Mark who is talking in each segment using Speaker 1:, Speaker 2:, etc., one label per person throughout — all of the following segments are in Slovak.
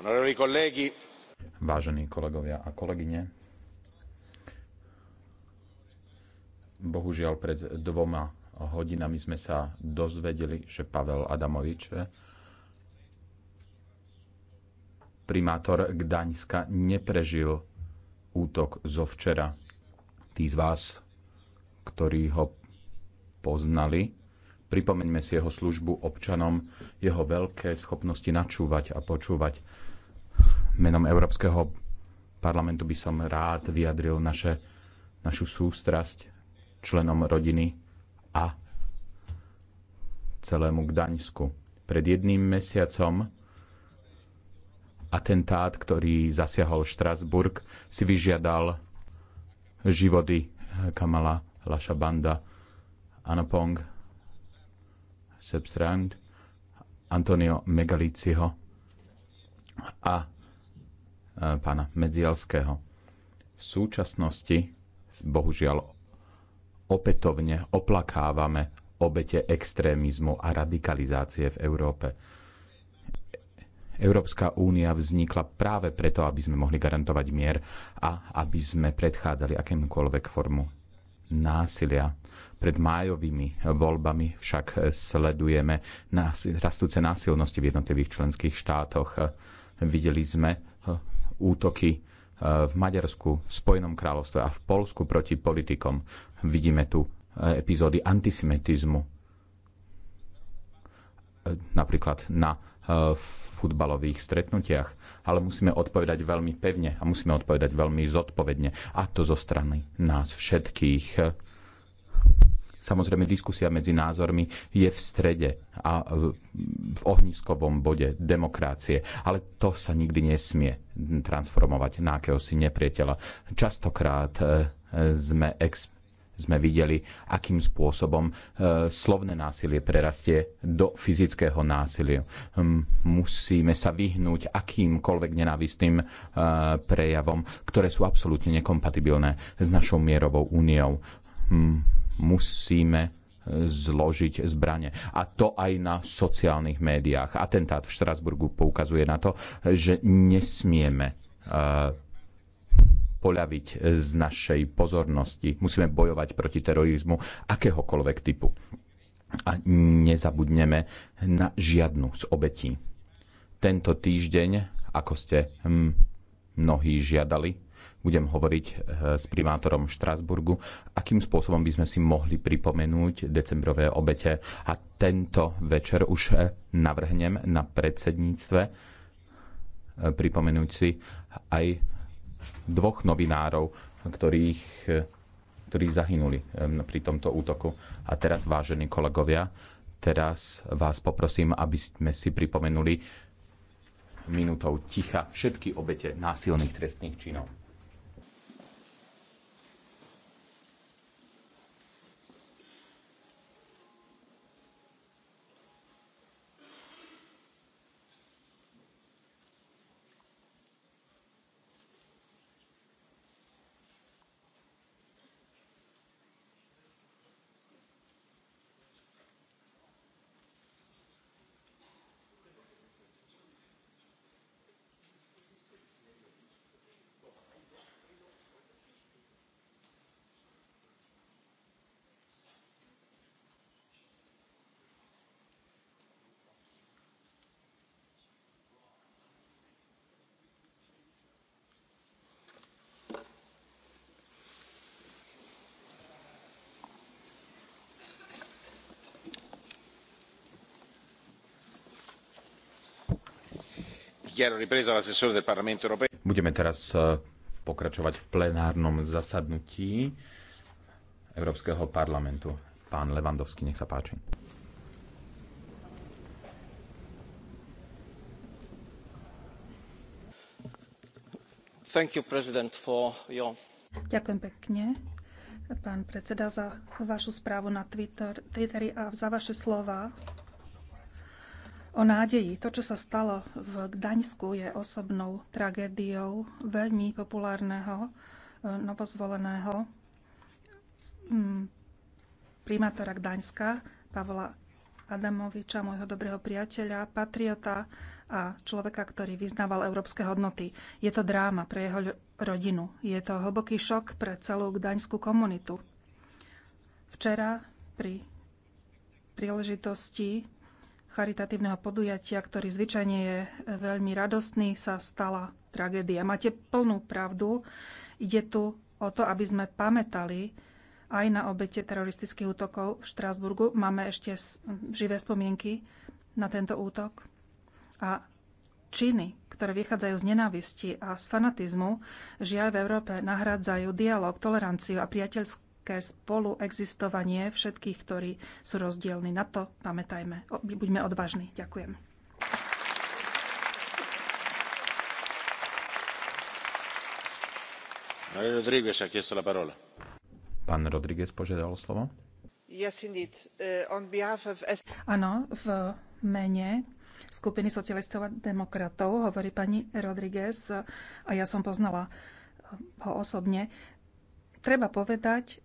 Speaker 1: Vážení kolegovia a kolegyne, bohužiaľ pred dvoma hodinami sme sa dozvedeli, že Pavel Adamovič, primátor Gdaňska, neprežil útok zo včera. Tí z vás, ktorí ho poznali, Pripomeňme si jeho službu občanom, jeho veľké schopnosti načúvať a počúvať. Menom Európskeho parlamentu by som rád vyjadril naše, našu sústrasť členom rodiny a celému Gdaňsku. Pred jedným mesiacom atentát, ktorý zasiahol Štrasburg, si vyžiadal životy Kamala banda, Anapong, Sebstrand, Antonio Megaliciho a E, pána Medzielského. V súčasnosti, bohužiaľ, opätovne oplakávame obete extrémizmu a radikalizácie v Európe. Európska únia vznikla práve preto, aby sme mohli garantovať mier a aby sme predchádzali akémukoľvek formu násilia. Pred májovými voľbami však sledujeme rastúce násilnosti v jednotlivých členských štátoch. Videli sme, útoky eh, v Maďarsku, v Spojenom kráľovstve a v Polsku proti politikom. Vidíme tu eh, epizódy antisemitizmu, eh, napríklad na futbalových stretnutiach, ale musíme odpovedať veľmi pevne a musíme odpovedať veľmi zodpovedne. A to zo strany nás všetkých Samozrejme, diskusia medzi názormi je v strede a v ohniskovom bode demokracie, ale to sa nikdy nesmie transformovať na akéhosi nepriateľa. Častokrát e, sme ex sme videli, akým spôsobom e, slovné násilie prerastie do fyzického násilia. Hm, musíme sa vyhnúť akýmkoľvek nenávistným e, prejavom, ktoré sú absolútne nekompatibilné s našou mierovou úniou hm, musíme e, zložiť zbranie. A to aj na sociálnych médiách. Atentát v Štrasburgu poukazuje na to, že nesmieme e, poľaviť z našej pozornosti. Musíme bojovať proti terorizmu akéhokoľvek typu. A nezabudneme na žiadnu z obetí. Tento týždeň, ako ste hm, mnohí žiadali, budem hovoriť eh, s primátorom Štrasburgu, akým spôsobom by sme si mohli pripomenúť decembrové obete. A tento večer už eh, navrhnem na predsedníctve eh, pripomenúť si aj dvoch novinárov, ktorých, ktorí zahynuli pri tomto útoku. A teraz, vážení kolegovia, teraz vás poprosím, aby sme si pripomenuli minútou ticha všetky obete násilných trestných činov. Budeme teraz eh, pokračovať v plenárnom zasadnutí Európskeho parlamentu. Pán Levandovský, nech sa páči.
Speaker 2: You, your...
Speaker 3: Ďakujem pekne, pán predseda, za vašu správu na Twitter, Twitteri a za vaše slova o nádeji. To, čo sa stalo v Gdaňsku, je osobnou tragédiou veľmi populárneho, e, novozvoleného primátora Gdaňska, Pavla Adamoviča, môjho dobrého priateľa, patriota a človeka, ktorý vyznával európske hodnoty. Je to dráma pre jeho rodinu. Je to hlboký šok pre celú gdaňskú komunitu. Včera pri príležitosti charitatívneho podujatia, ktorý zvyčajne je e, veľmi radostný, sa stala tragédia. Máte plnú pravdu. Ide tu o to, aby sme pamätali aj na obete teroristických útokov v Štrásburgu. Máme ešte živé spomienky na tento útok. A činy, ktoré vychádzajú z nenávisti a z fanatizmu, žiaľ v Európe nahradzajú dialog, toleranciu a priateľskú nejaké spoluexistovanie všetkých, ktorí sú rozdielni. Na to pamätajme. Buďme odvážni. Ďakujem.
Speaker 1: Pán Rodríguez požiadal slovo.
Speaker 4: Yes, uh, of...
Speaker 3: Áno, v mene skupiny socialistov a demokratov hovorí pani Rodríguez a ja som poznala ho osobne. Treba povedať,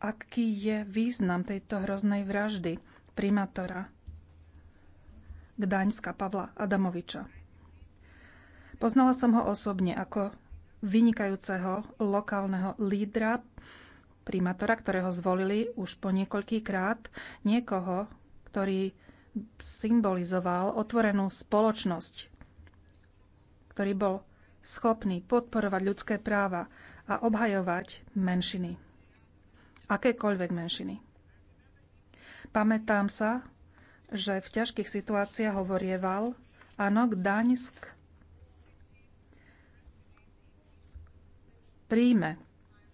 Speaker 3: aký je význam tejto hroznej vraždy primátora Gdaňska Pavla Adamoviča. Poznala som ho osobne ako vynikajúceho lokálneho lídra, primátora, ktorého zvolili už po niekoľký krát, niekoho, ktorý symbolizoval otvorenú spoločnosť, ktorý bol schopný podporovať ľudské práva a obhajovať menšiny akékoľvek menšiny. Pamätám sa, že v ťažkých situáciách hovorieval, áno, Gdaňsk príjme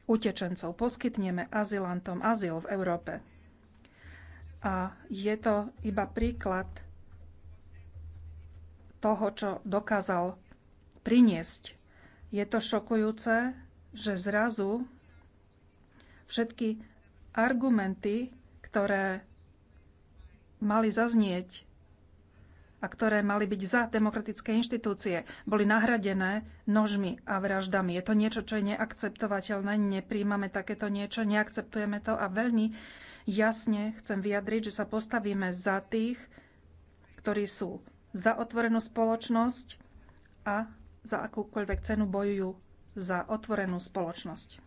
Speaker 3: utečencov, poskytneme azylantom azyl v Európe. A je to iba príklad toho, čo dokázal priniesť. Je to šokujúce, že zrazu všetky argumenty, ktoré mali zaznieť a ktoré mali byť za demokratické inštitúcie, boli nahradené nožmi a vraždami. Je to niečo, čo je neakceptovateľné, nepríjmame takéto niečo, neakceptujeme to a veľmi jasne chcem vyjadriť, že sa postavíme za tých, ktorí sú za otvorenú spoločnosť a za akúkoľvek cenu bojujú za otvorenú spoločnosť.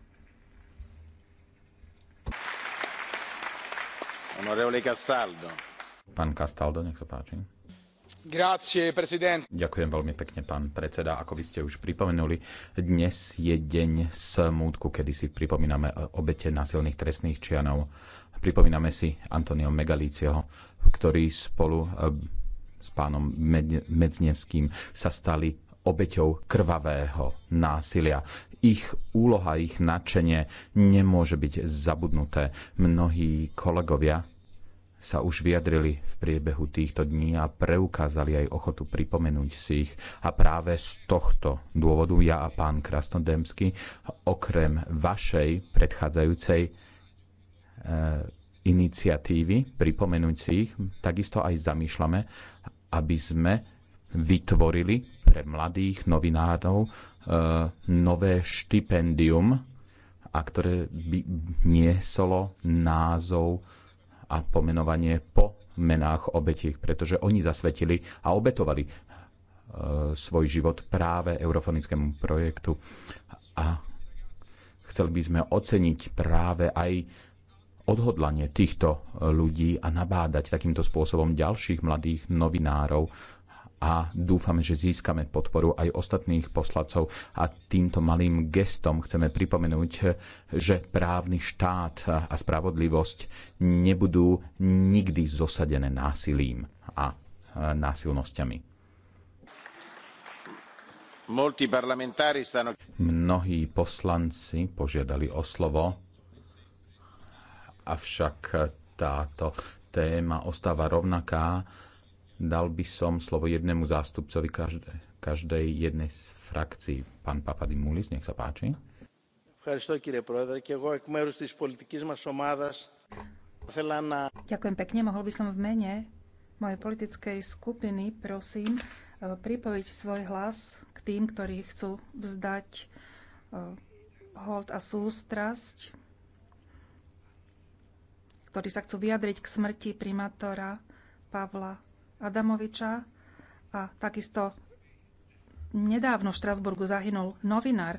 Speaker 1: Ďakujem veľmi pekne, pán predseda. Ako by ste už pripomenuli, dnes je deň smútku, kedy si pripomíname obete násilných trestných čianov. Pripomíname si Antonio Megalícieho, ktorý spolu eh, s pánom Medznevským sa stali obeťou krvavého násilia. Ich úloha, ich nadšenie nemôže byť zabudnuté. Mnohí kolegovia sa už vyjadrili v priebehu týchto dní a preukázali aj ochotu pripomenúť si ich. A práve z tohto dôvodu ja a pán Krasnodemsky, okrem vašej predchádzajúcej e, iniciatívy pripomenúť si ich, takisto aj zamýšľame, aby sme vytvorili pre mladých novinárov e, nové štipendium, a ktoré by nieslo názov a pomenovanie po menách obetiek, pretože oni zasvetili a obetovali e, svoj život práve eurofonickému projektu. A chceli by sme oceniť práve aj odhodlanie týchto ľudí a nabádať takýmto spôsobom ďalších mladých novinárov a dúfame, že získame podporu aj ostatných poslancov a týmto malým gestom chceme pripomenúť, že právny štát a spravodlivosť nebudú nikdy zosadené násilím a e, násilnosťami. Mnohí poslanci požiadali o slovo, avšak táto téma ostáva rovnaká Dal by som slovo jednému zástupcovi každé, každej jednej z frakcií. Pán Papadimulis, nech sa páči.
Speaker 3: Ďakujem pekne. Mohol by som v mene mojej politickej skupiny, prosím, e, pripojiť svoj hlas k tým, ktorí chcú vzdať e, hold a sústrasť, ktorí sa chcú vyjadriť k smrti primátora Pavla Adamoviča a takisto nedávno v Štrasburgu zahynul novinár.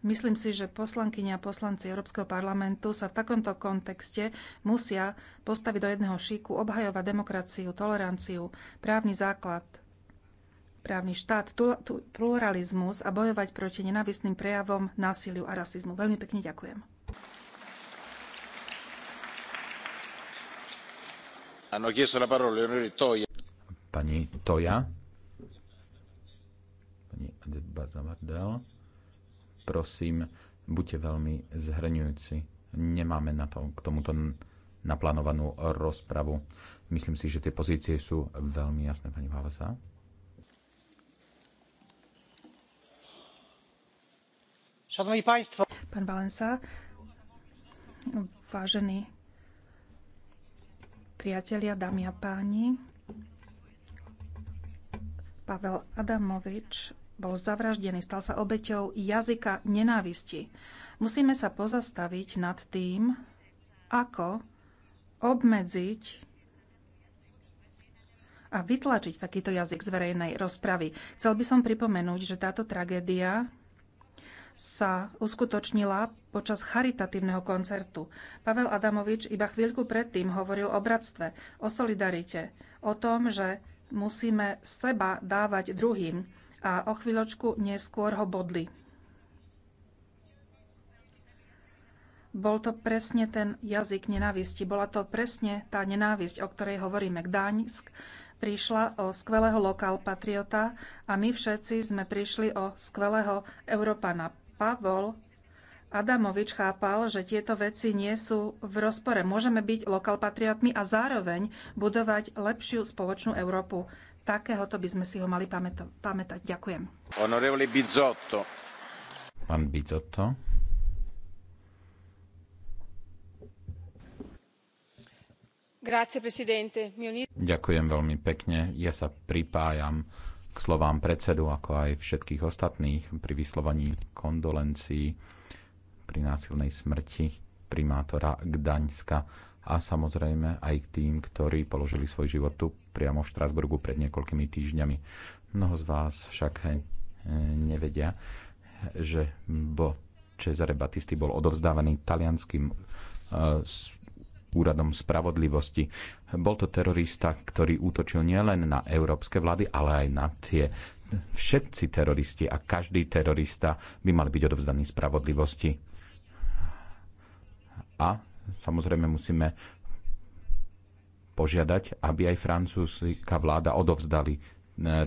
Speaker 3: Myslím si, že poslankyne a poslanci Európskeho parlamentu sa v takomto kontexte musia postaviť do jedného šíku, obhajovať demokraciu, toleranciu, právny základ, právny štát, pluralizmus a bojovať proti nenavistným prejavom, násiliu a rasizmu. Veľmi pekne ďakujem.
Speaker 1: Pani Toja. Pani Prosím, buďte veľmi zhrňujúci. Nemáme na to, k tomuto naplánovanú rozpravu. Myslím si, že tie pozície sú veľmi jasné, pani Valesa.
Speaker 3: Pán Valensa, vážení priatelia, dámy a páni. Pavel Adamovič bol zavraždený, stal sa obeťou jazyka nenávisti. Musíme sa pozastaviť nad tým, ako obmedziť a vytlačiť takýto jazyk z verejnej rozpravy. Chcel by som pripomenúť, že táto tragédia sa uskutočnila počas charitatívneho koncertu. Pavel Adamovič iba chvíľku predtým hovoril o bratstve, o solidarite, o tom, že musíme seba dávať druhým a o chvíľočku neskôr ho bodli. Bol to presne ten jazyk nenávisti. Bola to presne tá nenávisť, o ktorej hovoríme. Gdaňsk prišla o skvelého lokál patriota a my všetci sme prišli o skvelého Európana. Pavol Adamovič chápal, že tieto veci nie sú v rozpore. Môžeme byť lokalpatriotmi patriotmi a zároveň budovať lepšiu spoločnú Európu. Takéhoto by sme si ho mali pamätať. Ďakujem.
Speaker 1: Honorevole Bizotto. Pán Bizotto. Ďakujem veľmi pekne. Ja sa pripájam k slovám predsedu, ako aj všetkých ostatných pri vyslovaní kondolencií pri násilnej smrti primátora Gdaňska a samozrejme aj k tým, ktorí položili svoj život tu priamo v Štrásburgu pred niekoľkými týždňami. Mnoho z vás však eh, nevedia, že bo Cesare Battisti bol odovzdávaný talianským eh, úradom spravodlivosti. Bol to terorista, ktorý útočil nielen na európske vlády, ale aj na tie všetci teroristi a každý terorista by mal byť odovzdaný spravodlivosti. A samozrejme musíme požiadať, aby aj francúzska vláda odovzdali e,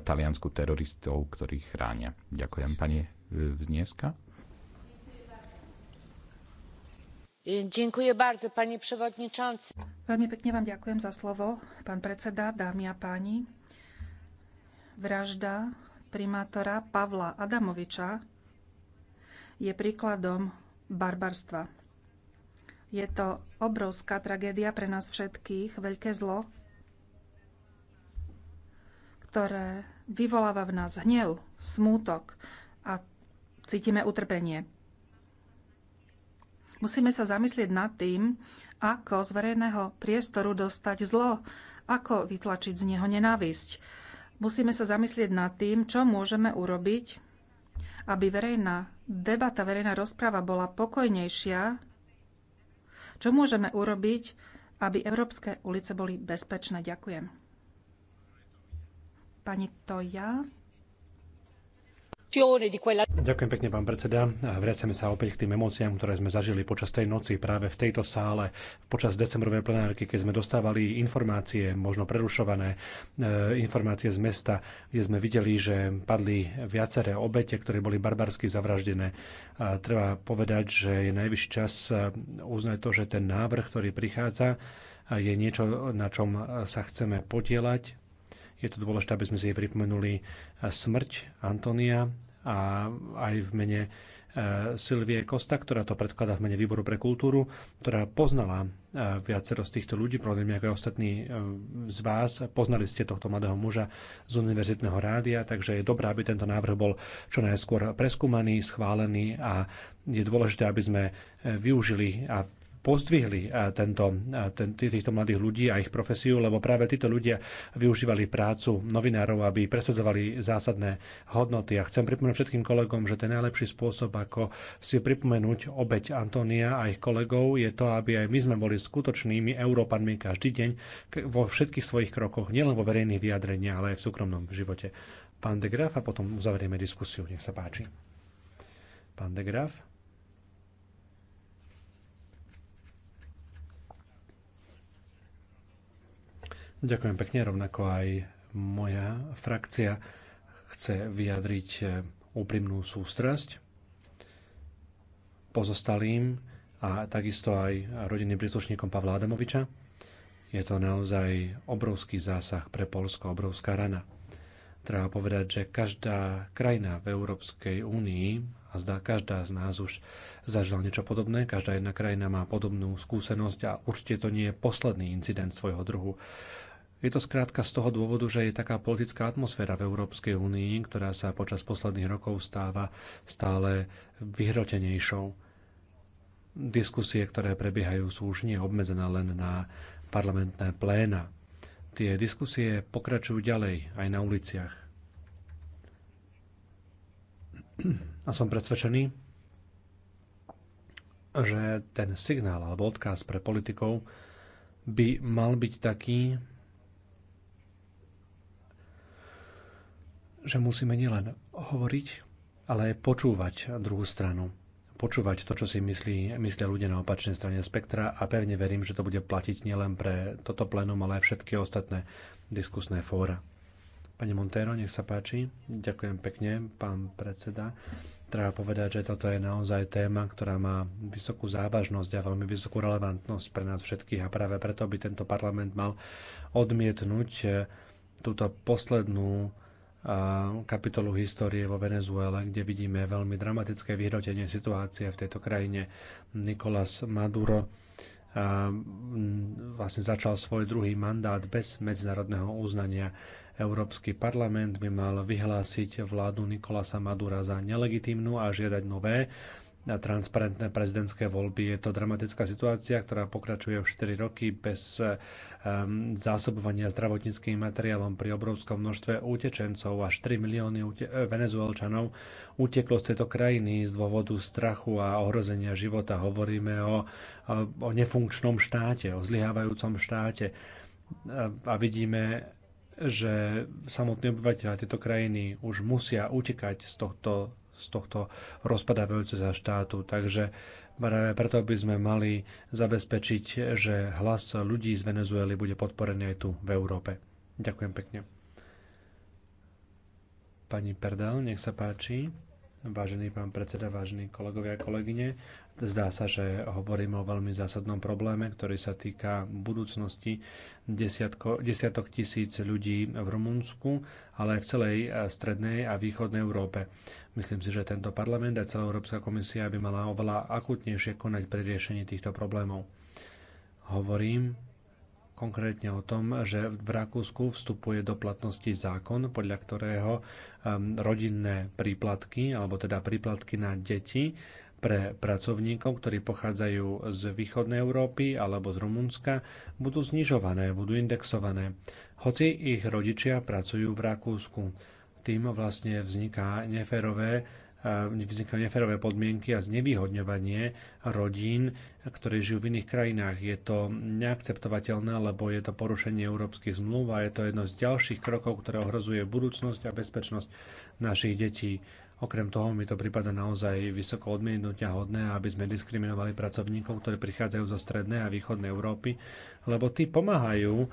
Speaker 1: taliansku teroristov, ktorých chránia. Ďakujem, pani e, Vznieska.
Speaker 3: Veľmi pekne vám ďakujem za slovo, pán predseda, dámy a páni. Vražda primátora Pavla Adamoviča je príkladom barbarstva. Je to obrovská tragédia pre nás všetkých, veľké zlo, ktoré vyvoláva v nás hnev, smútok a cítime utrpenie. Musíme sa zamyslieť nad tým, ako z verejného priestoru dostať zlo, ako vytlačiť z neho nenávisť. Musíme sa zamyslieť nad tým, čo môžeme urobiť, aby verejná debata, verejná rozpráva bola pokojnejšia, čo môžeme urobiť, aby európske ulice boli bezpečné. Ďakujem. Pani Toja. Ďakujem
Speaker 5: pekne, pán predseda. Vraciame sa opäť k tým emóciám, ktoré sme zažili počas tej noci práve v tejto sále, počas decembrovej plenárky, keď sme dostávali informácie, možno prerušované e, informácie z mesta, kde sme videli, že padli viaceré obete, ktoré boli barbarsky zavraždené. A treba povedať, že je najvyšší čas e, uznať to, že ten návrh, ktorý prichádza, je niečo, na čom sa chceme podielať, je to dôležité, aby sme si jej pripomenuli e, smrť Antonia a aj v mene e, Silvie Kosta, ktorá to predkladá v mene Výboru pre kultúru, ktorá poznala e, viacero z týchto ľudí, podobne ako aj ostatní e, z vás. Poznali ste tohto mladého muža z univerzitného rádia, takže je dobré, aby tento návrh bol čo najskôr preskúmaný, schválený a je dôležité, aby sme využili a pozdvihli eh, tento, eh, ten, týchto mladých ľudí a ich profesiu, lebo práve títo ľudia využívali prácu novinárov, aby presadzovali zásadné hodnoty. A chcem pripomenúť všetkým kolegom, že ten najlepší spôsob, ako si pripomenúť obeď Antonia a ich kolegov, je to, aby aj my sme boli skutočnými Európanmi každý deň vo všetkých svojich krokoch, nielen vo verejných vyjadreniach, ale aj v súkromnom živote. Pán de Graf a potom uzavrieme diskusiu. Nech sa páči. Pán de Graf. Ďakujem pekne, rovnako aj moja frakcia chce vyjadriť eh, úprimnú sústrasť pozostalým a takisto aj rodinným príslušníkom Pavla Adamoviča. Je to naozaj obrovský zásah pre Polsko, obrovská rana. Treba povedať, že každá krajina v Európskej únii, a zdá každá z nás už zažila niečo podobné, každá jedna krajina má podobnú skúsenosť a určite to nie je posledný incident svojho druhu. Je to skrátka z toho dôvodu, že je taká politická atmosféra v Európskej únii, ktorá sa počas posledných rokov stáva stále vyhrotenejšou. Diskusie, ktoré prebiehajú, sú už nie obmedzené len na parlamentné pléna. Tie diskusie pokračujú ďalej aj na uliciach. A som presvedčený, že ten signál alebo odkaz pre politikov by mal byť taký, že musíme nielen hovoriť, ale aj počúvať druhú stranu. Počúvať to, čo si myslí, myslia ľudia na opačnej strane spektra a pevne verím, že to bude platiť nielen pre toto plénum, ale aj všetky ostatné diskusné fóra. Pani Montero, nech sa páči. Ďakujem pekne, pán predseda. Treba povedať, že toto je naozaj téma, ktorá má vysokú závažnosť a veľmi vysokú relevantnosť pre nás všetkých a práve preto by tento parlament mal odmietnúť eh, túto poslednú kapitolu histórie vo Venezuele, kde vidíme veľmi dramatické vyhrotenie situácie v tejto krajine. Nikolás Maduro vlastne začal svoj druhý mandát bez medzinárodného uznania. Európsky parlament by mal vyhlásiť vládu Nikolasa Madura za nelegitímnu a žiadať nové na transparentné prezidentské voľby. Je to dramatická situácia, ktorá pokračuje už 4 roky bez um, zásobovania zdravotníckým materiálom pri obrovskom množstve utečencov. Až 3 milióny ute- venezuelčanov uteklo z tejto krajiny z dôvodu strachu a ohrozenia života. Hovoríme o, o nefunkčnom štáte, o zlyhávajúcom štáte. Ehm, a vidíme, že samotní obyvateľa tejto krajiny už musia utekať z tohto z tohto rozpadávajúceho štátu. Takže práve preto by sme mali zabezpečiť, že hlas ľudí z Venezuely bude podporený aj tu v Európe. Ďakujem pekne. Pani Perdel, nech sa páči. Vážený pán predseda, vážení kolegovia a kolegyne, zdá sa, že hovoríme o veľmi zásadnom probléme, ktorý sa týka budúcnosti desiatko, desiatok tisíc ľudí v Rumunsku, ale aj v celej eh, strednej a východnej Európe. Myslím si, že tento parlament a celá Európska komisia by mala oveľa akutnejšie konať pri riešení týchto problémov. Hovorím konkrétne o tom, že v Rakúsku vstupuje do platnosti zákon, podľa ktorého ehm, rodinné príplatky, alebo teda príplatky na deti, pre pracovníkov, ktorí pochádzajú z východnej Európy alebo z Rumunska, budú znižované, budú indexované, hoci ich rodičia pracujú v Rakúsku tým vlastne vzniká neférové vznikajú neférové podmienky a znevýhodňovanie rodín, ktoré žijú v iných krajinách. Je to neakceptovateľné, lebo je to porušenie európskych zmluv a je to jedno z ďalších krokov, ktoré ohrozuje budúcnosť a bezpečnosť našich detí. Okrem toho mi to prípada naozaj vysoko odmienutia hodné, aby sme diskriminovali pracovníkov, ktorí prichádzajú zo strednej a východnej Európy, lebo tí pomáhajú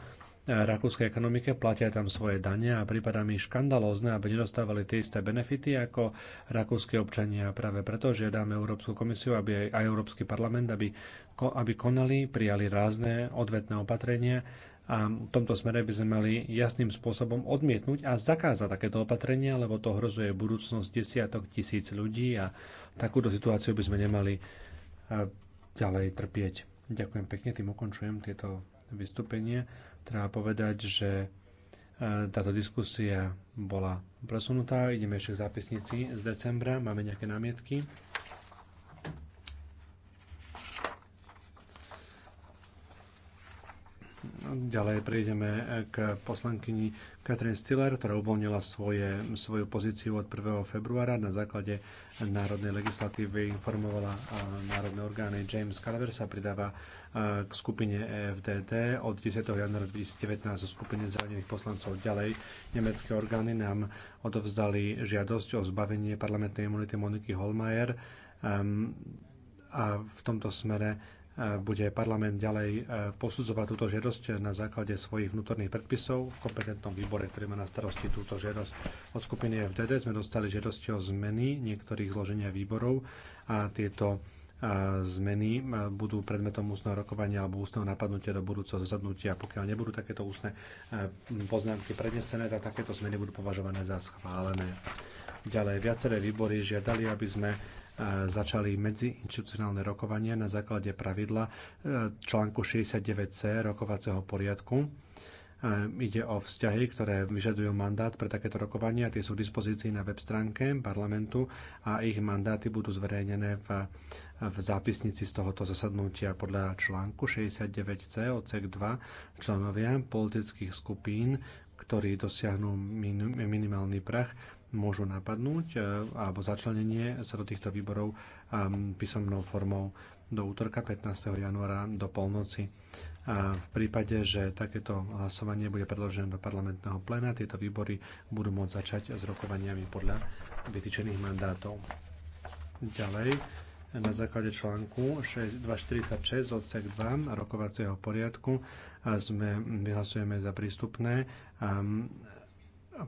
Speaker 5: rakúskej ekonomike, platia tam svoje dane a prípada mi škandalózne, aby nedostávali tie isté benefity ako rakúske občania. Práve preto žiadame Európsku komisiu aby aj, Európsky parlament, aby, aby konali, prijali rázne odvetné opatrenia a v tomto smere by sme mali jasným spôsobom odmietnúť a zakázať takéto opatrenia, lebo to hrozuje budúcnosť desiatok tisíc ľudí a takúto situáciu by sme nemali e, ďalej trpieť. Ďakujem pekne, tým ukončujem tieto vystúpenie. Treba povedať, že e, táto diskusia bola presunutá. Ideme ešte k zápisnici z decembra. Máme nejaké námietky? Ďalej prejdeme e, k poslankyni Katrin Stiller, ktorá uvoľnila svoje, svoju pozíciu od 1. februára na základe národnej legislatívy informovala e, národné orgány. James Calaver sa pridáva e, k skupine EFDD od 10. januára 2019 zo skupiny zranených poslancov. Ďalej nemecké orgány nám odovzdali žiadosť o zbavenie parlamentnej imunity Moniky Holmajer a v tomto smere bude parlament ďalej e, posudzovať túto žiadosť na základe svojich vnútorných predpisov v kompetentnom výbore, ktorý má na starosti túto žiadosť. Od skupiny FDD sme dostali žiadosť o zmeny niektorých zloženia výborov a tieto e, zmeny e, budú predmetom ústneho rokovania alebo ústneho napadnutia do budúceho zasadnutia. Pokiaľ nebudú takéto ústne poznámky prednesené, tak takéto zmeny budú považované za schválené. Ďalej, viaceré výbory žiadali, aby sme začali medziinstitucionálne rokovania na základe pravidla e, článku 69c rokovacieho poriadku. E, ide o vzťahy, ktoré vyžadujú mandát pre takéto rokovania. Tie sú v dispozícii na web stránke parlamentu a ich mandáty budú zverejnené v, v zápisnici z tohoto zasadnutia podľa článku 69c odsek 2 členovia politických skupín, ktorí dosiahnu minimálny prach, môžu napadnúť e, alebo začlenenie sa do týchto výborov e, písomnou formou do útorka 15. januára do polnoci. A v prípade, že takéto hlasovanie bude predložené do parlamentného pléna, tieto výbory budú môcť začať s rokovaniami podľa vytýčených mandátov. Ďalej, na základe článku 6, 246 odsek 2 rokovacieho poriadku sme vyhlasujeme za prístupné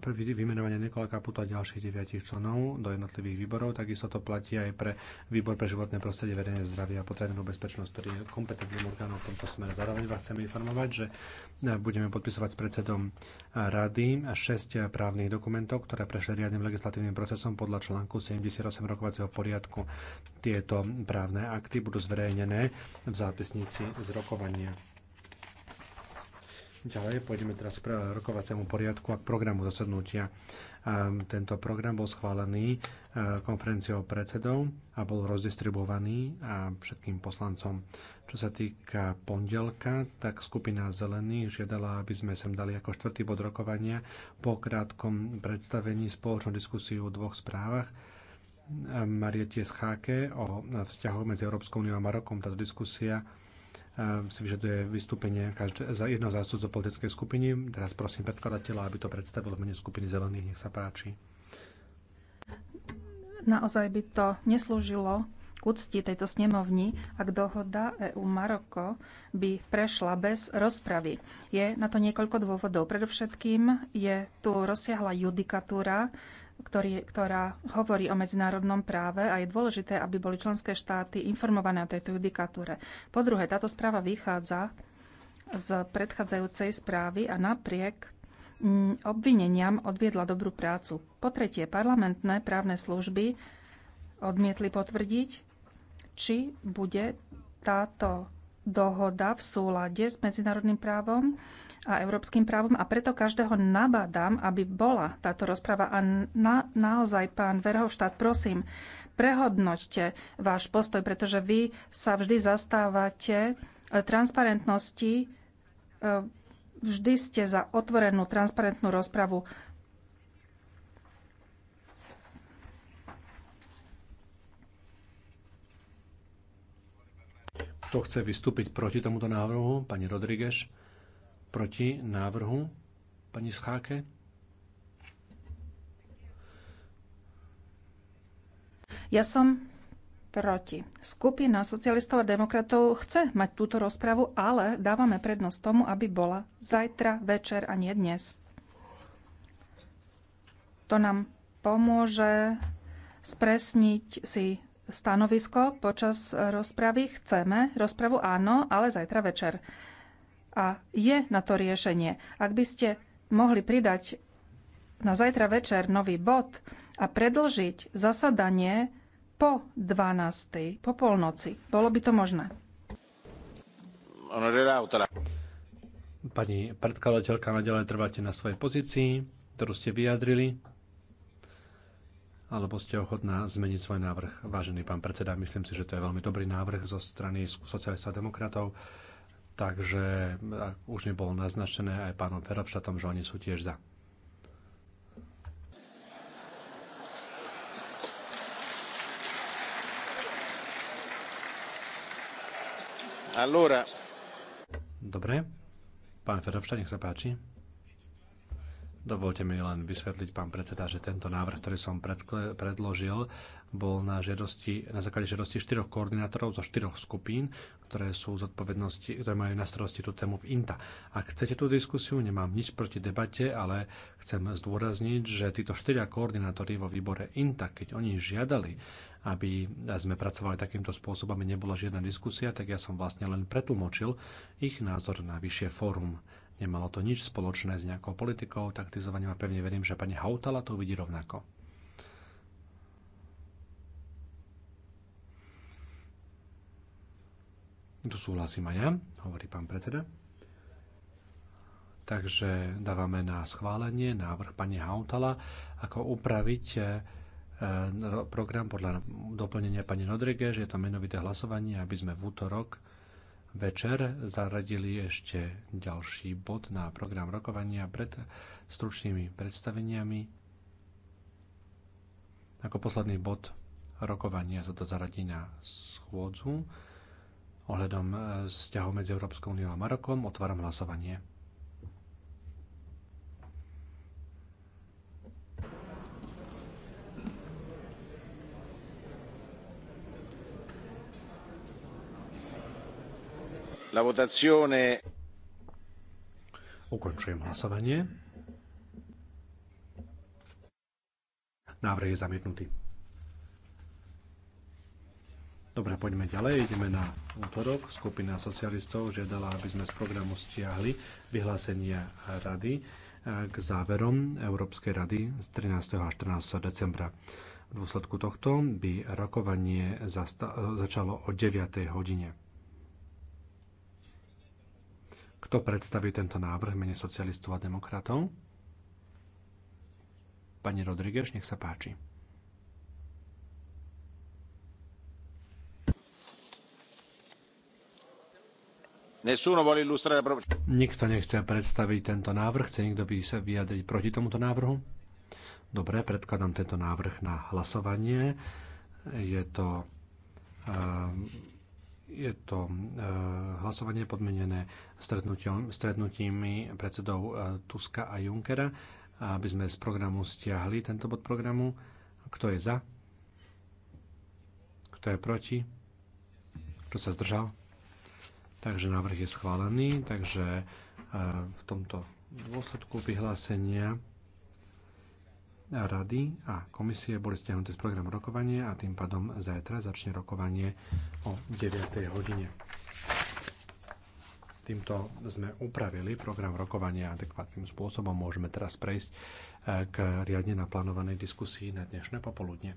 Speaker 5: vymenovanie Nikola Kaputa a ďalších deviatich členov do jednotlivých výborov. Takisto to platí aj pre výbor pre životné prostredie, verejné zdravie a potravinovú bezpečnosť, ktorý je kompetentným orgánom v tomto smere. Zároveň vás chceme informovať, že e, budeme podpisovať s predsedom e, rady 6 e, právnych dokumentov, ktoré prešli riadnym legislatívnym procesom podľa článku 78 rokovacieho poriadku. Tieto právne akty budú zverejnené v zápisnici z rokovania. Ďalej pôjdeme teraz k rokovaciemu poriadku a k programu zasadnutia. Ehm, tento program bol schválený e, konferenciou predsedov a bol rozdistribuovaný a všetkým poslancom. Čo sa týka pondelka, tak skupina zelených žiadala, aby sme sem dali ako štvrtý bod rokovania po krátkom predstavení spoločnú diskusiu o dvoch správach ehm, Marietie Scháke o vzťahoch medzi Európskou úniou a Marokom. Táto diskusia si vyžaduje vystúpenie za jedno zástupcov politickej skupiny. Teraz prosím predkladateľa, aby to predstavilo mene skupiny zelených. Nech sa páči.
Speaker 3: Naozaj by to neslúžilo k úcti tejto snemovni, ak dohoda EU-Maroko by prešla bez rozpravy. Je na to niekoľko dôvodov. Predovšetkým je tu rozsiahla judikatúra ktorý, ktorá hovorí o medzinárodnom práve a je dôležité, aby boli členské štáty informované o tejto judikatúre. Po druhé, táto správa vychádza z predchádzajúcej správy a napriek mm, obvineniam odviedla dobrú prácu. Po tretie, parlamentné právne služby odmietli potvrdiť, či bude táto dohoda v súlade s medzinárodným právom a európskym právom a preto každého nabádam, aby bola táto rozprava. A na, naozaj, pán Verhofštát, prosím, prehodnoťte váš postoj, pretože vy sa vždy zastávate e, transparentnosti, e, vždy ste za otvorenú, transparentnú rozpravu.
Speaker 5: Kto chce vystúpiť proti tomuto návrhu? Pani Rodríguez proti návrhu pani Scháke?
Speaker 3: Ja som proti. Skupina socialistov a demokratov chce mať túto rozpravu, ale dávame prednosť tomu, aby bola zajtra večer a nie dnes. To nám pomôže spresniť si stanovisko počas rozpravy. Chceme rozpravu áno, ale zajtra večer a je na to riešenie. Ak by ste mohli pridať na zajtra večer nový bod a predlžiť zasadanie po 12. po polnoci. Bolo by to možné?
Speaker 5: Pani predkladateľka, naďalej trváte na svojej pozícii, ktorú ste vyjadrili, alebo ste ochotná zmeniť svoj návrh. Vážený pán predseda, myslím si, že to je veľmi dobrý návrh zo strany socialista demokratov. demokratov Takže už mi bolo naznačené aj pánom Ferovšatom, že oni sú tiež za. Allora. Dobre. Pán Ferovšat, nech sa páči. Dovolte mi len vysvetliť, pán predseda, že tento návrh, ktorý som predložil, bol na, žiadosti, na základe žiadosti štyroch koordinátorov zo štyroch skupín, ktoré sú zodpovednosti, ktoré majú na starosti tú tému v INTA. Ak chcete tú diskusiu, nemám nič proti debate, ale chcem zdôrazniť, že títo štyria koordinátori vo výbore INTA, keď oni žiadali, aby sme pracovali takýmto spôsobom, aby nebola žiadna diskusia, tak ja som vlastne len pretlmočil ich názor na vyššie fórum. Nemalo to nič spoločné s nejakou politikou, taktizovaním a pevne verím, že pani Hautala to vidí rovnako. Tu súhlasím aj ja, hovorí pán predseda. Takže dávame na schválenie návrh pani Hautala, ako upraviť e, e, program podľa doplnenia pani že Je to menovité hlasovanie, aby sme v útorok večer zaradili ešte ďalší bod na program rokovania pred stručnými predstaveniami. Ako posledný bod rokovania sa to zaradí na schôdzu ohľadom eh, vzťahov medzi Európskou úniou a Marokom. Otváram hlasovanie. La votazione. Ukončujem hlasovanie. Návrh je zamietnutý. Dobre, poďme ďalej. Ideme na útorok. Skupina socialistov žiadala, aby sme z programu stiahli vyhlásenie rady eh, k záverom Európskej rady z 13. a 14. decembra. V dôsledku tohto by rokovanie eh, začalo o 9. hodine. Kto predstaví tento návrh mene socialistov a demokratov? Pani Rodríguez, nech sa páči. Nikto nechce predstaviť tento návrh. Chce niekto sa vyjadriť proti tomuto návrhu? Dobre, predkladám tento návrh na hlasovanie. Je to um, je to e, hlasovanie podmenené stretnutími predsedov e, Tuska a Junckera, aby sme z programu stiahli tento bod programu. Kto je za? Kto je proti? Kto sa zdržal? Takže návrh je schválený, takže e, v tomto dôsledku vyhlásenia rady a komisie boli stiahnuté z programu rokovania a tým pádom zajtra začne rokovanie o 9. hodine. Týmto sme upravili program rokovania adekvátnym spôsobom. Môžeme teraz prejsť eh, k riadne naplánovanej diskusii na dnešné popoludne.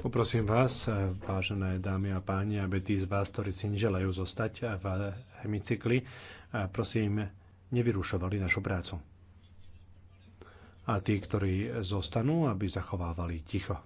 Speaker 5: Poprosím vás, vážené dámy a páni, aby tí z vás, ktorí si neželajú zostať v hemicykli, prosím, nevyrušovali našu prácu. A tí, ktorí zostanú, aby zachovávali ticho.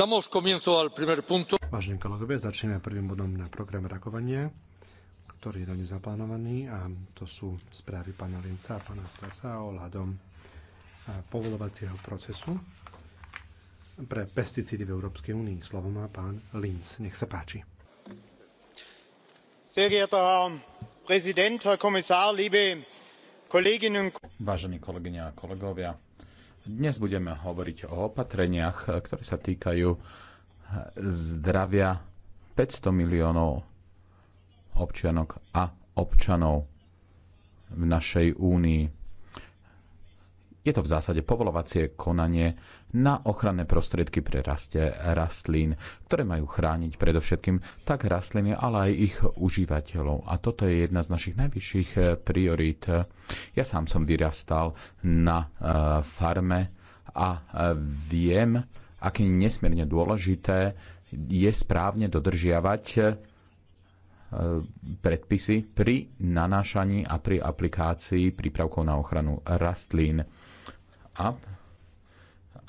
Speaker 5: Damos comienzo al primer punto. Vážení kolegovia, začneme prvým bodom na program rokovania, ktorý je dnes zaplánovaný a to sú správy pána Linca a pána Stasa o hľadom povolovacieho procesu pre pesticídy v Európskej únii. Slovo má pán Linz. Nech sa páči.
Speaker 1: Vážení kolegyne a kolegovia, dnes budeme hovoriť o opatreniach, e, ktoré sa týkajú e, zdravia 500 miliónov občianok a občanov v našej únii je to v zásade povolovacie konanie na ochranné prostriedky pre raste rastlín, ktoré majú chrániť predovšetkým tak rastliny, ale aj ich užívateľov. A toto je jedna z našich najvyšších eh, priorít. Ja sám som vyrastal na eh, farme a eh, viem, aké nesmierne dôležité je správne dodržiavať predpisy pri nanášaní a pri aplikácii prípravkov na ochranu rastlín a,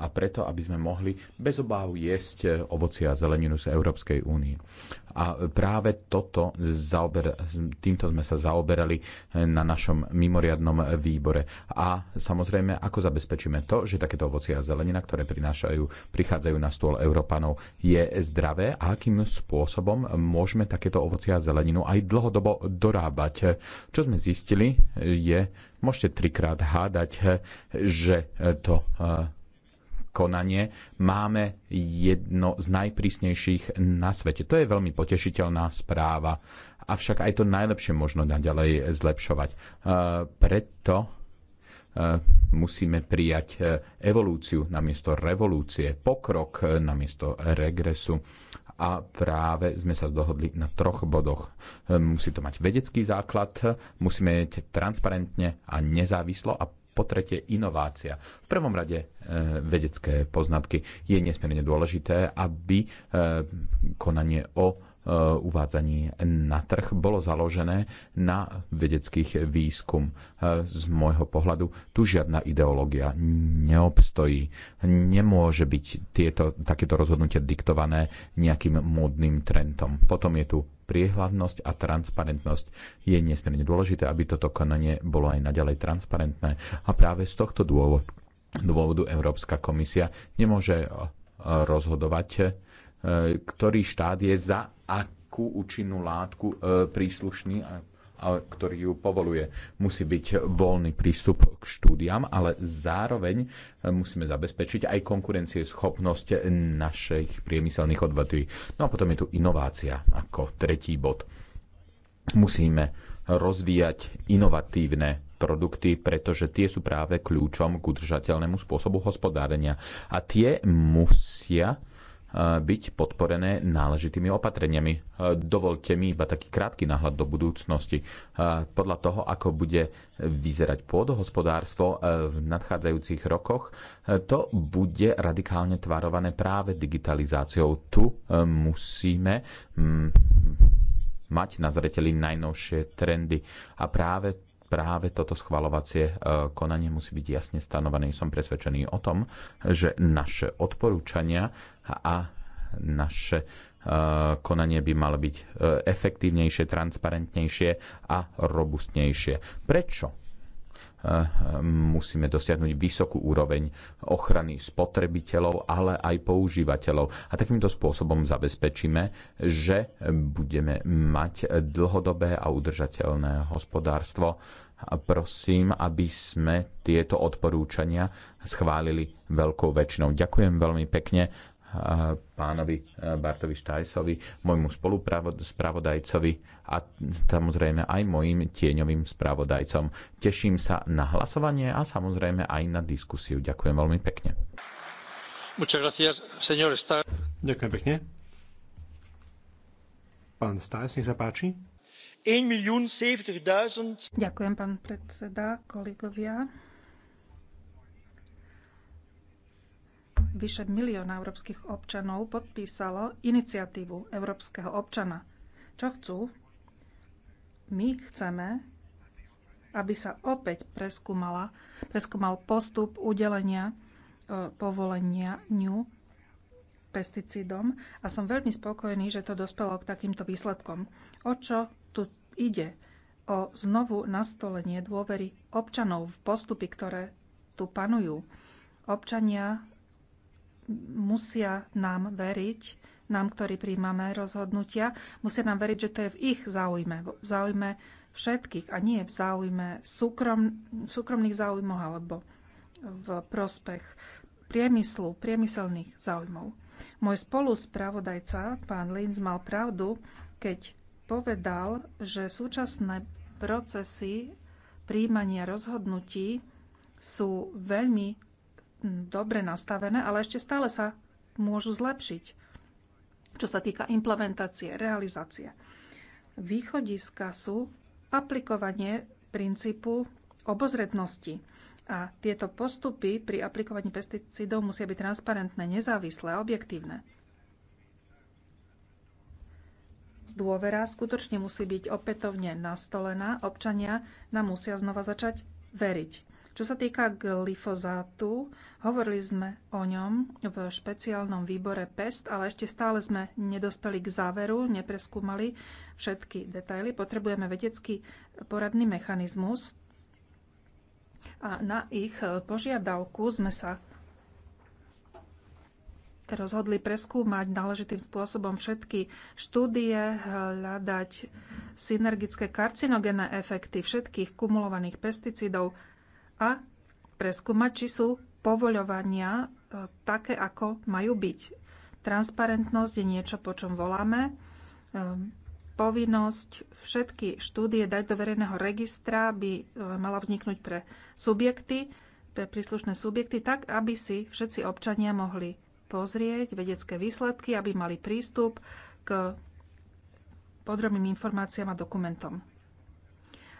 Speaker 1: a preto, aby sme mohli bez obáhu jesť eh, ovoci a zeleninu z Európskej únie. A práve toto zaober, týmto sme sa zaoberali eh, na našom mimoriadnom výbore. A samozrejme, ako zabezpečíme to, že takéto ovoci a zelenina, ktoré prinášajú, prichádzajú na stôl Európanov, je zdravé a akým spôsobom môžeme takéto ovoci a zeleninu aj dlhodobo dorábať. Čo sme zistili je, môžete trikrát hádať, že e, to e, konanie máme jedno z najprísnejších na svete. To je veľmi potešiteľná správa, avšak aj to najlepšie možno naďalej zlepšovať. E, preto musíme prijať evolúciu namiesto revolúcie, pokrok namiesto regresu a práve sme sa dohodli na troch bodoch. E, musí to mať vedecký základ, musíme mať transparentne a nezávislo a po tretie inovácia. V prvom rade e, vedecké poznatky je nesmierne dôležité, aby e, konanie o Eh, uvádzaní na trh bolo založené na vedeckých výskum. Eh, z môjho pohľadu tu žiadna ideológia neobstojí. Nemôže byť tieto, takéto rozhodnutie diktované nejakým módnym trendom. Potom je tu priehľadnosť a transparentnosť. Je nesmierne dôležité, aby toto konanie bolo aj naďalej transparentné a práve z tohto dôvodu, dôvodu Európska komisia nemôže eh, rozhodovať E, ktorý štát je za akú účinnú látku e, príslušný a ktorý ju povoluje. Musí byť voľný prístup k štúdiám, ale zároveň e, musíme zabezpečiť aj konkurencieschopnosť našich priemyselných odvetví. No a potom je tu inovácia ako tretí bod. Musíme rozvíjať inovatívne produkty, pretože tie sú práve kľúčom k udržateľnému spôsobu hospodárenia. A tie musia byť podporené náležitými opatreniami. Dovolte mi iba taký krátky náhľad do budúcnosti. Podľa toho, ako bude vyzerať pôdohospodárstvo v nadchádzajúcich rokoch, to bude radikálne tvarované práve digitalizáciou. Tu musíme mať na zreteli najnovšie trendy a práve práve toto schvalovacie konanie musí byť jasne stanovené. Som presvedčený o tom, že naše odporúčania a naše eh, konanie by malo byť eh, efektívnejšie, transparentnejšie a robustnejšie. Prečo? Eh, musíme dosiahnuť vysokú úroveň ochrany spotrebiteľov, ale aj používateľov. A takýmto spôsobom zabezpečíme, že budeme mať dlhodobé a udržateľné hospodárstvo. A prosím, aby sme tieto odporúčania schválili veľkou väčšinou. Ďakujem veľmi pekne pánovi eh, Bartovi Štajsovi, môjmu spolupravodajcovi a samozrejme aj mojim tieňovým spravodajcom. Teším sa na hlasovanie a samozrejme aj na diskusiu. Ďakujem veľmi pekne. Ďakujem pekne. Pán Stajs, nech sa
Speaker 6: páči. Ďakujem,
Speaker 3: pán predseda, kolegovia. vyše milióna európskych občanov podpísalo iniciatívu Európskeho občana. Čo chcú? My chceme, aby sa opäť preskúmala, preskúmal postup udelenia e, povolenia ňu pesticídom a som veľmi spokojný, že to dospelo k takýmto výsledkom. O čo tu ide? O znovu nastolenie dôvery občanov v postupy, ktoré tu panujú. Občania musia nám veriť, nám, ktorí príjmame rozhodnutia, musia nám veriť, že to je v ich záujme, v záujme všetkých a nie v záujme súkrom, súkromných záujmov alebo v prospech priemyslu, priemyselných záujmov. Môj spoluspravodajca, pán Linz, mal pravdu, keď povedal, že súčasné procesy príjmania rozhodnutí sú veľmi dobre nastavené, ale ešte stále sa môžu zlepšiť, čo sa týka implementácie, realizácie. Východiska sú aplikovanie princípu obozretnosti a tieto postupy pri aplikovaní pesticídov musia byť transparentné, nezávislé a objektívne. Dôvera skutočne musí byť opätovne nastolená, občania nám musia znova začať veriť. Čo sa týka glyfozátu, hovorili sme o ňom v špeciálnom výbore PEST, ale ešte stále sme nedospeli k záveru, nepreskúmali všetky detaily. Potrebujeme vedecký poradný mechanizmus a na ich požiadavku sme sa rozhodli preskúmať náležitým spôsobom všetky štúdie, hľadať synergické karcinogénne efekty všetkých kumulovaných pesticídov a preskúmať, či sú povoľovania e, také, ako majú byť. Transparentnosť je niečo, po čom voláme. E, povinnosť všetky štúdie dať do verejného registra by e, mala vzniknúť pre subjekty, pre príslušné subjekty, tak aby si všetci občania mohli pozrieť vedecké výsledky, aby mali prístup k podrobným informáciám a dokumentom.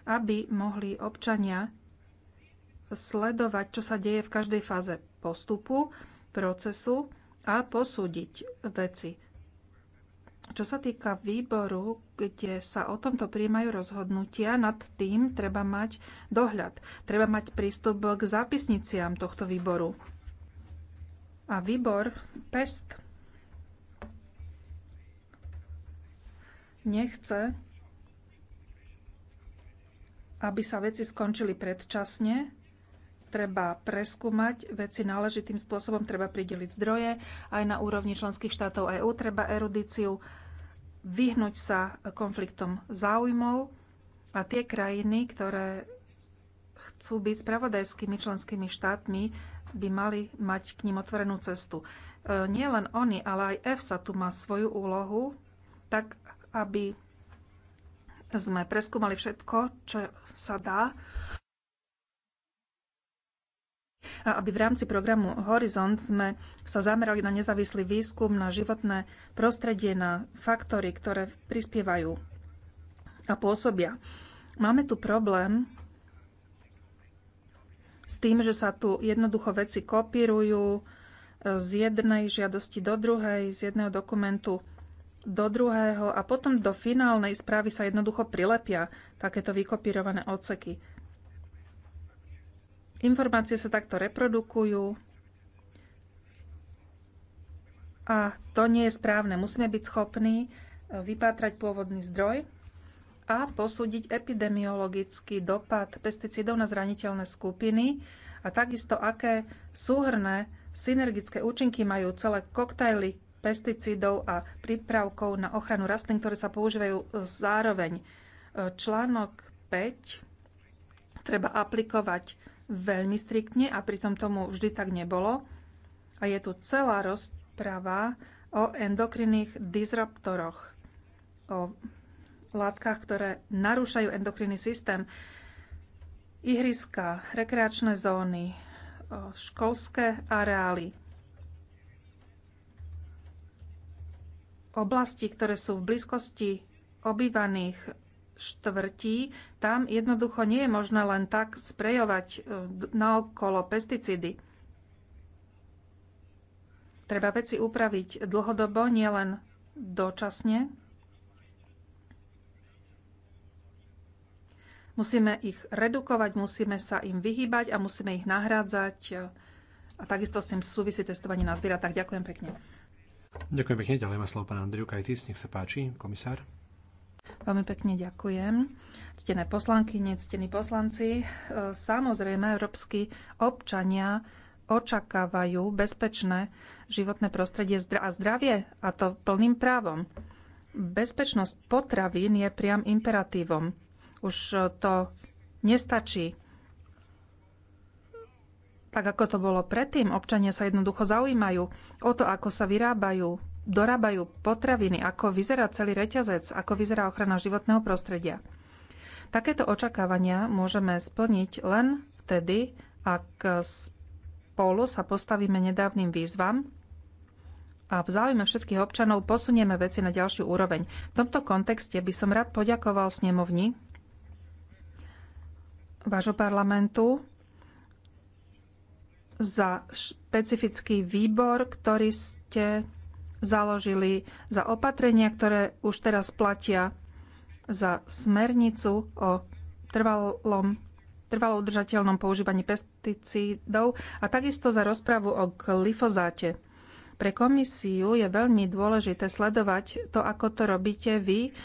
Speaker 3: Aby mohli občania sledovať, čo sa deje v každej fáze postupu, procesu a posúdiť veci. Čo sa týka výboru, kde sa o tomto príjmajú rozhodnutia, nad tým treba mať dohľad. Treba mať prístup k zápisniciam tohto výboru. A výbor PEST nechce, aby sa veci skončili predčasne, treba preskúmať veci náležitým spôsobom, treba prideliť zdroje aj na úrovni členských štátov EÚ, treba erudíciu, vyhnúť sa konfliktom záujmov a tie krajiny, ktoré chcú byť spravodajskými členskými štátmi, by mali mať k ním otvorenú cestu. E, nie len oni, ale aj EFSA tu má svoju úlohu, tak aby sme preskúmali všetko, čo sa dá aby v rámci programu Horizont sme sa zamerali na nezávislý výskum, na životné prostredie, na faktory, ktoré prispievajú a pôsobia. Máme tu problém s tým, že sa tu jednoducho veci kopírujú e, z jednej žiadosti do druhej, z jedného dokumentu do druhého a potom do finálnej správy sa jednoducho prilepia takéto vykopírované odseky. Informácie sa takto reprodukujú a to nie je správne. Musíme byť schopní e, vypátrať pôvodný zdroj a posúdiť epidemiologický dopad pesticídov na zraniteľné skupiny a takisto, aké súhrné synergické účinky majú celé koktajly pesticídov a prípravkov na ochranu rastlín, ktoré sa používajú e, zároveň. E, článok 5 treba aplikovať veľmi striktne a pritom tomu vždy tak nebolo. A je tu celá rozprava o endokrinných disruptoroch, o látkach, ktoré narúšajú endokrinný systém. Ihriska, rekreačné zóny, školské areály, oblasti, ktoré sú v blízkosti obývaných štvrtí, tam jednoducho nie je možné len tak sprejovať e, naokolo pesticídy. Treba veci upraviť dlhodobo, nielen dočasne. Musíme ich redukovať, musíme sa im vyhýbať a musíme ich nahrádzať. E, a takisto s tým súvisí testovanie na zvieratách. Ďakujem pekne.
Speaker 5: Ďakujem pekne. Ďalej má slovo pán Andriu Kajtis. Nech sa páči, komisár.
Speaker 3: Veľmi pekne ďakujem. Ctené poslanky, nectení poslanci, e, samozrejme, európsky občania očakávajú bezpečné životné prostredie a zdravie, a to plným právom. Bezpečnosť potravín je priam imperatívom. Už e, to nestačí tak ako to bolo predtým, občania sa jednoducho zaujímajú o to, ako sa vyrábajú dorábajú potraviny, ako vyzerá celý reťazec, ako vyzerá ochrana životného prostredia. Takéto očakávania môžeme splniť len vtedy, ak spolu sa postavíme nedávnym výzvam a v záujme všetkých občanov posunieme veci na ďalšiu úroveň. V tomto kontexte by som rád poďakoval snemovni vášho parlamentu za špecifický výbor, ktorý ste založili za opatrenia, ktoré už teraz platia za smernicu o trvalom trvalo udržateľnom používaní pesticídov a takisto za rozprávu o glyfozáte. Pre komisiu je veľmi dôležité sledovať to, ako to robíte vy,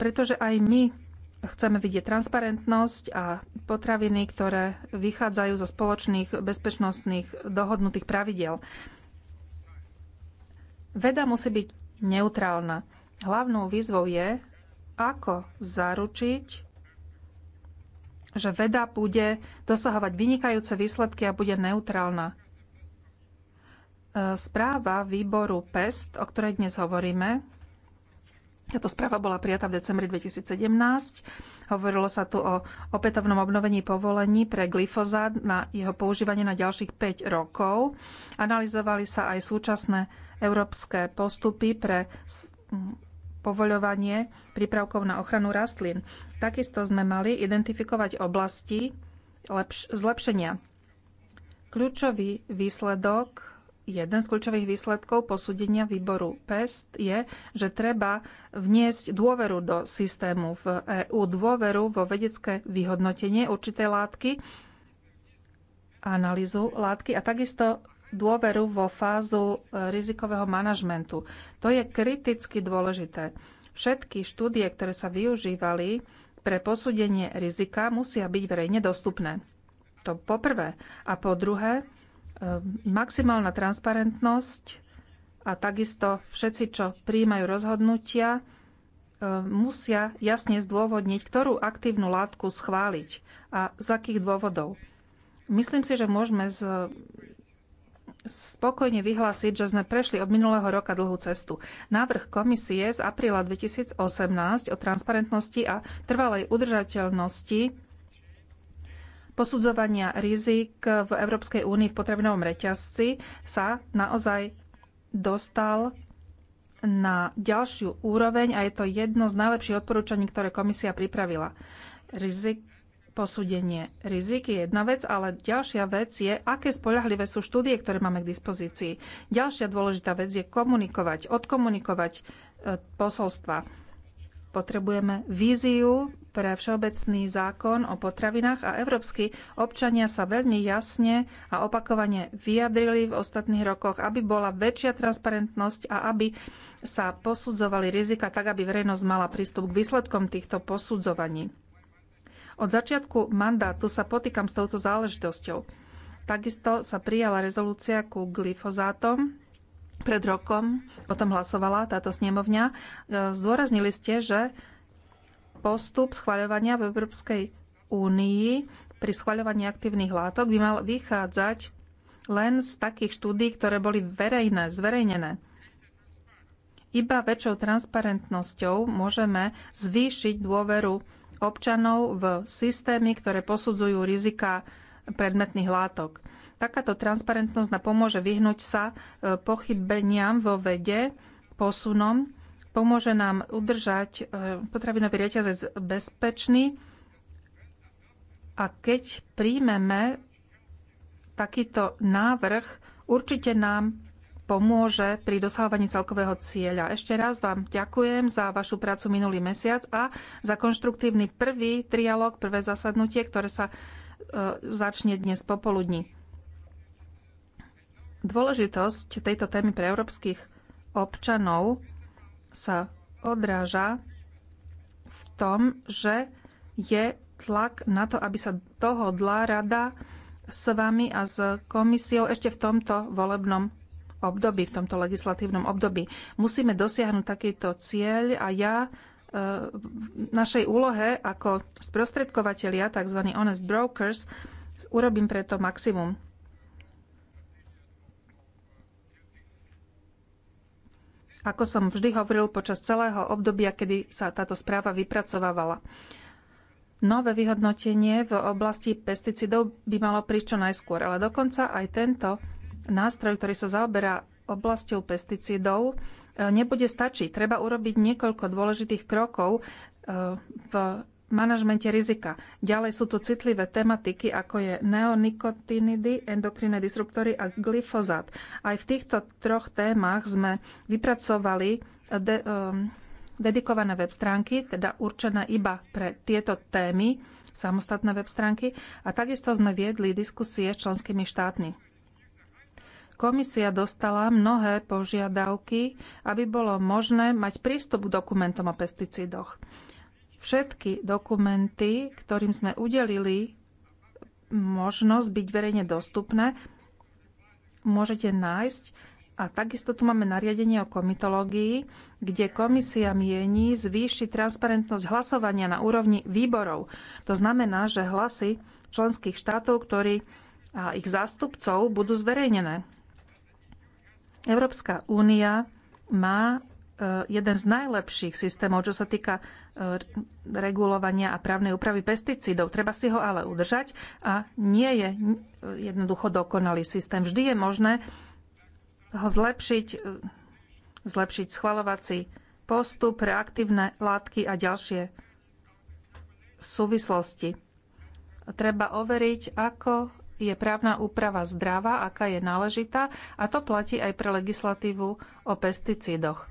Speaker 3: pretože aj my chceme vidieť transparentnosť a potraviny, ktoré vychádzajú zo spoločných bezpečnostných dohodnutých pravidiel. Veda musí byť neutrálna. Hlavnou výzvou je, ako zaručiť, že veda bude dosahovať vynikajúce výsledky a bude neutrálna. E, správa výboru PEST, o ktorej dnes hovoríme, táto správa bola prijatá v decembri 2017. Hovorilo sa tu o opätovnom obnovení povolení pre glyfozát na jeho používanie na ďalších 5 rokov. Analizovali sa aj súčasné európske postupy pre povoľovanie prípravkov na ochranu rastlín. Takisto sme mali identifikovať oblasti zlepšenia. Kľúčový výsledok, jeden z kľúčových výsledkov posúdenia výboru PEST je, že treba vniesť dôveru do systému v EÚ, dôveru vo vedecké vyhodnotenie určitej látky, analýzu látky a takisto dôveru vo fázu e, rizikového manažmentu. To je kriticky dôležité. Všetky štúdie, ktoré sa využívali pre posúdenie rizika, musia byť verejne dostupné. To poprvé. A po druhé, e, maximálna transparentnosť a takisto všetci, čo príjmajú rozhodnutia, e, musia jasne zdôvodniť, ktorú aktívnu látku schváliť a z akých dôvodov. Myslím si, že môžeme z spokojne vyhlásiť, že sme prešli od minulého roka dlhú cestu. Návrh komisie z apríla 2018 o transparentnosti a trvalej udržateľnosti posudzovania rizik v Európskej únii v potravinovom reťazci sa naozaj dostal na ďalšiu úroveň a je to jedno z najlepších odporúčaní, ktoré komisia pripravila. Rizik Posúdenie rizik je jedna vec, ale ďalšia vec je, aké spoľahlivé sú štúdie, ktoré máme k dispozícii. Ďalšia dôležitá vec je komunikovať, odkomunikovať e, posolstva. Potrebujeme víziu pre všeobecný zákon o potravinách a európsky občania sa veľmi jasne a opakovane vyjadrili v ostatných rokoch, aby bola väčšia transparentnosť a aby sa posudzovali rizika tak, aby verejnosť mala prístup k výsledkom týchto posudzovaní. Od začiatku mandátu sa potýkam s touto záležitosťou. Takisto sa prijala rezolúcia ku glyfozátom. Pred rokom o tom hlasovala táto snemovňa. E, zdôraznili ste, že postup schvaľovania v Európskej únii pri schvaľovaní aktívnych látok by mal vychádzať len z takých štúdí, ktoré boli verejné, zverejnené. Iba väčšou transparentnosťou môžeme zvýšiť dôveru občanov v systémy, ktoré posudzujú rizika predmetných látok. Takáto transparentnosť nám pomôže vyhnúť sa e, pochybeniam vo vede, posunom, pomôže nám udržať e, potravinový reťazec bezpečný a keď príjmeme takýto návrh, určite nám pomôže pri dosahovaní celkového cieľa. Ešte raz vám ďakujem za vašu prácu minulý mesiac a za konštruktívny prvý trialog, prvé zasadnutie, ktoré sa e, začne dnes popoludní. Dôležitosť tejto témy pre európskych občanov sa odráža v tom, že je tlak na to, aby sa dohodla rada s vami a s komisiou ešte v tomto volebnom období, v tomto legislatívnom období. Musíme dosiahnuť takýto cieľ a ja e, v našej úlohe ako sprostredkovateľia, tzv. honest brokers, urobím preto maximum. Ako som vždy hovoril počas celého obdobia, kedy sa táto správa vypracovávala. Nové vyhodnotenie v oblasti pesticidov by malo prísť čo najskôr, ale dokonca aj tento nástroj, ktorý sa zaoberá oblasťou pesticídov, e, nebude stačiť. Treba urobiť niekoľko dôležitých krokov e, v manažmente rizika. Ďalej sú tu citlivé tematiky, ako je neonikotinidy, endokrinné disruptory a glyfozát. Aj v týchto troch témach sme vypracovali e, de, um, dedikované web stránky, teda určené iba pre tieto témy, samostatné web stránky a takisto sme viedli diskusie s členskými štátmi. Komisia dostala mnohé požiadavky, aby bolo možné mať prístup k dokumentom o pesticídoch. Všetky dokumenty, ktorým sme udelili možnosť byť verejne dostupné, môžete nájsť. A takisto tu máme nariadenie o komitológii, kde komisia mieni zvýši transparentnosť hlasovania na úrovni výborov. To znamená, že hlasy členských štátov, ktorí a ich zástupcov budú zverejnené. Európska únia má e, jeden z najlepších systémov, čo sa týka e, regulovania a právnej úpravy pesticídov. Treba si ho ale udržať a nie je e, jednoducho dokonalý systém. Vždy je možné ho zlepšiť, zlepšiť schvalovací postup reaktívne látky a ďalšie súvislosti. Treba overiť, ako je právna úprava zdravá, aká je náležitá a to platí aj pre legislatívu o pesticídoch.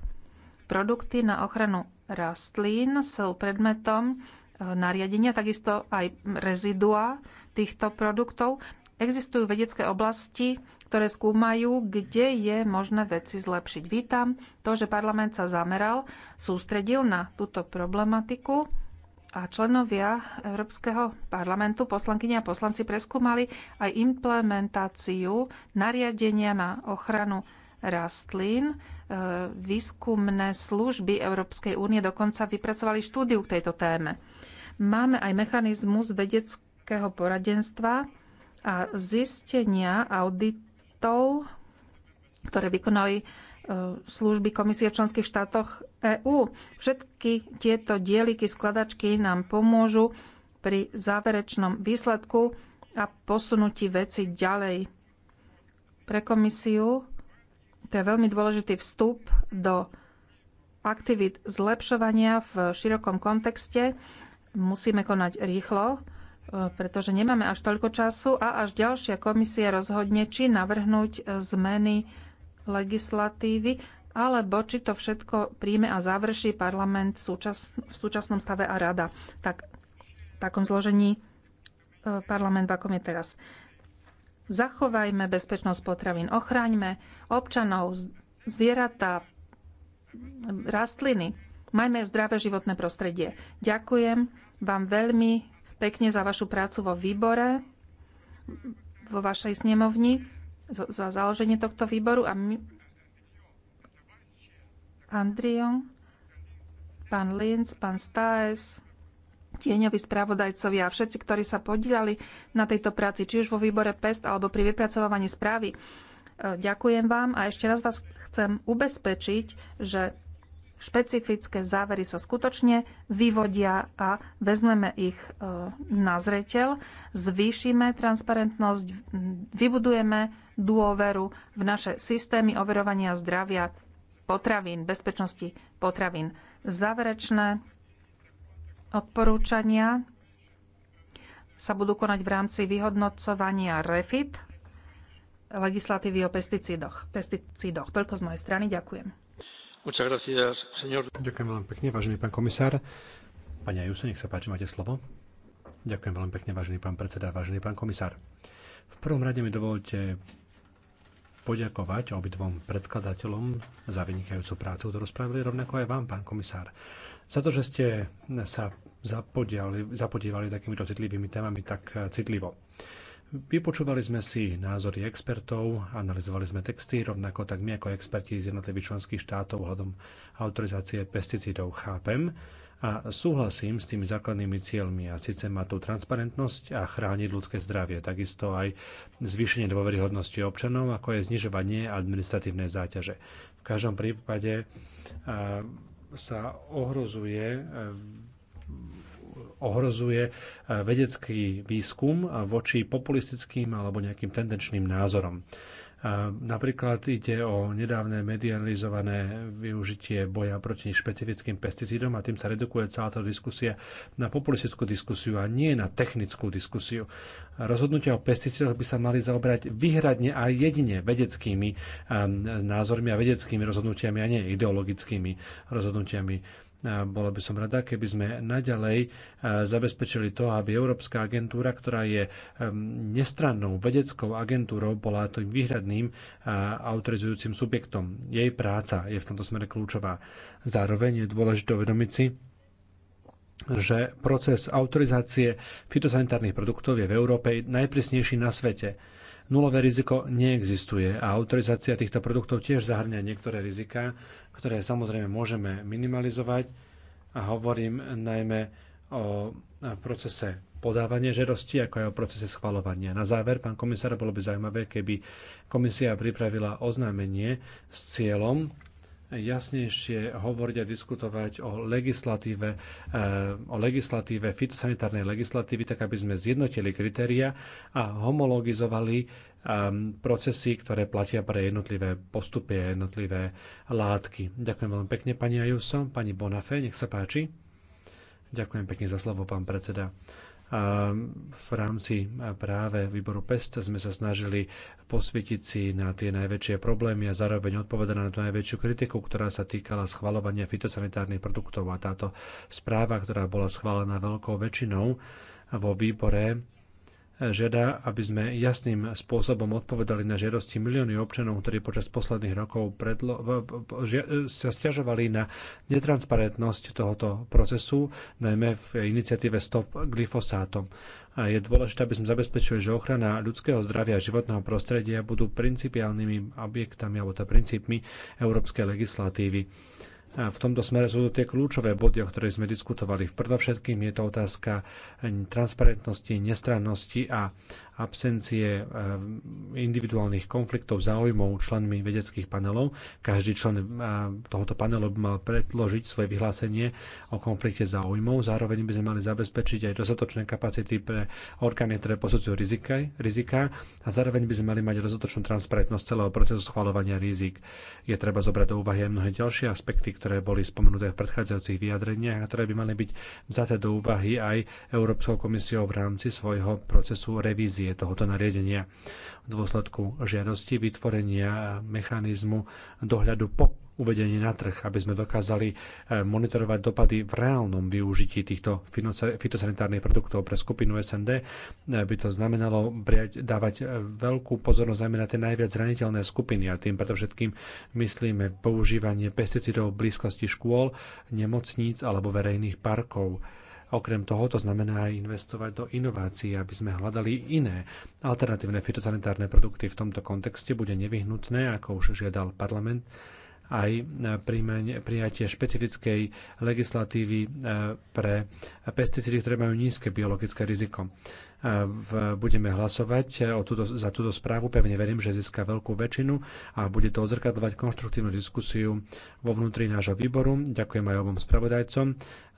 Speaker 3: Produkty na ochranu rastlín sú predmetom e, nariadenia, takisto aj rezidua týchto produktov. Existujú vedecké oblasti, ktoré skúmajú, kde je možné veci zlepšiť. Vítam to, že parlament sa zameral, sústredil na túto problematiku a členovia Európskeho parlamentu, poslankyne a poslanci preskúmali aj implementáciu nariadenia na ochranu rastlín. E, výskumné služby Európskej únie dokonca vypracovali štúdiu k tejto téme. Máme aj mechanizmus vedeckého poradenstva a zistenia auditov, ktoré vykonali E, služby komisie v členských štátoch EÚ. Všetky tieto dieliky, skladačky nám pomôžu pri záverečnom výsledku a posunutí veci ďalej. Pre komisiu to je veľmi dôležitý vstup do aktivít zlepšovania v širokom kontexte. Musíme konať rýchlo, e, pretože nemáme až toľko času a až ďalšia komisia rozhodne, či navrhnúť e, zmeny legislatívy, alebo či to všetko príjme a završí parlament v, súčas, v súčasnom stave a rada. Tak, v takom zložení e, parlament, akom je teraz. Zachovajme bezpečnosť potravín, ochráňme občanov, zvieratá, rastliny. Majme zdravé životné prostredie. Ďakujem vám veľmi pekne za vašu prácu vo výbore, vo vašej snemovni za založenie tohto výboru a my, Andrion, pán Linz, pán Staes, tieňoví správodajcovia a všetci, ktorí sa podielali na tejto práci, či už vo výbore PEST alebo pri vypracovávaní správy. E, ďakujem vám a ešte raz vás chcem ubezpečiť, že špecifické závery sa skutočne vyvodia a vezmeme ich e, na zreteľ, zvýšime transparentnosť, vybudujeme dôveru v naše systémy overovania zdravia potravín, bezpečnosti potravín. Záverečné odporúčania sa budú konať v rámci vyhodnocovania REFIT legislatívy o pesticídoch. pesticídoch. Toľko z mojej strany. Ďakujem.
Speaker 5: Ďakujem veľmi pekne, vážený pán komisár. Pani Ajuso, nech sa páči, máte slovo. Ďakujem veľmi pekne, vážený pán predseda, vážený pán komisár. V prvom rade mi dovolte poďakovať obidvom predkladateľom za vynikajúcu prácu, ktorú spravili, rovnako aj vám, pán komisár, za to, že ste sa zapodiali, zapodívali takýmito citlivými témami tak eh, citlivo. Vypočúvali sme si názory expertov, analyzovali sme texty, rovnako tak my ako experti z jednotlivých členských štátov ohľadom autorizácie pesticídov chápem, a súhlasím s tými základnými cieľmi a síce má tu transparentnosť a chrániť ľudské zdravie, takisto aj zvýšenie dôveryhodnosti občanov, ako je znižovanie administratívnej záťaže. V každom prípade sa ohrozuje e, ohrozuje e, vedecký výskum voči populistickým alebo nejakým tendenčným názorom. Napríklad ide o nedávne medializované využitie boja proti špecifickým pesticídom a tým sa redukuje celá tá diskusia na populistickú diskusiu a nie na technickú diskusiu. Rozhodnutia o pesticídoch by sa mali zaoberať výhradne a jedine vedeckými ehm, názormi a vedeckými rozhodnutiami a nie ideologickými rozhodnutiami bola by som rada, keby sme naďalej zabezpečili to, aby Európska agentúra, ktorá je nestrannou vedeckou agentúrou, bola tým výhradným autorizujúcim subjektom. Jej práca je v tomto smere kľúčová. Zároveň je dôležité uvedomiť si, že proces autorizácie fitosanitárnych produktov je v Európe najprísnejší na svete. Nulové riziko neexistuje a autorizácia týchto produktov tiež zahrňa niektoré rizika, ktoré samozrejme môžeme minimalizovať a hovorím najmä o procese podávania žerosti, ako aj o procese schvalovania. Na záver, pán komisár, bolo by zaujímavé, keby komisia pripravila oznámenie s cieľom jasnejšie hovoriť a diskutovať o legislatíve, eh, o legislatíve, fitosanitárnej legislatívy, tak aby sme zjednotili kritéria a homologizovali eh, procesy, ktoré platia pre jednotlivé postupy a jednotlivé látky. Ďakujem veľmi pekne, pani Ajuso, pani Bonafé, nech sa páči. Ďakujem pekne za slovo, pán predseda. V rámci práve výboru PEST sme sa snažili posvietiť si na tie najväčšie problémy a zároveň odpovedať na tú najväčšiu kritiku, ktorá sa týkala schvalovania fitosanitárnych produktov. A táto správa, ktorá bola schválená veľkou väčšinou vo výbore, žiada, aby sme jasným spôsobom odpovedali na žiadosti milióny občanov, ktorí počas posledných rokov predlo- sa stiažovali na netransparentnosť tohoto procesu, najmä v iniciatíve Stop glyfosátom. A je dôležité, aby sme zabezpečili, že ochrana ľudského zdravia a životného prostredia budú principiálnymi objektami alebo teda princípmi európskej legislatívy v tomto smere sú to tie kľúčové body, o ktorých sme diskutovali. V predovšetkým je to otázka transparentnosti, nestrannosti a absencie eh, individuálnych konfliktov záujmov členmi vedeckých panelov. Každý člen eh, tohoto panelu by mal predložiť svoje vyhlásenie o konflikte záujmov. Zároveň by sme mali zabezpečiť aj dostatočné kapacity pre orgány, ktoré posudzujú rizika, rizika a zároveň by sme mali mať dostatočnú transparentnosť celého procesu schvalovania rizik. Je treba zobrať do úvahy aj mnohé ďalšie aspekty, ktoré boli spomenuté v predchádzajúcich vyjadreniach a ktoré by mali byť vzaté do úvahy aj Európskou komisiou v rámci svojho procesu revízie revízie tohoto nariadenia v dôsledku žiadosti vytvorenia mechanizmu dohľadu po uvedení na trh, aby sme dokázali eh, monitorovať dopady v reálnom využití týchto fitosanitárnych produktov pre skupinu SND. Eh, by to znamenalo dávať eh, veľkú pozornosť najmä na tie najviac zraniteľné skupiny a tým predovšetkým myslíme používanie pesticidov v blízkosti škôl, nemocníc alebo verejných parkov. Okrem toho to znamená aj investovať do inovácií, aby sme hľadali iné alternatívne fitosanitárne produkty. V tomto kontexte bude nevyhnutné, ako už žiadal parlament, aj prijatie špecifickej legislatívy eh, pre pesticídy, ktoré majú nízke biologické riziko. Eh, budeme hlasovať eh, o túto, za túto správu. Pevne verím, že získa veľkú väčšinu a bude to odzrkadľovať konštruktívnu diskusiu vo vnútri nášho výboru. Ďakujem aj obom spravodajcom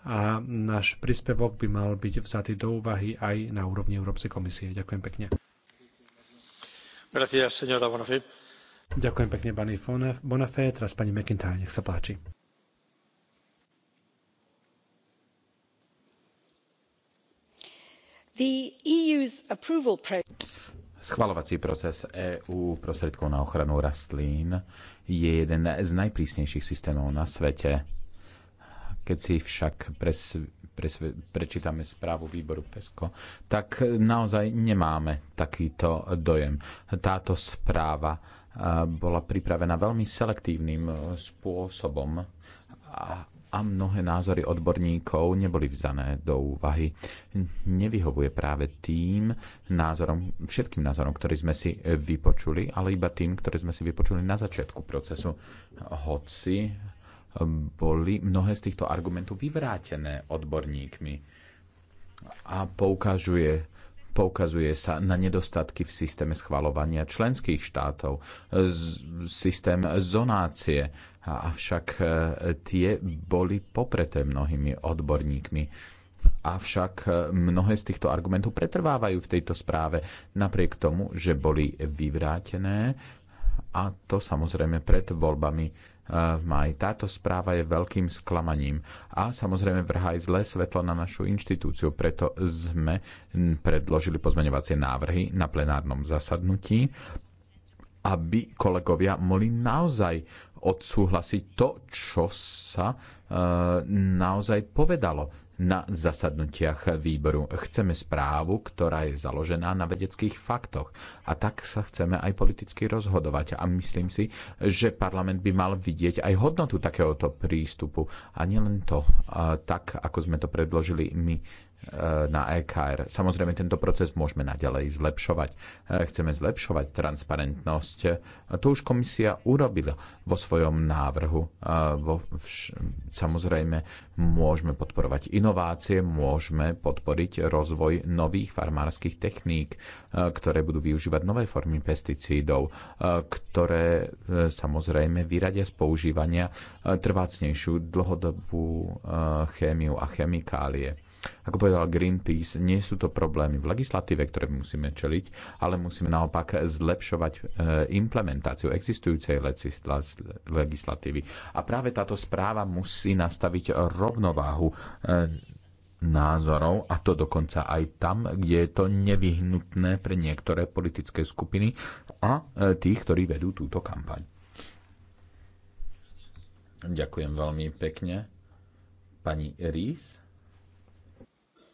Speaker 5: a náš príspevok by mal byť vzatý do úvahy aj na úrovni Európskej komisie. Ďakujem pekne. Gracias, señora Bonafé. Ďakujem pekne, pani Bonafé. Teraz pani McIntyre, nech sa páči.
Speaker 4: The EU's approval
Speaker 1: Schvalovací proces EÚ prostredkov na ochranu rastlín je jeden z najprísnejších systémov na svete. Keď si však pres, pres, prečítame správu výboru PESCO, tak naozaj nemáme takýto dojem. Táto správa eh, bola pripravená veľmi selektívnym eh, spôsobom a, a mnohé názory odborníkov neboli vzané do úvahy. Nevyhovuje práve tým názorom, všetkým názorom, ktorý sme si vypočuli, ale iba tým, ktoré sme si vypočuli na začiatku procesu. Hoci boli mnohé z týchto argumentov vyvrátené odborníkmi a poukazuje, poukazuje sa na nedostatky v systéme schvalovania členských štátov, systém zonácie, avšak e, tie boli popreté mnohými odborníkmi. Avšak e, mnohé z týchto argumentov pretrvávajú v tejto správe, napriek tomu, že boli vyvrátené a to samozrejme pred voľbami v ehm, maji. Táto správa je veľkým sklamaním a samozrejme vrhá aj zlé svetlo na našu inštitúciu, preto sme predložili pozmeňovacie návrhy na plenárnom zasadnutí, aby kolegovia mohli naozaj odsúhlasiť to, čo sa e, naozaj povedalo na zasadnutiach výboru. Chceme správu, ktorá je založená na vedeckých faktoch. A tak sa chceme aj politicky rozhodovať. A myslím si, že parlament by mal vidieť aj hodnotu takéhoto prístupu. A nielen to, tak ako sme to predložili my Eh, na EKR. Samozrejme, tento proces môžeme naďalej zlepšovať. Eh, chceme zlepšovať transparentnosť. To už komisia urobila vo svojom návrhu. Eh, samozrejme, môžeme podporovať inovácie, môžeme podporiť rozvoj nových farmárskych techník, ktoré budú využívať nové formy pesticídov, ktoré samozrejme vyradia z používania trvácnejšiu dlhodobú chémiu a chemikálie ako povedal Greenpeace, nie sú to problémy v legislatíve, ktoré musíme čeliť, ale musíme naopak zlepšovať e, implementáciu existujúcej legislatívy. A práve táto správa musí nastaviť rovnováhu e, názorov, a to dokonca aj tam, kde je to nevyhnutné pre niektoré politické skupiny a e, tých, ktorí vedú túto kampaň. Ďakujem veľmi pekne. Pani Rís.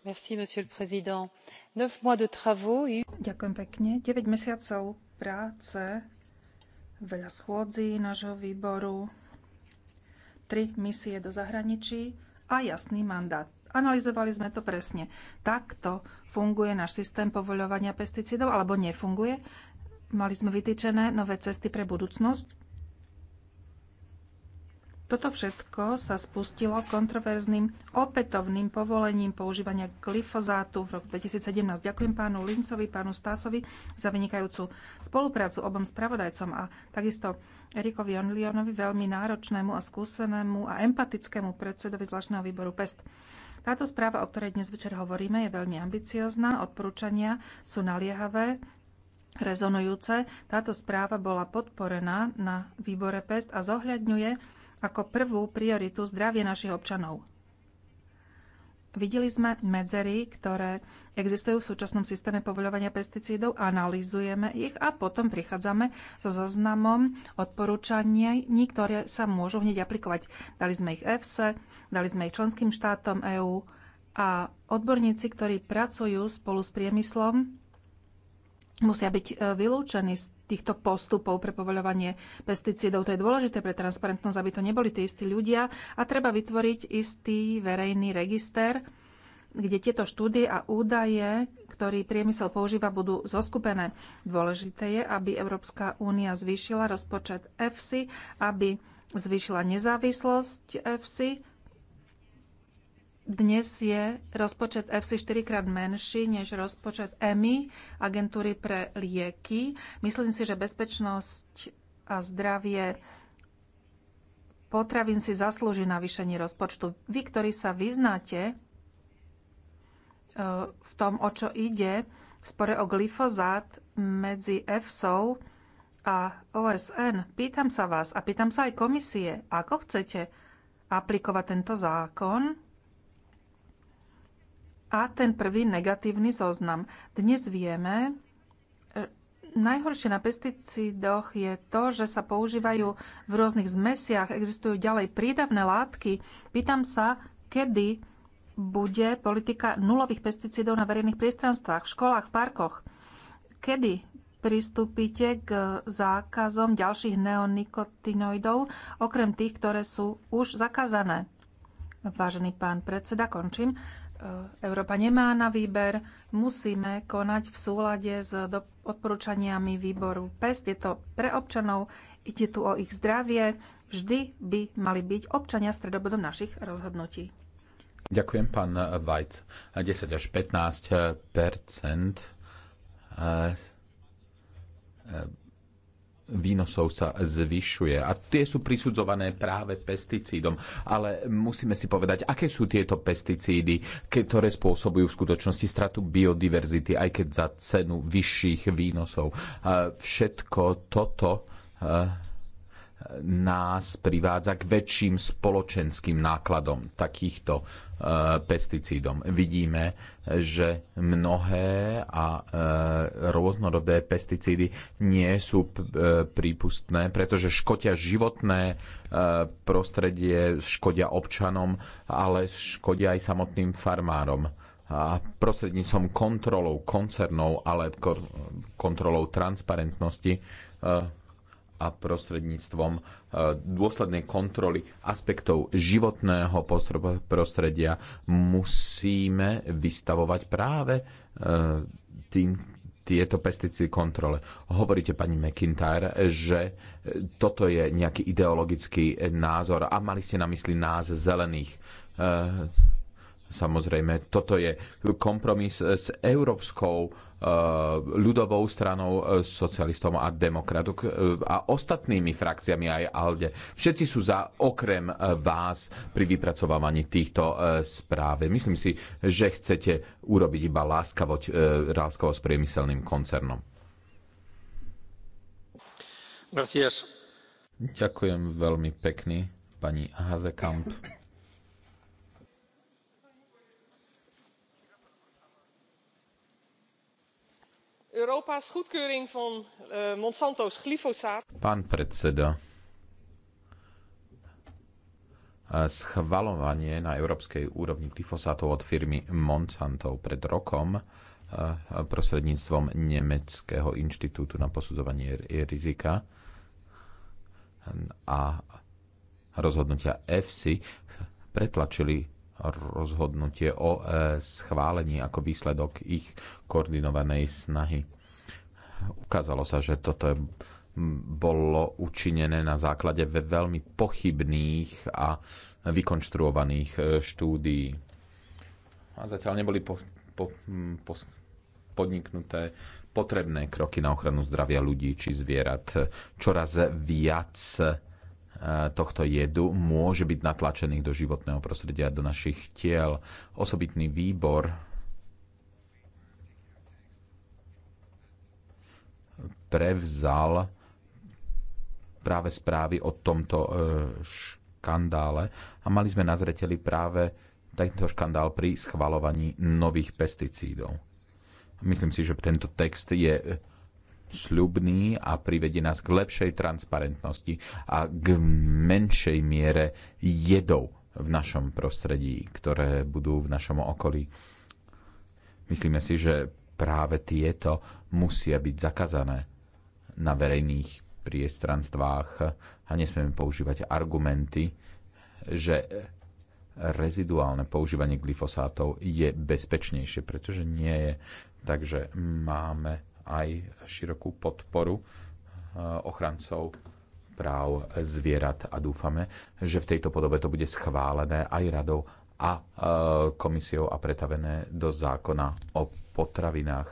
Speaker 3: Ďakujem pekne. 9 mesiacov práce, veľa schôdzí nášho výboru, 3 misie do zahraničí a jasný mandát. Analizovali sme to presne. Takto funguje náš systém povoľovania pesticídov alebo nefunguje. Mali sme vytýčené nové cesty pre budúcnosť toto všetko sa spustilo kontroverzným opätovným povolením používania glyfozátu v roku 2017. Ďakujem pánu Lincovi, pánu Stásovi za vynikajúcu spoluprácu obom spravodajcom a takisto Erikovi Onlionovi, veľmi náročnému a skúsenému a empatickému predsedovi zvláštneho výboru PEST. Táto správa, o ktorej dnes večer hovoríme, je veľmi ambiciozná, odporúčania sú naliehavé, rezonujúce. Táto správa bola podporená na výbore PEST a zohľadňuje ako prvú prioritu zdravie našich občanov. Videli sme medzery, ktoré existujú v súčasnom systéme povoľovania pesticídov, analýzujeme ich a potom prichádzame so zoznamom odporúčaní, ktoré sa môžu hneď aplikovať. Dali sme ich EFSE, dali sme ich členským štátom EÚ a odborníci, ktorí pracujú spolu s priemyslom, musia byť e, vylúčení z týchto postupov pre povoľovanie pesticídov. To je dôležité pre transparentnosť, aby to neboli tí istí ľudia a treba vytvoriť istý verejný register, kde tieto štúdie a údaje, ktorý priemysel používa, budú zoskupené. Dôležité je, aby Európska únia zvýšila rozpočet EFSI, aby zvýšila nezávislosť EFSI dnes je rozpočet EFSI 4 krát menší než rozpočet EMI, agentúry pre lieky. Myslím si, že bezpečnosť a zdravie potravín si zaslúži navýšenie rozpočtu. Vy, ktorí sa vyznáte e, v tom, o čo ide v spore o glyfozát medzi EFSou a OSN, pýtam sa vás a pýtam sa aj komisie, ako chcete aplikovať tento zákon a ten prvý negatívny zoznam. Dnes vieme, e, najhoršie na pesticídoch je to, že sa používajú v rôznych zmesiach, existujú ďalej prídavné látky. Pýtam sa, kedy bude politika nulových pesticídov na verejných priestranstvách, v školách, v parkoch. Kedy pristúpite k zákazom ďalších neonikotinoidov, okrem tých, ktoré sú už zakázané? Vážený pán predseda, končím. E, Európa nemá na výber, musíme konať v súlade s odporúčaniami výboru PEST. Je to pre občanov, ide tu o ich zdravie, vždy by mali byť občania stredobodom našich rozhodnutí.
Speaker 1: Ďakujem, pán Vajc. 10 až 15 percent e, e, výnosov sa zvyšuje. A tie sú prisudzované práve pesticídom. Ale musíme si povedať, aké sú tieto pesticídy, ktoré spôsobujú v skutočnosti stratu biodiverzity, aj keď za cenu vyšších výnosov. Všetko toto nás privádza k väčším spoločenským nákladom takýchto e, pesticídom. Vidíme, že mnohé a e, rôznorodé pesticídy nie sú e, prípustné, pretože škodia životné prostredie, škodia občanom, ale škodia aj samotným farmárom a prostredníctvom kontrolou koncernov, ale kontrolou transparentnosti a prostredníctvom e, dôslednej kontroly aspektov životného prostredia musíme vystavovať práve e, tým, tieto pesticídy kontrole. Hovoríte, pani McIntyre, že e, toto je nejaký ideologický názor a mali ste na mysli nás zelených. Samozrejme, toto je kompromis eh, s Európskou eh, ľudovou stranou, eh, socialistom a demokratok a ostatnými frakciami aj ALDE. Všetci sú za okrem vás pri vypracovávaní týchto správ. Myslím si, že chcete urobiť iba láskavo s priemyselným koncernom. Gracias. Ďakujem veľmi pekný, pani Hazekamp.
Speaker 3: goedkeuring van eh, Monsanto's glyfosaat.
Speaker 1: Pán predseda, eh, schvalovanie na európskej úrovni glyfosátov od firmy Monsanto pred rokom eh, prostredníctvom Nemeckého inštitútu na posudzovanie rizika a rozhodnutia EFSI pretlačili rozhodnutie o e, schválení ako výsledok ich koordinovanej snahy. Ukázalo sa, že toto je bolo učinené na základe veľmi pochybných a vykonštruovaných e, štúdií. A zatiaľ neboli po, po, po, podniknuté potrebné kroky na ochranu zdravia ľudí či zvierat. Čoraz viac tohto jedu môže byť natlačených do životného prostredia, do našich tiel. Osobitný výbor prevzal práve správy o tomto e, škandále a mali sme na zreteli práve tento škandál pri schvalovaní nových pesticídov. Myslím si, že tento text je sľubný a privedie nás k lepšej transparentnosti a k menšej miere jedov v našom prostredí, ktoré budú v našom okolí. Myslíme si, že práve tieto musia byť zakazané na verejných priestranstvách a nesmieme používať argumenty, že reziduálne používanie glyfosátov je bezpečnejšie, pretože nie je. Takže máme aj širokú podporu eh, ochrancov práv zvierat a dúfame, že v tejto podobe to bude schválené aj radou a eh, komisiou a pretavené do zákona o potravinách,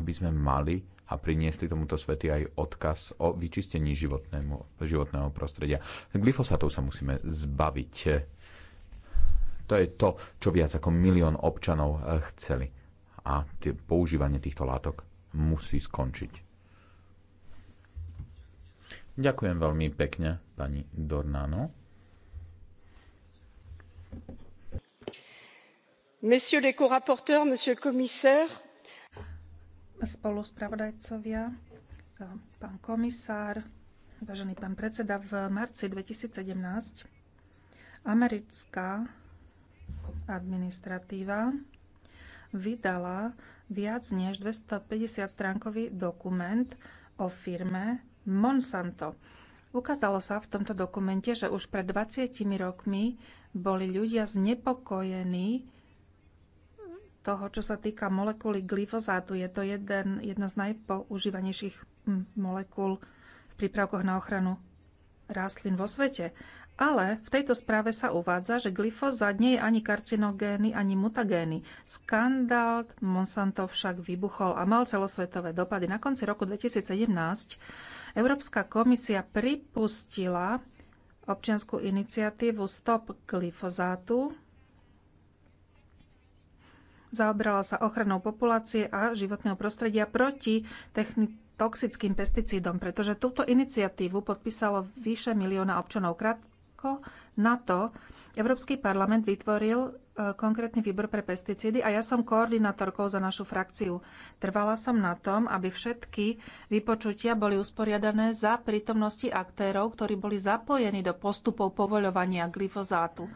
Speaker 1: aby sme mali a priniesli tomuto svety aj odkaz o vyčistení životnému, životného prostredia. Glyfosátov sa musíme zbaviť. To je to, čo viac ako milión občanov eh, chceli. A používanie týchto látok musí skončiť. Ďakujem veľmi pekne, pani Dornano.
Speaker 4: Messieurs les co-rapporteurs, monsieur le commissaire.
Speaker 3: Spoluspravodajcovia, pán komisár, vážený pán predseda, v marci 2017 americká administratíva vydala viac než 250 stránkový dokument o firme Monsanto. Ukázalo sa v tomto dokumente, že už pred 20 rokmi boli ľudia znepokojení toho, čo sa týka molekuly glyfozátu. Je to jedna z najpoužívanejších mm, molekúl v prípravkoch na ochranu rastlín vo svete. Ale v tejto správe sa uvádza, že glyfozát nie je ani karcinogény, ani mutagény. Skandál Monsanto však vybuchol a mal celosvetové dopady. Na konci roku 2017 Európska komisia pripustila občianskú iniciatívu Stop glyfozátu. Zaoberala sa ochranou populácie a životného prostredia proti technickým toxickým pesticídom, pretože túto iniciatívu podpísalo vyše milióna občanov ako na to Európsky parlament vytvoril e, konkrétny výbor pre pesticídy a ja som koordinátorkou za našu frakciu. Trvala som na tom, aby všetky vypočutia boli usporiadané za prítomnosti aktérov, ktorí boli zapojení do postupov povoľovania glyfozátu.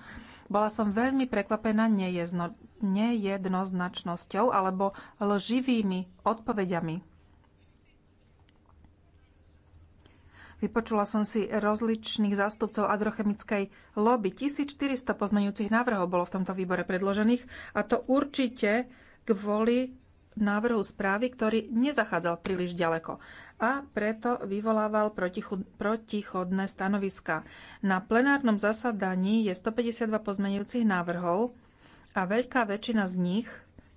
Speaker 3: Bola som veľmi prekvapená nejednoznačnosťou alebo lživými odpovediami Vypočula som si rozličných zástupcov agrochemickej lobby. 1400 pozmeňujúcich návrhov bolo v tomto výbore predložených a to určite kvôli návrhu správy, ktorý nezachádzal príliš ďaleko a preto vyvolával protichodné stanoviska. Na plenárnom zasadaní je 152 pozmeňujúcich návrhov a veľká väčšina z nich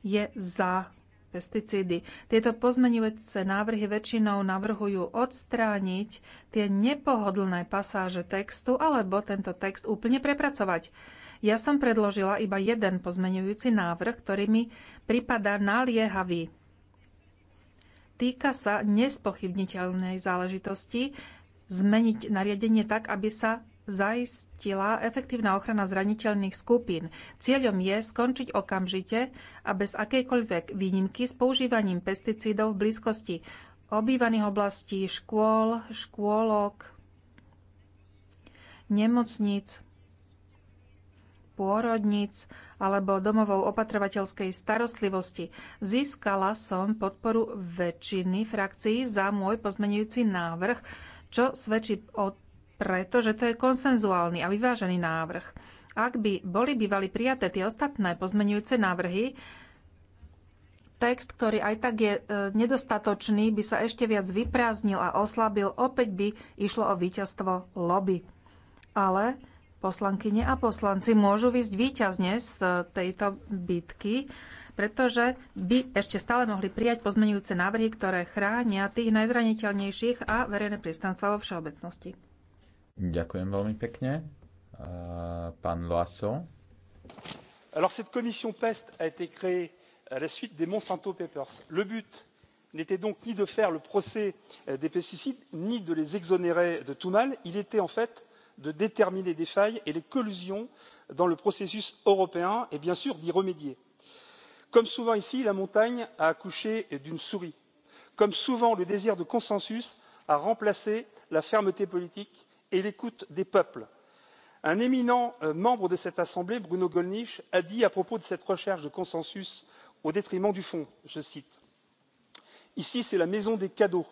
Speaker 3: je za pesticídy. Tieto pozmenujúce návrhy väčšinou navrhujú odstrániť tie nepohodlné pasáže textu alebo tento text úplne prepracovať. Ja som predložila iba jeden pozmenujúci návrh, ktorý mi pripadá naliehavý. Týka sa nespochybniteľnej záležitosti zmeniť nariadenie tak, aby sa zaistila efektívna ochrana zraniteľných skupín. Cieľom je skončiť okamžite a bez akejkoľvek výnimky s používaním pesticídov v blízkosti obývaných oblastí, škôl, škôlok, nemocnic, pôrodnic alebo domovou opatrovateľskej starostlivosti. Získala som podporu väčšiny frakcií za môj pozmenujúci návrh, čo svedčí o pretože to je konsenzuálny a vyvážený návrh. Ak by boli bývali prijaté tie ostatné pozmenujúce návrhy, text, ktorý aj tak je e, nedostatočný, by sa ešte viac vyprázdnil a oslabil. Opäť by išlo o víťazstvo lobby. Ale poslankyne a poslanci môžu vysť víťazne z e, tejto bitky, pretože by ešte stále mohli prijať pozmenujúce návrhy, ktoré chránia tých najzraniteľnejších a verejné priestanstva vo všeobecnosti.
Speaker 1: Ďakujem veľmi pekne. Pán Loasso.
Speaker 6: Alors cette commission PEST a été créée à la suite des Monsanto Papers. Le but n'était donc ni de faire le procès euh, des pesticides ni de les exonérer de tout mal il était en fait de déterminer des failles et les collusions dans le processus européen et bien sûr d'y remédier. comme souvent ici la montagne a accouché d'une souris. comme souvent le désir de consensus a remplacé la fermeté politique et l'écoute des peuples. un éminent euh, membre de cette assemblée bruno gollnisch a dit à propos de cette recherche de consensus au détriment du fond je cite ici c'est la maison des cadeaux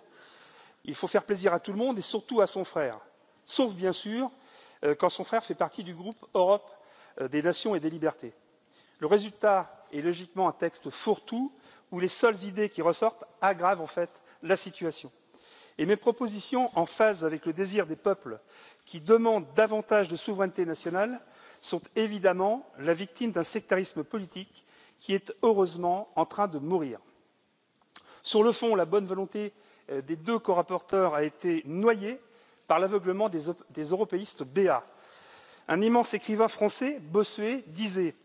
Speaker 6: il faut faire plaisir à tout le monde et surtout à son frère sauf bien sûr euh, quand son frère fait partie du groupe europe euh, des nations et des libertés. le résultat est logiquement un texte fourre tout où les seules idées qui ressortent aggravent en fait la situation mes propositions en phase avec le désir des peuples qui demandent davantage de souveraineté nationale sont évidemment la victime d'un sectarisme politique qui est heureusement en train de mourir. sur le fond la bonne volonté euh, des deux corapporteurs a été noyée par l'aveuglement des européistes béats. un immense écrivain français bossuet disait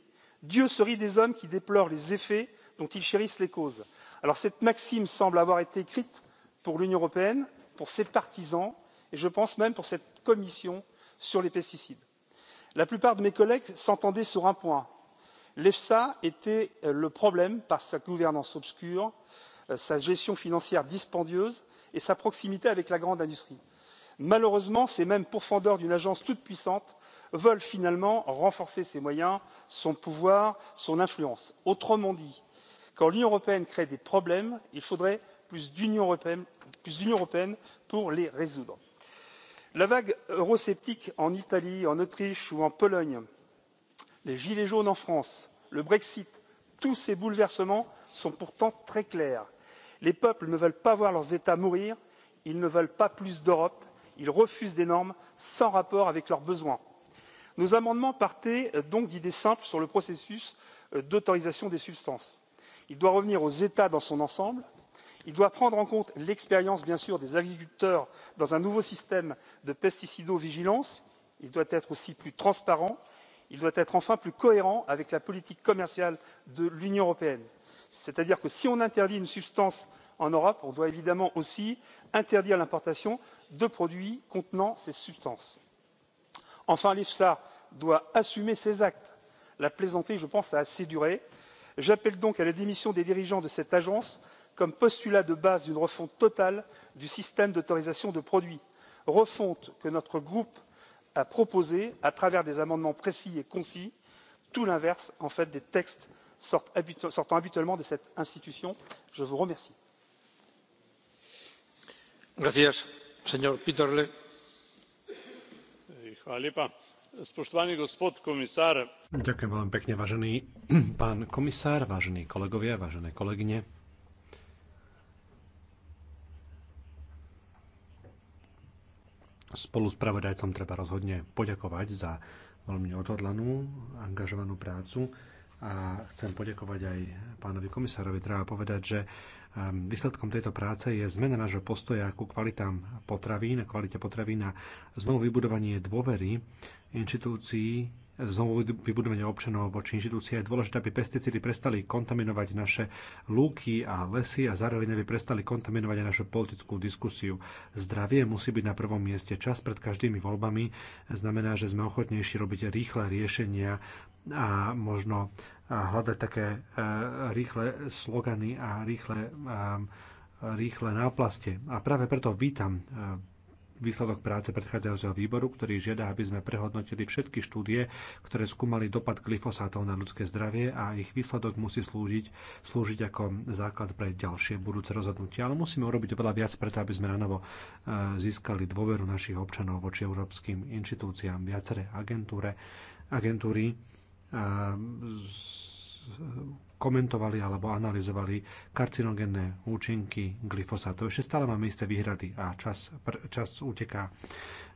Speaker 6: dieu se rit des hommes qui déplorent les effets dont ils chérissent les causes. cette maxime semble avoir été écrite pour l'union européenne pour ses partisans et je pense même pour cette commission sur les pesticides. la plupart de mes collègues s'entendaient sur un point l'efsa était euh, le problème par sa gouvernance obscure euh, sa gestion financière dispendieuse et sa proximité avec la grande industrie. malheureusement ces mêmes pourfendeurs d'une agence toute puissante veulent finalement renforcer ses moyens son pouvoir son influence. autrement dit quand l'union européenne crée des problèmes il faudrait plus d'union européenne pour les résoudre. la vague eurosceptique en italie en autriche ou en pologne les gilets jaunes en france le brexit tous ces bouleversements sont pourtant très clairs les peuples ne veulent pas voir leurs états mourir ils ne veulent pas plus d'europe ils refusent des normes sans rapport avec leurs besoins. nos amendements partaient euh, donc d'idées simples sur le processus euh, d'autorisation des substances il doit revenir aux états dans son ensemble il doit prendre en compte l'expérience bien sûr des agriculteurs dans un nouveau système de pesticidovigilance il doit être aussi plus transparent il doit être enfin plus cohérent avec la politique commerciale de l'union européenne c'est à dire que si on interdit une substance en europe on doit évidemment aussi interdire l'importation de produits contenant ces substances. enfin l'efsa doit assumer ses actes la plaisanterie je pense a assez duré. j'appelle donc à la démission des dirigeants de cette agence comme postulat de base d'une refonte totale du système d'autorisation de produits refonte que notre groupe a proposée à travers des amendements précis et concis tout l'inverse en fait des textes sortant habituellement de cette institution. je vous remercie.
Speaker 5: Spolu s pravodajcom treba rozhodne poďakovať za veľmi odhodlanú, angažovanú prácu a chcem poďakovať aj pánovi komisárovi. Treba povedať, že ehm, výsledkom tejto práce je zmena nášho postoja ku kvalitám potravín, kvalite potravín a znovu vybudovanie dôvery inštitúcií znovu vybudovanie občanov voči inštitúcii. Je dôležité, aby pesticídy prestali kontaminovať naše lúky a lesy a zároveň aby prestali kontaminovať aj našu politickú diskusiu. Zdravie musí byť na prvom mieste. Čas pred každými voľbami znamená, že sme ochotnejší robiť rýchle riešenia a možno hľadať také e, rýchle slogany a rýchle, rýchle náplaste. A práve preto vítam e, výsledok práce predchádzajúceho výboru, ktorý žiada, aby sme prehodnotili všetky štúdie, ktoré skúmali dopad glyfosátov na ľudské zdravie a ich výsledok musí slúžiť, slúžiť ako základ pre ďalšie budúce rozhodnutia. Ale musíme urobiť oveľa viac preto, aby sme nanovo e, získali dôveru našich občanov voči európskym inštitúciám, viaceré agentúre, agentúry e, komentovali alebo analyzovali karcinogenné účinky glyfosátu. Ešte stále máme isté výhrady a čas, pr, čas uteká.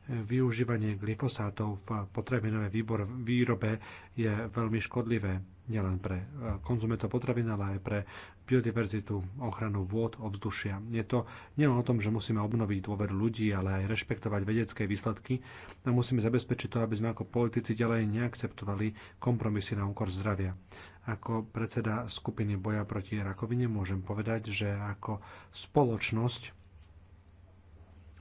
Speaker 5: Využívanie glyfosátov v potravinovej výbor, výrobe je veľmi škodlivé nielen pre eh, konzumentov potravín, ale aj pre biodiverzitu, ochranu vôd, ovzdušia. Je to nielen o tom, že musíme obnoviť dôveru ľudí, ale aj rešpektovať vedecké výsledky a musíme zabezpečiť to, aby sme ako politici ďalej neakceptovali kompromisy na úkor zdravia. Ako predseda skupiny boja proti rakovine môžem povedať, že ako spoločnosť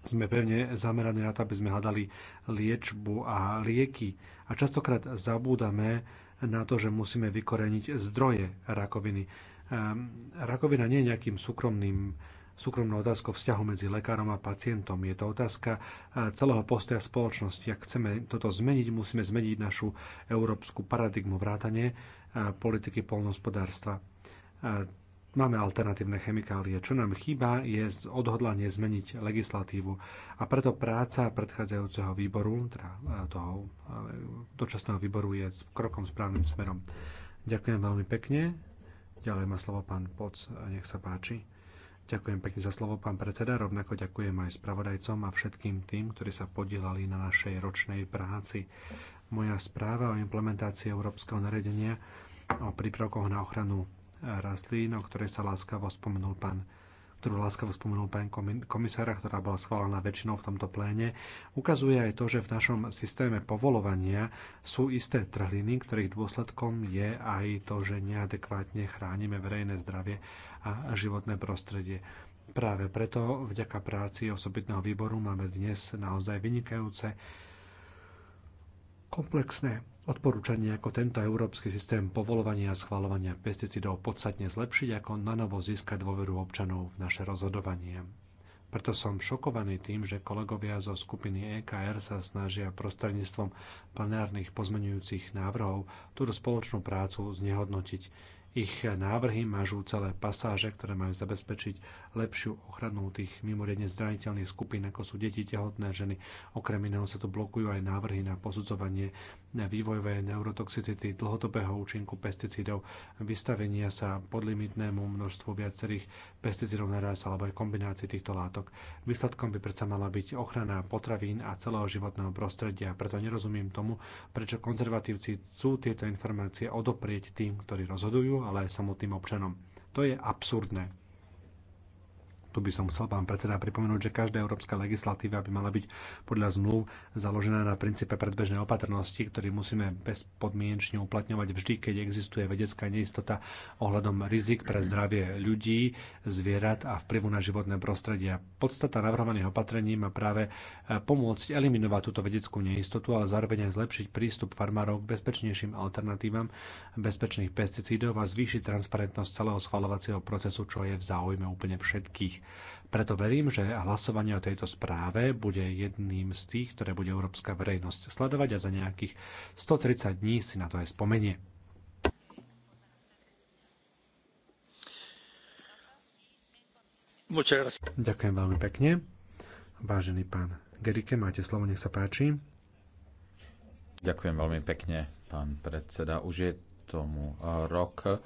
Speaker 5: sme pevne zameraní na to, aby sme hľadali liečbu a lieky. A častokrát zabúdame na to, že musíme vykoreniť zdroje rakoviny. Ehm, rakovina nie je nejakým súkromným súkromnou otázkou vzťahu medzi lekárom a pacientom. Je to otázka eh, celého postoja spoločnosti. Ak chceme toto zmeniť, musíme zmeniť našu európsku paradigmu vrátane eh, politiky polnohospodárstva. Eh, máme alternatívne chemikálie. Čo nám chýba, je odhodlanie zmeniť legislatívu. A preto práca predchádzajúceho výboru, teda toho dočasného výboru, je krokom správnym smerom. Ďakujem veľmi pekne. Ďalej má slovo pán Poc, nech sa páči. Ďakujem pekne za slovo, pán predseda. Rovnako ďakujem aj spravodajcom a všetkým tým, ktorí sa podielali na našej ročnej práci. Moja správa o implementácii Európskeho naredenia o prípravkoch na ochranu rastlín, o ktorej sa láskavo spomenul pán ktorú láskavo spomenul pán komisára, ktorá bola schválená väčšinou v tomto pléne, ukazuje aj to, že v našom systéme povolovania sú isté trhliny, ktorých dôsledkom je aj to, že neadekvátne chránime verejné zdravie a životné prostredie. Práve preto vďaka práci osobitného výboru máme dnes naozaj vynikajúce komplexné Odporúčanie ako tento európsky systém povolovania a schvalovania pesticidov podstatne zlepšiť, ako nanovo získať dôveru občanov v naše rozhodovanie. Preto som šokovaný tým, že kolegovia zo skupiny EKR sa snažia prostredníctvom plenárnych pozmenujúcich návrhov túto spoločnú prácu znehodnotiť ich návrhy mažú celé pasáže, ktoré majú zabezpečiť lepšiu ochranu tých mimoriadne zraniteľných skupín, ako sú deti, tehotné ženy. Okrem iného sa tu blokujú aj návrhy na posudzovanie vývojovej neurotoxicity, dlhodobého účinku pesticídov, vystavenia sa podlimitnému množstvu viacerých pesticídov naraz alebo aj kombinácii týchto látok. Výsledkom by predsa mala byť ochrana potravín a celého životného prostredia, preto nerozumiem tomu, prečo konzervatívci chcú tieto informácie odoprieť tým, ktorí rozhodujú ale aj samotným občanom. To je absurdné tu by som chcel pán predseda pripomenúť, že každá európska legislatíva by mala byť podľa zmluv založená na princípe predbežnej opatrnosti, ktorý musíme bezpodmienečne uplatňovať vždy, keď existuje vedecká neistota ohľadom rizik pre zdravie ľudí, zvierat a vplyvu na životné prostredie. Podstata navrhovaných opatrení má práve e, pomôcť eliminovať túto vedeckú neistotu, ale zároveň aj zlepšiť prístup farmárov k bezpečnejším alternatívam bezpečných pesticídov a zvýšiť transparentnosť celého schvalovacieho procesu, čo je v záujme úplne všetkých. Preto verím, že hlasovanie o tejto správe bude jedným z tých, ktoré bude európska verejnosť sledovať a za nejakých 130 dní si na to aj spomenie. Ďakujem veľmi pekne. Vážený pán Gerike, máte slovo, nech sa páči.
Speaker 1: Ďakujem veľmi pekne, pán predseda. Už je tomu rok,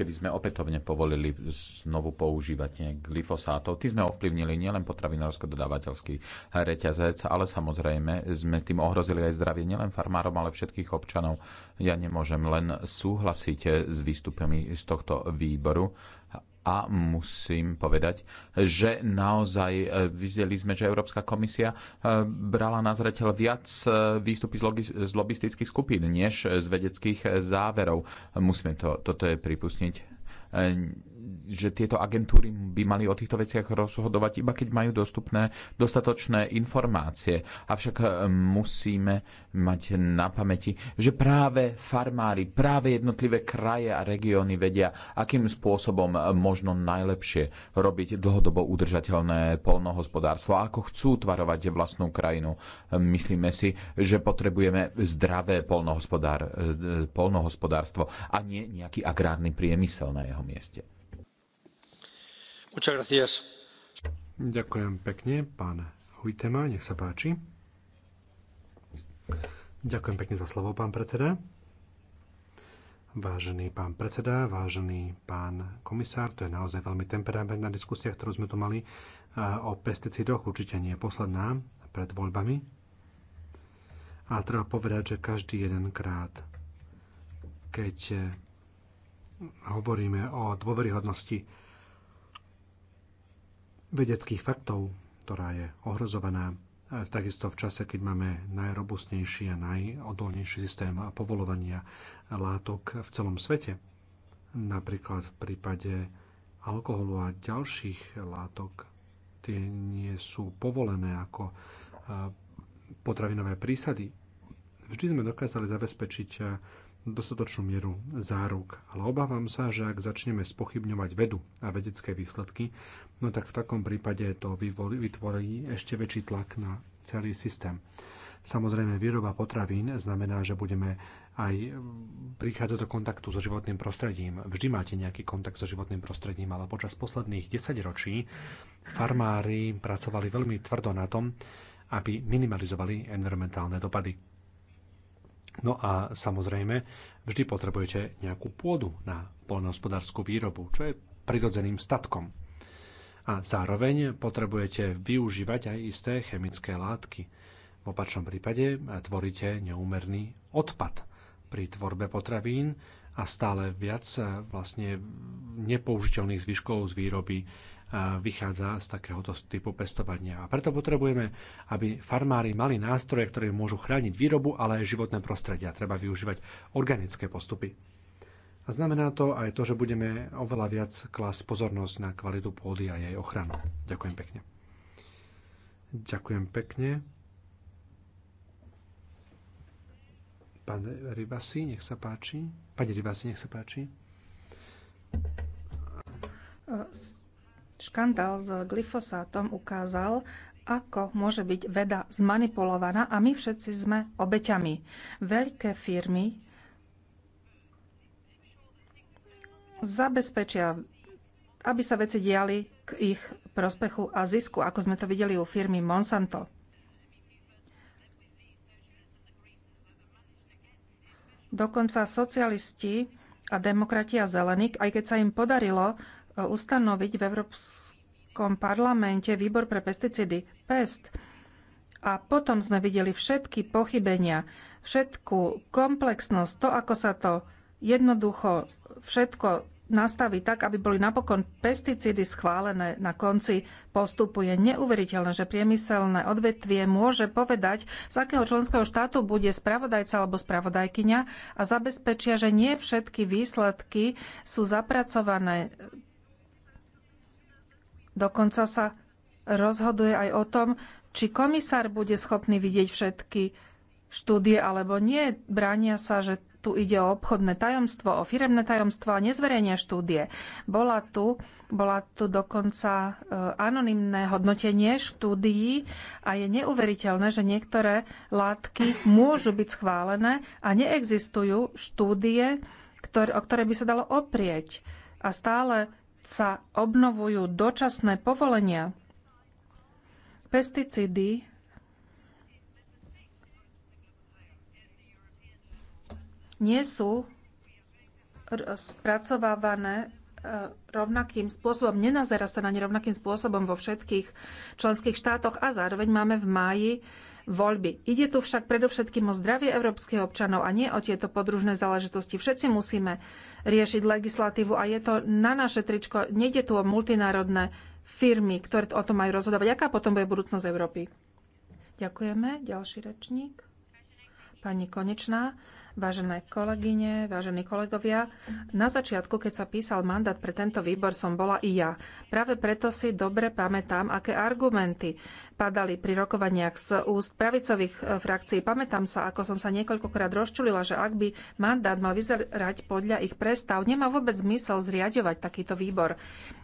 Speaker 1: kedy sme opätovne povolili znovu používanie glyfosátov. Tí sme ovplyvnili nielen potravinársko-dodávateľský reťazec, ale samozrejme sme tým ohrozili aj zdravie nielen farmárom, ale všetkých občanov. Ja nemôžem len súhlasiť s výstupami z tohto výboru a musím povedať, že naozaj e, videli sme, že Európska komisia e, brala na zreteľ viac e, výstupy z, z lobistických skupín, než z vedeckých záverov. Musíme to, toto je pripustniť že tieto agentúry by mali o týchto veciach rozhodovať iba keď majú dostupné dostatočné informácie. Avšak e, musíme mať na pamäti, že práve farmári, práve jednotlivé kraje a regióny vedia, akým spôsobom e, možno najlepšie robiť dlhodobo udržateľné polnohospodárstvo, ako chcú tvarovať vlastnú krajinu. E, myslíme si, že potrebujeme zdravé polnohospodár, polnohospodárstvo a nie nejaký agrárny priemysel na jeho mieste.
Speaker 6: Ďakujem
Speaker 5: pekne, pán Hujtema, nech sa páči. Ďakujem pekne za slovo, pán predseda. Vážený pán predseda, vážený pán komisár, to je naozaj veľmi temperamentná diskusia, ktorú sme tu mali e, o pesticidoch, určite nie posledná pred voľbami. A treba povedať, že každý jeden krát, keď e, hovoríme o dôveryhodnosti vedeckých faktov, ktorá je ohrozovaná. A takisto v čase, keď máme najrobustnejší a najodolnejší systém povolovania látok v celom svete, napríklad v prípade alkoholu a ďalších látok, tie nie sú povolené ako potravinové prísady. Vždy sme dokázali zabezpečiť dostatočnú mieru záruk, ale obávam sa, že ak začneme spochybňovať vedu a vedecké výsledky, no tak v takom prípade to vytvorí ešte väčší tlak na celý systém. Samozrejme, výroba potravín znamená, že budeme aj prichádzať do kontaktu so životným prostredím. Vždy máte nejaký kontakt so životným prostredím, ale počas posledných 10 ročí farmári pracovali veľmi tvrdo na tom, aby minimalizovali environmentálne dopady. No a samozrejme, vždy potrebujete nejakú pôdu na poľnohospodárskú výrobu, čo je prirodzeným statkom a zároveň potrebujete využívať aj isté chemické látky. V opačnom prípade tvoríte neúmerný odpad pri tvorbe potravín a stále viac e, vlastne nepoužiteľných zvyškov z výroby e, vychádza z takéhoto typu pestovania. A preto potrebujeme, aby farmári mali nástroje, ktoré môžu chrániť výrobu, ale aj životné prostredia. Treba využívať organické postupy. A znamená to aj to, že budeme oveľa viac klásť pozornosť na kvalitu pôdy a jej ochranu. Ďakujem pekne. Ďakujem pekne. Pán Rybasi, nech sa páči. Pani Rybasi, nech sa páči.
Speaker 3: Škandál s glyfosátom ukázal, ako môže byť veda zmanipulovaná a my všetci sme obeťami. Veľké firmy zabezpečia, aby sa veci diali k ich prospechu a zisku, ako sme to videli u firmy Monsanto. Dokonca socialisti a demokrati a zelení, aj keď sa im podarilo e, ustanoviť v Európskom parlamente výbor pre pesticídy PEST, a potom sme videli všetky pochybenia, všetku komplexnosť, to, ako sa to jednoducho všetko nastaví tak, aby boli napokon pesticídy schválené na konci postupu. Je neuveriteľné, že priemyselné odvetvie môže povedať, z akého členského štátu bude spravodajca alebo spravodajkyňa a zabezpečia, že nie všetky výsledky sú zapracované. Dokonca sa rozhoduje aj o tom, či komisár bude schopný vidieť všetky štúdie alebo nie. Bránia sa, že tu ide o obchodné tajomstvo, o firemné tajomstvo a nezverejnia štúdie. Bola tu, bola tu dokonca e, anonymné hodnotenie štúdií a je neuveriteľné, že niektoré látky môžu byť schválené a neexistujú štúdie, ktoré, o ktoré by sa dalo oprieť. A stále sa obnovujú dočasné povolenia. Pesticídy nie sú spracovávané e, rovnakým spôsobom, nenazera sa na ne rovnakým spôsobom vo všetkých členských štátoch a zároveň máme v máji voľby. Ide tu však predovšetkým o zdravie európskych občanov a nie o tieto podružné záležitosti. Všetci musíme riešiť legislatívu a je to na naše tričko. Nejde tu o multinárodné firmy, ktoré o tom majú rozhodovať. Aká potom bude budúcnosť Európy? Ďakujeme. Ďalší rečník. Pani Konečná. Vážené kolegyne, vážení kolegovia, na začiatku, keď sa písal mandát pre tento výbor, som bola i ja. Práve preto si dobre pamätám, aké argumenty padali pri rokovaniach z úst pravicových e, frakcií. Pamätám sa, ako som sa niekoľkokrát rozčulila, že ak by mandát mal vyzerať podľa ich prestav, nemá vôbec zmysel zriadovať takýto výbor.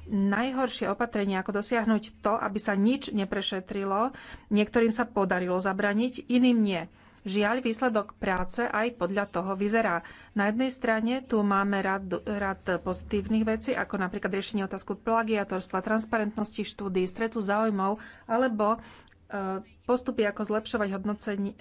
Speaker 3: Najhoršie opatrenie, ako dosiahnuť to, aby sa nič neprešetrilo, niektorým sa podarilo zabraniť, iným nie. Žiaľ, výsledok práce aj podľa toho vyzerá. Na jednej strane tu máme rad, rad pozitívnych vecí, ako napríklad riešenie otázku plagiatorstva, transparentnosti štúdí, stretu záujmov, alebo e, postupy, ako zlepšovať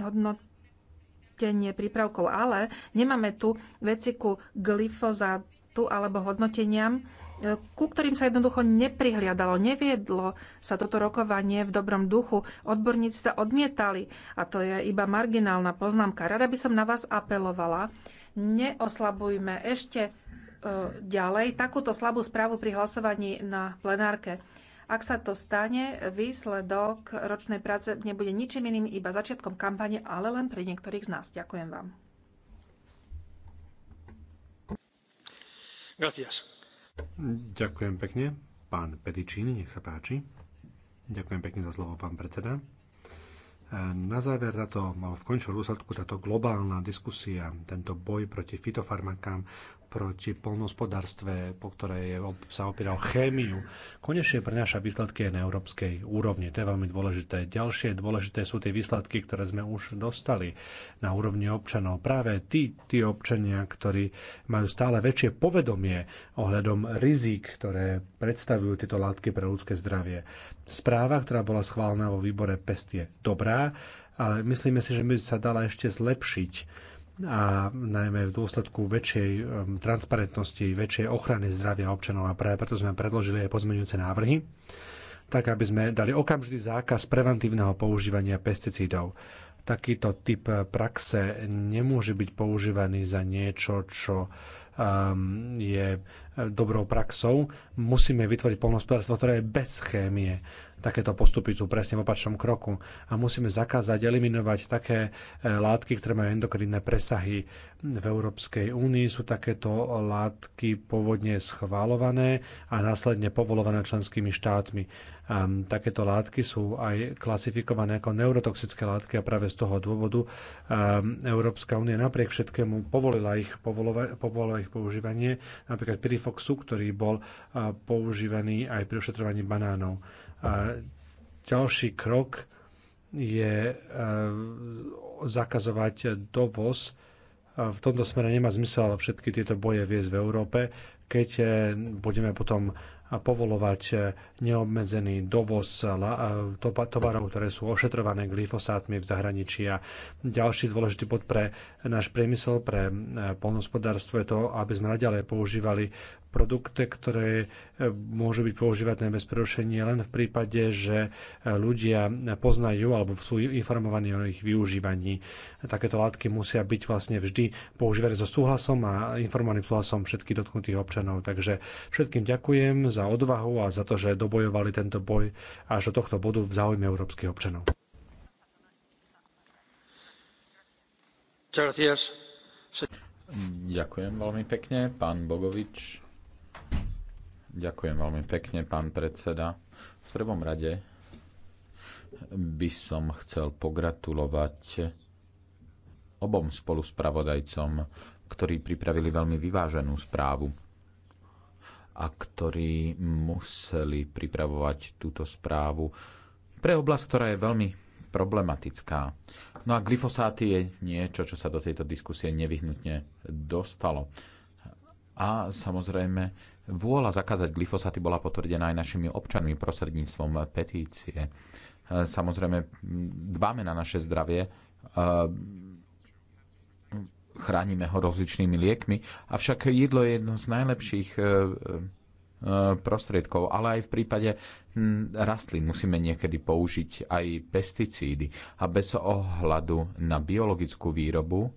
Speaker 3: hodnotenie prípravkov. Ale nemáme tu veci ku glyfozátu alebo hodnoteniam, E, ku ktorým sa jednoducho neprihliadalo, neviedlo sa toto rokovanie v dobrom duchu. Odborníci sa odmietali a to je iba marginálna poznámka. Rada by som na vás apelovala, neoslabujme ešte e, ďalej takúto slabú správu pri hlasovaní na plenárke. Ak sa to stane, výsledok ročnej práce nebude ničím iným, iba začiatkom kampane, ale len pre niektorých z nás. Ďakujem
Speaker 6: vám. Gracias.
Speaker 5: Ďakujem pekne. Pán Petičín, nech sa páči. Ďakujem pekne za slovo, pán predseda. Na záver táto, v končnom dôsledku táto globálna diskusia, tento boj proti fitofarmakám, proti polnospodárstve, po ktoré je, sa opieral chémiu, konečne prináša výsledky aj na európskej úrovni. To je veľmi dôležité. Ďalšie dôležité sú tie výsledky, ktoré sme už dostali na úrovni občanov. Práve tí, tí občania, ktorí majú stále väčšie povedomie ohľadom rizik, ktoré predstavujú tieto látky pre ľudské zdravie. Správa, ktorá bola schválená vo výbore PEST je dobrá, ale myslíme si, že by sa dala ešte zlepšiť a najmä v dôsledku väčšej transparentnosti, väčšej ochrany zdravia občanov a práve preto sme predložili aj pozmeňujúce návrhy, tak aby sme dali okamžitý zákaz preventívneho používania pesticídov. Takýto typ eh, praxe nemôže byť používaný za niečo, čo um, je eh, dobrou praxou. Musíme vytvoriť polnohospodárstvo, ktoré je bez chémie, Takéto postupy sú presne v opačnom kroku a musíme zakázať, eliminovať také e, látky, ktoré majú endokrinné presahy. V Európskej únii sú takéto látky pôvodne schválované a následne povolované členskými štátmi. Um, takéto látky sú aj klasifikované ako neurotoxické látky a práve z toho dôvodu um, Európska únia napriek všetkému povolila ich, povolova, povolila ich používanie, napríklad pirifoxu, ktorý bol uh, používaný aj pri ošetrovaní banánov. A ďalší krok je e, zakazovať dovoz. V tomto smere nemá zmysel všetky tieto boje viesť v Európe, keď e, budeme potom povolovať e, neobmedzený dovoz e, tovarov, ktoré sú ošetrované glyfosátmi v zahraničí. A ďalší dôležitý bod pre náš priemysel, pre e, polnospodárstvo je to, aby sme naďalej používali produkty, ktoré môžu byť používané bez prerušenia len v prípade, že ľudia poznajú alebo sú informovaní o ich využívaní. Takéto látky musia byť vlastne vždy používané so súhlasom a informovaným súhlasom všetkých dotknutých občanov. Takže všetkým ďakujem za odvahu a za to, že dobojovali tento boj až do tohto bodu v záujme
Speaker 1: európskych občanov. Ďakujem veľmi pekne, pán Bogovič. Ďakujem veľmi pekne, pán predseda. V prvom rade by som chcel pogratulovať obom spoluspravodajcom, ktorí pripravili veľmi vyváženú správu a ktorí museli pripravovať túto správu pre oblasť, ktorá je veľmi problematická. No a glyfosáty je niečo, čo sa do tejto diskusie nevyhnutne dostalo. A samozrejme, vôľa zakázať glyfosáty bola potvrdená aj našimi občanmi prostredníctvom petície. Samozrejme, dbáme na naše zdravie chránime ho rozličnými liekmi, avšak jedlo je jedno z najlepších e, e, prostriedkov, ale aj v prípade rastlín musíme niekedy použiť aj pesticídy a bez ohľadu na biologickú výrobu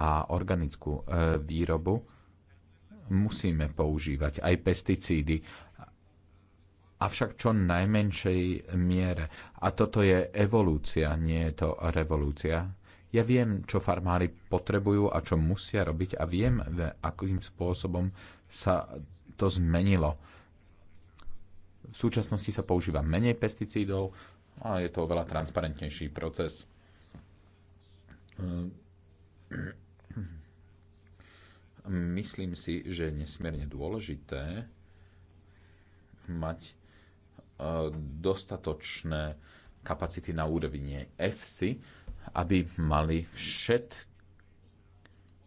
Speaker 1: a organickú e, výrobu musíme používať aj pesticídy, avšak čo najmenšej miere. A toto je evolúcia, nie je to revolúcia ja viem, čo farmári potrebujú a čo musia robiť a viem, akým spôsobom sa to zmenilo. V súčasnosti sa používa menej pesticídov a je to oveľa transparentnejší proces. Myslím si, že je nesmierne dôležité mať e, dostatočné kapacity na úrovni EFSI, aby mali všet,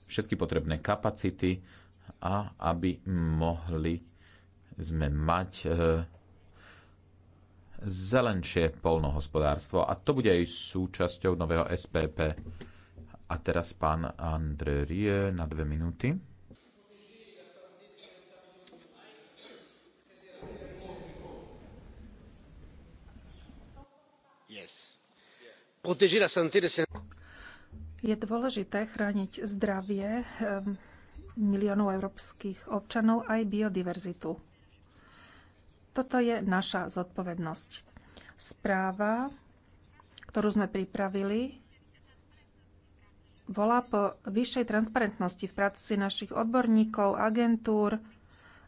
Speaker 1: všetky potrebné kapacity a aby mohli sme mať e, zelenšie polnohospodárstvo. A to bude aj súčasťou nového SPP. A teraz pán André Rie na dve minúty.
Speaker 3: Je dôležité chrániť zdravie ehm, miliónov európskych občanov aj biodiverzitu. Toto je naša zodpovednosť. Správa, ktorú sme pripravili, volá po vyššej transparentnosti v práci našich odborníkov, agentúr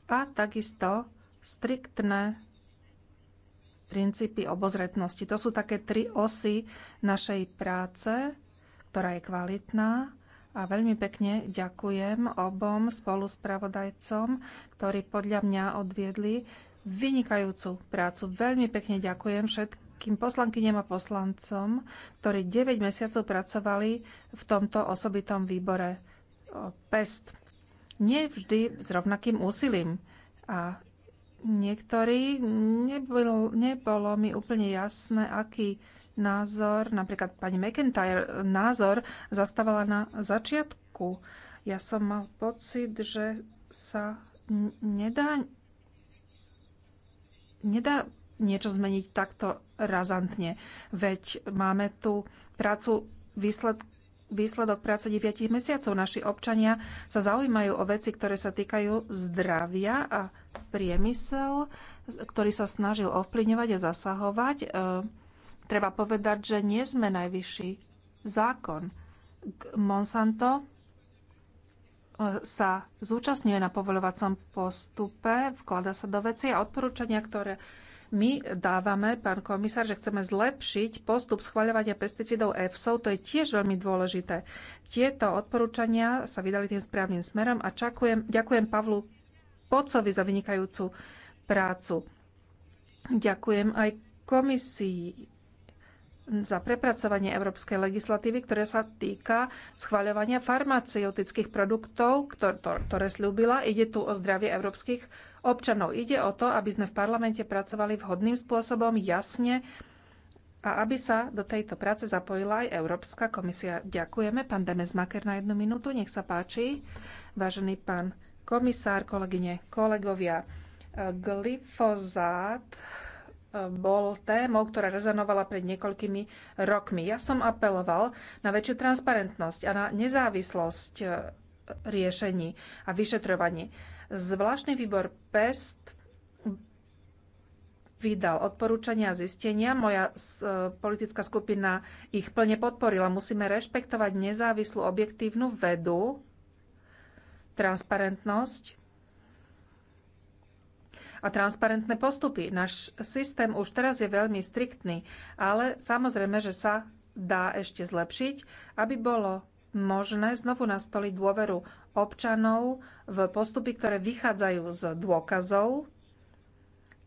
Speaker 3: a takisto striktné princípy obozretnosti. To sú také tri osy našej práce, ktorá je kvalitná. A veľmi pekne ďakujem obom spoluspravodajcom, ktorí podľa mňa odviedli vynikajúcu prácu. Veľmi pekne ďakujem všetkým poslankyniam a poslancom, ktorí 9 mesiacov pracovali v tomto osobitom výbore PEST. Nie vždy s rovnakým úsilím. A niektorí, nebolo, nebolo mi úplne jasné, aký názor, napríklad pani McIntyre, názor zastávala na začiatku. Ja som mal pocit, že sa nedá, nedá niečo zmeniť takto razantne. Veď máme tu prácu výsledku výsledok práce 9 mesiacov. Naši občania sa zaujímajú o veci, ktoré sa týkajú zdravia a priemysel, ktorý sa snažil ovplyvňovať a zasahovať. E, treba povedať, že nie sme najvyšší zákon. Monsanto e, sa zúčastňuje na povoľovacom postupe, vklada sa do veci a odporúčania, ktoré my dávame, pán komisár, že chceme zlepšiť postup schvaľovania pesticidov EFSO, to je tiež veľmi dôležité. Tieto odporúčania sa vydali tým správnym smerom a čakujem, ďakujem Pavlu Pocovi za vynikajúcu prácu. Ďakujem aj komisii za prepracovanie európskej legislatívy, ktoré sa týka schvaľovania farmaceutických produktov, ktoré slúbila. Ide tu o zdravie európskych občanov. Ide o to, aby sme v parlamente pracovali vhodným spôsobom, jasne a aby sa do tejto práce zapojila aj Európska komisia. Ďakujeme. Pán Demesmaker na jednu minútu. Nech sa páči. Vážený pán komisár, kolegyne, kolegovia. E, glyfozát e, bol témou, ktorá rezonovala pred niekoľkými rokmi. Ja som apeloval na väčšiu transparentnosť a na nezávislosť e, riešení a vyšetrovaní. Zvláštny výbor PEST vydal odporúčania a zistenia. Moja politická skupina ich plne podporila. Musíme rešpektovať nezávislú objektívnu vedu transparentnosť a transparentné postupy. Náš systém už teraz je veľmi striktný, ale samozrejme, že sa dá ešte zlepšiť, aby bolo možné znovu nastoliť dôveru občanov v postupy, ktoré vychádzajú z dôkazov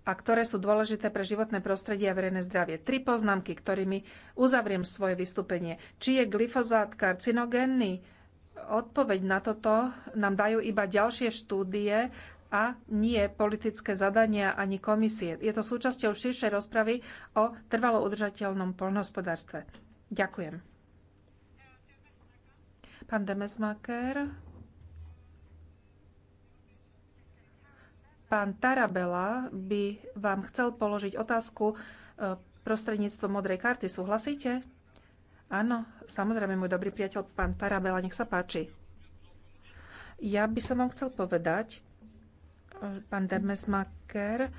Speaker 3: a ktoré sú dôležité pre životné prostredie a verejné zdravie. Tri poznámky, ktorými uzavriem svoje vystúpenie. Či je glyfozát karcinogénny? Odpoveď na toto nám dajú iba ďalšie štúdie a nie politické zadania ani komisie. Je to súčasťou širšej rozpravy o trvalo udržateľnom poľnohospodárstve. Ďakujem. Pán Demesmaker. Pán Tarabela by vám chcel položiť otázku eh, prostredníctvom modrej karty. Súhlasíte? Áno, samozrejme, môj dobrý priateľ, pán Tarabela, nech sa páči. Ja by som vám chcel povedať, e, pán Demesmaker, e,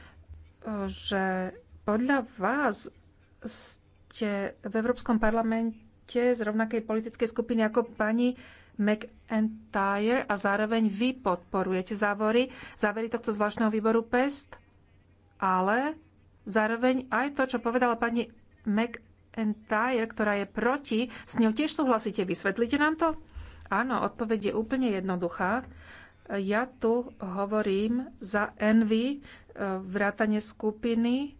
Speaker 3: že podľa vás ste v Európskom parlamente z rovnakej politickej skupiny ako pani McIntyre a zároveň vy podporujete závory, závery tohto zvláštneho výboru PEST, ale zároveň aj to, čo povedala pani McIntyre, Entire, ktorá je proti, s ňou tiež súhlasíte. Vysvetlite nám to? Áno, odpoveď je úplne jednoduchá. Ja tu hovorím za Envy, eh, vrátanie skupiny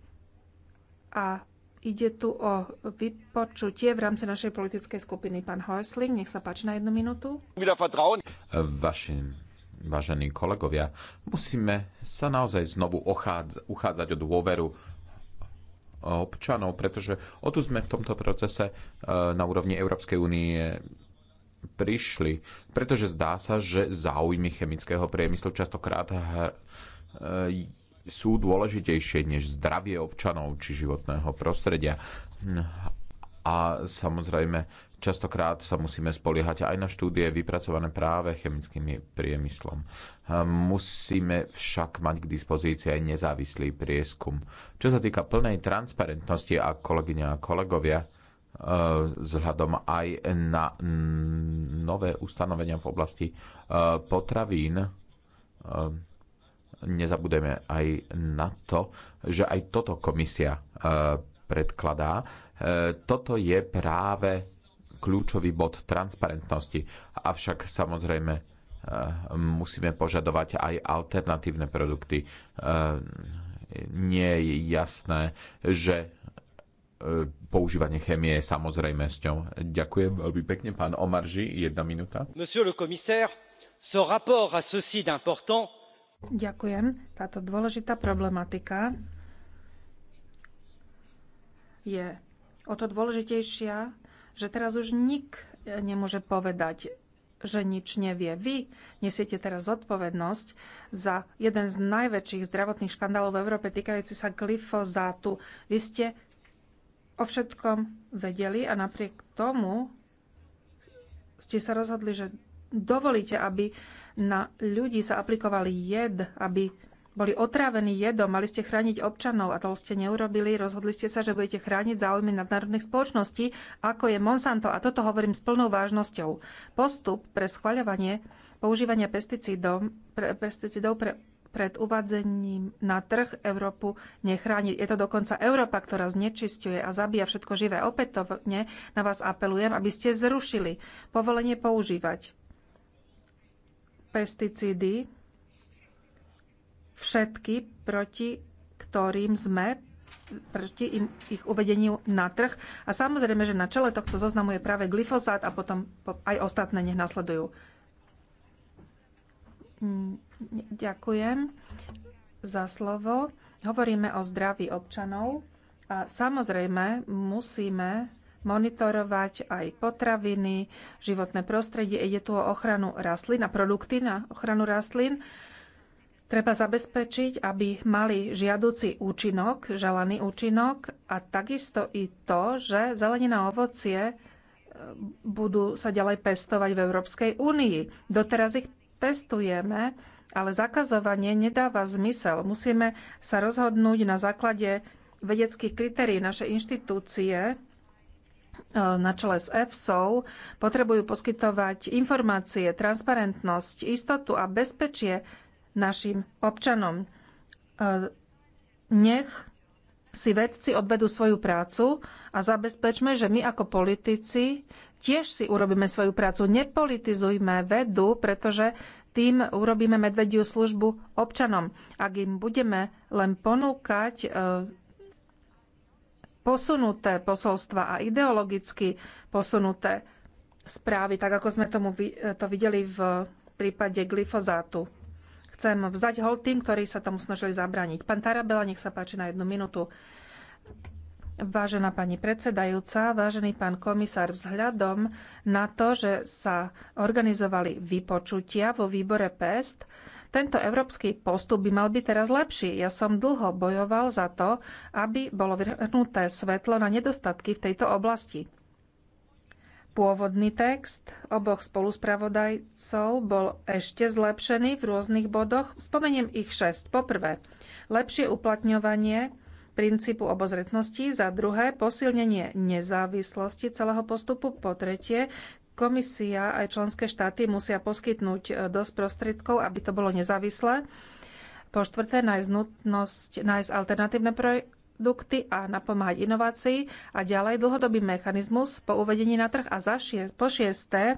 Speaker 3: a ide tu o vypočutie v rámci našej politickej skupiny. Pán Häusling, nech sa páči na jednu minútu.
Speaker 1: Vaši vážení kolegovia, musíme sa naozaj znovu uchádzať o dôveru občanov, pretože o tu sme v tomto procese e, na úrovni Európskej únie prišli, pretože zdá sa, že záujmy chemického priemyslu častokrát e, sú dôležitejšie než zdravie občanov či životného prostredia. A samozrejme Častokrát sa musíme spoliehať aj na štúdie vypracované práve chemickým priemyslom. Hm, musíme však mať k dispozícii aj nezávislý prieskum. Čo sa týka plnej transparentnosti a kolegyňa a kolegovia, e, vzhľadom aj na nové ustanovenia v oblasti e, potravín, e, nezabudeme aj na to, že aj toto komisia predkladá. Toto je práve kľúčový bod transparentnosti. Avšak samozrejme eh, musíme požadovať aj alternatívne produkty. Eh, nie je jasné, že eh, používanie chemie je samozrejme s ňou. Ďakujem veľmi pekne, pán Omarži, jedna minúta.
Speaker 5: Monsieur le commissaire, ce rapport a ceci d'important.
Speaker 3: Ďakujem. Táto dôležitá problematika je o to dôležitejšia, že teraz už nik e, nemôže povedať, že nič nevie. Vy nesiete teraz zodpovednosť za jeden z najväčších zdravotných škandálov v Európe týkajúci sa glyfozátu. Vy ste o všetkom vedeli a napriek tomu ste sa rozhodli, že dovolíte, aby na ľudí sa aplikoval jed, aby boli otrávení jedom, mali ste chrániť občanov a to ste neurobili. Rozhodli ste sa, že budete chrániť záujmy nadnárodných spoločností, ako je Monsanto. A toto hovorím s plnou vážnosťou. Postup pre schvaľovanie používania pesticídov pre, pesticídov pre pred uvádzením na trh Európu nechráni. Je to dokonca Európa, ktorá znečisťuje a zabíja všetko živé. Opätovne na vás apelujem, aby ste zrušili povolenie používať pesticídy všetky, proti ktorým sme proti in, ich uvedeniu na trh. A samozrejme, že na čele tohto zoznamu je práve glyfosát a potom aj ostatné nech nasledujú. Mm, ďakujem za slovo. Hovoríme o zdraví občanov a samozrejme musíme monitorovať aj potraviny, životné prostredie. Ide tu o ochranu rastlín a produkty na ochranu rastlín. Treba zabezpečiť, aby mali žiaduci účinok, želaný účinok a takisto i to, že zelenina a ovocie e, budú sa ďalej pestovať v Európskej únii. Doteraz ich pestujeme, ale zakazovanie nedáva zmysel. Musíme sa rozhodnúť na základe vedeckých kritérií. Naše inštitúcie e, na čele s EFSO potrebujú poskytovať informácie, transparentnosť, istotu a bezpečie našim občanom. E, nech si vedci odvedú svoju prácu a zabezpečme, že my ako politici tiež si urobíme svoju prácu. Nepolitizujme vedu, pretože tým urobíme medvediu službu občanom. Ak im budeme len ponúkať e, posunuté posolstva a ideologicky posunuté správy, tak ako sme tomu, to videli v prípade glyfozátu chcem vzdať hol tým, ktorí sa tomu snažili zabrániť. Pán Tarabela, nech sa páči na jednu minútu. Vážená pani predsedajúca, vážený pán komisár, vzhľadom na to, že sa organizovali vypočutia vo výbore PEST, tento európsky postup by mal byť teraz lepší. Ja som dlho bojoval za to, aby bolo vrhnuté svetlo na nedostatky v tejto oblasti. Pôvodný text oboch spoluspravodajcov bol ešte zlepšený v rôznych bodoch. Spomeniem ich šest. Poprvé, lepšie uplatňovanie princípu obozretnosti, za druhé posilnenie nezávislosti celého postupu, po tretie komisia aj členské štáty musia poskytnúť e, dosť prostriedkov, aby to bolo nezávislé, po štvrté nájsť nutnosť nájsť alternatívne produkty a napomáhať inovácii a ďalej dlhodobý mechanizmus po uvedení na trh a za šie, po šiesté e,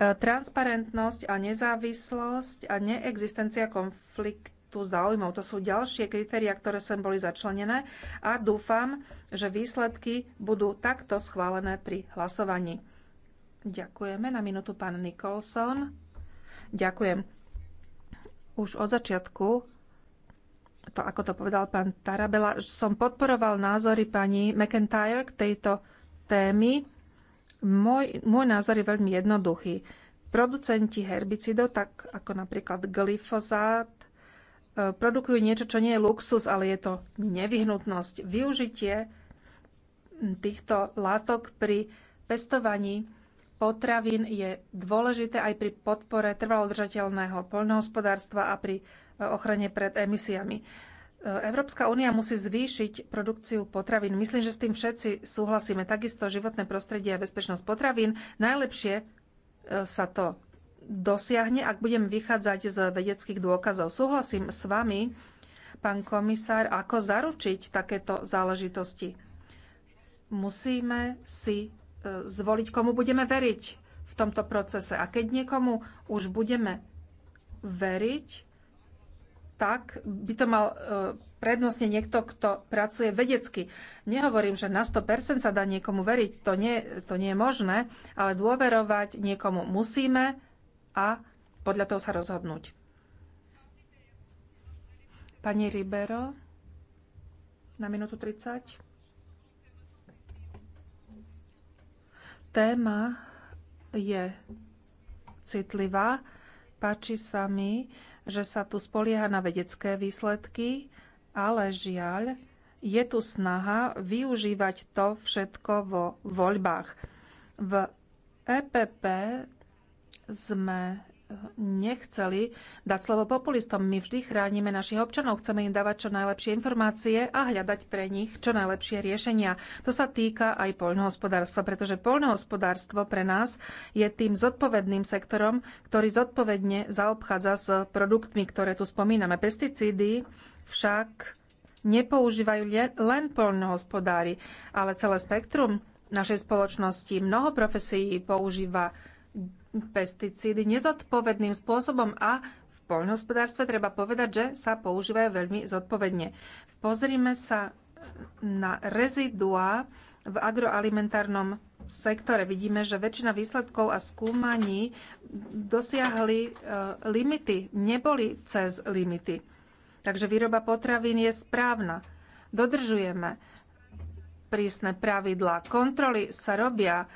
Speaker 3: transparentnosť a nezávislosť a neexistencia konfliktu záujmov. To sú ďalšie kritéria, ktoré sem boli začlenené a dúfam, že výsledky budú takto schválené pri hlasovaní. Ďakujeme. Na minútu pán Nicholson. Ďakujem. Už od začiatku to, ako to povedal pán Tarabela, som podporoval názory pani McIntyre k tejto témy. Môj, môj názor je veľmi jednoduchý. Producenti herbicidov, tak ako napríklad glyfozát, e, produkujú niečo, čo nie je luxus, ale je to nevyhnutnosť. Využitie týchto látok pri pestovaní potravín je dôležité aj pri podpore trvalodržateľného poľnohospodárstva a pri ochrane pred emisiami. Európska únia musí zvýšiť produkciu potravín. Myslím, že s tým všetci súhlasíme. Takisto životné prostredie a bezpečnosť potravín. Najlepšie e, sa to dosiahne, ak budem vychádzať z vedeckých dôkazov. Súhlasím s vami, pán komisár, ako zaručiť takéto záležitosti. Musíme si e, zvoliť, komu budeme veriť v tomto procese. A keď niekomu už budeme veriť, tak by to mal e, prednostne niekto, kto pracuje vedecky. Nehovorím, že na 100% sa dá niekomu veriť, to nie, to nie je možné, ale dôverovať niekomu musíme a podľa toho sa rozhodnúť. Pani Ribero, na minútu 30. Téma je citlivá. Páči sa mi, že sa tu spolieha na vedecké výsledky, ale žiaľ, je tu snaha využívať to všetko vo voľbách. V EPP sme nechceli dať slovo populistom. My vždy chránime našich občanov, chceme im dávať čo najlepšie informácie a hľadať pre nich čo najlepšie riešenia. To sa týka aj poľnohospodárstva, pretože poľnohospodárstvo pre nás je tým zodpovedným sektorom, ktorý zodpovedne zaobchádza s produktmi, ktoré tu spomíname. Pesticídy však nepoužívajú len poľnohospodári, ale celé spektrum našej spoločnosti. Mnoho profesí používa pesticídy nezodpovedným spôsobom a v poľnohospodárstve treba povedať, že sa používajú veľmi zodpovedne. Pozrime sa na rezidua v agroalimentárnom sektore. Vidíme, že väčšina výsledkov a skúmaní dosiahli e, limity, neboli cez limity. Takže výroba potravín je správna. Dodržujeme prísne pravidlá. Kontroly sa robia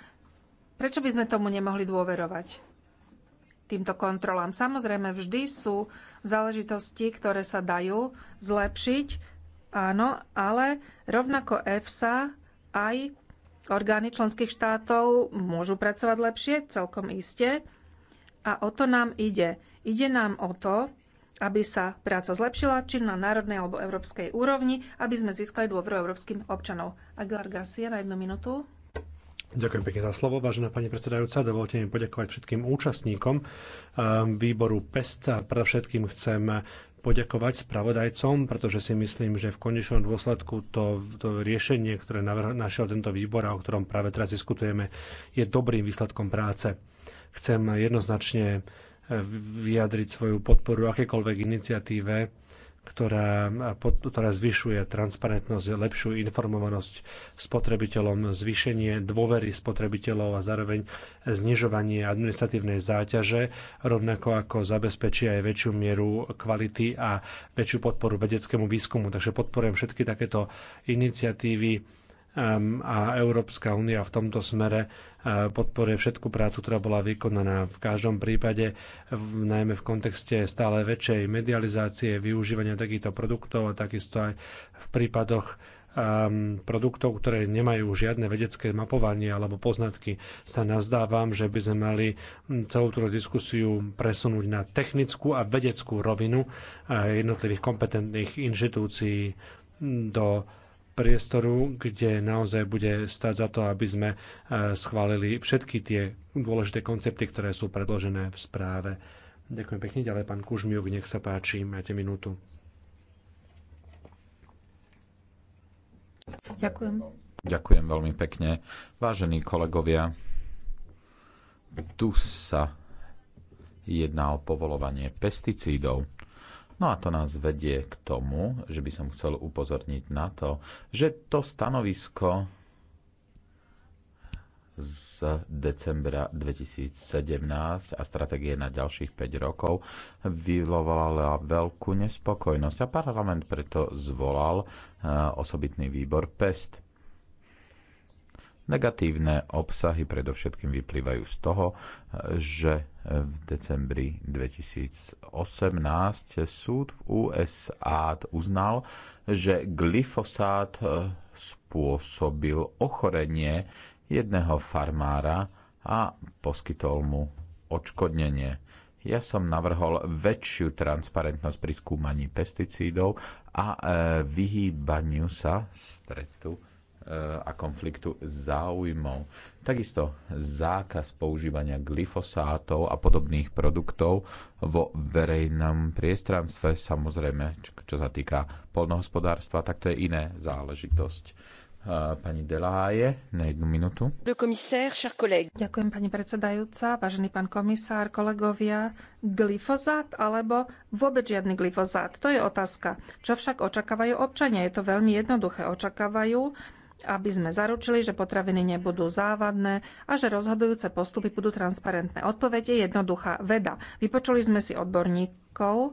Speaker 3: Prečo by sme tomu nemohli dôverovať? Týmto kontrolám. Samozrejme, vždy sú záležitosti, ktoré sa dajú zlepšiť, áno, ale rovnako EFSA aj orgány členských štátov môžu pracovať lepšie, celkom iste. A o to nám ide. Ide nám o to, aby sa práca zlepšila, či na národnej alebo európskej úrovni, aby sme získali dôveru európskym občanov. Aguilar Garcia na jednu minútu.
Speaker 5: Ďakujem pekne za slovo, vážená pani predsedajúca. Dovolte mi poďakovať všetkým účastníkom ehm, výboru PEST a predovšetkým chcem poďakovať spravodajcom, pretože si myslím, že v konečnom dôsledku to, to riešenie, ktoré našiel tento výbor a o ktorom práve teraz diskutujeme, je dobrým výsledkom práce. Chcem jednoznačne ehm, vyjadriť svoju podporu akékoľvek iniciatíve, ktorá, ktorá zvyšuje transparentnosť, lepšiu informovanosť spotrebiteľom, zvýšenie dôvery spotrebiteľov a zároveň znižovanie administratívnej záťaže, rovnako ako zabezpečí aj väčšiu mieru kvality a väčšiu podporu vedeckému výskumu. Takže podporujem všetky takéto iniciatívy a Európska únia v tomto smere eh, podporuje všetku prácu, ktorá bola vykonaná. V každom prípade, najmä v kontexte stále väčšej medializácie, využívania takýchto produktov a takisto aj v prípadoch produktov, ktoré nemajú žiadne vedecké mapovanie alebo poznatky, sa nazdávam, že by sme mali hm, celú túto diskusiu presunúť na technickú a vedeckú rovinu eh, jednotlivých kompetentných inštitúcií do priestoru, kde naozaj bude stať za to, aby sme e, schválili všetky tie dôležité koncepty, ktoré sú predložené v správe. Ďakujem pekne, ďalej pán Kužmiuk, nech sa páči, máte minútu.
Speaker 3: Ďakujem.
Speaker 1: Ďakujem veľmi pekne. Vážení kolegovia, tu sa jedná o povolovanie pesticídov. No a to nás vedie k tomu, že by som chcel upozorniť na to, že to stanovisko z decembra 2017 a stratégie na ďalších 5 rokov vyvolala veľkú nespokojnosť a parlament preto zvolal e, osobitný výbor PEST. Negatívne obsahy predovšetkým vyplývajú z toho, e, že v decembri 2018 súd v USA uznal, že glyfosát e, spôsobil ochorenie jedného farmára a poskytol mu odškodnenie. Ja som navrhol väčšiu transparentnosť pri skúmaní pesticídov a e, vyhýbaniu sa stretu a konfliktu záujmov. Takisto zákaz používania glyfosátov a podobných produktov vo verejnom priestranstve, samozrejme, čo, čo sa týka polnohospodárstva, tak to je iné záležitosť. Pani Deláje, na jednu minútu.
Speaker 3: Ďakujem, pani predsedajúca, vážený pán komisár, kolegovia. Glyfozát alebo vôbec žiadny glyfozát? To je otázka. Čo však očakávajú občania? Je to veľmi jednoduché. Očakávajú, aby sme zaručili, že potraviny nebudú závadné a že rozhodujúce postupy budú transparentné. Odpoveď je jednoduchá veda. Vypočuli sme si odborníkov, e,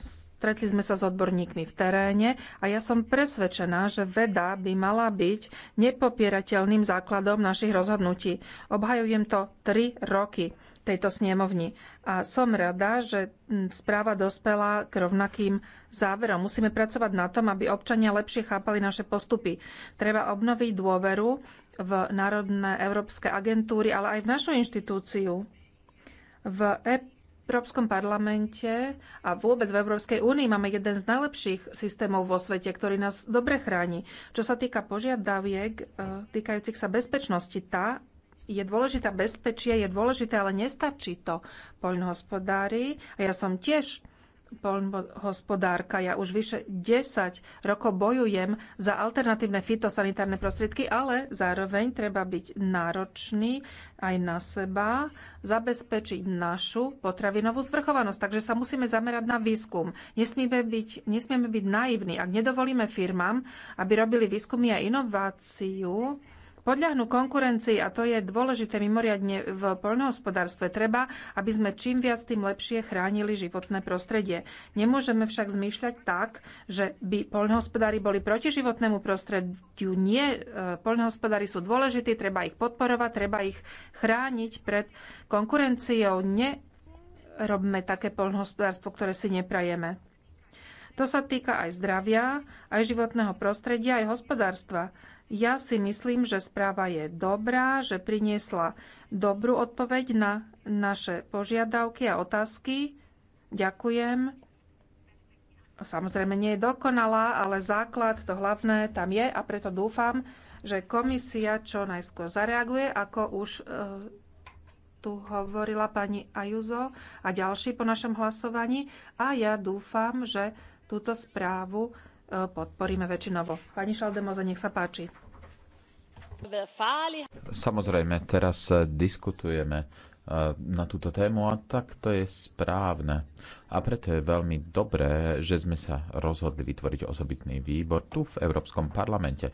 Speaker 3: stretli sme sa s odborníkmi v teréne a ja som presvedčená, že veda by mala byť nepopierateľným základom našich rozhodnutí. Obhajujem to tri roky tejto snemovni. A som rada, že mm, správa dospela k rovnakým záverom. Musíme pracovať na tom, aby občania lepšie chápali naše postupy. Treba obnoviť dôveru v národné európske agentúry, ale aj v našu inštitúciu. V Európskom parlamente a vôbec v Európskej únii máme jeden z najlepších systémov vo svete, ktorý nás dobre chráni. Čo sa týka požiadaviek e, týkajúcich sa bezpečnosti, tá je dôležité bezpečie, je dôležité, ale nestačí to. Poľnohospodári, a ja som tiež poľnohospodárka, ja už vyše 10 rokov bojujem za alternatívne fitosanitárne prostriedky, ale zároveň treba byť náročný aj na seba, zabezpečiť našu potravinovú zvrchovanosť. Takže sa musíme zamerať na výskum. Nesmieme byť, nesmieme byť naivní. Ak nedovolíme firmám, aby robili výskumy a inováciu, podľahnú konkurencii a to je dôležité mimoriadne v poľnohospodárstve. Treba, aby sme čím viac, tým lepšie chránili životné prostredie. Nemôžeme však zmýšľať tak, že by poľnohospodári boli proti životnému prostrediu. Nie, e, poľnohospodári sú dôležití, treba ich podporovať, treba ich chrániť pred konkurenciou. Nerobme také poľnohospodárstvo, ktoré si neprajeme. To sa týka aj zdravia, aj životného prostredia, aj hospodárstva. Ja si myslím, že správa je dobrá, že priniesla dobrú odpoveď na naše požiadavky a otázky. Ďakujem. Samozrejme nie je dokonalá, ale základ, to hlavné tam je a preto dúfam, že komisia čo najskôr zareaguje, ako už e, tu hovorila pani Ajuzo a ďalší po našom hlasovaní. A ja dúfam, že túto správu podporíme väčšinovo. Pani Šaldemoza, nech sa páči.
Speaker 1: Samozrejme, teraz diskutujeme e, na túto tému a tak to je správne. A preto je veľmi dobré, že sme sa rozhodli vytvoriť osobitný výbor tu v Európskom parlamente,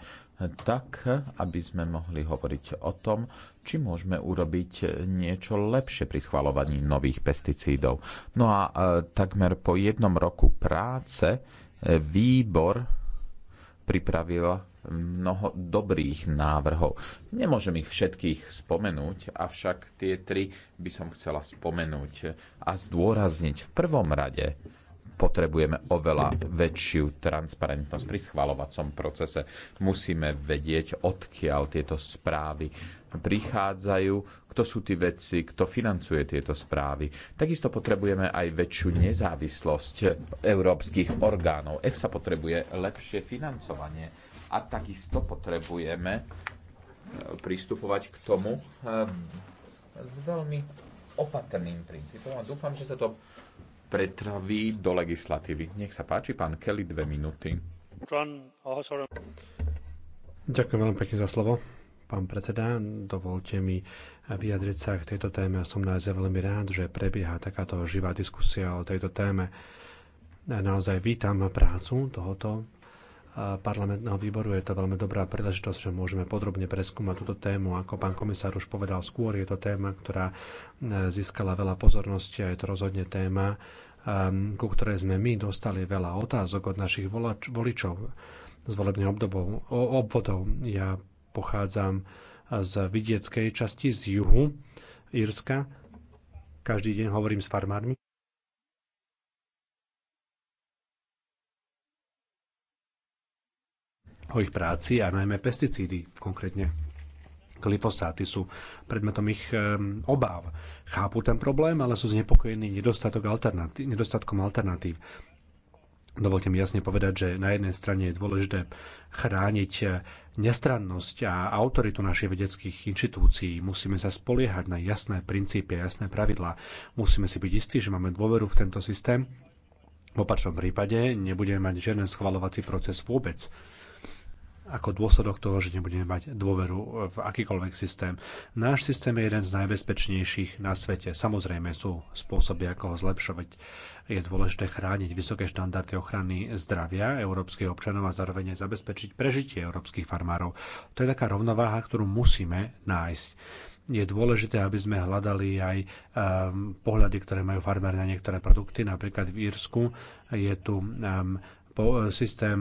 Speaker 1: tak aby sme mohli hovoriť o tom, či môžeme urobiť niečo lepšie pri schvalovaní nových pesticídov. No a e, takmer po jednom roku práce výbor pripravil mnoho dobrých návrhov. Nemôžem ich všetkých spomenúť, avšak tie tri by som chcela spomenúť a zdôrazniť v prvom rade potrebujeme oveľa väčšiu transparentnosť pri schvalovacom procese. Musíme vedieť, odkiaľ tieto správy prichádzajú, kto sú tí vedci, kto financuje tieto správy. Takisto potrebujeme aj väčšiu nezávislosť európskych orgánov. EFSA potrebuje lepšie financovanie a takisto potrebujeme eh, pristupovať k tomu eh, s veľmi opatrným princípom a dúfam, že sa to pretraví do legislatívy. Nech sa páči, pán Kelly, dve minúty.
Speaker 5: Ďakujem veľmi pekne za slovo. Pán predseda, dovolte mi vyjadriť sa k tejto téme. a Som naozaj veľmi rád, že prebieha takáto živá diskusia o tejto téme. Naozaj vítam prácu tohoto parlamentného výboru. Je to veľmi dobrá príležitosť, že môžeme podrobne preskúmať túto tému. Ako pán komisár už povedal skôr, je to téma, ktorá e, získala veľa pozornosti a je to rozhodne téma, e, ku ktorej sme my dostali veľa otázok od našich voličov z volebných obdobov, obvodov. Ja pochádzam z vidieckej časti, z juhu Írska. Každý deň hovorím s farmármi. o ich práci a najmä pesticídy konkrétne. Glyfosáty sú predmetom ich obáv. Chápu ten problém, ale sú znepokojení nedostatok alternatív, nedostatkom alternatív. Dovolte mi jasne povedať, že na jednej strane je dôležité chrániť eh, nestrannosť a autoritu našich vedeckých inštitúcií. Musíme sa spoliehať na jasné princípy a jasné pravidlá. Musíme si byť istí, že máme dôveru v tento systém. V opačnom prípade nebudeme mať žiaden schvalovací proces vôbec ako dôsledok toho, že nebudeme mať dôveru v akýkoľvek systém. Náš systém je jeden z najbezpečnejších na svete. Samozrejme sú spôsoby, ako ho zlepšovať. Je dôležité chrániť vysoké štandardy ochrany zdravia európskych občanov a zároveň zabezpečiť prežitie európskych farmárov. To je taká rovnováha, ktorú musíme nájsť je dôležité, aby sme hľadali aj um, pohľady, ktoré majú farmári na niektoré produkty. Napríklad v Írsku je tu um, po, systém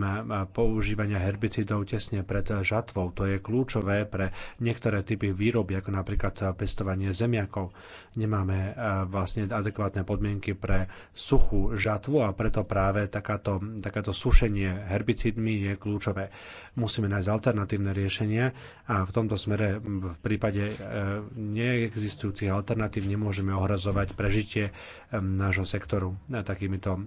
Speaker 5: používania herbicidov tesne pred žatvou. To je kľúčové pre niektoré typy výroby, ako napríklad pestovanie zemiakov. Nemáme e, vlastne adekvátne podmienky pre suchú žatvu a preto práve takáto, takáto sušenie herbicidmi je kľúčové. Musíme nájsť alternatívne riešenia a v tomto smere v prípade e, neexistujúcich alternatív nemôžeme ohrazovať prežitie e, nášho sektoru takýmito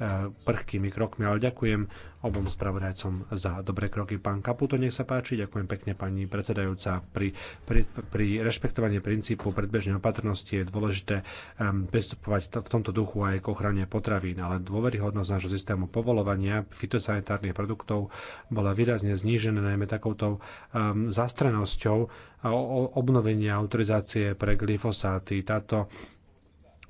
Speaker 5: E, prchkými krokmi, ale ďakujem obom spravodajcom za dobré kroky. Pán Kaputo, nech sa páči, ďakujem pekne pani predsedajúca. Pri, pri, pri rešpektovaní princípu predbežnej opatrnosti je dôležité um, pristupovať v tomto duchu aj k ochrane potravín, ale dôveryhodnosť nášho systému povolovania fitosanitárnych produktov bola výrazne znížená najmä takouto um, zastrenosťou obnovenia autorizácie pre glyfosáty. Táto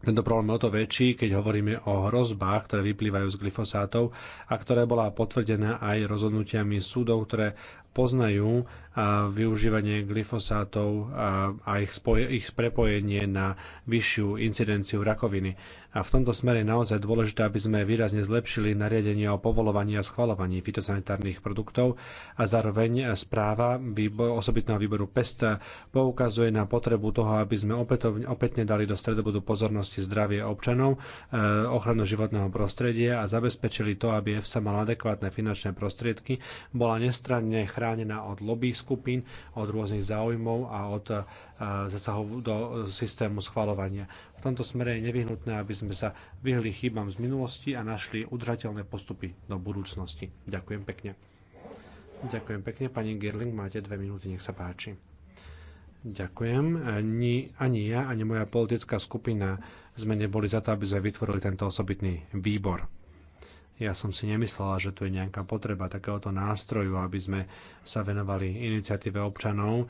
Speaker 5: tento problém je o to väčší, keď hovoríme o hrozbách, ktoré vyplývajú z glyfosátov a ktoré bola potvrdená aj rozhodnutiami súdov, ktoré poznajú využívanie glyfosátov a ich, spoje, ich prepojenie na vyššiu incidenciu rakoviny. A v tomto smere je naozaj dôležité, aby sme výrazne zlepšili nariadenie o povolovaní a schvalovaní fitosanitárnych produktov a zároveň správa osobitného výboru PESTA poukazuje na potrebu toho, aby sme opätovne, opätne dali do stredobodu pozornosti zdravie občanov, e, ochranu životného prostredia a zabezpečili to, aby EFSA mala adekvátne finančné prostriedky, bola nestranne chránená od lobby skupín, od rôznych záujmov a od zasahov do systému schvalovania. V tomto smere je nevyhnutné, aby sme sa vyhli chybám z minulosti a našli udržateľné postupy do budúcnosti. Ďakujem pekne. Ďakujem pekne. Pani Gerling, máte dve minúty, nech sa páči. Ďakujem. Ani, ani ja, ani moja politická skupina sme neboli za to, aby sme vytvorili tento osobitný výbor. Ja som si nemyslela, že tu je nejaká potreba takéhoto nástroju, aby sme sa venovali iniciatíve občanov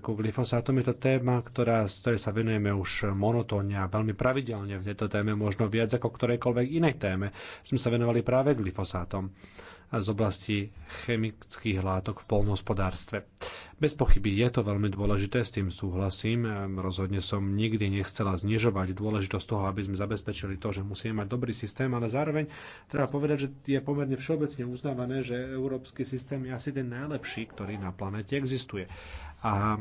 Speaker 5: ku glyfosátom. Je to téma, ktorá, z ktorej sa venujeme už monotónne a veľmi pravidelne v tejto téme, možno viac ako ktorejkoľvek inej téme. Sme sa venovali práve glyfosátom z oblasti chemických látok v polnohospodárstve. Bez pochyby je to veľmi dôležité, s tým súhlasím. Rozhodne som nikdy nechcela znižovať dôležitosť toho, aby sme zabezpečili to, že musíme mať dobrý systém, ale zároveň treba povedať, že je pomerne všeobecne uznávané, že európsky systém je asi ten najlepší, ktorý na planete existuje a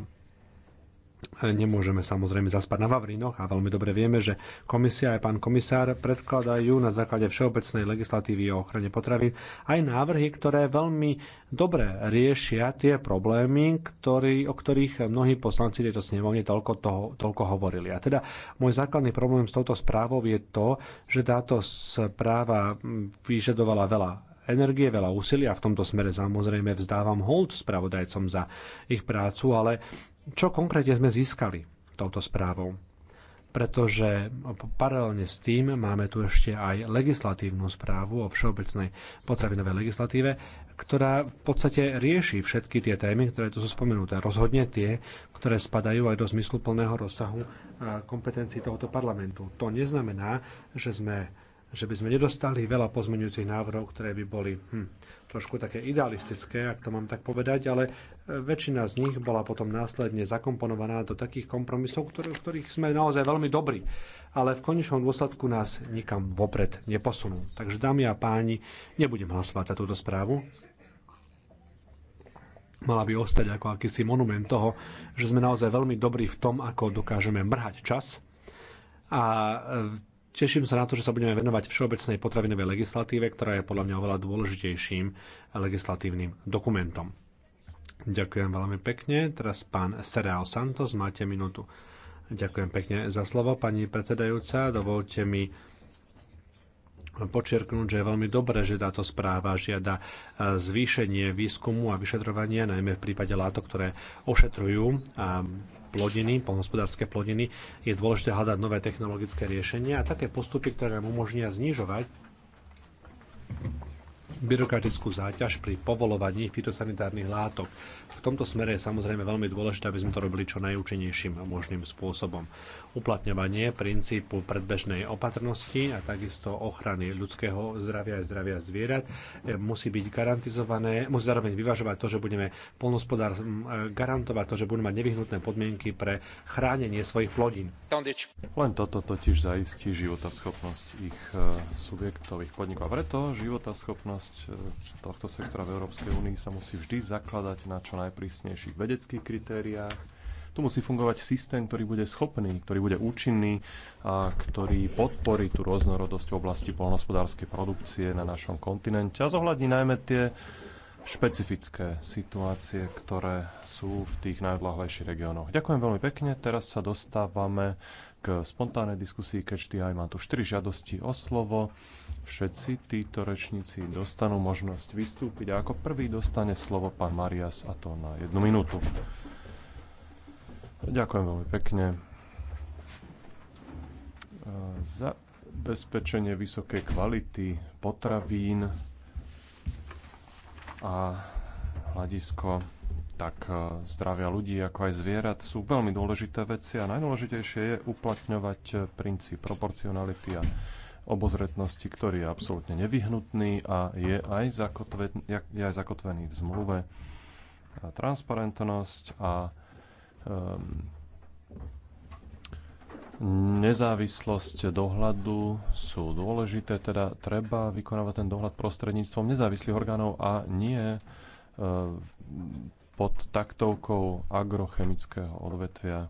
Speaker 5: nemôžeme samozrejme zaspať na Vavrinoch a veľmi dobre vieme, že komisia aj pán komisár predkladajú na základe všeobecnej legislatívy o ochrane potravín aj návrhy, ktoré veľmi dobre riešia tie problémy, ktorý, o ktorých mnohí poslanci tejto snemovne toľko, toho, toľko hovorili. A teda môj základný problém s touto správou je to, že táto správa vyžadovala veľa energie, veľa úsilia. V tomto smere samozrejme vzdávam hold spravodajcom za ich prácu, ale čo konkrétne sme získali touto správou? pretože paralelne s tým máme tu ešte aj legislatívnu správu o všeobecnej potravinovej legislatíve, ktorá v podstate rieši všetky tie témy, ktoré tu sú spomenuté. Rozhodne tie, ktoré spadajú aj do zmyslu plného rozsahu kompetencií tohoto parlamentu. To neznamená, že sme že by sme nedostali veľa pozmeňujúcich návrhov, ktoré by boli hm, trošku také idealistické, ak to mám tak povedať, ale e, väčšina z nich bola potom následne zakomponovaná do takých kompromisov, ktoré, v ktorých sme naozaj veľmi dobrí, ale v konečnom dôsledku nás nikam vopred neposunú. Takže, dámy a páni, nebudem hlasovať za túto správu, mala by ostať ako akýsi monument toho, že sme naozaj veľmi dobrí v tom, ako dokážeme mrhať čas a e, Teším sa na to, že sa budeme venovať všeobecnej potravinovej legislatíve, ktorá je podľa mňa oveľa dôležitejším legislatívnym dokumentom. Ďakujem veľmi pekne. Teraz pán Sereo Santos, máte minútu. Ďakujem pekne za slovo, pani predsedajúca. Dovolte mi počerknúť, že je veľmi dobré, že táto správa žiada e, zvýšenie výskumu a vyšetrovania, najmä v prípade látok, ktoré ošetrujú e, plodiny, polnospodárske plodiny. Je dôležité hľadať nové technologické riešenia a také postupy, ktoré nám umožnia znižovať byrokratickú záťaž pri povolovaní fitosanitárnych látok. V tomto smere je samozrejme veľmi dôležité, aby sme to robili čo najúčinnejším možným spôsobom uplatňovanie princípu predbežnej opatrnosti a takisto ochrany ľudského zdravia a zdravia zvierat e, musí byť garantizované, musí zároveň vyvažovať to, že budeme polnospodár e, garantovať to, že budú mať nevyhnutné podmienky pre chránenie svojich plodín. Len toto totiž zaistí životaschopnosť ich e, subjektových podnikov. A preto životaschopnosť
Speaker 7: tohto sektora v Európskej únii sa musí vždy zakladať na čo najprísnejších vedeckých kritériách, tu musí fungovať systém, ktorý bude schopný, ktorý bude účinný a ktorý podporí tú rôznorodosť v oblasti polnospodárskej produkcie na našom kontinente a zohľadní najmä tie špecifické situácie, ktoré sú v tých najodlahlejších regiónoch. Ďakujem veľmi pekne. Teraz sa dostávame k spontánnej diskusii Catch the Eye. Mám tu 4 žiadosti o slovo. Všetci títo rečníci dostanú možnosť vystúpiť a ako prvý dostane slovo pán Marias a to na jednu minútu. Ďakujem veľmi pekne. E, zabezpečenie vysokej kvality potravín a hľadisko tak e, zdravia ľudí ako aj zvierat sú veľmi dôležité veci a najdôležitejšie je uplatňovať e, princíp proporcionality a obozretnosti, ktorý je absolútne nevyhnutný a je aj zakotvený, je aj zakotvený v zmluve. A transparentnosť a Ehm, nezávislosť dohľadu sú dôležité, teda treba vykonávať ten dohľad prostredníctvom nezávislých orgánov a nie ehm, pod taktovkou agrochemického odvetvia.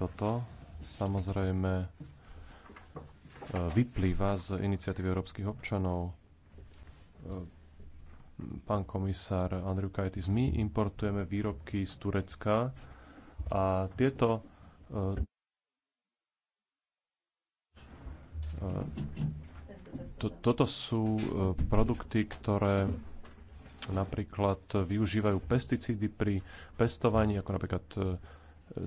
Speaker 7: Toto samozrejme ehm, vyplýva z iniciatívy európskych občanov. Pán komisár Andriu Kajtis, my importujeme výrobky z Turecka, a tieto e,
Speaker 8: e,
Speaker 7: to, toto sú e, produkty, ktoré napríklad využívajú pesticídy pri pestovaní, ako napríklad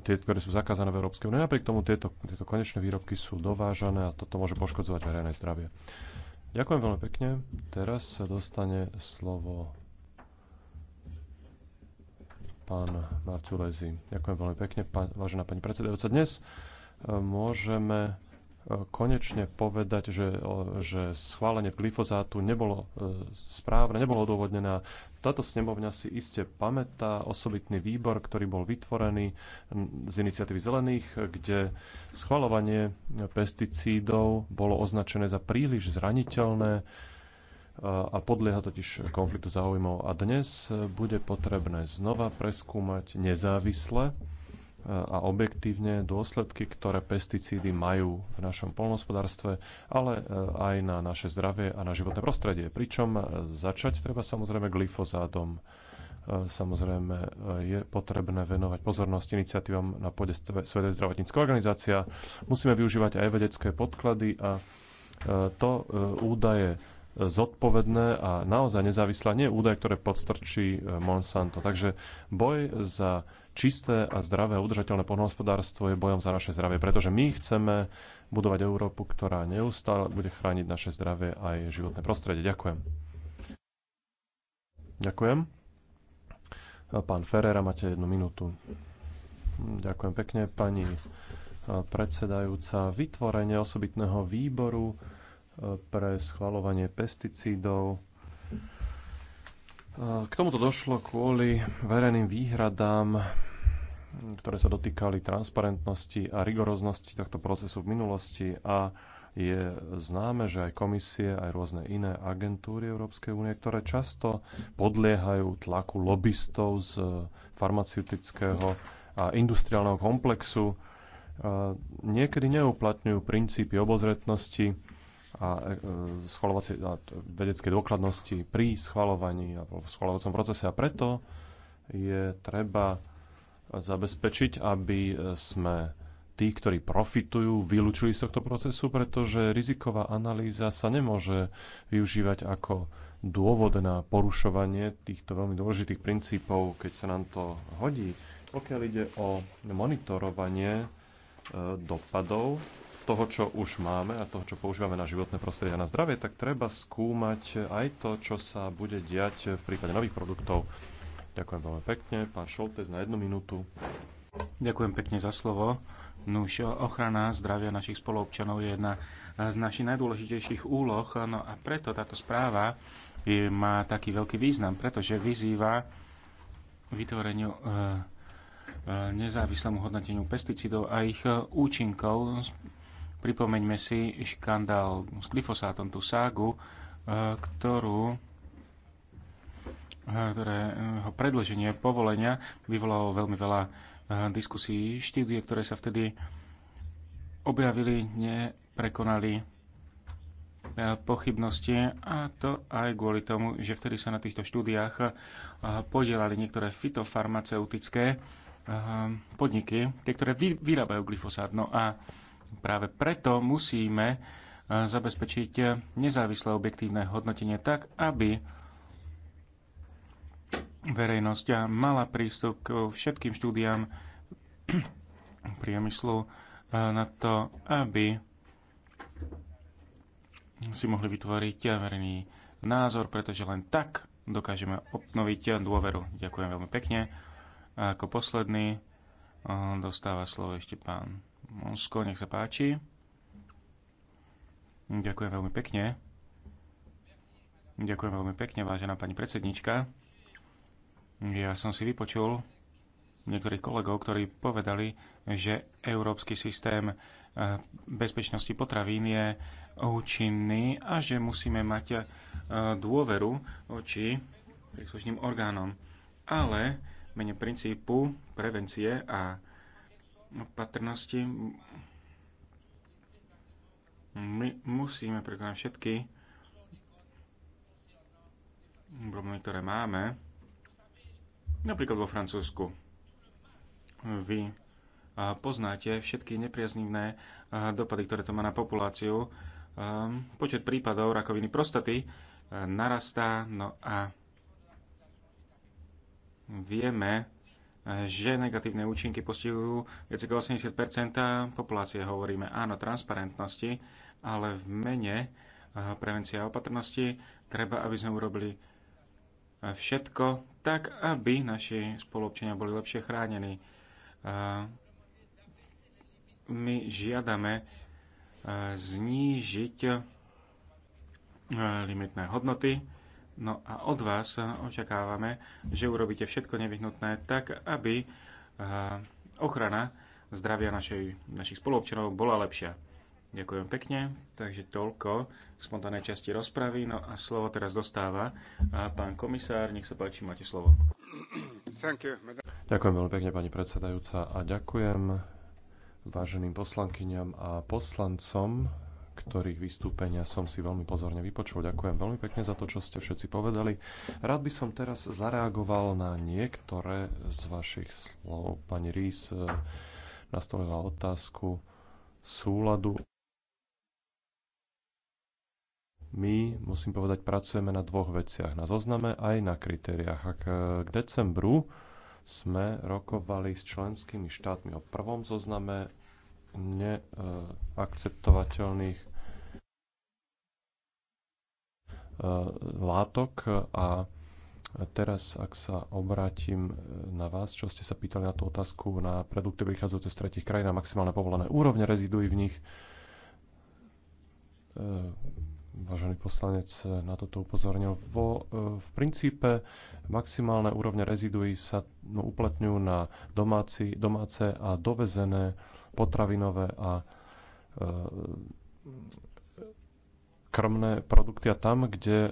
Speaker 7: tie, ktoré sú zakázané v Európskej únii. Napriek tomu tieto, tieto konečné výrobky sú dovážané a toto môže poškodzovať verejné zdravie. Ďakujem veľmi pekne. Teraz sa dostane slovo pán Marculezi. Ďakujem veľmi pekne, pán, vážená pani predsedajúca. Dnes e, môžeme e, konečne povedať, že, že schválenie glyfozátu nebolo e, správne, nebolo odôvodnené. Táto snemovňa si iste pamätá osobitný výbor, ktorý bol vytvorený z iniciatívy zelených, kde schvalovanie pesticídov bolo označené za príliš zraniteľné a podlieha totiž konfliktu záujmov. A dnes bude potrebné znova preskúmať nezávisle a objektívne dôsledky, ktoré pesticídy majú v našom polnohospodárstve, ale e, aj na naše zdravie a na životné prostredie. Pričom e, začať treba samozrejme glyfozátom. E, samozrejme je potrebné venovať pozornosť iniciatívam na pôde Svetovej zdravotníckej organizácia. Musíme využívať aj vedecké podklady a to údaje zodpovedné a naozaj nezávislé, nie údaje, ktoré podstrčí e, Monsanto. Takže boj za čisté a zdravé a udržateľné poľnohospodárstvo je bojom za naše zdravie, pretože my chceme budovať Európu, ktorá neustále bude chrániť naše zdravie aj životné prostredie. Ďakujem. Ďakujem. Pán Ferrera, máte jednu minútu. Ďakujem pekne, pani e, predsedajúca. Vytvorenie osobitného výboru pre schvalovanie pesticídov. K tomuto došlo kvôli verejným výhradám, ktoré sa dotýkali transparentnosti a rigoroznosti tohto procesu v minulosti a je známe, že aj komisie, aj rôzne iné agentúry Európskej únie, ktoré často podliehajú tlaku lobbystov z farmaceutického a industriálneho komplexu, niekedy neuplatňujú princípy obozretnosti, a e, e, schvalovacie a vedecké dôkladnosti pri schvalovaní a v schvalovacom procese. A preto je treba zabezpečiť, aby e, sme tí, ktorí profitujú, vylúčili z tohto procesu, pretože riziková analýza sa nemôže využívať ako dôvod na porušovanie týchto veľmi dôležitých princípov, keď sa nám to hodí. Pokiaľ ide o monitorovanie dopadov toho, čo už máme a toho, čo používame na životné prostredie a na zdravie, tak treba skúmať aj to, čo sa bude diať v prípade nových produktov. Ďakujem veľmi pekne. Pán Šoltes na jednu minútu.
Speaker 2: Ďakujem pekne za slovo. Nuž, ochrana zdravia našich spoluobčanov je jedna z našich najdôležitejších úloh, no a preto táto správa je, má taký veľký význam, pretože vyzýva vytvoreniu e, nezávislému hodnoteniu pesticídov a ich eh, účinkov Pripomeňme si škandál s glyfosátom, tú ságu, eh, ktorú eh, ktorého eh, predlženie povolenia vyvolalo veľmi veľa diskusí. Štúdie, ktoré sa vtedy objavili, neprekonali pochybnosti a to aj kvôli tomu, že vtedy sa na týchto štúdiách podielali niektoré fitofarmaceutické podniky, tie, ktoré vyrábajú glyfosát. No a Práve preto musíme e, zabezpečiť nezávislé objektívne hodnotenie tak, aby verejnosť mala prístup k všetkým štúdiám priemyslu e, na to, aby si mohli vytvoriť verejný názor, pretože len tak dokážeme obnoviť dôveru. Ďakujem veľmi pekne. A ako posledný e, dostáva slovo ešte pán Monsko, nech sa páči. Ďakujem veľmi pekne. Ďakujem veľmi pekne, vážená pani predsednička. Ja som si vypočul niektorých kolegov, ktorí povedali, že európsky systém eh, bezpečnosti potravín je účinný a že musíme mať eh, dôveru voči príslušným orgánom. Ale mene princípu prevencie a opatrnosti. No, My musíme prekonať všetky problémy, ktoré máme, napríklad vo Francúzsku. Vy poznáte všetky nepriaznivné dopady, ktoré to má na populáciu. Počet prípadov rakoviny prostaty narastá, no a vieme, že negatívne účinky postihujú viac ako 80 populácie. Hovoríme áno transparentnosti, ale v mene eh, prevencia a opatrnosti treba, aby sme urobili eh, všetko tak, aby naši spolupčania boli lepšie chránení. Eh, my žiadame znížiť limitné hodnoty No a od vás očakávame, že urobíte všetko nevyhnutné tak, aby eh, ochrana zdravia našej, našich spoluobčanov bola lepšia. Ďakujem pekne. Takže toľko v spontánnej časti rozpravy. No a slovo teraz dostáva a eh, pán komisár. Nech sa páči, máte slovo.
Speaker 7: ďakujem veľmi pekne, pani predsedajúca, a ďakujem váženým poslankyňam a poslancom ktorých vystúpenia som si veľmi pozorne vypočul. Ďakujem veľmi pekne za to, čo ste všetci povedali. Rád by som teraz zareagoval na niektoré z vašich slov. Pani Rís eh, nastolila otázku súladu. My, musím povedať, pracujeme na dvoch veciach. Na zozname aj na kritériách. Ak eh, k decembru sme rokovali s členskými štátmi o prvom zozname neakceptovateľných eh, látok a teraz, ak sa obrátim eh, na vás, čo ste sa pýtali na tú otázku na produkty vychádzajúce z tretich krajín a maximálne povolené úrovne reziduí v nich, eh, vážený poslanec na toto upozornil. Vo, v princípe maximálne úrovne reziduí sa no, uplatňujú na domáci, domáce a dovezené potravinové a e, krmné produkty a tam, kde e,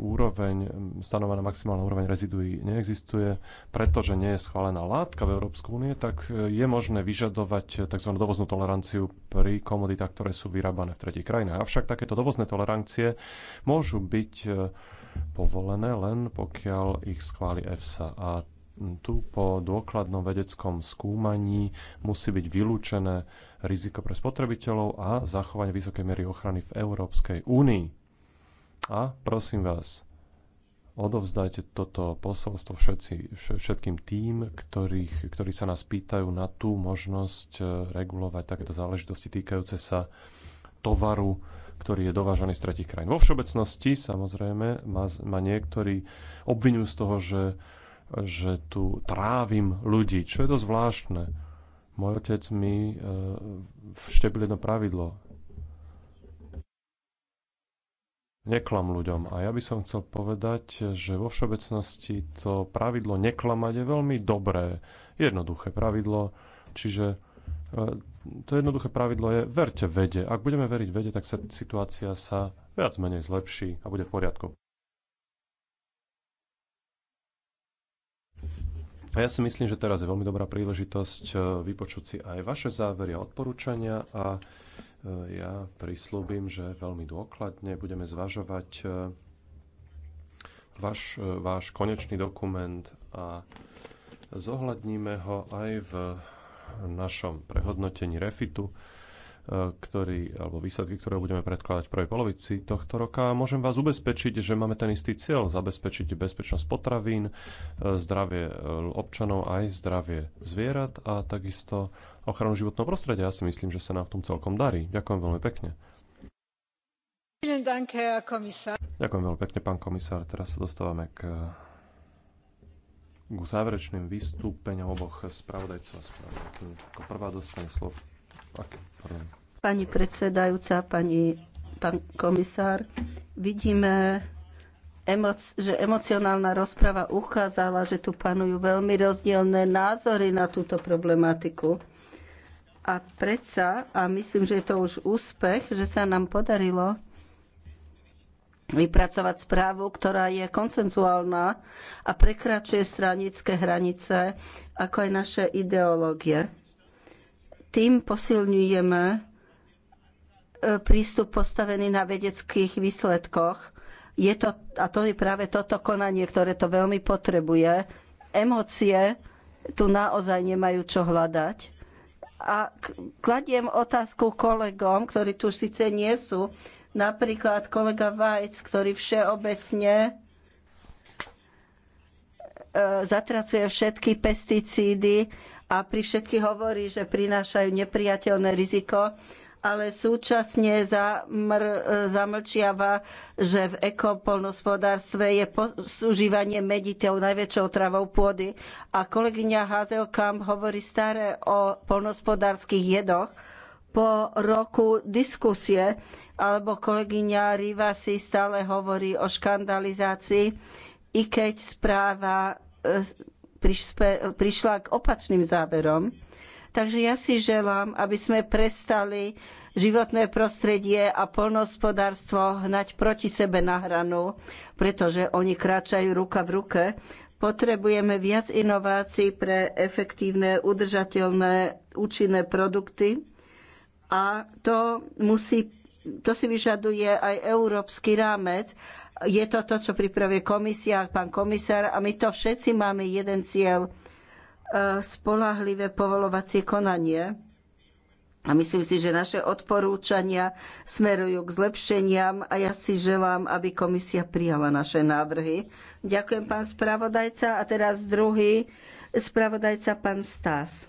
Speaker 7: úroveň, stanovená maximálna úroveň reziduí neexistuje, pretože nie je schválená látka v Európskej únie, tak e, je možné vyžadovať tzv. dovoznú toleranciu pri komoditách, ktoré sú vyrábané v tretich krajinách. Avšak takéto dovozné tolerancie môžu byť povolené len pokiaľ ich schváli EFSA. A tu po dôkladnom vedeckom skúmaní musí byť vylúčené riziko pre spotrebiteľov a zachovanie vysokej miery ochrany v Európskej únii. A prosím vás, odovzdajte toto posolstvo všetci, všetkým tým, ktorých, ktorí sa nás pýtajú na tú možnosť e, regulovať takéto záležitosti týkajúce sa tovaru, ktorý je dovážaný z tretich krajín. Vo všeobecnosti samozrejme ma, ma niektorí obvinujú z toho, že že tu trávim ľudí, čo je dosť zvláštne. Môj otec mi e, vštepil jedno pravidlo. Neklam ľuďom. A ja by som chcel povedať, že vo všeobecnosti to pravidlo neklamať je veľmi dobré, jednoduché pravidlo. Čiže e, to jednoduché pravidlo je verte vede. Ak budeme veriť vede, tak sa situácia sa viac menej zlepší a bude v poriadku. A ja si myslím, že teraz je veľmi dobrá príležitosť e, vypočuť si aj vaše závery a odporúčania a e, ja prislúbim, že veľmi dôkladne budeme zvažovať e, váš, váš konečný dokument a zohľadníme ho aj v našom prehodnotení refitu. Eh, ktorý, alebo výsledky, ktoré budeme predkladať v prvej polovici tohto roka. Môžem vás ubezpečiť, že máme ten istý cieľ zabezpečiť bezpečnosť potravín, eh, zdravie eh, občanov aj zdravie zvierat a takisto ochranu životného prostredia. Ja si myslím, že sa nám v tom celkom darí. Ďakujem veľmi pekne. Ďakujem veľmi pekne, pán komisár. Teraz sa dostávame k k záverečným vystúpeniam oboch spravodajcov a spravodajky. Ako prvá dostane slovo
Speaker 8: Pani predsedajúca, pani, pán komisár, vidíme, emoc- že emocionálna rozprava ukázala, že tu panujú veľmi rozdielne názory na túto problematiku. A predsa, a myslím, že je to už úspech, že sa nám podarilo vypracovať správu, ktorá je koncenzuálna a prekračuje stranické hranice, ako aj naše ideológie. Tým posilňujeme e, prístup postavený na vedeckých výsledkoch. Je to, a to je práve toto konanie, ktoré to veľmi potrebuje. Emócie tu naozaj nemajú čo hľadať. A kladiem otázku kolegom, ktorí tu síce nie sú, napríklad kolega Vajc, ktorý všeobecne e, zatracuje všetky pesticídy a pri všetky hovorí, že prinášajú nepriateľné riziko, ale súčasne zamr, zamlčiava, že v ekopolnospodárstve je používanie mediteľ najväčšou travou pôdy. A kolegyňa Hazelkamp hovorí staré o polnospodárských jedoch, po roku diskusie, alebo kolegyňa Riva si stále hovorí o škandalizácii, i keď správa e, prišla k opačným záverom. Takže ja si želám, aby sme prestali životné prostredie a poľnohospodárstvo hnať proti sebe na hranu, pretože oni kráčajú ruka v ruke. Potrebujeme viac inovácií pre efektívne, udržateľné, účinné produkty a to musí to si vyžaduje aj európsky rámec je to to, čo pripravuje komisia, pán komisár a my to všetci máme jeden cieľ e, spolahlivé povolovacie konanie. A myslím si, že naše odporúčania smerujú k zlepšeniam a ja si želám, aby komisia prijala naše návrhy. Ďakujem, pán spravodajca. A teraz druhý spravodajca, pán Stás.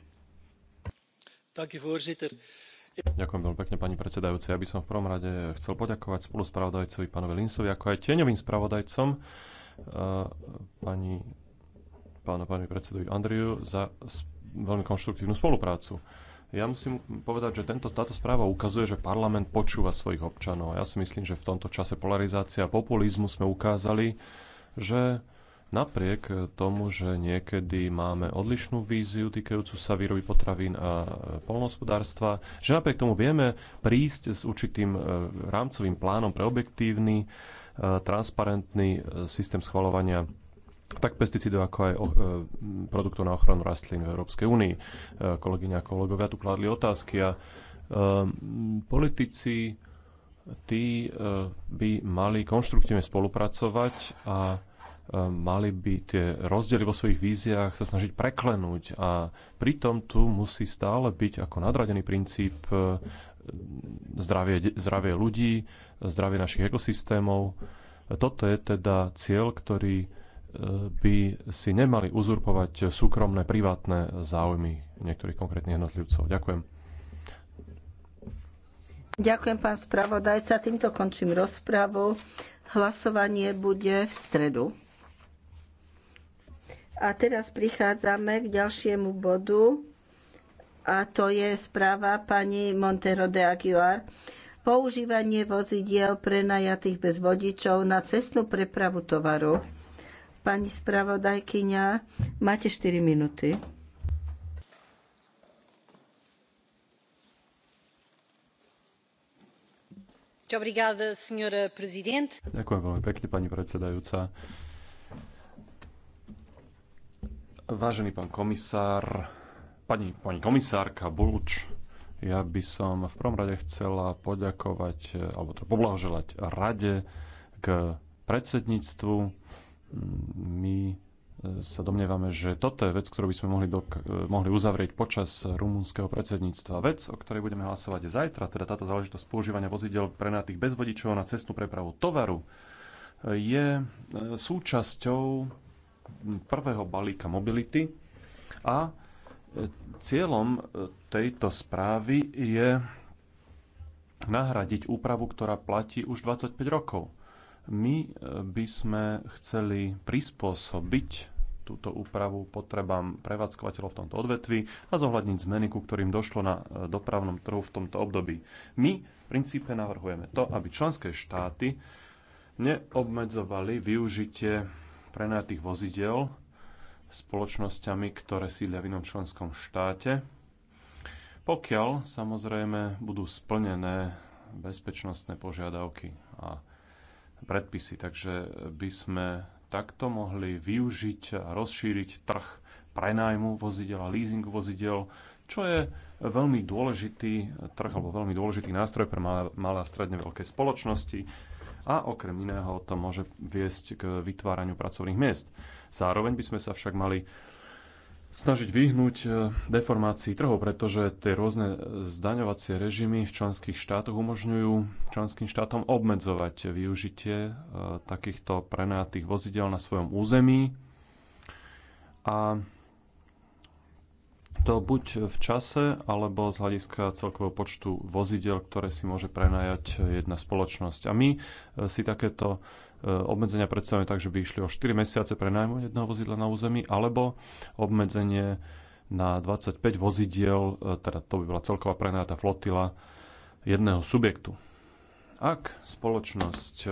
Speaker 7: Ďakujem veľmi pekne, pani predsedajúca. Ja by som v prvom rade chcel poďakovať spoluspravodajcovi pánovi Linsovi, ako aj tieňovým spravodajcom e, pani, pani predsedovi Andriu za veľmi konštruktívnu spoluprácu. Ja musím povedať, že tento, táto správa ukazuje, že parlament počúva svojich občanov. Ja si myslím, že v tomto čase polarizácia a populizmu sme ukázali, že Napriek eh, tomu, že niekedy máme odlišnú víziu týkajúcu sa výroby potravín a eh, polnohospodárstva, že napriek tomu vieme prísť s určitým eh, rámcovým plánom pre objektívny, transparentný systém schvalovania tak pesticídov, ako aj produktov na ochranu rastlín v Európskej únii. Kolegyňa a kolegovia tu kladli otázky a politici tí by mali konštruktívne spolupracovať a Eh, mali by tie rozdiely vo svojich víziách sa snažiť preklenúť a pritom tu musí stále byť ako nadradený princíp eh, zdravie, zdravie ľudí, zdravie našich ekosystémov. Toto je teda cieľ, ktorý eh, by si nemali uzurpovať súkromné, privátne záujmy niektorých konkrétnych jednotlivcov. Ďakujem.
Speaker 8: Ďakujem, pán spravodajca. Týmto končím rozpravu. Hlasovanie bude v stredu. A teraz prichádzame k ďalšiemu bodu a to je správa pani Montero de Aguiar. Používanie vozidiel prenajatých bez vodičov na cestnú prepravu tovaru. Pani spravodajkyňa, máte 4 minúty.
Speaker 4: Ďakujem
Speaker 7: veľmi pekne, pani predsedajúca. Vážený pán komisár, pani, pani komisárka Bulč, ja by som v prvom rade chcela poďakovať, alebo to teda poblahoželať rade k predsedníctvu. My sa domnievame, že toto je vec, ktorú by sme mohli, dok- mohli uzavrieť počas rumúnskeho predsedníctva. Vec, o ktorej budeme hlasovať zajtra, teda táto záležitosť používania vozidel prenatých bez vodičov na cestnú prepravu tovaru, je e, súčasťou prvého balíka mobility a e, cieľom e, tejto správy je nahradiť úpravu, ktorá platí už 25 rokov my by sme chceli prispôsobiť túto úpravu potrebám prevádzkovateľov v tomto odvetvi a zohľadniť zmeny, ku ktorým došlo na e, dopravnom trhu v tomto období. My v princípe navrhujeme to, aby členské štáty neobmedzovali využitie prenajatých vozidel spoločnosťami, ktoré sídlia v inom členskom štáte, pokiaľ samozrejme budú splnené bezpečnostné požiadavky a predpisy. Takže by sme takto mohli využiť a rozšíriť trh prenajmu vozidel a leasingu vozidel, čo je veľmi dôležitý trh alebo veľmi dôležitý nástroj pre malé a stredne veľké spoločnosti a okrem iného to môže viesť k vytváraniu pracovných miest. Zároveň by sme sa však mali snažiť vyhnúť e, deformácii trhov, pretože tie rôzne zdaňovacie režimy v členských štátoch umožňujú členským štátom obmedzovať využitie e, takýchto prenajatých vozidel na svojom území. A to buď v čase, alebo z hľadiska celkového počtu vozidel, ktoré si môže prenajať jedna spoločnosť. A my e, si takéto E, obmedzenia predstavené tak, že by išli o 4 mesiace pre nájmu jedného vozidla na území, alebo obmedzenie na 25 vozidiel, e, teda to by bola celková prenajatá flotila jedného subjektu. Ak spoločnosť e,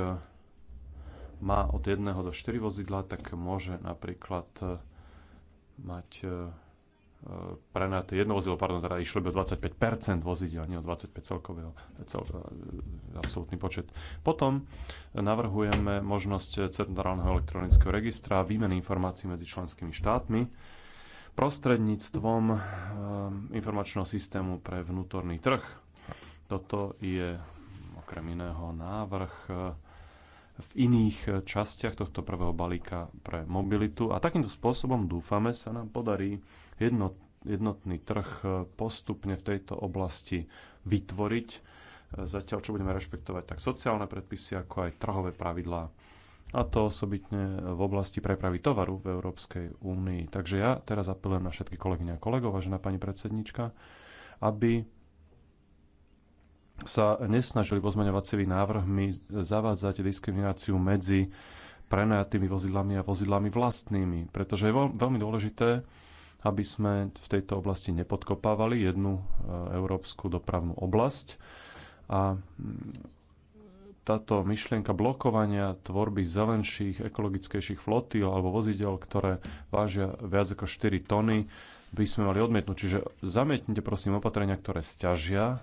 Speaker 7: má od 1 do 4 vozidla, tak môže napríklad mať E, prenaté jedno vozidlo, pardon, teda išlo by o 25% vozidel, nie o 25 celkového, cel, e, absolútny počet. Potom navrhujeme možnosť centrálneho elektronického registra, výmeny informácií medzi členskými štátmi prostredníctvom e, informačného systému pre vnútorný trh. Toto je okrem iného návrh v iných častiach tohto prvého balíka pre mobilitu a takýmto spôsobom dúfame sa nám podarí jednot, jednotný trh e, postupne v tejto oblasti vytvoriť, e, zatiaľ čo budeme rešpektovať tak sociálne predpisy, ako aj trhové pravidlá a to osobitne v oblasti prepravy tovaru v Európskej únii. Takže ja teraz apelujem na všetky kolegyne a kolegov, vážená pani predsednička, aby sa nesnažili pozmeňovacími návrhmi zavádzať diskrimináciu medzi prenajatými vozidlami a vozidlami vlastnými, pretože je veľmi dôležité aby sme v tejto oblasti nepodkopávali jednu e, európsku dopravnú oblasť. A mm, táto myšlienka blokovania tvorby zelenších, ekologickejších flotíl alebo vozidel, ktoré vážia viac ako 4 tony, by sme mali odmietnúť. Čiže zamietnite prosím opatrenia, ktoré stiažia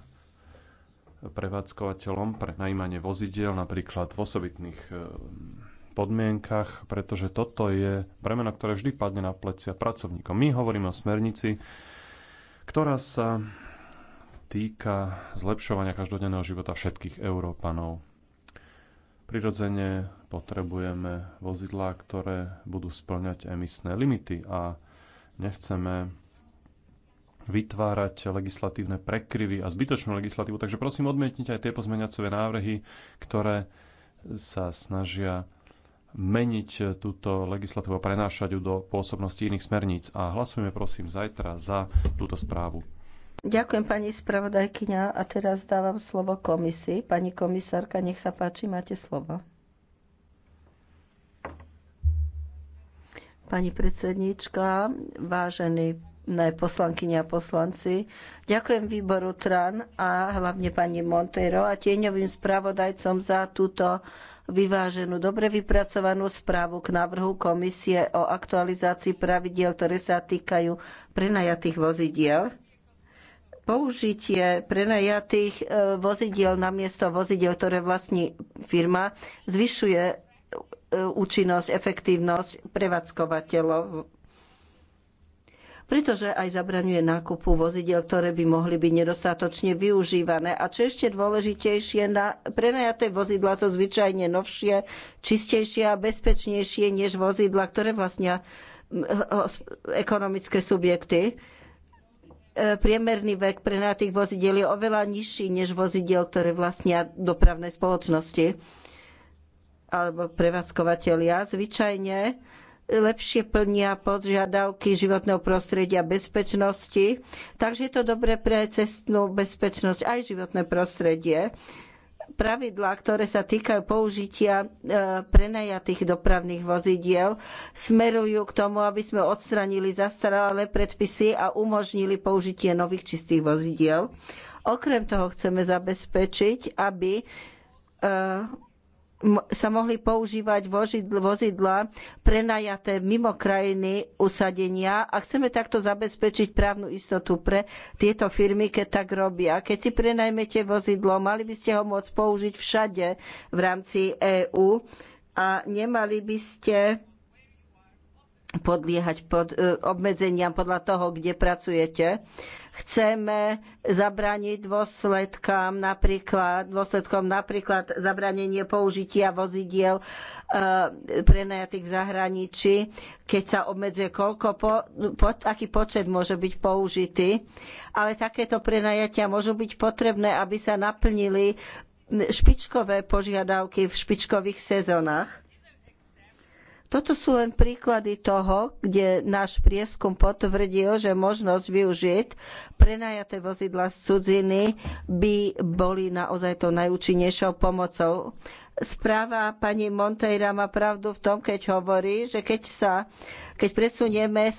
Speaker 7: prevádzkovateľom pre najímanie vozidel napríklad v osobitných e, podmienkach, pretože toto je bremeno, ktoré vždy padne na plecia pracovníkom. My hovoríme o smernici, ktorá sa týka zlepšovania každodenného života všetkých Európanov. Prirodzene potrebujeme vozidlá, ktoré budú splňať emisné limity a nechceme vytvárať legislatívne prekryvy a zbytočnú legislatívu. Takže prosím, odmietnite aj tie pozmeňacové návrhy, ktoré sa snažia meniť túto legislatívu a prenášať ju do pôsobnosti iných smerníc. A hlasujeme prosím zajtra za túto správu.
Speaker 8: Ďakujem pani spravodajkyňa a teraz dávam slovo komisii. Pani komisárka, nech sa páči, máte slovo. Pani predsednička, vážení poslankyňa a poslanci. Ďakujem výboru TRAN a hlavne pani Montero a tieňovým spravodajcom za túto vyváženú, dobre vypracovanú správu k návrhu komisie o aktualizácii pravidiel, ktoré sa týkajú prenajatých vozidiel. Použitie prenajatých e, vozidiel na miesto vozidiel, ktoré vlastní firma, zvyšuje e, účinnosť, efektívnosť prevádzkovateľov pretože aj zabraňuje nákupu vozidiel, ktoré by mohli byť nedostatočne využívané. A čo ešte dôležitejšie, na prenajaté vozidla sú zvyčajne novšie, čistejšie a bezpečnejšie než vozidla, ktoré vlastnia ekonomické subjekty e, priemerný vek prenajatých vozidiel je oveľa nižší než vozidiel, ktoré vlastnia dopravné spoločnosti alebo prevádzkovateľia. Zvyčajne lepšie plnia požiadavky životného prostredia bezpečnosti. Takže je to dobré pre cestnú bezpečnosť aj životné prostredie. Pravidlá, ktoré sa týkajú použitia e, prenajatých dopravných vozidiel, smerujú k tomu, aby sme odstranili zastaralé predpisy a umožnili použitie nových čistých vozidiel. Okrem toho chceme zabezpečiť, aby e, sa mohli používať vozidla prenajaté mimo krajiny usadenia a chceme takto zabezpečiť právnu istotu pre tieto firmy, keď tak robia. Keď si prenajmete vozidlo, mali by ste ho môcť použiť všade v rámci EÚ a nemali by ste podliehať pod e, obmedzeniam podľa toho, kde pracujete. Chceme zabrániť dôsledkom napríklad, dôsledkom napríklad zabranenie použitia vozidiel e, prenajatých v zahraničí, keď sa obmedzuje, koľko po, po, aký počet môže byť použitý. Ale takéto prenajatia môžu byť potrebné, aby sa naplnili špičkové požiadavky v špičkových sezónach toto sú len príklady toho, kde náš prieskum potvrdil, že možnosť využiť prenajaté vozidla z cudziny by boli naozaj tou najúčinnejšou pomocou správa pani Monteira má pravdu v tom, keď hovorí, že keď sa keď presunieme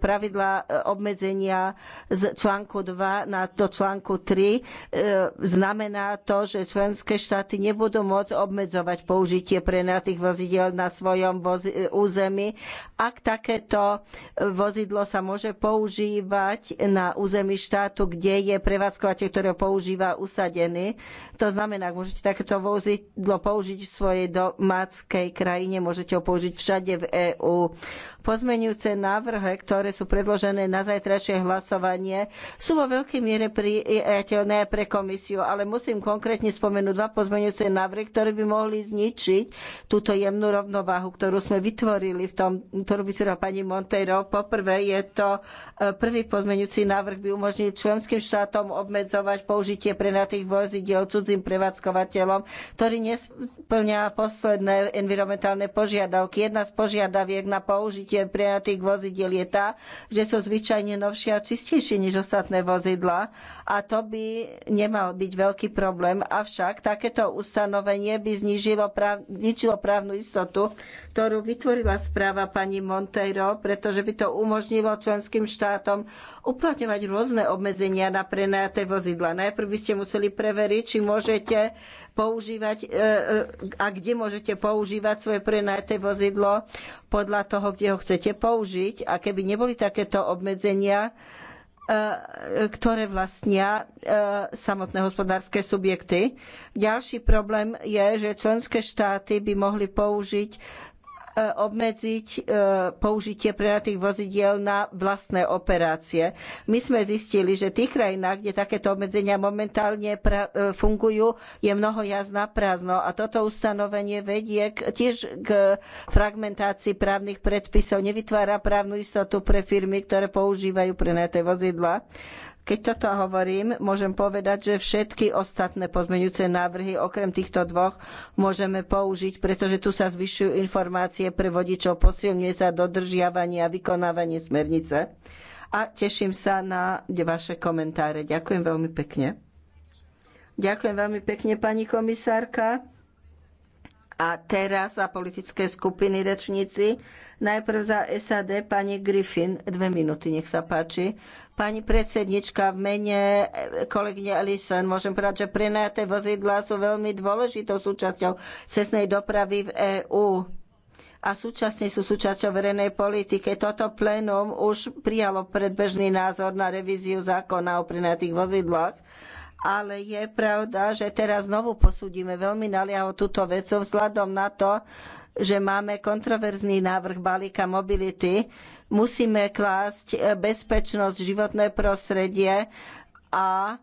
Speaker 8: pravidla e, obmedzenia z článku 2 na do článku 3, e, znamená to, že členské štáty nebudú môcť obmedzovať použitie prenatých vozidiel na svojom e, území, ak takéto vozidlo sa môže používať na území štátu, kde je prevádzkovateľ, ktorého používa usadený. To znamená, ak môžete takéto vozidlo používať, použiť v svojej domáckej krajine, môžete ho použiť všade v EÚ. Pozmeňujúce návrhy, ktoré sú predložené na zajtrajšie hlasovanie, sú vo veľkej miere priateľné pre komisiu, ale musím konkrétne spomenúť dva pozmenujúce návrhy, ktoré by mohli zničiť túto jemnú rovnováhu, ktorú sme vytvorili, v tom, ktorú vytvorila pani Monteiro. Poprvé je to e, prvý pozmenujúci návrh by umožnil členským štátom obmedzovať použitie prenatých vozidiel cudzím prevádzkovateľom, ktorí nes- plňa posledné environmentálne požiadavky. Jedna z požiadaviek na použitie prijatých vozidiel je tá, že sú zvyčajne novšie a čistejšie než ostatné vozidlá a to by nemal byť veľký problém. Avšak takéto ustanovenie by znižilo práv, zničilo právnu istotu, ktorú vytvorila správa pani Monteiro, pretože by to umožnilo členským štátom uplatňovať rôzne obmedzenia na prenajaté vozidla. Najprv by ste museli preveriť, či môžete používať e, e, a kde môžete používať svoje prenajaté vozidlo podľa toho, kde ho chcete použiť. A keby neboli takéto obmedzenia, e, ktoré vlastnia samotné hospodárske subjekty. Ďalší problém je, že členské štáty by mohli použiť E, obmedziť e, použitie prenatých vozidiel na vlastné operácie. My sme zistili, že v tých krajinách, kde takéto obmedzenia momentálne e, fungujú, je mnoho jazd na prázdno a toto ustanovenie vedie k, tiež k fragmentácii právnych predpisov, nevytvára právnu istotu pre firmy, ktoré používajú prenaté vozidla. Keď toto hovorím, môžem povedať, že všetky ostatné pozmeňujúce návrhy, okrem týchto dvoch, môžeme použiť, pretože tu sa zvyšujú informácie pre vodičov, posilňuje sa dodržiavanie a vykonávanie smernice. A teším sa na vaše komentáre. Ďakujem veľmi pekne. Ďakujem veľmi pekne, pani komisárka. A teraz za politické skupiny rečníci. Najprv za SAD pani Griffin. Dve minúty, nech sa páči. Pani predsednička, v mene kolegyne Ellison môžem povedať, že prenajaté vozidlá sú veľmi dôležitou súčasťou cestnej dopravy v EÚ a súčasne sú súčasťou verejnej politike. Toto plénum už prijalo predbežný názor na revíziu zákona o prenajatých vozidlách ale je pravda, že teraz znovu posúdime veľmi naliavo túto vec vzhľadom na to, že máme kontroverzný návrh balíka mobility. Musíme klásť eh, bezpečnosť, životné prostredie a eh,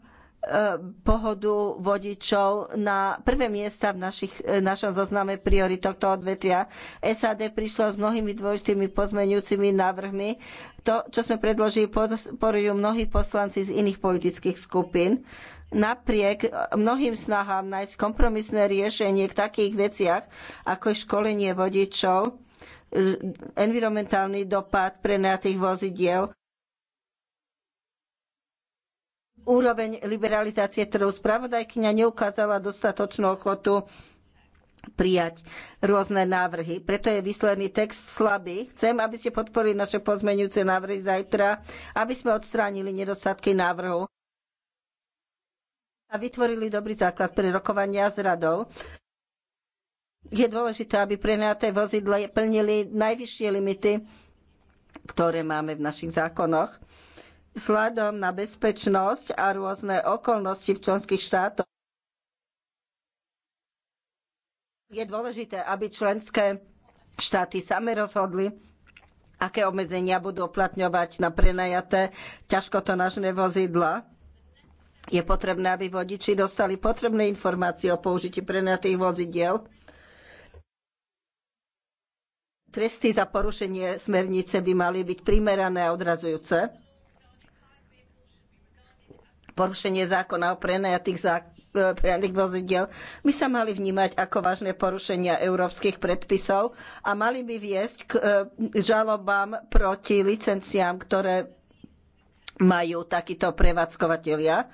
Speaker 8: pohodu vodičov na prvé miesta v našich, eh, našom zozname priorit tohto odvetvia. SAD prišlo s mnohými dôležitými pozmeňujúcimi návrhmi. To, čo sme predložili, podporujú mnohí poslanci z iných politických skupín napriek mnohým snahám nájsť kompromisné riešenie v takých veciach, ako je školenie vodičov, environmentálny dopad prenajatých vozidiel, úroveň liberalizácie trhu. Spravodajkyňa neukázala dostatočnú ochotu prijať rôzne návrhy. Preto je výsledný text slabý. Chcem, aby ste podporili naše pozmeňujúce návrhy zajtra, aby sme odstránili nedostatky návrhu a vytvorili dobrý základ pre rokovania s radou. Je dôležité, aby prenajaté vozidla plnili najvyššie limity, ktoré máme v našich zákonoch. Sladom na bezpečnosť a rôzne okolnosti v členských štátoch je dôležité, aby členské štáty same rozhodli, aké obmedzenia budú uplatňovať na prenajaté ťažkotonažné vozidla je potrebné, aby vodiči dostali potrebné informácie o použití prenatých vozidiel. Tresty za porušenie smernice by mali byť primerané a odrazujúce. Porušenie zákona o prenajatých zák- prenajatých vozidiel by sa mali vnímať ako vážne porušenia európskych predpisov a mali by viesť k e, žalobám proti licenciám, ktoré majú takíto prevádzkovateľia.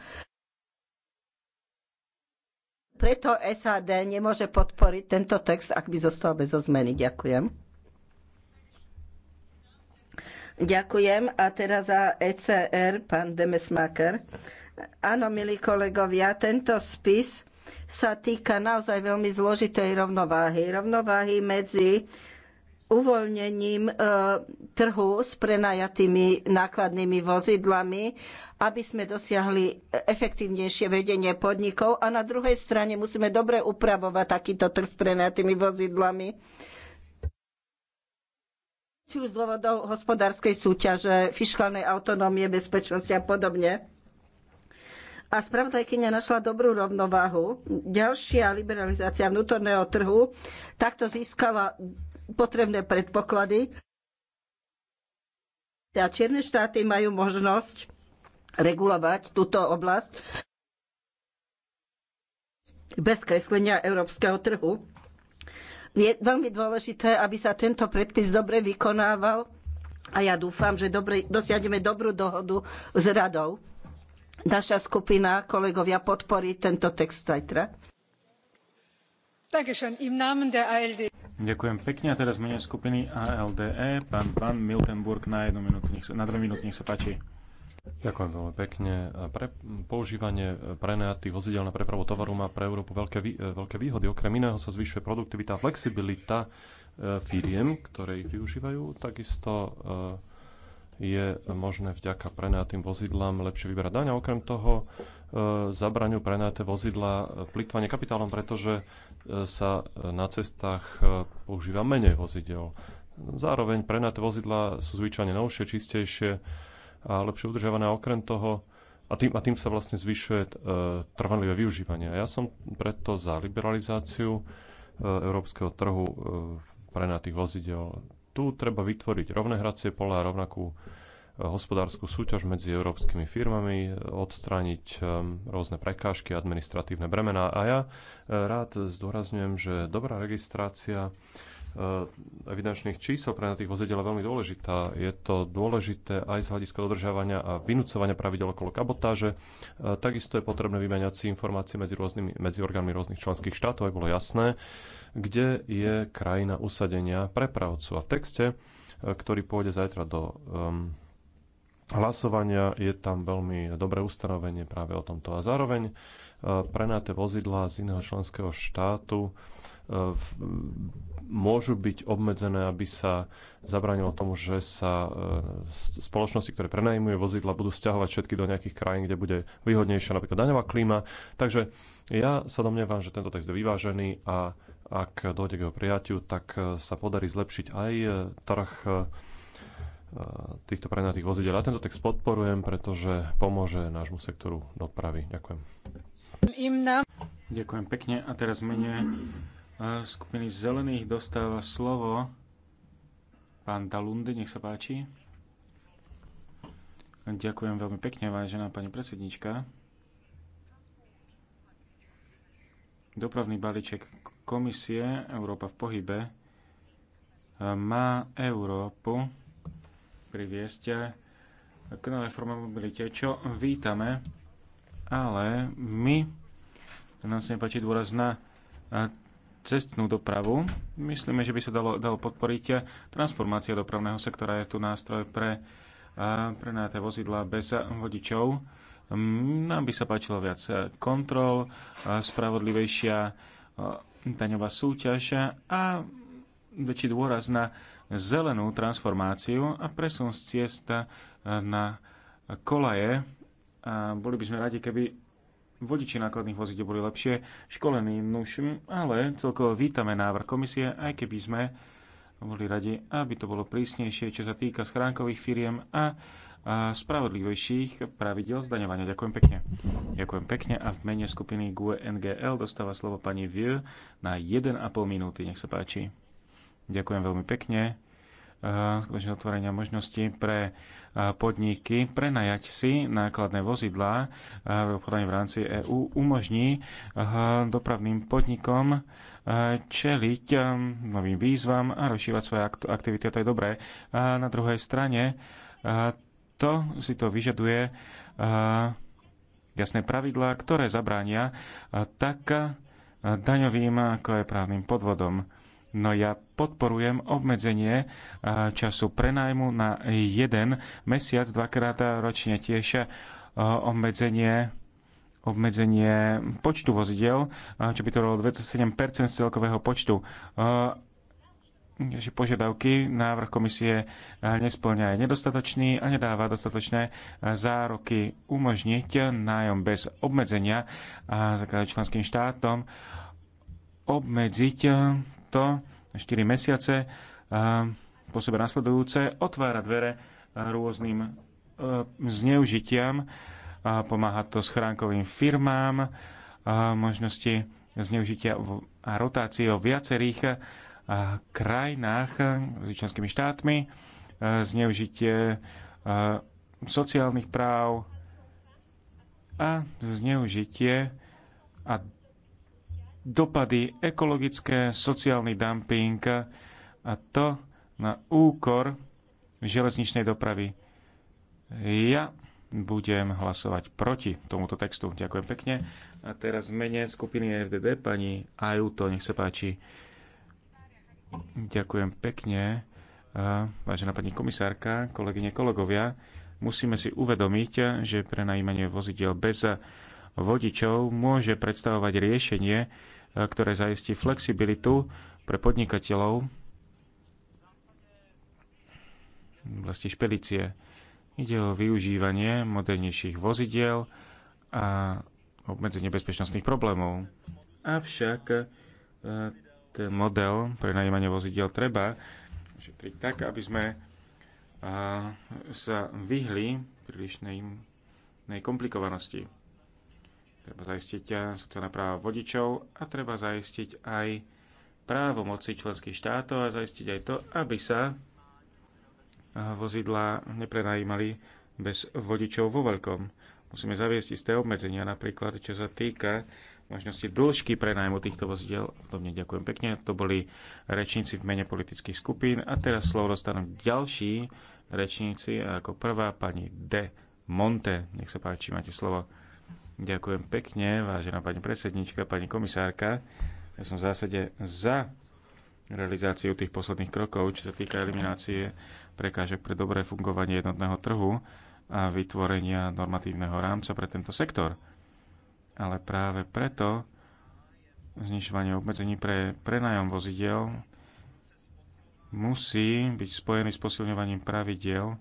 Speaker 8: Preto SAD nemôže podporiť tento text, ak by zostal bez zmeny. Ďakujem. Ďakujem. A teraz za ECR, pán Demesmaker. Áno, milí kolegovia, tento spis sa týka naozaj veľmi zložitej rovnováhy. Rovnováhy medzi uvoľnením e, trhu s prenajatými nákladnými vozidlami, aby sme dosiahli efektívnejšie vedenie podnikov a na druhej strane musíme dobre upravovať takýto trh s prenajatými vozidlami či už z dôvodov hospodárskej súťaže, fiškálnej autonómie, bezpečnosti a podobne. A spravodajkynia našla dobrú rovnováhu. Ďalšia liberalizácia vnútorného trhu takto získala potrebné predpoklady. A čierne štáty majú možnosť regulovať túto oblasť bez kreslenia európskeho trhu. Je veľmi dôležité, aby sa tento predpis dobre vykonával a ja dúfam, že dobre, dosiahneme dobrú dohodu s radou. Naša skupina, kolegovia, podporí tento text zajtra.
Speaker 2: Ďakujem pekne. A teraz menej skupiny
Speaker 7: ALDE. Pán Van Miltenburg na, jednu minútu, nech sa, na dve minúty, nech sa páči. Ďakujem veľmi pekne. Pre, používanie prenajatých vozidel na prepravu tovaru má pre Európu veľké, vý, veľké výhody. Okrem iného sa zvyšuje produktivita a flexibilita e, firiem, ktoré ich využívajú. Takisto e, je možné vďaka prenajatým vozidlám lepšie vyberať daň a okrem toho e, zabraňujú prenajaté vozidla plitvanie kapitálom, pretože e, sa e, na cestách e, používa menej vozidel. Zároveň prenajaté vozidla sú zvyčajne novšie, čistejšie a lepšie udržiavané a okrem toho a tým, a tým sa vlastne zvyšuje e, trvanlivé využívanie. A ja som preto za liberalizáciu e, európskeho trhu e, prenatých vozidel tu treba vytvoriť rovné hracie pole a rovnakú e, hospodárskú súťaž medzi európskymi firmami, e, odstrániť e, rôzne prekážky, administratívne bremená. A ja rád zdôrazňujem, že dobrá registrácia evidenčných čísel pre tých vozidel je veľmi dôležitá. Je to dôležité aj z hľadiska dodržiavania a vynúcovania pravidel okolo kabotáže. Takisto je potrebné vymeniať si informácie medzi, rôznymi, medzi orgánmi rôznych členských štátov, aj bolo jasné, kde je krajina usadenia prepravcu. A v texte, e, ktorý pôjde zajtra do um, hlasovania, je tam veľmi dobré ustanovenie práve o tomto. A zároveň uh, e, prenáte vozidlá z iného členského štátu uh, v, môžu byť obmedzené, aby sa zabránilo tomu, že sa uh, spoločnosti, ktoré prenajmujú vozidla, budú stiahovať všetky do nejakých krajín, kde bude výhodnejšia napríklad daňová klíma. Takže ja sa domnievam, že tento text je vyvážený a uh, ak dojde k jeho prijatiu, tak eh, sa podarí zlepšiť aj eh, trh eh, týchto prenajatých vozidel. Ja tento text podporujem, pretože pomôže nášmu sektoru dopravy. Ďakujem. Ďakujem pekne. A
Speaker 2: teraz mene skupiny zelených dostáva slovo pán Dalunde, nech sa páči. Ďakujem veľmi pekne, vážená pani predsednička. Dopravný balíček komisie Európa v pohybe e, má Európu priviesť e, k novej forme mobilite, čo vítame, ale my nám sa nepáči dôraz na e, cestnú dopravu. Myslíme, že by sa dalo, dalo podporiť transformácia dopravného sektora. Je tu nástroj pre prenajaté vozidla bez vodičov. Nám by sa páčilo viac kontrol, spravodlivejšia daňová súťaž a väčší dôraz na zelenú transformáciu a presun z ciesta na kolaje. A boli by sme radi, keby vodiči nákladných vozidel boli lepšie školení, nuž, ale celkovo vítame návrh komisie, aj keby sme boli radi, aby to bolo prísnejšie, čo sa týka schránkových firiem a spravodlivejších pravidel zdaňovania. Ďakujem pekne. Ďakujem pekne a v mene skupiny GUE NGL dostáva slovo pani Vieux na 1,5 minúty. Nech sa páči. Ďakujem veľmi pekne skutočne otvorenia možnosti pre podniky prenajať si nákladné vozidlá v obchodovaní v rámci EÚ umožní dopravným podnikom čeliť novým výzvam a rozšívať svoje aktivity. A to je dobré. na druhej strane to si to vyžaduje eh, jasné pravidlá, ktoré zabránia eh, tak eh, daňovým, ako aj právnym podvodom. No ja podporujem obmedzenie času prenajmu na jeden mesiac, dvakrát ročne tiež obmedzenie obmedzenie počtu vozidel, čo by to bolo 27% z celkového počtu že požiadavky návrh komisie eh, nesplňa je nedostatočný a nedáva dostatočné eh, zároky umožniť nájom bez obmedzenia a zakladajú členským štátom obmedziť eh, to 4 mesiace po sebe nasledujúce, otvára dvere rôznym zneužitiam, pomáha to schránkovým firmám, možnosti zneužitia a rotácie o viacerých krajinách e, s členskými štátmi, e, zneužitie e, sociálnych práv a zneužitie a dopady ekologické, sociálny dumping a to na úkor železničnej dopravy. Ja budem hlasovať proti tomuto textu. Ďakujem pekne. A teraz v mene skupiny FDD pani Ajuto, nech sa páči. Ďakujem pekne. Vážená pani komisárka, kolegyne, kolegovia, musíme si uvedomiť, že prenajímanie vozidel bez vodičov môže predstavovať riešenie, ktoré zajistí flexibilitu pre podnikateľov vlastne špedície. Ide o využívanie modernejších vozidiel a obmedzenie bezpečnostných problémov. Avšak ten model pre najímanie vozidiel treba šetriť tak, aby sme sa vyhli prílišnej komplikovanosti. Treba zaistiť sociálne práva vodičov a treba zaistiť aj právo moci členských štátov a zaistiť aj to, aby sa vozidla neprenajímali bez vodičov vo veľkom. Musíme zaviesť isté obmedzenia, napríklad čo sa týka možnosti dĺžky prenajmu týchto vozidel. Podobne ďakujem pekne. To boli rečníci v mene politických skupín. A teraz slovo dostanú ďalší rečníci. A ako prvá pani De Monte. Nech sa páči, máte slovo. Ďakujem pekne, vážená pani predsednička, pani komisárka. Ja som v zásade za realizáciu tých posledných krokov, čo sa týka eliminácie prekážok pre dobré fungovanie jednotného trhu a vytvorenia normatívneho rámca pre tento sektor ale práve preto znižovanie obmedzení pre prenájom vozidiel musí byť spojený s posilňovaním pravidiel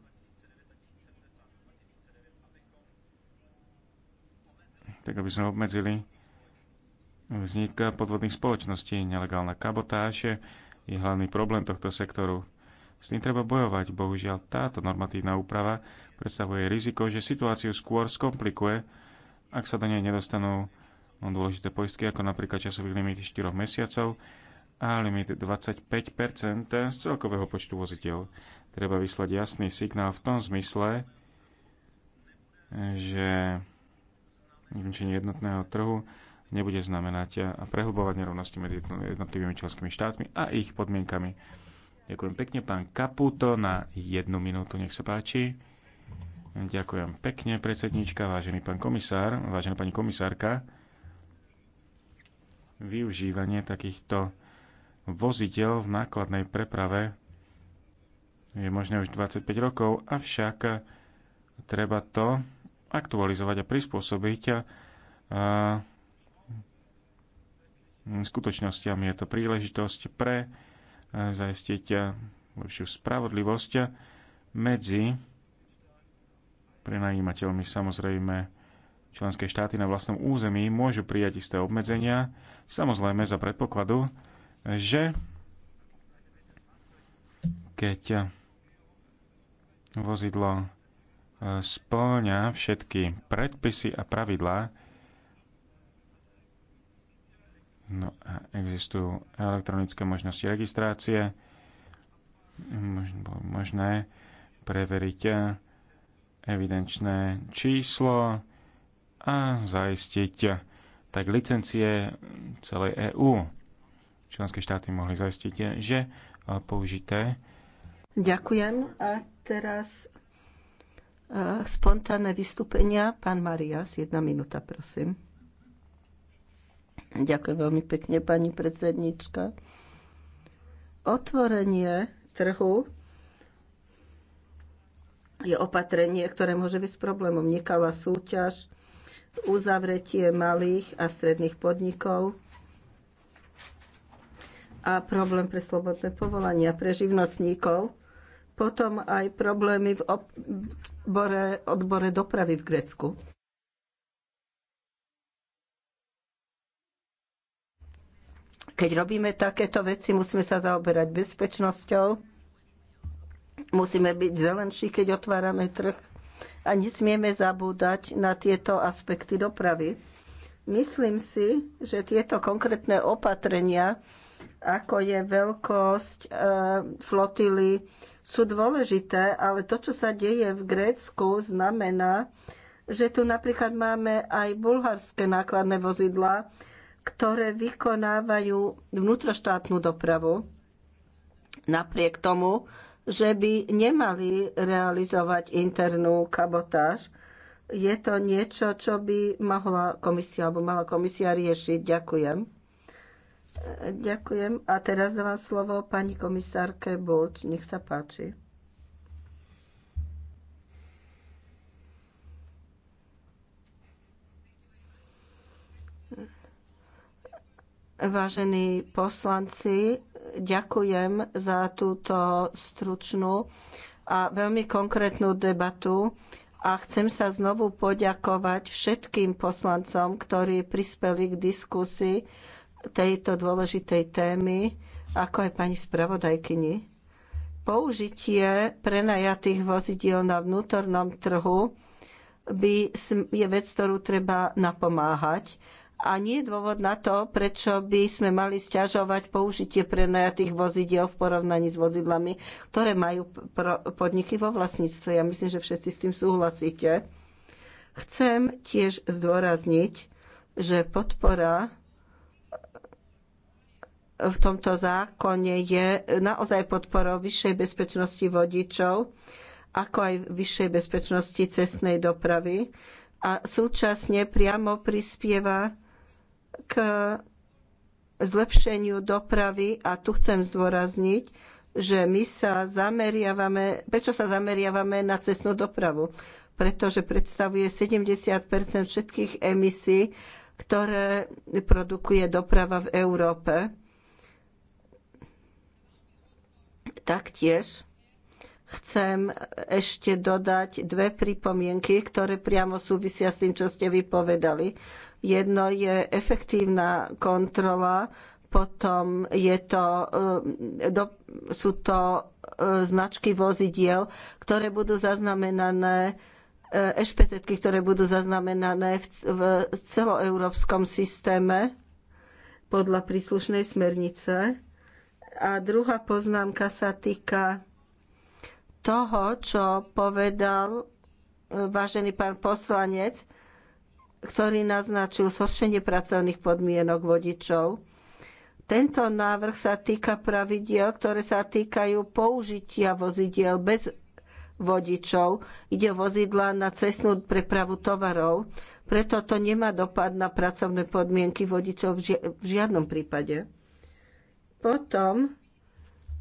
Speaker 2: tak aby sme obmedzili vznik podvodných spoločností. Nelegálna kabotáže je hlavný problém tohto sektoru. S tým treba bojovať. Bohužiaľ, táto normatívna úprava predstavuje riziko, že situáciu skôr skomplikuje ak sa do nej nedostanú no, dôležité poistky, ako napríklad časový limit 4 mesiacov a limit 25 z celkového počtu voziteľ. Treba vyslať jasný signál v tom zmysle, že ukončenie jednotného trhu nebude znamenať a prehlbovať nerovnosti medzi jednotlivými členskými štátmi a ich podmienkami. Ďakujem pekne, pán Kaputo, na jednu minútu, nech sa páči. Ďakujem pekne, predsednička, vážený pán komisár, vážená pani komisárka. Využívanie takýchto vozidel v nákladnej preprave je možné už 25 rokov, avšak treba to aktualizovať a prispôsobiť a mm, skutočnosťam Je to príležitosť pre zaistiť lepšiu spravodlivosť medzi Prenajímateľmi samozrejme členské štáty na vlastnom území môžu prijať isté obmedzenia, samozrejme za predpokladu, že keď vozidlo e, splňa všetky predpisy a pravidlá, no a existujú elektronické možnosti registrácie, možné preveriť e, evidenčné číslo a zaistiť tak licencie celej EÚ. Členské štáty mohli zaistiť, že eh, použité.
Speaker 8: Ďakujem. A teraz eh, spontánne vystúpenia. Pán Marias, jedna minúta, prosím. Ďakujem veľmi pekne, pani predsednička. Otvorenie trhu je opatrenie, ktoré môže byť s problémom. Nekalá súťaž, uzavretie malých a stredných podnikov a problém pre slobodné povolania, pre živnostníkov. Potom aj problémy v odbore, odbore dopravy v Grécku. Keď robíme takéto veci, musíme sa zaoberať bezpečnosťou, Musíme byť zelenší, keď otvárame trh a nesmieme zabúdať na tieto aspekty dopravy. Myslím si, že tieto konkrétne opatrenia, ako je veľkosť e, flotily, sú dôležité, ale to, čo sa deje v Grécku, znamená, že tu napríklad máme aj bulharské nákladné vozidlá, ktoré vykonávajú vnútroštátnu dopravu. Napriek tomu že by nemali realizovať internú kabotáž. Je to niečo, čo by mohla komisia alebo mala komisia riešiť. Ďakujem. Ďakujem. A teraz dávam slovo pani komisárke Bulč. Nech sa páči. Vážení poslanci, ďakujem za túto stručnú a veľmi konkrétnu debatu a chcem sa znovu poďakovať všetkým poslancom, ktorí prispeli k diskusii tejto dôležitej témy, ako aj pani spravodajkyni. Použitie prenajatých vozidiel na vnútornom trhu by je vec, ktorú treba napomáhať a nie je dôvod na to, prečo by sme mali stiažovať použitie prenajatých vozidiel v porovnaní s vozidlami, ktoré majú podniky vo vlastníctve. Ja myslím, že všetci s tým súhlasíte. Chcem tiež zdôrazniť, že podpora v tomto zákone je naozaj podporou vyššej bezpečnosti vodičov, ako aj vyššej bezpečnosti cestnej dopravy a súčasne priamo prispieva k zlepšeniu dopravy a tu chcem zdôrazniť, že my sa zameriavame, prečo sa zameriavame na cestnú dopravu? Pretože predstavuje 70 všetkých emisí, ktoré produkuje doprava v Európe. Taktiež chcem ešte dodať dve pripomienky, ktoré priamo súvisia s tým, čo ste vypovedali. Jedno je efektívna kontrola, potom je to, e, do, sú to e, značky vozidiel, ktoré budú zaznamenané e, ešpezetky, ktoré budú zaznamenané v, v celoeurópskom systéme podľa príslušnej smernice. A druhá poznámka sa týka toho, čo povedal vážený pán poslanec, ktorý naznačil zhoršenie pracovných podmienok vodičov. Tento návrh sa týka pravidiel, ktoré sa týkajú použitia vozidiel bez vodičov. Ide o vozidla na cestnú prepravu tovarov, preto to nemá dopad na pracovné podmienky vodičov v žiadnom prípade. Potom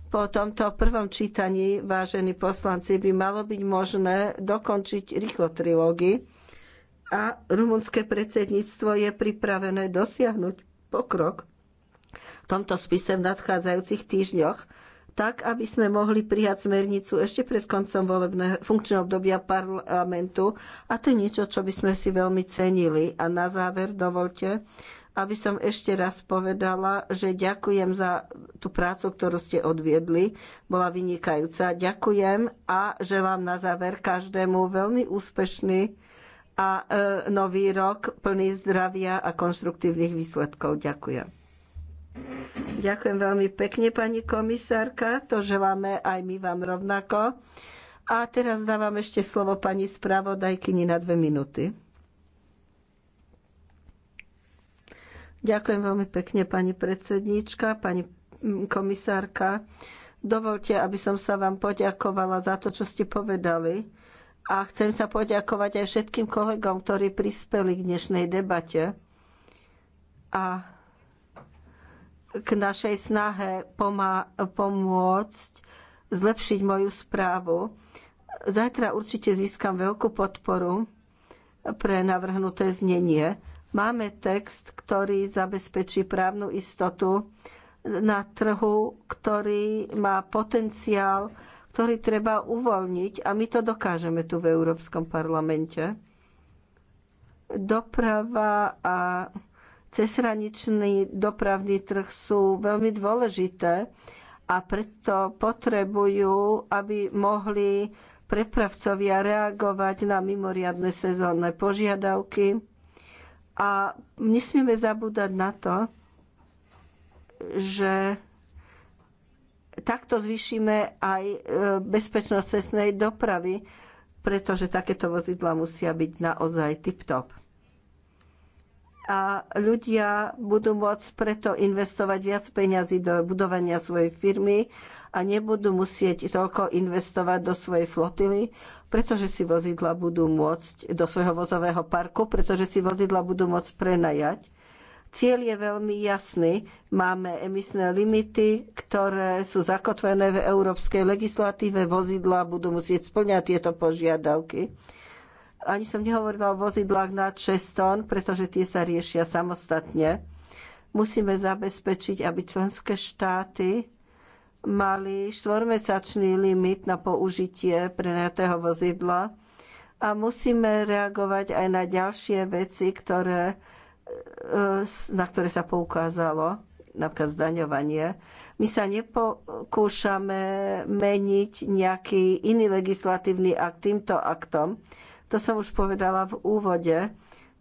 Speaker 8: po tomto prvom čítaní, vážení poslanci, by malo byť možné dokončiť rýchlo trilógy a rumunské predsedníctvo je pripravené dosiahnuť pokrok v tomto spise v nadchádzajúcich týždňoch, tak aby sme mohli prijať smernicu ešte pred koncom volebného funkčného obdobia parlamentu. A to je niečo, čo by sme si veľmi cenili. A na záver dovolte, aby som ešte raz povedala, že ďakujem za tú prácu, ktorú ste odviedli. Bola vynikajúca. Ďakujem a želám na záver každému veľmi úspešný a e, nový rok plný zdravia a konštruktívnych výsledkov. Ďakujem. Ďakujem veľmi pekne, pani komisárka. To želáme aj my vám rovnako. A teraz dávam ešte slovo pani spravodajkyni na dve minúty. Ďakujem veľmi pekne, pani predsedníčka, pani komisárka. Dovolte, aby som sa vám poďakovala za to, čo ste povedali a chcem sa poďakovať aj všetkým kolegom, ktorí prispeli k dnešnej debate a k našej snahe pomôcť zlepšiť moju správu. Zajtra určite získam veľkú podporu pre navrhnuté znenie. Máme text, ktorý zabezpečí právnu istotu na trhu, ktorý má potenciál ktorý treba uvoľniť a my to dokážeme tu v Európskom parlamente. Doprava a cezhraničný dopravný trh sú veľmi dôležité a preto potrebujú, aby mohli prepravcovia reagovať na mimoriadne sezónne požiadavky. A nesmieme zabúdať na to, že takto zvýšime aj e, bezpečnosť cestnej dopravy, pretože takéto vozidla musia byť naozaj tip-top. A ľudia budú môcť preto investovať viac peňazí do budovania svojej firmy a nebudú musieť toľko investovať do svojej flotily, pretože si vozidla budú môcť do svojho vozového parku, pretože si vozidla budú môcť prenajať Cieľ je veľmi jasný. Máme emisné limity, ktoré sú zakotvené v európskej legislatíve. Vozidla budú musieť splňať tieto požiadavky. Ani som nehovorila o vozidlách nad 6 tón, pretože tie sa riešia samostatne. Musíme zabezpečiť, aby členské štáty mali štvormesačný limit na použitie prenajatého vozidla a musíme reagovať aj na ďalšie veci, ktoré E, na ktoré sa poukázalo, napríklad zdaňovanie. My sa nepokúšame meniť nejaký iný legislatívny akt týmto aktom. To som už povedala v úvode.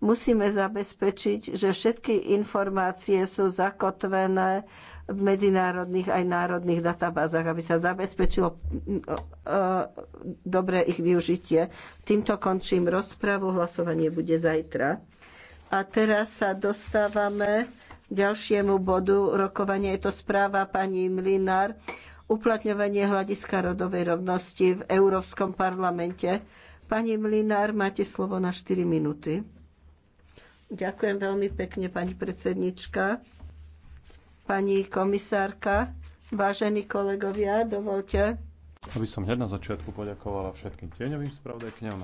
Speaker 8: Musíme zabezpečiť, že všetky informácie sú zakotvené v medzinárodných aj národných databázach, aby sa zabezpečilo e, e, dobré ich využitie. Týmto končím rozpravu. Hlasovanie bude zajtra. A teraz sa dostávame k ďalšiemu bodu rokovania. Je to správa pani Mlinár. Uplatňovanie hľadiska rodovej rovnosti v Európskom parlamente. Pani Mlinár, máte slovo na 4 minúty. Ďakujem veľmi pekne, pani predsednička, pani komisárka, vážení kolegovia, dovolte.
Speaker 7: Aby som hneď na začiatku poďakovala všetkým tieňovým spravodajkňam,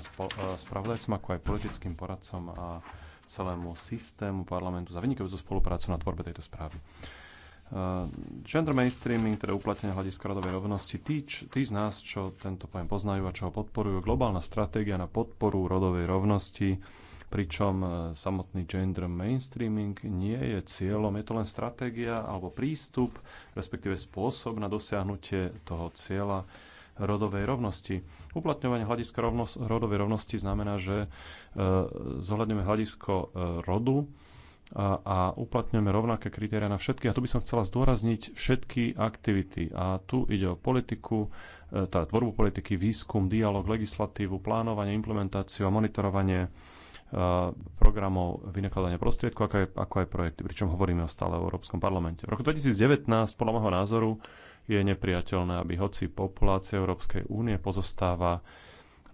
Speaker 7: spravodajcom, ako aj politickým poradcom a celému systému parlamentu za vynikajúcu spoluprácu na tvorbe tejto správy. Uh, gender mainstreaming, teda uplatnenie hľadiska rodovej rovnosti, tí, č, tí z nás, čo tento pojem poznajú a čo ho podporujú, globálna stratégia na podporu rodovej rovnosti, pričom uh, samotný gender mainstreaming nie je cieľom, je to len stratégia alebo prístup, respektíve spôsob na dosiahnutie toho cieľa, rodovej rovnosti. Uplatňovanie hľadiska rovnos- rodovej rovnosti znamená, že e, zohľadňujeme hľadisko e, rodu a, a uplatňujeme rovnaké kritéria na všetky. A tu by som chcela zdôrazniť všetky aktivity. A tu ide o politiku, e, tá tvorbu politiky, výskum, dialog, legislatívu, plánovanie, implementáciu a monitorovanie programov vynakladania prostriedkov, ako aj, ako aj projekty, pričom hovoríme o stále o Európskom parlamente. V roku 2019, podľa môjho názoru, je nepriateľné, aby hoci populácia Európskej únie pozostáva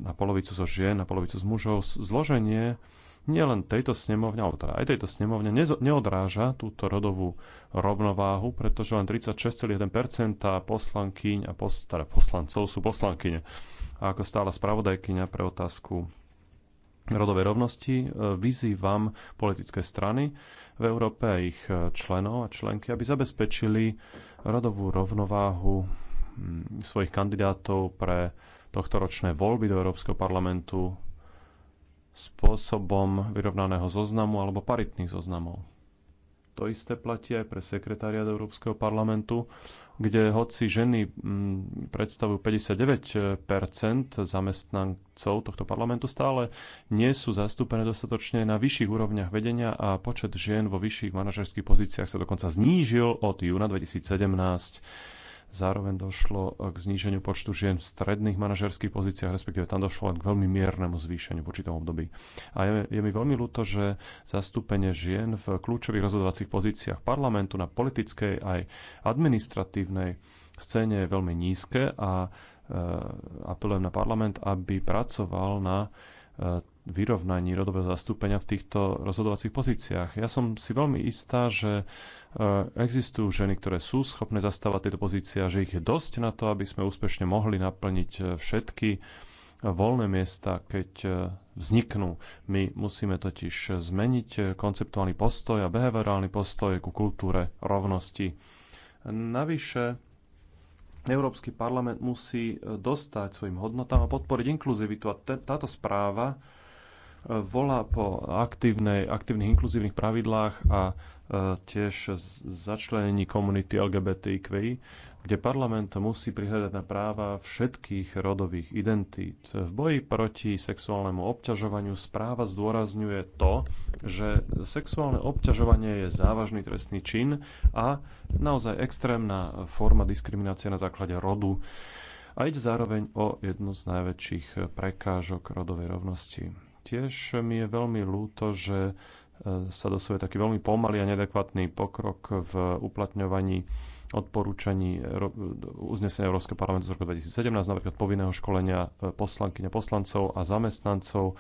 Speaker 7: na polovicu zo žien, na polovicu z mužov, zloženie nielen tejto snemovne, alebo teda aj tejto snemovne, neodráža túto rodovú rovnováhu, pretože len 36,1% poslankyň a pos, teda poslancov sú poslankyne. A ako stála spravodajkyňa pre otázku rodovej rovnosti e, vyzývam politické strany v Európe a ich e, členov a členky, aby zabezpečili rodovú rovnováhu mm, svojich kandidátov pre tohto ročné voľby do Európskeho parlamentu spôsobom vyrovnaného zoznamu alebo paritných zoznamov. To isté platí aj pre sekretariat Európskeho parlamentu, kde hoci ženy mm, predstavujú 59 zamestnancov tohto parlamentu, stále nie sú zastúpené dostatočne na vyšších úrovniach vedenia a počet žien vo vyšších manažerských pozíciách sa dokonca znížil od júna 2017. Zároveň došlo eh, k zníženiu počtu žien v stredných manažerských pozíciách, respektíve tam došlo len k veľmi miernemu zvýšeniu v určitom období. A je, je mi veľmi ľúto, že zastúpenie žien v kľúčových rozhodovacích pozíciách parlamentu na politickej aj administratívnej scéne je veľmi nízke a e, apelujem na parlament, aby pracoval na e, vyrovnaní rodového zastúpenia v týchto rozhodovacích pozíciách. Ja som si veľmi istá, že E, existujú ženy, ktoré sú schopné zastávať tieto pozície a že ich je dosť na to, aby sme úspešne mohli naplniť e, všetky e, voľné miesta, keď vzniknú. My musíme totiž zmeniť konceptuálny postoj a behaviorálny postoj ku kultúre rovnosti. Navyše, Európsky parlament musí dostať svojim hodnotám a podporiť inkluzivitu. A táto správa volá po aktívnej, aktívnych inkluzívnych pravidlách a E, tiež začlenení komunity LGBTIQI, kde parlament musí prihľadať na práva všetkých rodových identít. V boji proti sexuálnemu obťažovaniu správa zdôrazňuje to, že sexuálne obťažovanie je závažný trestný čin a naozaj extrémna forma diskriminácie na základe rodu a ide zároveň o jednu z najväčších prekážok rodovej rovnosti. Tiež mi je veľmi ľúto, že E, sa dosuje taký veľmi pomalý a neadekvátny pokrok v uplatňovaní odporúčaní uznesenia Európskeho parlamentu z roku 2017, napríklad povinného školenia e, poslankyne poslancov a zamestnancov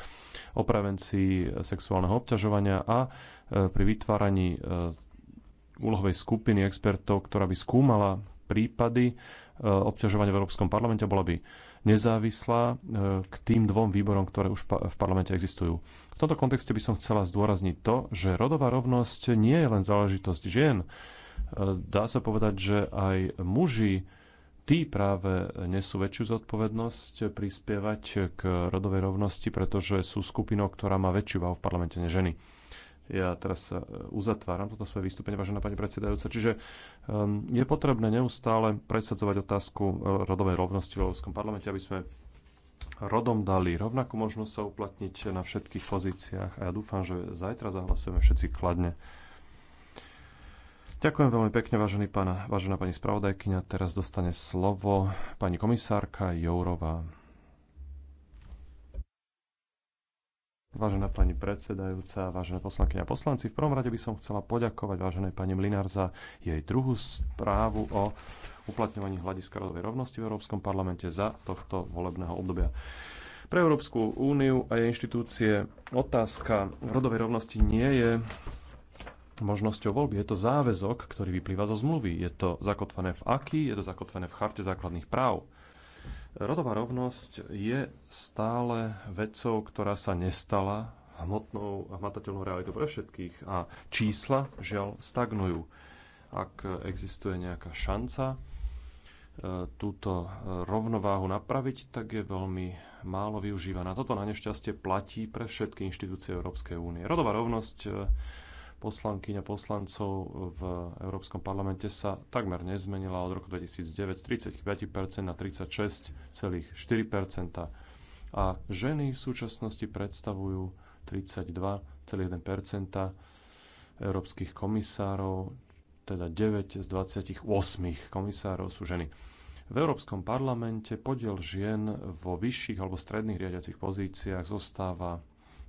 Speaker 7: o prevencii sexuálneho obťažovania a e, pri vytváraní úlohovej skupiny expertov, ktorá by skúmala prípady obťažovania v Európskom parlamente, bola by nezávislá e, k tým dvom výborom, ktoré už v parlamente existujú. V tomto kontexte by som chcela zdôrazniť to, že rodová rovnosť nie je len záležitosť žien. E, dá sa povedať, že aj muži tí práve nesú väčšiu zodpovednosť prispievať k rodovej rovnosti, pretože sú skupinou, ktorá má väčšiu váhu v parlamente než ženy. Ja teraz e, uzatváram toto svoje vystúpenie, vážená pani predsedajúca. Čiže um, je potrebné neustále presadzovať otázku e, rodovej rovnosti v Európskom parlamente, aby sme rodom dali rovnakú možnosť sa uplatniť na všetkých pozíciách a ja dúfam, že zajtra zahlasujeme všetci kladne. Ďakujem veľmi pekne, vážený pána, vážená pani spravodajkyňa. Teraz dostane slovo pani komisárka Jourová. Vážená pani predsedajúca, vážené poslankyne a poslanci, v prvom rade by som chcela poďakovať váženej pani Mlinár za jej druhú správu o uplatňovaní hľadiska rodovej rovnosti v Európskom parlamente za tohto volebného obdobia. Pre Európsku úniu a jej inštitúcie otázka rodovej rovnosti nie je možnosťou voľby. Je to záväzok, ktorý vyplýva zo zmluvy. Je to zakotvené v AKI, je to zakotvené v Charte základných práv Rodová rovnosť je stále vecou, ktorá sa nestala hmotnou a hmatateľnou realitou pre všetkých a čísla žiaľ stagnujú. Ak existuje nejaká šanca e, túto e, rovnováhu napraviť, tak je veľmi málo využívaná. Toto na nešťastie platí pre všetky inštitúcie Európskej únie. Rodová rovnosť e, poslankyň a poslancov v Európskom parlamente sa takmer nezmenila od roku 2009 z 35% na 36,4%. A ženy v súčasnosti predstavujú 32,1% európskych komisárov, teda 9 z 28 komisárov sú ženy. V Európskom parlamente podiel žien vo vyšších alebo stredných riadiacich pozíciách zostáva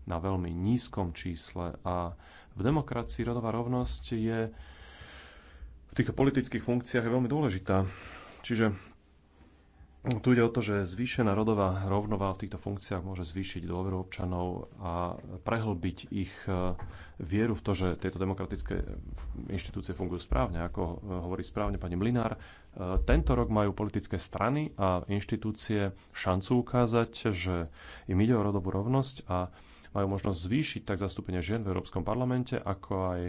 Speaker 7: na veľmi nízkom čísle a v demokracii rodová rovnosť je v týchto politických funkciách je veľmi dôležitá. Čiže tu ide o to, že zvýšená rodová rovnova v týchto funkciách môže zvýšiť dôveru občanov a prehlbiť ich e, vieru v to, že tieto demokratické inštitúcie fungujú správne. Ako e, hovorí správne pani Mlinár, e, tento rok majú politické strany a inštitúcie šancu ukázať, že im ide o rodovú rovnosť a majú možnosť zvýšiť tak zastúpenie žien v Európskom parlamente, ako aj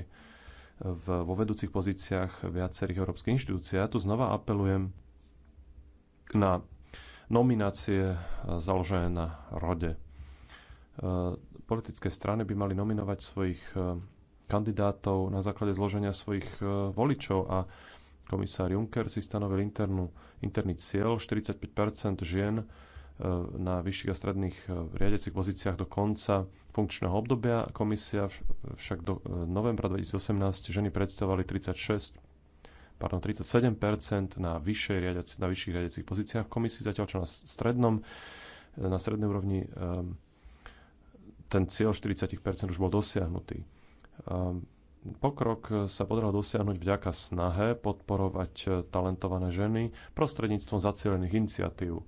Speaker 7: v, vo vedúcich pozíciách viacerých európskych inštitúcií. Ja tu znova apelujem na nominácie založené na rode. E, politické strany by mali nominovať svojich e, kandidátov na základe zloženia svojich e, voličov a komisár Juncker si stanovil internú, interný cieľ 45 žien E, na vyšších a stredných e, riadiacich pozíciách do konca funkčného obdobia. Komisia však do e, novembra 2018 ženy predstavovali 36 pardon, 37 na, vyššej na vyšších riadiacich pozíciách v komisii, zatiaľ čo na strednom, na strednej úrovni ten cieľ 40 už bol dosiahnutý. Pokrok sa podarilo dosiahnuť vďaka snahe podporovať talentované ženy prostredníctvom zacielených iniciatív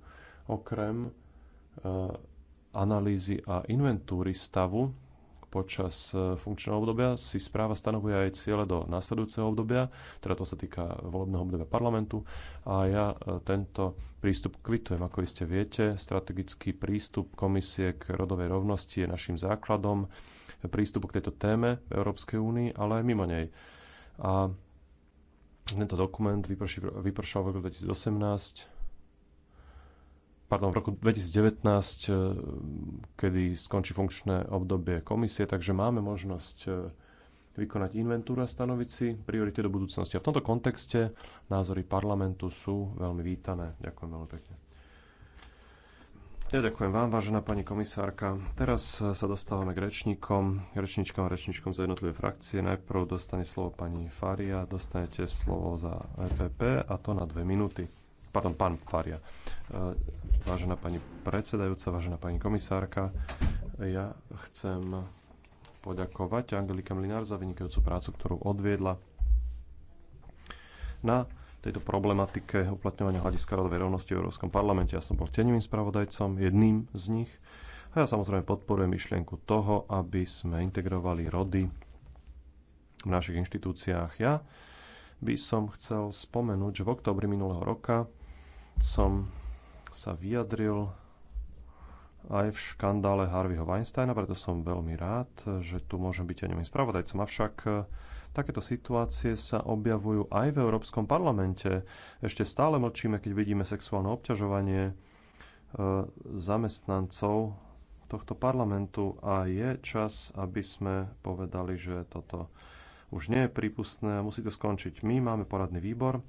Speaker 7: Okrem e, analýzy a inventúry stavu počas e, funkčného obdobia si správa stanovuje aj ciele do následujúceho obdobia, teda to sa týka volebného obdobia parlamentu. A ja e, tento prístup kvitujem, ako iste viete. Strategický prístup komisie k rodovej rovnosti je našim základom prístupu k tejto téme v Európskej únii, ale aj mimo nej. A tento dokument vypršal v roku 2018 pardon, v roku 2019, e, kedy skončí funkčné obdobie komisie, takže máme možnosť e, vykonať inventúru a stanoviť si priority do budúcnosti. A v tomto kontexte názory parlamentu sú veľmi vítané. Ďakujem veľmi pekne. Ja ďakujem vám, vážená pani komisárka. Teraz e, sa dostávame k rečníkom, rečníčkom a rečníčkom za jednotlivé frakcie. Najprv dostane slovo pani Faria, dostanete slovo za EPP a to na dve minúty pardon, pán Faria. E, vážená pani predsedajúca, vážená pani komisárka, ja chcem poďakovať Angelike Mlinár za vynikajúcu prácu, ktorú odviedla na tejto problematike uplatňovania hľadiska rodovej rovnosti v Európskom parlamente. Ja som bol tenivým spravodajcom, jedným z nich. A ja samozrejme podporujem myšlienku toho, aby sme integrovali rody v našich inštitúciách. Ja by som chcel spomenúť, že v oktobri minulého roka som sa vyjadril aj v škandále Harveyho Weinsteina, preto som veľmi rád, že tu môžem byť aj nemým spravodajcom. Avšak e, takéto situácie sa objavujú aj v Európskom parlamente. Ešte stále mlčíme, keď vidíme sexuálne obťažovanie e, zamestnancov tohto parlamentu a je čas, aby sme povedali, že toto už nie je prípustné a musí to skončiť. My máme poradný výbor,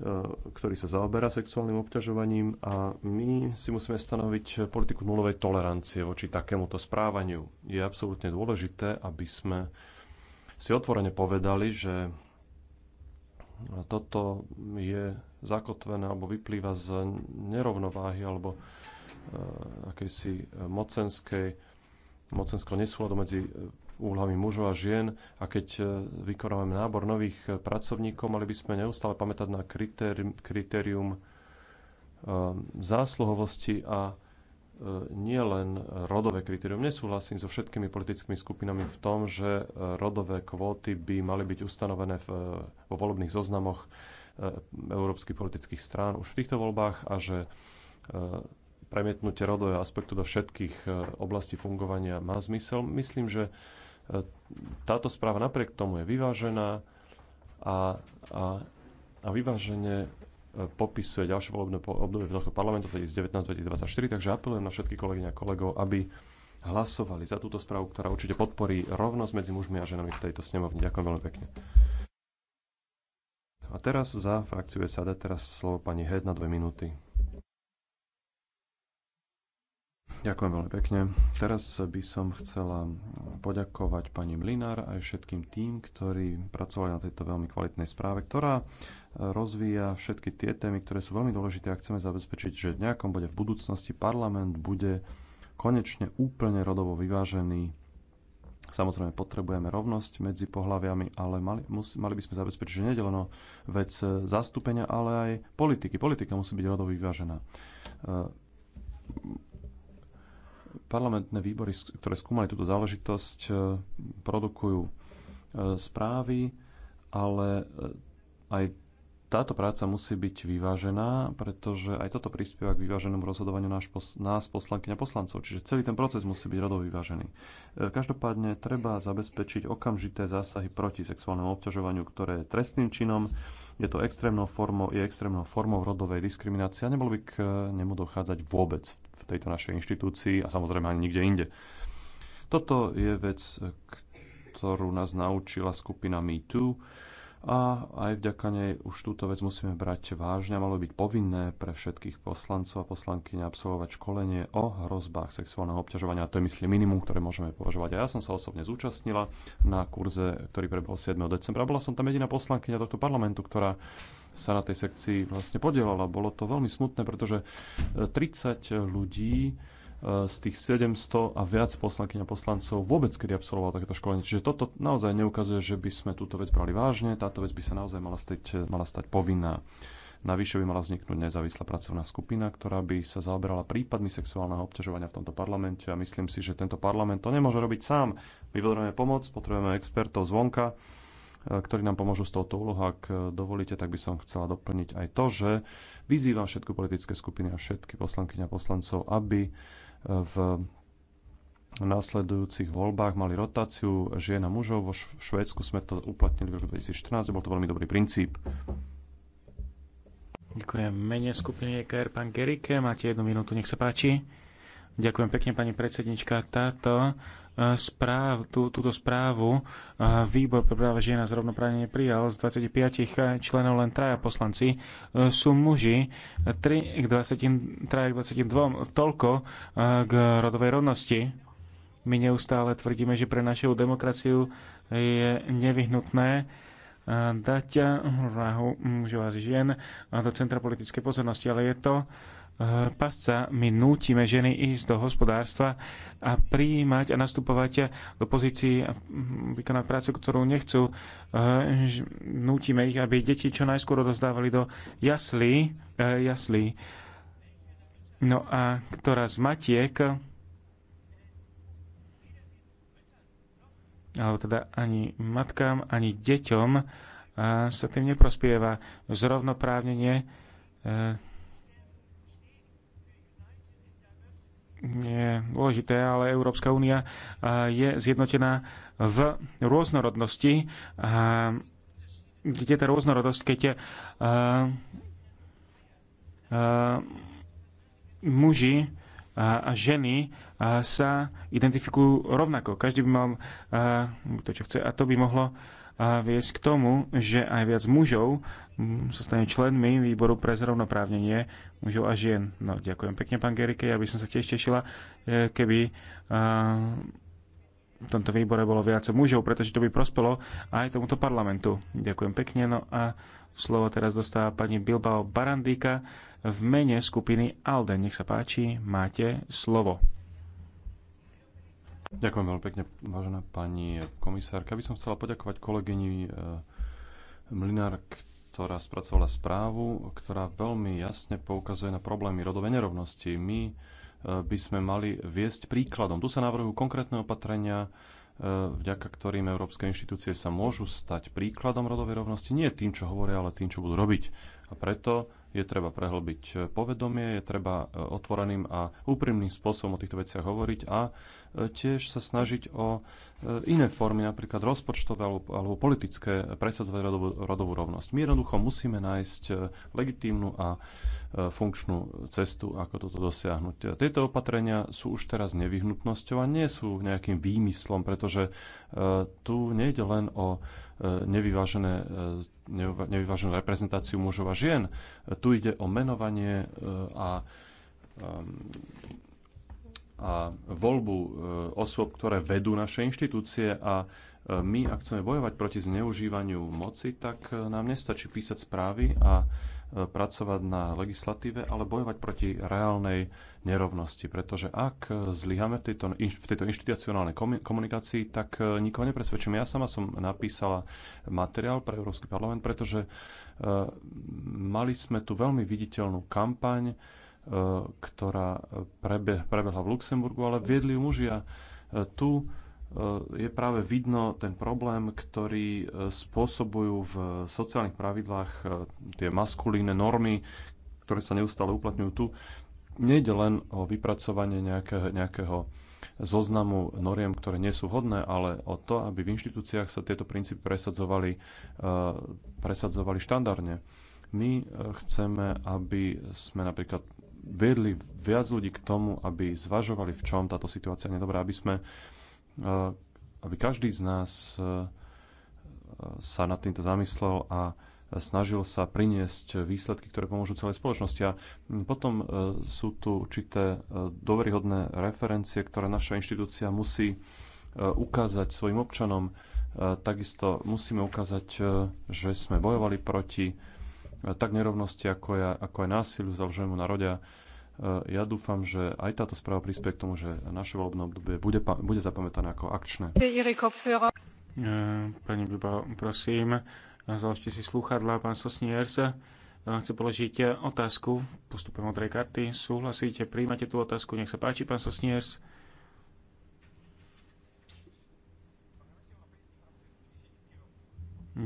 Speaker 7: E, ktorý sa zaoberá sexuálnym obťažovaním a my si musíme stanoviť politiku nulovej tolerancie voči takémuto správaniu. Je absolútne dôležité, aby sme si otvorene povedali, že toto je zakotvené alebo vyplýva z nerovnováhy alebo e, akejsi mocenskej mocenského nesúladu medzi úlohami mužov a žien a keď e, vykonávame nábor nových e, pracovníkov, mali by sme neustále pamätať na kritérium, kritérium e, zásluhovosti a nie len rodové kritérium. Nesúhlasím so všetkými politickými skupinami v tom, že rodové kvóty by mali byť ustanovené v, vo volebných zoznamoch európskych politických strán už v týchto voľbách a že premietnutie rodového aspektu do všetkých oblastí fungovania má zmysel. Myslím, že táto správa napriek tomu je vyvážená a, a, a vyvážene e, popisuje ďalšie volebné obdobie v tohto parlamentu 2019-2024, takže apelujem na všetky kolegyne a kolegov, aby hlasovali za túto správu, ktorá určite podporí rovnosť medzi mužmi a ženami v tejto snemovni. Ďakujem veľmi pekne. A teraz za frakciu SAD teraz slovo pani Hed na dve minúty. Ďakujem veľmi pekne. Teraz by som chcela poďakovať pani Mlinár aj všetkým tým, ktorí pracovali na tejto veľmi kvalitnej správe, ktorá e, rozvíja všetky tie témy, ktoré sú veľmi dôležité a chceme zabezpečiť, že v nejakom bode v budúcnosti parlament bude konečne úplne rodovo vyvážený. Samozrejme, potrebujeme rovnosť medzi pohľaviami, ale mali, mus, mali by sme zabezpečiť, že nedeleno vec zastúpenia, ale aj politiky. Politika musí byť rodovo vyvážená e, parlamentné výbory, ktoré skúmali túto záležitosť, e, produkujú e, správy, ale e, aj táto práca musí byť vyvážená, pretože aj toto prispieva k vyváženému rozhodovaniu nás, pos- nás poslanky a poslancov. Čiže celý ten proces musí byť rodov vyvážený. Každopádne treba zabezpečiť okamžité zásahy proti sexuálnemu obťažovaniu, ktoré je trestným činom, je to extrémnou formou, je extrémnou formou rodovej diskriminácie a nebolo by k nemu dochádzať vôbec v v tejto našej inštitúcii a samozrejme ani nikde inde. Toto je vec, ktorú nás naučila skupina MeToo a aj vďaka nej už túto vec musíme brať vážne. Malo byť povinné pre všetkých poslancov a poslanky absolvovať školenie o hrozbách sexuálneho obťažovania. A to je, myslím, minimum, ktoré môžeme považovať. A ja som sa osobne zúčastnila na kurze, ktorý prebehol 7. decembra. Bola som tam jediná poslankyňa tohto parlamentu, ktorá sa na tej sekcii vlastne podielala. Bolo to veľmi smutné, pretože 30 ľudí Eh, z tých 700 a viac poslankyň a poslancov vôbec kedy absolvovalo takéto školenie. Čiže toto naozaj neukazuje, že by sme túto vec brali vážne. Táto vec by sa naozaj mala stať, eh, mala stať povinná. Navyše by mala vzniknúť nezávislá pracovná skupina, ktorá by sa zaoberala prípadmi sexuálneho obťažovania v tomto parlamente a myslím si, že tento parlament to nemôže robiť sám. My potrebujeme pomoc, potrebujeme expertov zvonka, eh, ktorí nám pomôžu s touto úlohou. Ak dovolíte, tak by som chcela doplniť aj to, že vyzývam všetky politické skupiny a všetky poslankyňa poslancov, aby v nasledujúcich voľbách mali rotáciu žien a mužov. Vo Švédsku sme to uplatnili v roku 2014 bol to veľmi dobrý princíp. Ďakujem. Mene skupiny EKR,
Speaker 2: pán Gerike,
Speaker 7: máte jednu minútu,
Speaker 2: nech sa páči. Ďakujem pekne, pani predsednička. Táto Eh, správ, tú, túto správu eh, výbor pre práva žien a zrovnoprávne prijal. Z 25 eh, členov len traja poslanci sú muži, 3 k, 20, 3 k 22, toľko k rodovej rovnosti. My neustále tvrdíme, že pre našu demokraciu je nevyhnutné dať rovnahu mužov a žien do centra politickej pozornosti, ale je to Eh, pasca my nútime ženy ísť do hospodárstva a prijímať a nastupovať do pozícií a hm, vykonať prácu, ktorú nechcú. Eh, nútime ich, aby deti čo najskôr rozdávali do jaslí. Eh, jaslí. No a ktorá z matiek alebo teda ani matkám, ani deťom sa tým neprospieva. Zrovnoprávnenie je dôležité, ale Európska únia eh, je zjednotená v rôznorodnosti. A kde tá rôznorodosť, keď je, eh, eh, muži a ženy sa identifikujú rovnako. Každý by mal to, čo chce, a to by mohlo viesť k tomu, že aj viac mužov sa stane členmi výboru pre zrovnoprávnenie mužov a žien. No, ďakujem pekne, pán Gerike. Ja by som sa tiež tešila, e, keby e, v tomto výbore bolo viac mužov, pretože to by prospelo aj tomuto parlamentu. Ďakujem pekne. No a slovo teraz dostáva pani Bilbao Barandíka v mene skupiny ALDE. Nech sa páči,
Speaker 7: máte slovo. Ďakujem veľmi pekne, vážená pani komisárka. By som chcela poďakovať kolegyni e, Mlinár, ktorá spracovala správu, ktorá veľmi jasne poukazuje na problémy rodovej nerovnosti. My e, by sme mali viesť príkladom. Tu sa navrhujú konkrétne opatrenia, e, vďaka ktorým európske inštitúcie sa môžu stať príkladom rodovej rovnosti, nie tým, čo hovoria, ale tým, čo budú robiť. A preto je treba prehlbiť povedomie, je treba e, otvoreným a úprimným spôsobom o týchto veciach hovoriť a e, tiež sa snažiť o e, iné formy, napríklad rozpočtové alebo, alebo politické, presadzovať rodovú, rodovú rovnosť. My jednoducho musíme nájsť legitímnu a funkčnú cestu, ako toto dosiahnuť. Tieto opatrenia sú už teraz nevyhnutnosťou a nie sú nejakým výmyslom, pretože tu nejde len o E, nevyvážené, e, nevyváženú reprezentáciu mužov a žien. Tu ide o menovanie e, a a voľbu osôb, ktoré vedú naše inštitúcie a my, ak chceme bojovať proti zneužívaniu moci, tak nám nestačí písať správy a E, pracovať na legislatíve, ale bojovať proti reálnej nerovnosti. Pretože ak e, zlyhame v tejto, v tejto inštitucionálnej komunikácii, tak e, nikoho nepresvedčíme. Ja sama som napísala materiál pre Európsky parlament, pretože mali sme tu veľmi viditeľnú kampaň, ktorá prebe, prebehla v Luxemburgu, ale viedli ju mužia. Tu E, je práve vidno ten problém, ktorý e, spôsobujú v sociálnych pravidlách e, tie maskulíne normy, ktoré sa neustále uplatňujú tu. Nejde len o vypracovanie nejakého, nejakého zoznamu noriem, ktoré nie sú hodné, ale o to, aby v inštitúciách sa tieto princípy presadzovali, presadzovali štandardne. My chceme, aby sme napríklad viedli viac ľudí k tomu, aby zvažovali, v čom táto situácia je nedobrá, aby sme aby každý z nás e, e, sa nad týmto zamyslel a snažil sa priniesť výsledky, ktoré pomôžu celej spoločnosti. A potom e, sú tu určité doveryhodné referencie, ktoré naša inštitúcia musí ukázať svojim občanom. Takisto musíme ukázať, že sme bojovali proti tak nerovnosti, ako, je ako aj násiliu založenému na rodia. Ja dúfam, že aj táto správa prispie k tomu, že naše voľbné obdobie bude, bude zapamätané ako akčné. Eh, pani Biba, prosím, založte si slúchadla, pán
Speaker 2: Sosniers. Eh, chce položiť otázku Postupujem modrej karty. Súhlasíte, príjmate tú otázku, nech sa páči, pán Sosniers.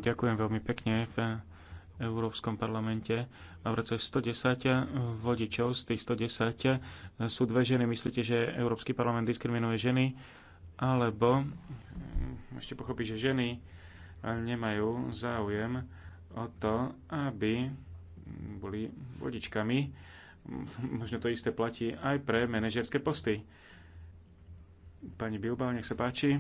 Speaker 2: Ďakujem veľmi pekne. Eh, Európskom parlamente a v roce 110 vodičov z tých 110 sú dve ženy. Myslíte, že Európsky parlament diskriminuje ženy? Alebo môžete pochopiť, že ženy nemajú záujem o to, aby boli vodičkami. Možno to isté platí aj pre manažerské posty. Pani Bilbao, nech sa páči.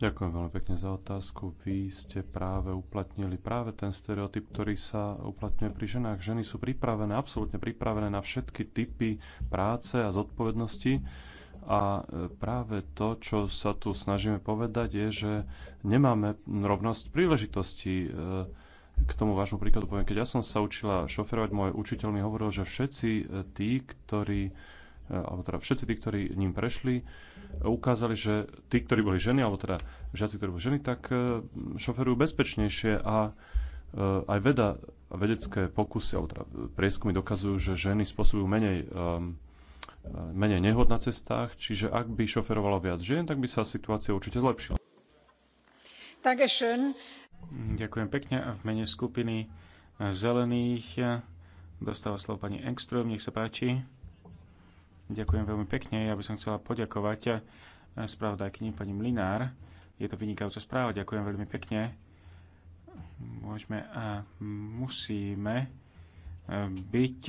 Speaker 7: Ďakujem veľmi pekne za otázku. Vy ste práve uplatnili práve ten stereotyp, ktorý sa uplatňuje pri ženách. Ženy sú pripravené, absolútne pripravené na všetky typy práce a zodpovednosti. A e, práve to, čo sa tu snažíme povedať, je, že nemáme rovnosť príležitosti e, K tomu vášmu príkladu poviem, keď ja som sa učila šoferovať, môj učiteľ mi hovoril, že všetci e, tí, ktorí E, alebo teda všetci tí, ktorí ním prešli, ukázali, že tí, ktorí boli ženy, alebo teda žiaci, ktorí boli ženy, tak e, šoferujú bezpečnejšie a e, aj veda, a vedecké pokusy, alebo teda prieskumy dokazujú, že ženy spôsobujú menej, um, menej nehod na cestách, čiže ak by šoferovalo viac žien, tak by sa situácia určite zlepšila.
Speaker 4: Také schön.
Speaker 7: Ďakujem pekne a v mene
Speaker 2: skupiny zelených dostáva slovo pani Engström, nech sa páči. Ďakujem veľmi pekne. Ja by som chcela poďakovať eh, spravodajkyni pani Mlinár. Je to vynikajúca správa. Ďakujem veľmi pekne. Môžeme a musíme eh, byť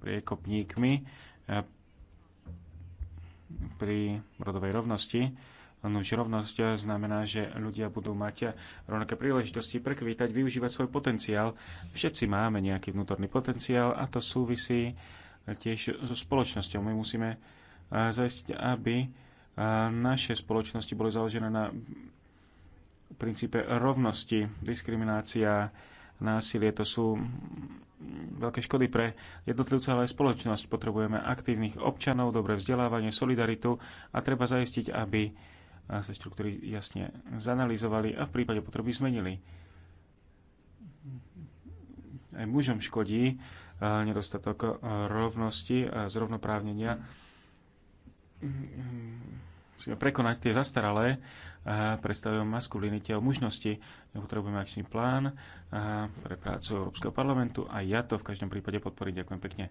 Speaker 2: priekopníkmi eh, pri rodovej rovnosti. Nož rovnosť znamená, že ľudia budú mať rovnaké príležitosti prekvítať, využívať svoj potenciál. Všetci máme nejaký vnútorný potenciál a to súvisí tiež so spoločnosťou. My musíme e, zaistiť, aby e, naše spoločnosti boli založené na princípe rovnosti, diskriminácia, násilie. To sú veľké škody pre jednotlivca, ale aj spoločnosť. Potrebujeme aktívnych občanov, dobré vzdelávanie, solidaritu a treba zaistiť, aby e, sa štruktúry jasne zanalizovali a v prípade potreby zmenili. Aj mužom škodí nedostatok eh, rovnosti a zrovnoprávnenia musíme prekonať tie zastaralé eh, predstavujú maskulinite o mužnosti. Potrebujeme akčný plán eh, pre prácu Európskeho parlamentu a ja to v každom prípade podporím. Ďakujem pekne.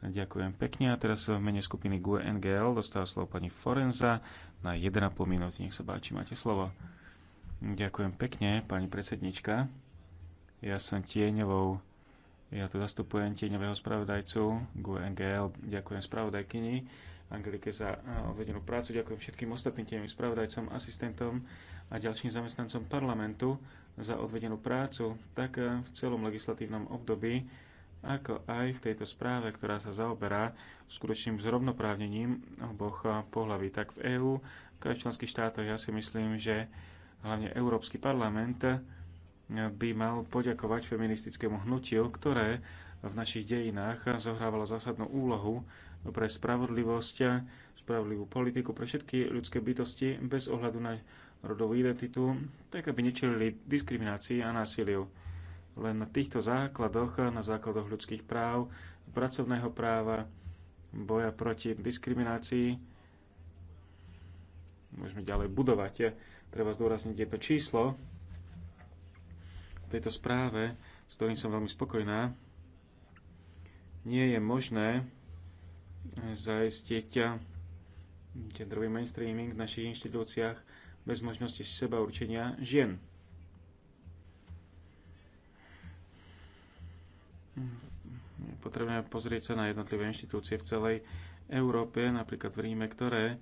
Speaker 2: Ďakujem pekne. A teraz v mene skupiny GUE NGL dostáva slovo pani Forenza na 1,5 minúty. Nech sa báči, máte slovo. Ďakujem pekne, pani predsednička. Ja som tieňovou ja tu zastupujem tieňového spravodajcu GUNGL. Ďakujem spravodajkyni Angelike za uvedenú eh, prácu. Ďakujem všetkým ostatným tieňovým spravodajcom, asistentom a ďalším zamestnancom parlamentu za odvedenú prácu tak eh, v celom legislatívnom období, ako aj v tejto správe, ktorá sa zaoberá skutočným zrovnoprávnením oboch eh, pohlaví. Tak v EÚ, ako aj v členských štátoch, ja si myslím, že hlavne Európsky parlament by mal poďakovať feministickému hnutiu, ktoré v našich dejinách zohrávalo zásadnú úlohu pre spravodlivosť, spravodlivú politiku pre všetky ľudské bytosti bez ohľadu na rodovú identitu, tak aby nečelili diskriminácii a násiliu. Len na týchto základoch, na základoch ľudských práv, pracovného práva, boja proti diskriminácii, môžeme ďalej budovať. Treba zdôrazniť jedno číslo, tejto správe, s ktorým som veľmi spokojná, nie je možné eh, zaistiť eh, genderový mainstreaming v našich inštitúciách bez možnosti seba určenia žien. Je potrebné pozrieť sa na jednotlivé inštitúcie v celej Európe, napríklad v Ríme, ktoré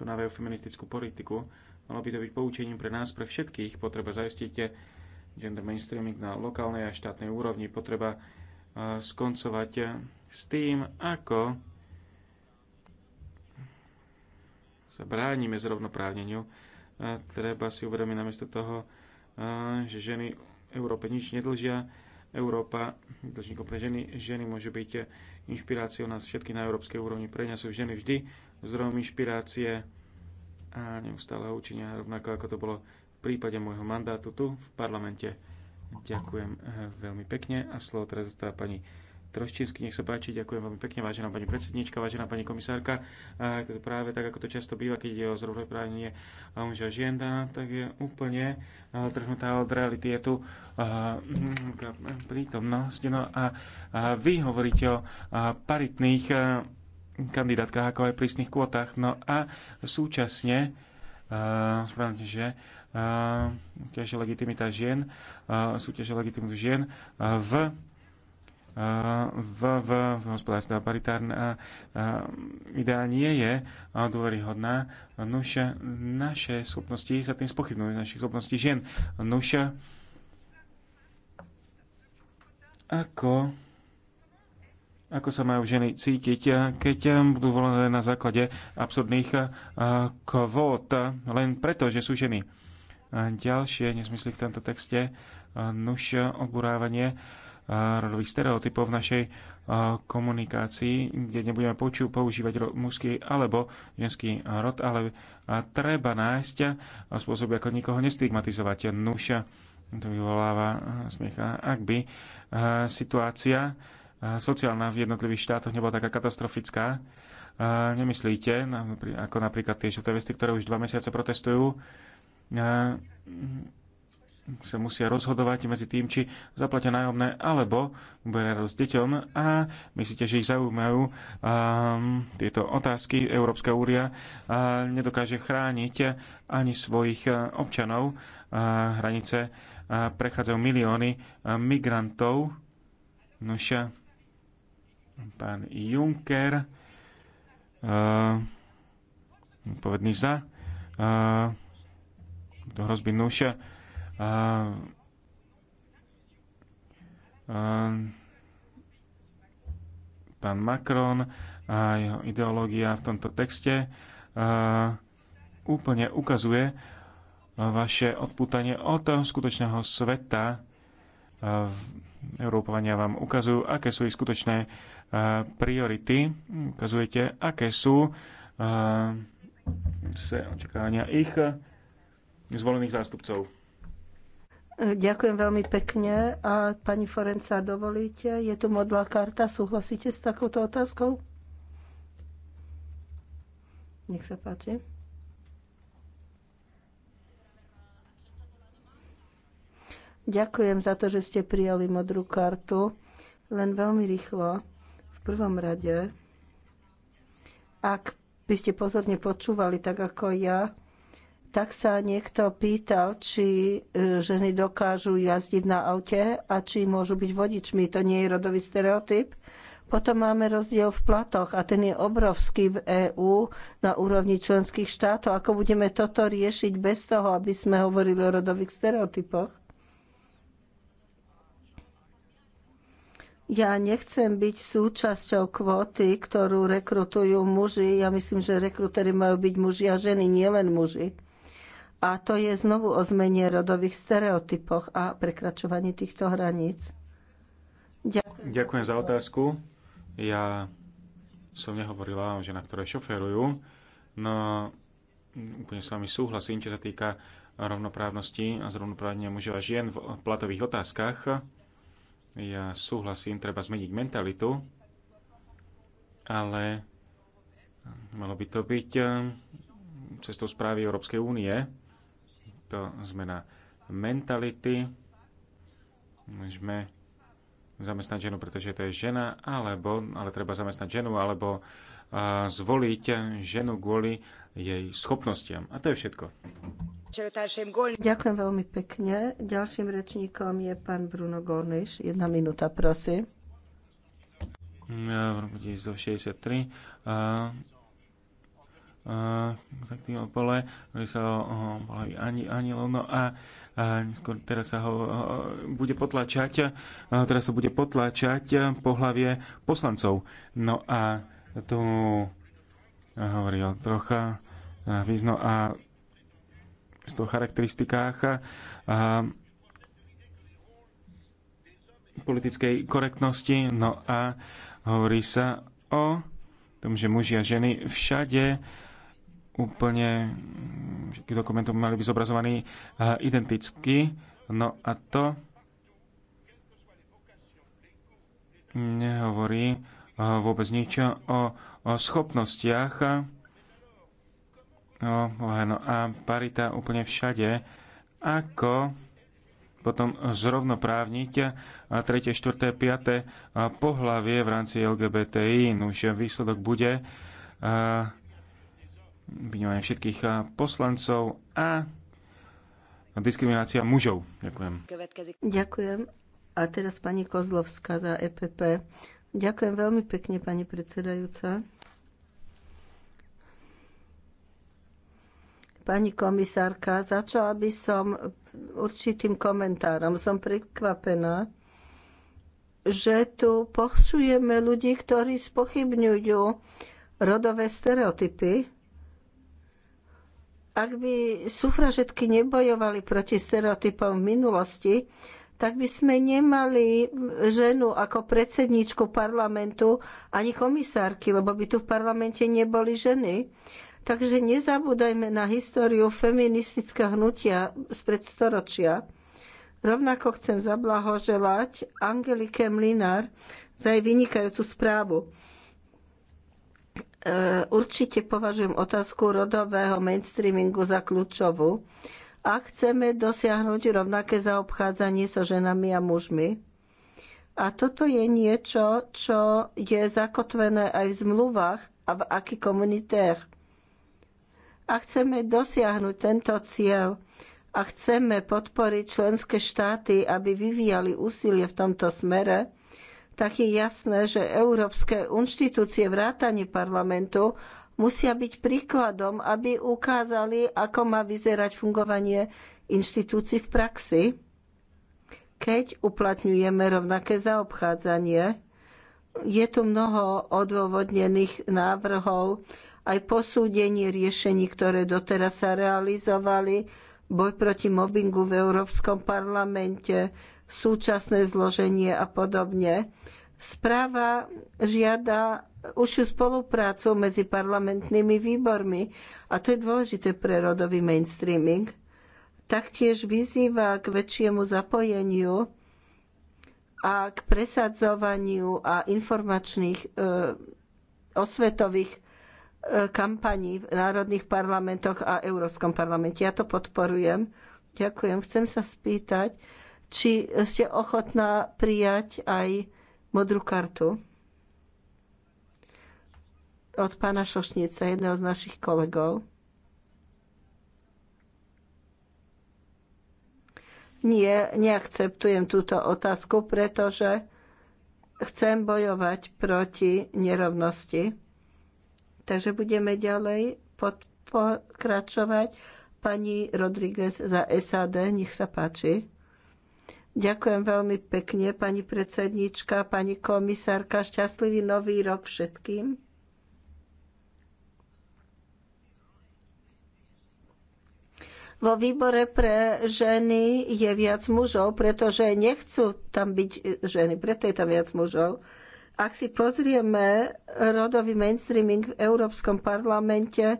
Speaker 2: ponávajú eh, feministickú politiku Malo by to byť poučením pre nás, pre všetkých. Potreba zaistiť gender mainstreaming na lokálnej a štátnej úrovni. Potreba eh, skoncovať eh, s tým, ako sa bránime zrovnoprávneniu. Treba si uvedomiť namiesto toho, eh, že ženy Európe nič nedlžia. Európa, dlžníkom pre ženy, ženy môžu byť inšpiráciou nás všetky na európskej úrovni. Pre ňa sú ženy vždy zdrojom inšpirácie a neustále ho učinia, rovnako ako to bolo v prípade môjho mandátu tu v parlamente. Ďakujem eh, veľmi pekne a slovo teraz zostáva pani Troščinsky. nech sa páči, ďakujem veľmi pekne, vážená pani predsednička, vážená pani komisárka. Eh, práve tak, ako to často býva, keď ide o zrovnoprávnenie eh, muža a žien, tak je úplne trhnutá od reality. Je tu mm, prítomnosť. No a vy hovoríte o paritných kandidátkach, ako aj prísnych kvotách. No a súčasne, uh, eh, správne, že uh, eh, súťaže legitimita žien, uh, eh, súťaže legitimitu žien uh, v v, v, v hospodárstve a paritárne a, a ideá nie je dôveryhodná. Nuž, naše schopnosti sa tým spochybnujú, naše schopnosti žien. Nuž, ako ako sa majú ženy cítiť, keď budú volené na základe absurdných eh, kvót, len preto, že sú ženy. Ďalšie nesmysly v tomto texte, eh, nuž obúrávanie eh, rodových stereotypov v našej komunikácii, kde nebudeme poču, používať mužský alebo ženský rod, ale treba nájsť spôsob, ako nikoho nestigmatizovať. Nuž to vyvoláva smiecha, ak by situácia sociálna v jednotlivých štátoch nebola taká katastrofická. Nemyslíte, ako napríklad tie žltevesty, ktoré už dva mesiace protestujú, sa musia rozhodovať medzi tým, či zaplatia nájomné, alebo uberia radosť deťom. A myslíte, že ich zaujímajú um, tieto otázky? Európska úria uh, nedokáže chrániť ani svojich uh, občanov. Uh, hranice uh, prechádzajú milióny uh, migrantov. Nož pán Juncker, eh, povedný za, eh, do hrozby nuša, eh, pán Macron a jeho ideológia v tomto texte úplne ukazuje vaše odputanie od toho skutočného sveta. Európovania vám ukazujú, aké sú ich skutočné priority, ukazujete, aké sú se očakávania ich e, zvolených zástupcov.
Speaker 8: E, ďakujem veľmi pekne. A pani Forenca, dovolíte? Je tu modlá karta. Súhlasíte s takouto otázkou? Nech sa páči. Ďakujem za to, že ste prijali modrú kartu. Len veľmi rýchlo prvom rade, ak by ste pozorne počúvali tak ako ja, tak sa niekto pýtal, či e, ženy dokážu jazdiť na aute a či môžu byť vodičmi. To nie je rodový stereotyp. Potom máme rozdiel v platoch a ten je obrovský v EÚ na úrovni členských štátov. Ako budeme toto riešiť bez toho, aby sme hovorili o rodových stereotypoch? Ja nechcem byť súčasťou kvóty, ktorú rekrutujú muži. Ja myslím, že rekrutery majú byť muži a ženy, nielen muži. A to je znovu o zmene rodových stereotypoch a prekračovaní týchto hraníc. Ďakujem.
Speaker 2: Ďakujem za otázku. Ja som nehovorila o ženách, ktoré šoferujú. No, úplne s vami súhlasím, čo sa týka rovnoprávnosti a zrovnoprávnenia mužov a žien v platových otázkach ja súhlasím, treba zmeniť mentalitu, ale malo by to byť eh, cestou správy Európskej únie. To zmena mentality. Môžeme zamestnať ženu, pretože to je žena, alebo, ale treba zamestnať ženu, alebo eh, zvoliť ženu kvôli jej schopnostiam. A to je všetko.
Speaker 8: Ďakujem veľmi pekne. Ďalším rečníkom je pán Bruno Gorniš. Jedna minúta, prosím.
Speaker 2: Ja, v roku a, tým opole, sa o, ani, ani no a, a neskôr teraz sa ho o, bude potlačať, a, teraz sa bude potlačať pohlavie poslancov. No a tu hovorí o trocha, a, význo, a charakteristikách a politickej korektnosti. No a hovorí sa o tom, že muži a ženy všade úplne všetky dokumentov mali byť zobrazovaní identicky. No a to nehovorí vôbec nič o, o schopnostiach No, no a parita úplne všade. Ako potom zrovnoprávniť a 3., 4., 5. pohlavie v rámci LGBTI. No, už e, výsledok bude vyňovanie všetkých poslancov a diskriminácia mužov. Ďakujem.
Speaker 8: Ďakujem. A teraz pani Kozlovská za EPP. Ďakujem veľmi pekne, pani predsedajúca. Pani komisárka, začala by som určitým komentárom. Som prekvapená, že tu pochšujeme ľudí, ktorí spochybňujú rodové stereotypy. Ak by sufražetky nebojovali proti stereotypom v minulosti, tak by sme nemali ženu ako predsedníčku parlamentu ani komisárky, lebo by tu v parlamente neboli ženy. Takže nezabúdajme na históriu feministického hnutia spred storočia. Rovnako chcem zablahoželať Angelike Mlinár za jej vynikajúcu správu. E, určite považujem otázku rodového mainstreamingu za kľúčovú. A chceme dosiahnuť rovnaké zaobchádzanie so ženami a mužmi. A toto je niečo, čo je zakotvené aj v zmluvách a v akých komunitách a chceme dosiahnuť tento cieľ a chceme podporiť členské štáty, aby vyvíjali úsilie v tomto smere, tak je jasné, že európske inštitúcie vrátane parlamentu musia byť príkladom, aby ukázali, ako má vyzerať fungovanie inštitúcií v praxi, keď uplatňujeme rovnaké zaobchádzanie. Je tu mnoho odôvodnených návrhov aj posúdenie riešení, ktoré doteraz sa realizovali, boj proti mobbingu v Európskom parlamente, súčasné zloženie a podobne. Správa žiada užšiu spoluprácu medzi parlamentnými výbormi a to je dôležité pre rodový mainstreaming. Taktiež vyzýva k väčšiemu zapojeniu a k presadzovaniu a informačných e, osvetových kampaní v národných parlamentoch a Európskom parlamente. Ja to podporujem. Ďakujem. Chcem sa spýtať, či ste ochotná prijať aj modrú kartu od pána Šošnica, jedného z našich kolegov. Nie, neakceptujem túto otázku, pretože chcem bojovať proti nerovnosti Takže budeme ďalej pokračovať. Pani Rodriguez za SAD, nech sa páči. Ďakujem veľmi pekne, pani predsednička, pani komisárka. Šťastlivý nový rok všetkým. Vo výbore pre ženy je viac mužov, pretože nechcú tam byť ženy, preto je tam viac mužov. Ak si pozrieme rodový mainstreaming v Európskom parlamente,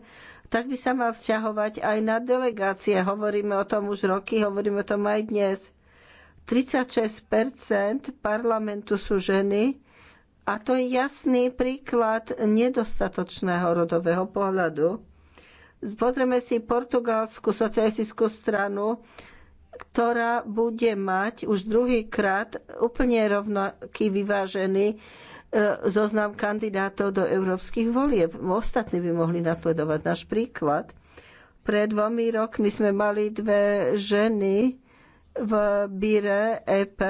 Speaker 8: tak by sa mal vzťahovať aj na delegácie. Hovoríme o tom už roky, hovoríme o tom aj dnes. 36 parlamentu sú ženy a to je jasný príklad nedostatočného rodového pohľadu. Pozrieme si portugalskú socialistickú stranu, ktorá bude mať už druhýkrát úplne rovnaký vyvážený E, zoznam kandidátov do európskych volieb. Ostatní by mohli nasledovať náš príklad. Pred dvomi rokmi sme mali dve ženy v Bire EP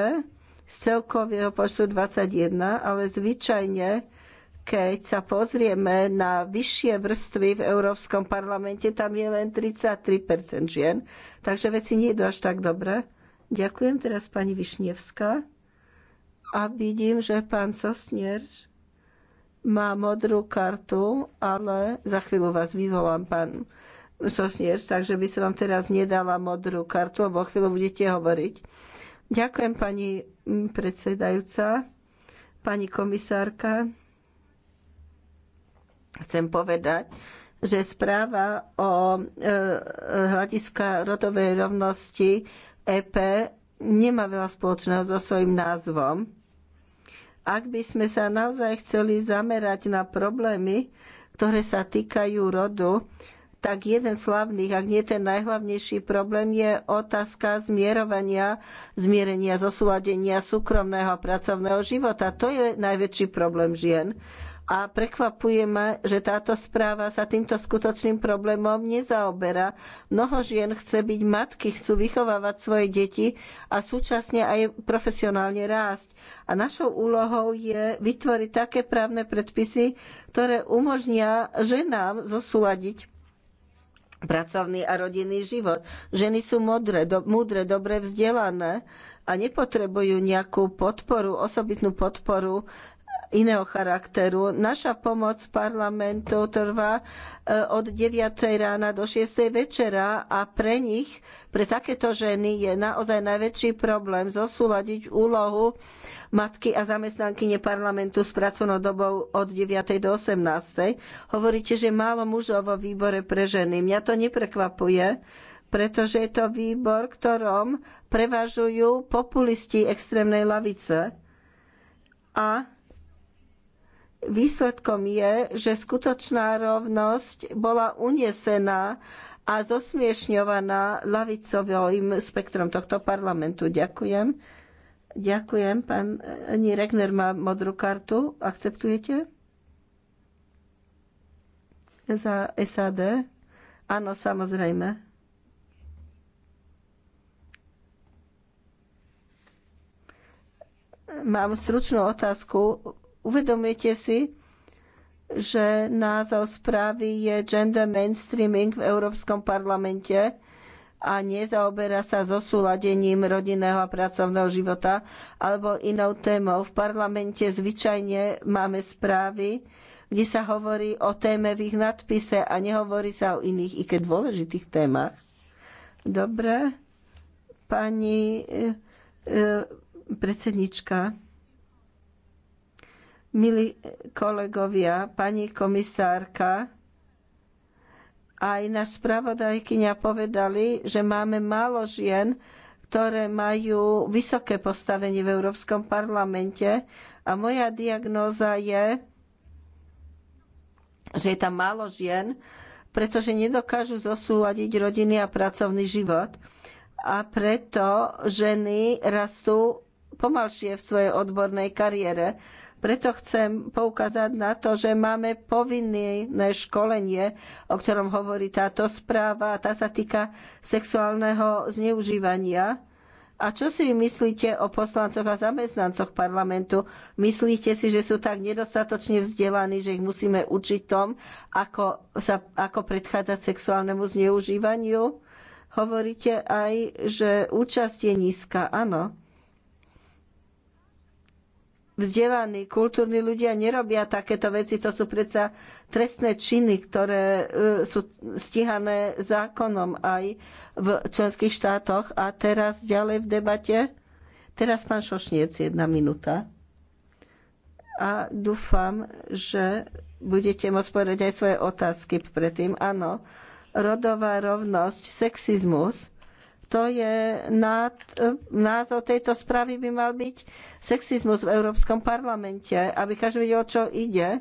Speaker 8: z celkového počtu 21, ale zvyčajne, keď sa pozrieme na vyššie vrstvy v Európskom parlamente, tam je len 33% žien. Takže veci nie idú až tak dobre. Ďakujem teraz pani Višnievská. A vidím, že pán Sosnier má modrú kartu, ale za chvíľu vás vyvolám, pán Sosnier, takže by som vám teraz nedala modrú kartu, lebo o chvíľu budete hovoriť. Ďakujem, pani predsedajúca, pani komisárka. Chcem povedať, že správa o e, hľadiska rodovej rovnosti EP nemá veľa spoločného so svojím názvom. Ak by sme sa naozaj chceli zamerať na problémy, ktoré sa týkajú rodu, tak jeden z hlavných, ak nie ten najhlavnejší problém, je otázka zmierovania, zmierenia, zosúladenia súkromného a pracovného života. To je najväčší problém žien. A prekvapuje ma, že táto správa sa týmto skutočným problémom nezaoberá. Mnoho žien chce byť matky, chcú vychovávať svoje deti a súčasne aj profesionálne rásť. A našou úlohou je vytvoriť také právne predpisy, ktoré umožnia ženám zosúladiť pracovný a rodinný život. Ženy sú modré, do, múdre, dobre vzdelané a nepotrebujú nejakú podporu, osobitnú podporu iného charakteru. Naša pomoc parlamentu trvá e, od 9. rána do 6. večera a pre nich, pre takéto ženy je naozaj najväčší problém zosúľadiť úlohu matky a zamestnankyne parlamentu s pracovnou dobou od 9. do 18. Hovoríte, že málo mužov vo výbore pre ženy. Mňa to neprekvapuje, pretože je to výbor, ktorom prevažujú populisti extrémnej lavice. A Výsledkom je, že skutočná rovnosť bola unesená a zosmiešňovaná lavicovým spektrom tohto parlamentu. Ďakujem. Ďakujem. Pani Regner má modrú kartu. Akceptujete? Za SAD? Áno, samozrejme. Mám stručnú otázku Uvedomujete si, že názov správy je gender mainstreaming v Európskom parlamente a nezaoberá sa zosúladením rodinného a pracovného života alebo inou témou. V parlamente zvyčajne máme správy, kde sa hovorí o téme v ich nadpise a nehovorí sa o iných, i keď dôležitých témach. Dobre, pani e, predsednička. Milí kolegovia, pani komisárka, aj náš spravodajkyňa povedali, že máme málo žien, ktoré majú vysoké postavenie v Európskom parlamente a moja diagnóza je, že je tam málo žien, pretože nedokážu zosúľadiť rodiny a pracovný život. A preto ženy rastú pomalšie v svojej odbornej kariére. Preto chcem poukázať na to, že máme povinné školenie, o ktorom hovorí táto správa. Tá sa týka sexuálneho zneužívania. A čo si myslíte o poslancoch a zamestnancoch parlamentu? Myslíte si, že sú tak nedostatočne vzdelaní, že ich musíme učiť tom, ako, sa, ako predchádzať sexuálnemu zneužívaniu? Hovoríte aj, že účasť je nízka. Áno vzdelaní, kultúrni ľudia nerobia takéto veci. To sú predsa trestné činy, ktoré e, sú stíhané zákonom aj v členských štátoch. A teraz ďalej v debate. Teraz pán Šošniec, jedna minúta. A dúfam, že budete môcť povedať aj svoje otázky predtým. Áno, rodová rovnosť, sexizmus to je nad, názov tejto správy by mal byť sexizmus v Európskom parlamente, aby každý vedel, o čo ide.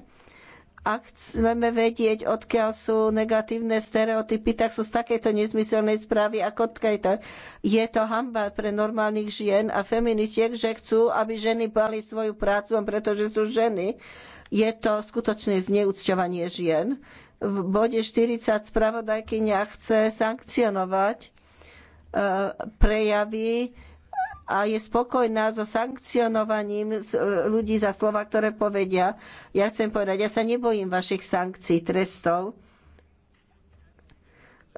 Speaker 8: Ak chceme vedieť, odkiaľ sú negatívne stereotypy, tak sú z takejto nezmyselnej správy ako odkiaľ. Je to hamba pre normálnych žien a feministiek, že chcú, aby ženy bali svoju prácu, pretože sú ženy. Je to skutočné zneúcťovanie žien. V bode 40 spravodajkyňa chce sankcionovať prejaví a je spokojná so sankcionovaním e, ľudí za slova, ktoré povedia. Ja chcem povedať, ja sa nebojím vašich sankcií, trestov.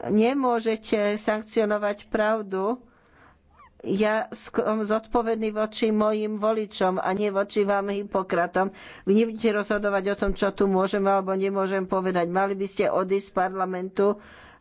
Speaker 8: Nemôžete sankcionovať pravdu. Ja som zodpovedný voči mojim voličom a nie voči vám Hypokratom. Vy nebudete rozhodovať o tom, čo tu môžem alebo nemôžem povedať. Mali by ste odísť z parlamentu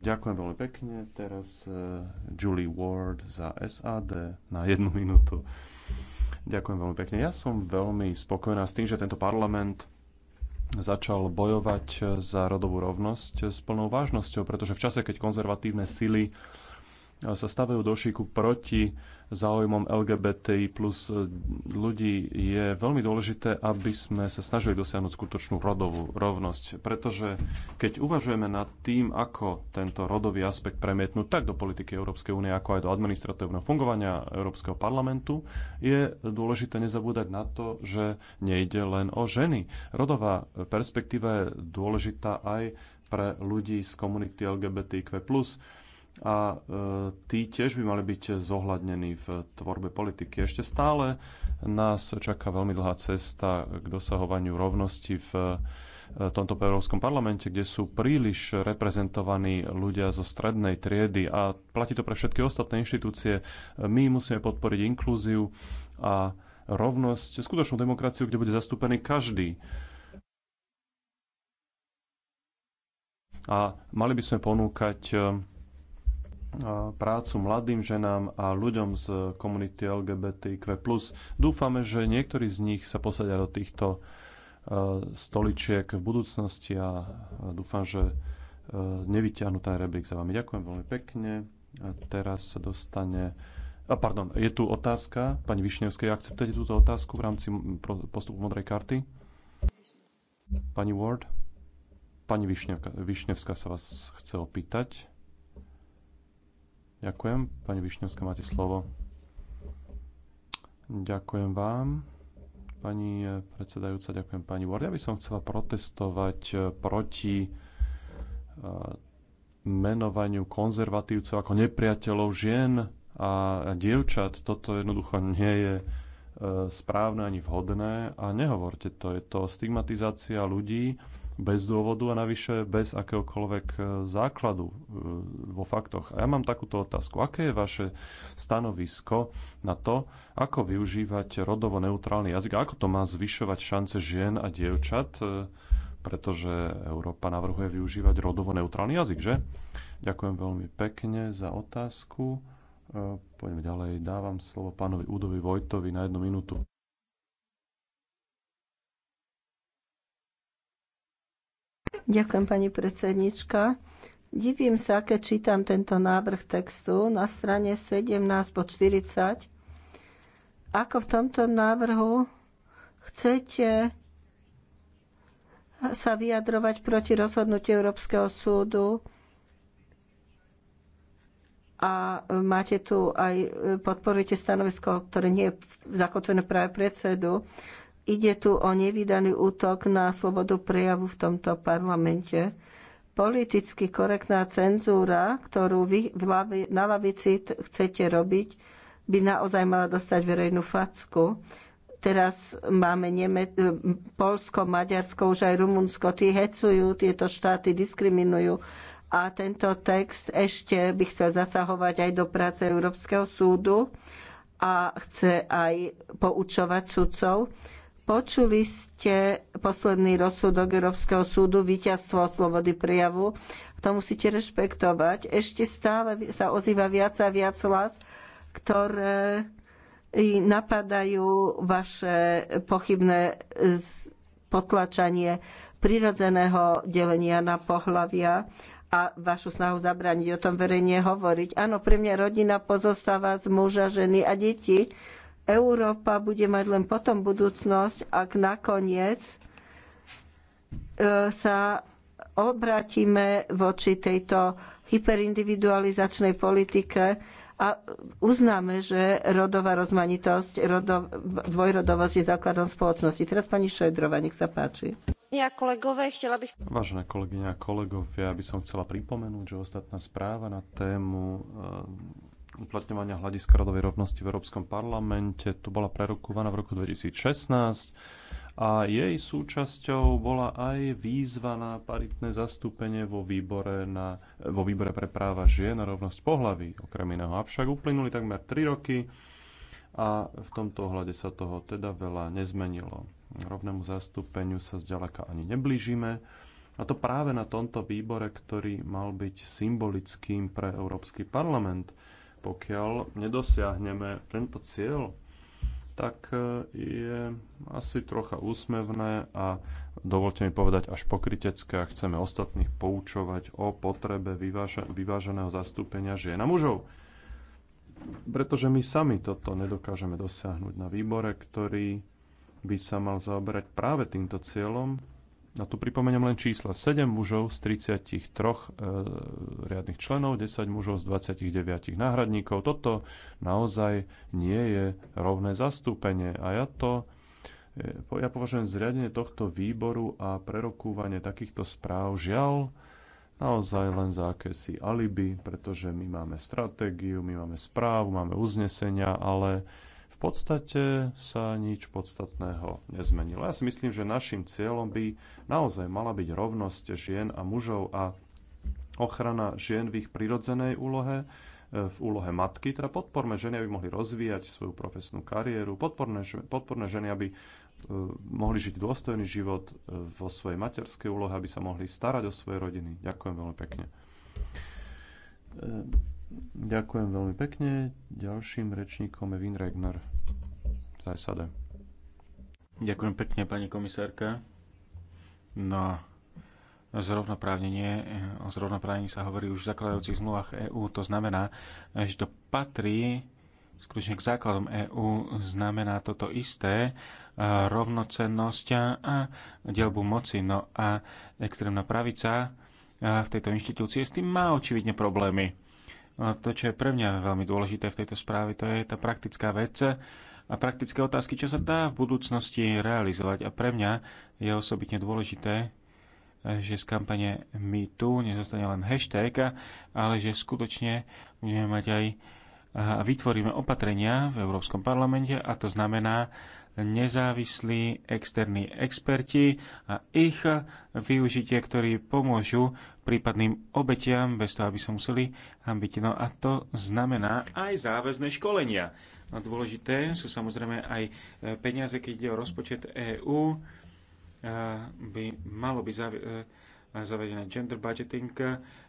Speaker 7: Ďakujem veľmi pekne. Teraz eh, Julie Ward za SAD na jednu minútu. Ďakujem veľmi pekne. Ja som veľmi spokojná s tým, že tento parlament začal bojovať za rodovú rovnosť s plnou vážnosťou, pretože v čase, keď konzervatívne sily sa stavajú do šíku proti záujmom LGBTI plus e, ľudí, je veľmi dôležité, aby sme sa snažili dosiahnuť skutočnú rodovú rovnosť. Pretože keď uvažujeme nad tým, ako tento rodový aspekt premietnúť tak do politiky Európskej únie, ako aj do administratívneho fungovania Európskeho parlamentu, je dôležité nezabúdať na to, že nejde len o ženy. Rodová perspektíva je dôležitá aj pre ľudí z komunity LGBTIQ+ a e, tí tiež by mali byť zohľadnení v tvorbe politiky. Ešte stále nás čaká veľmi dlhá cesta k dosahovaniu rovnosti v e, tomto Európskom parlamente, kde sú príliš reprezentovaní ľudia zo strednej triedy a platí to pre všetky ostatné inštitúcie. My musíme podporiť inklúziu a rovnosť, skutočnú demokraciu, kde bude zastúpený každý. A mali by sme ponúkať e, prácu mladým ženám a ľuďom z komunity LGBTQ+. Dúfame, že niektorí z nich sa posadia do týchto e, stoličiek v budúcnosti a dúfam, že e, nevyťahnu ten rebrík za vami. Ďakujem veľmi pekne. A teraz sa dostane... A pardon, je tu otázka. Pani Višňovská, akceptujete túto otázku v rámci postupu modrej karty? Pani Ward? Pani Višňovská sa vás chce opýtať. Ďakujem. Pani Višňovská, máte slovo. Ďakujem vám. Pani predsedajúca, ďakujem pani Ward. Ja by som chcela protestovať eh, proti eh, menovaniu konzervatívcov ako nepriateľov žien a dievčat. Toto jednoducho nie je eh, správne ani vhodné a nehovorte to. Je to stigmatizácia ľudí, bez dôvodu a navyše bez akéhokoľvek e, základu e, vo faktoch. A ja mám takúto otázku. Aké je vaše stanovisko na to, ako využívať rodovo neutrálny jazyk a ako to má zvyšovať šance žien a dievčat, e, pretože Európa navrhuje využívať rodovo neutrálny jazyk, že? Ďakujem veľmi pekne za otázku. Poďme ďalej. Dávam slovo pánovi Udovi Vojtovi na jednu minútu.
Speaker 8: Ďakujem, pani predsednička. Divím sa, keď čítam tento návrh textu na strane 17 po 40. Ako v tomto návrhu chcete sa vyjadrovať proti rozhodnutiu Európskeho súdu a máte tu aj, podporujete stanovisko, ktoré nie je zakotvené práve predsedu. Ide tu o nevydaný útok na slobodu prejavu v tomto parlamente. Politicky korektná cenzúra, ktorú vy v lavi, na lavici chcete robiť, by naozaj mala dostať verejnú facku. Teraz máme Neme- Polsko, Maďarsko, už aj Rumunsko. Tí hecujú, tieto štáty diskriminujú. A tento text ešte by chcel zasahovať aj do práce Európskeho súdu a chce aj poučovať sudcov Počuli ste posledný rozsudok Európskeho súdu, víťazstvo slobody prejavu. To musíte rešpektovať. Ešte stále sa ozýva viac a viac hlas, ktoré napadajú vaše pochybné potlačanie prirodzeného delenia na pohlavia a vašu snahu zabrániť o tom verejne hovoriť. Áno, pre mňa rodina pozostáva z muža, ženy a detí Európa bude mať len potom budúcnosť, ak nakoniec e, sa obratíme voči tejto hyperindividualizačnej politike a uznáme, že rodová rozmanitosť, rodov, dvojrodovosť je základom spoločnosti. Teraz pani Šedrova, nech sa páči. Ja kolegové, chcela bych... Vážené
Speaker 7: kolegyňa a kolegovia, by som chcela pripomenúť, že ostatná správa na tému uplatňovania hľadiska rodovej rovnosti v Európskom parlamente. Tu bola prerokovaná v roku 2016 a jej súčasťou bola aj výzva na paritné zastúpenie vo výbore, na, vo výbore pre práva žien a rovnosť pohlaví, okrem iného. Avšak uplynuli takmer 3 roky a v tomto ohľade sa toho teda veľa nezmenilo. Rovnému zastúpeniu sa zďaleka ani neblížime. A to práve na tomto výbore, ktorý mal byť symbolickým pre Európsky parlament pokiaľ nedosiahneme tento cieľ, tak e, je asi trocha úsmevné a dovolte mi povedať až pokrytecké, ak chceme ostatných poučovať o potrebe vyváženého zastúpenia žien a mužov. Pretože my sami toto nedokážeme dosiahnuť na výbore, ktorý by sa mal zaoberať práve týmto cieľom a tu pripomeniem len čísla. 7 mužov z 33 e, riadnych členov, 10 mužov z 29 náhradníkov. Toto naozaj nie je rovné zastúpenie. A ja to e, ja považujem zriadenie tohto výboru a prerokúvanie takýchto správ žiaľ naozaj len za akési alibi, pretože my máme stratégiu, my máme správu, máme uznesenia, ale podstate sa nič podstatného nezmenilo. Ja si myslím, že našim cieľom by naozaj mala byť rovnosť žien a mužov a ochrana žien v ich prirodzenej úlohe, e, v úlohe matky. Teda podporme ženy, aby mohli rozvíjať svoju profesnú kariéru, podporné, podporné ženy, aby e, mohli žiť dôstojný život e, vo svojej materskej úlohe, aby sa mohli starať o svoje rodiny. Ďakujem veľmi pekne. Ďakujem veľmi pekne. Ďalším rečníkom je Vin Regner zásade. Ďakujem pekne, pani
Speaker 2: komisárka. No, zrovnoprávnenie, o zrovnoprávnení sa hovorí už v zakladajúcich zmluvách EÚ, to znamená, že to patrí skutočne k základom EÚ, znamená toto isté, rovnocennosť a delbu moci. No a extrémna pravica v tejto inštitúcii s tým má očividne problémy. To, čo je pre mňa veľmi dôležité v tejto správe, to je tá praktická vec, a praktické otázky, čo sa dá v budúcnosti realizovať. A pre mňa je osobitne dôležité, že z kampane MeToo nezostane len hashtag, ale že skutočne budeme mať aj a vytvoríme opatrenia v Európskom parlamente a to znamená nezávislí externí experti a ich využitie, ktorí pomôžu prípadným obetiam bez toho, aby sa museli hambiť. No a to znamená aj záväzné školenia. Dôležité sú samozrejme aj e, peniaze, keď ide o rozpočet EÚ. E, by, malo by e, zavedené gender budgeting.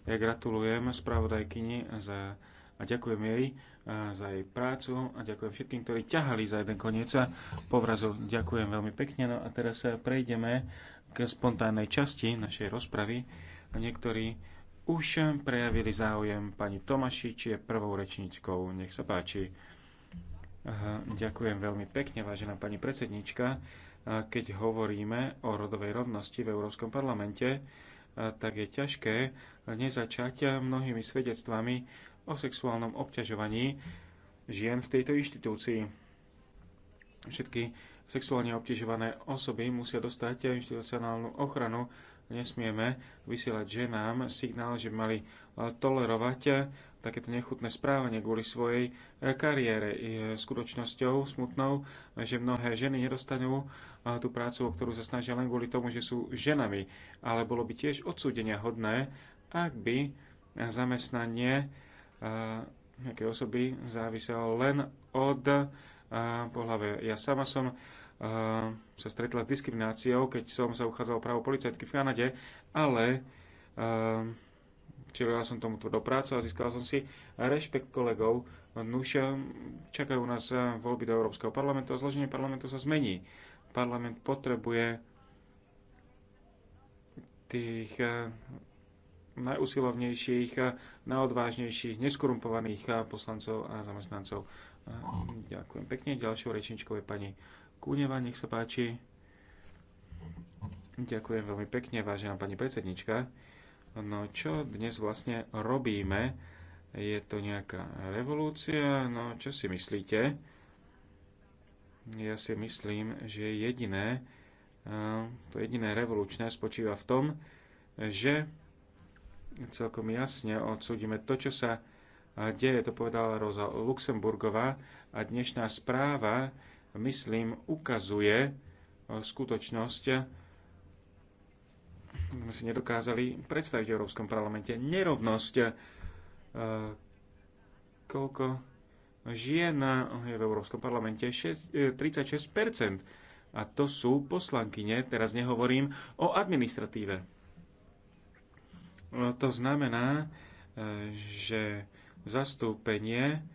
Speaker 2: Ja gratulujem spravodajkyni za, a ďakujem jej za jej prácu a ďakujem všetkým, ktorí ťahali za jeden koniec povrazu. Ďakujem veľmi pekne. No a teraz prejdeme k spontánnej časti našej rozpravy. Niektorí už prejavili záujem. Pani Tomaši, či je prvou rečníčkou. Nech sa páči ďakujem veľmi pekne, vážená pani predsednička. Keď hovoríme o rodovej rovnosti v Európskom parlamente, tak je ťažké nezačať mnohými svedectvami o sexuálnom obťažovaní žien v tejto inštitúcii. Všetky sexuálne obťažované osoby musia dostať inštitucionálnu ochranu. Nesmieme vysielať ženám signál, že mali tolerovať takéto nechutné správanie kvôli svojej e, kariére. Je skutočnosťou smutnou, že mnohé ženy nedostanú e, tú prácu, o ktorú sa snažia len kvôli tomu, že sú ženami. Ale bolo by tiež odsúdenia hodné, ak by zamestnanie e, nejakej osoby záviselo len od pohľave. Ja sama som sa stretla s diskrimináciou, keď som sa uchádzal právo policajtky v Kanade, ale Čiže ja som tomu tvrdou prácu a získal som si rešpekt kolegov. Nuž, no eh, čakajú nás eh, voľby do Európskeho parlamentu a zloženie parlamentu sa zmení. Parlament potrebuje tých eh, najusilovnejších, najodvážnejších, neskorumpovaných poslancov a zamestnancov. Ďakujem pekne. Ďalšou rečničkou je pani Kúneva, nech sa páči. Ďakujem veľmi pekne, vážená pani predsednička. No čo dnes vlastne robíme? Je to nejaká revolúcia? No čo si myslíte? Ja si myslím, že jediné, to jediné revolučné spočíva v tom, že celkom jasne odsúdime to, čo sa deje, to povedala Rosa Luxemburgová a dnešná správa, myslím, ukazuje skutočnosť, sme si nedokázali predstaviť v Európskom parlamente. Nerovnosť, e, koľko žien je v Európskom parlamente, 6, 36%. E, a to sú poslankyne, teraz nehovorím o administratíve. E, to znamená, že zastúpenie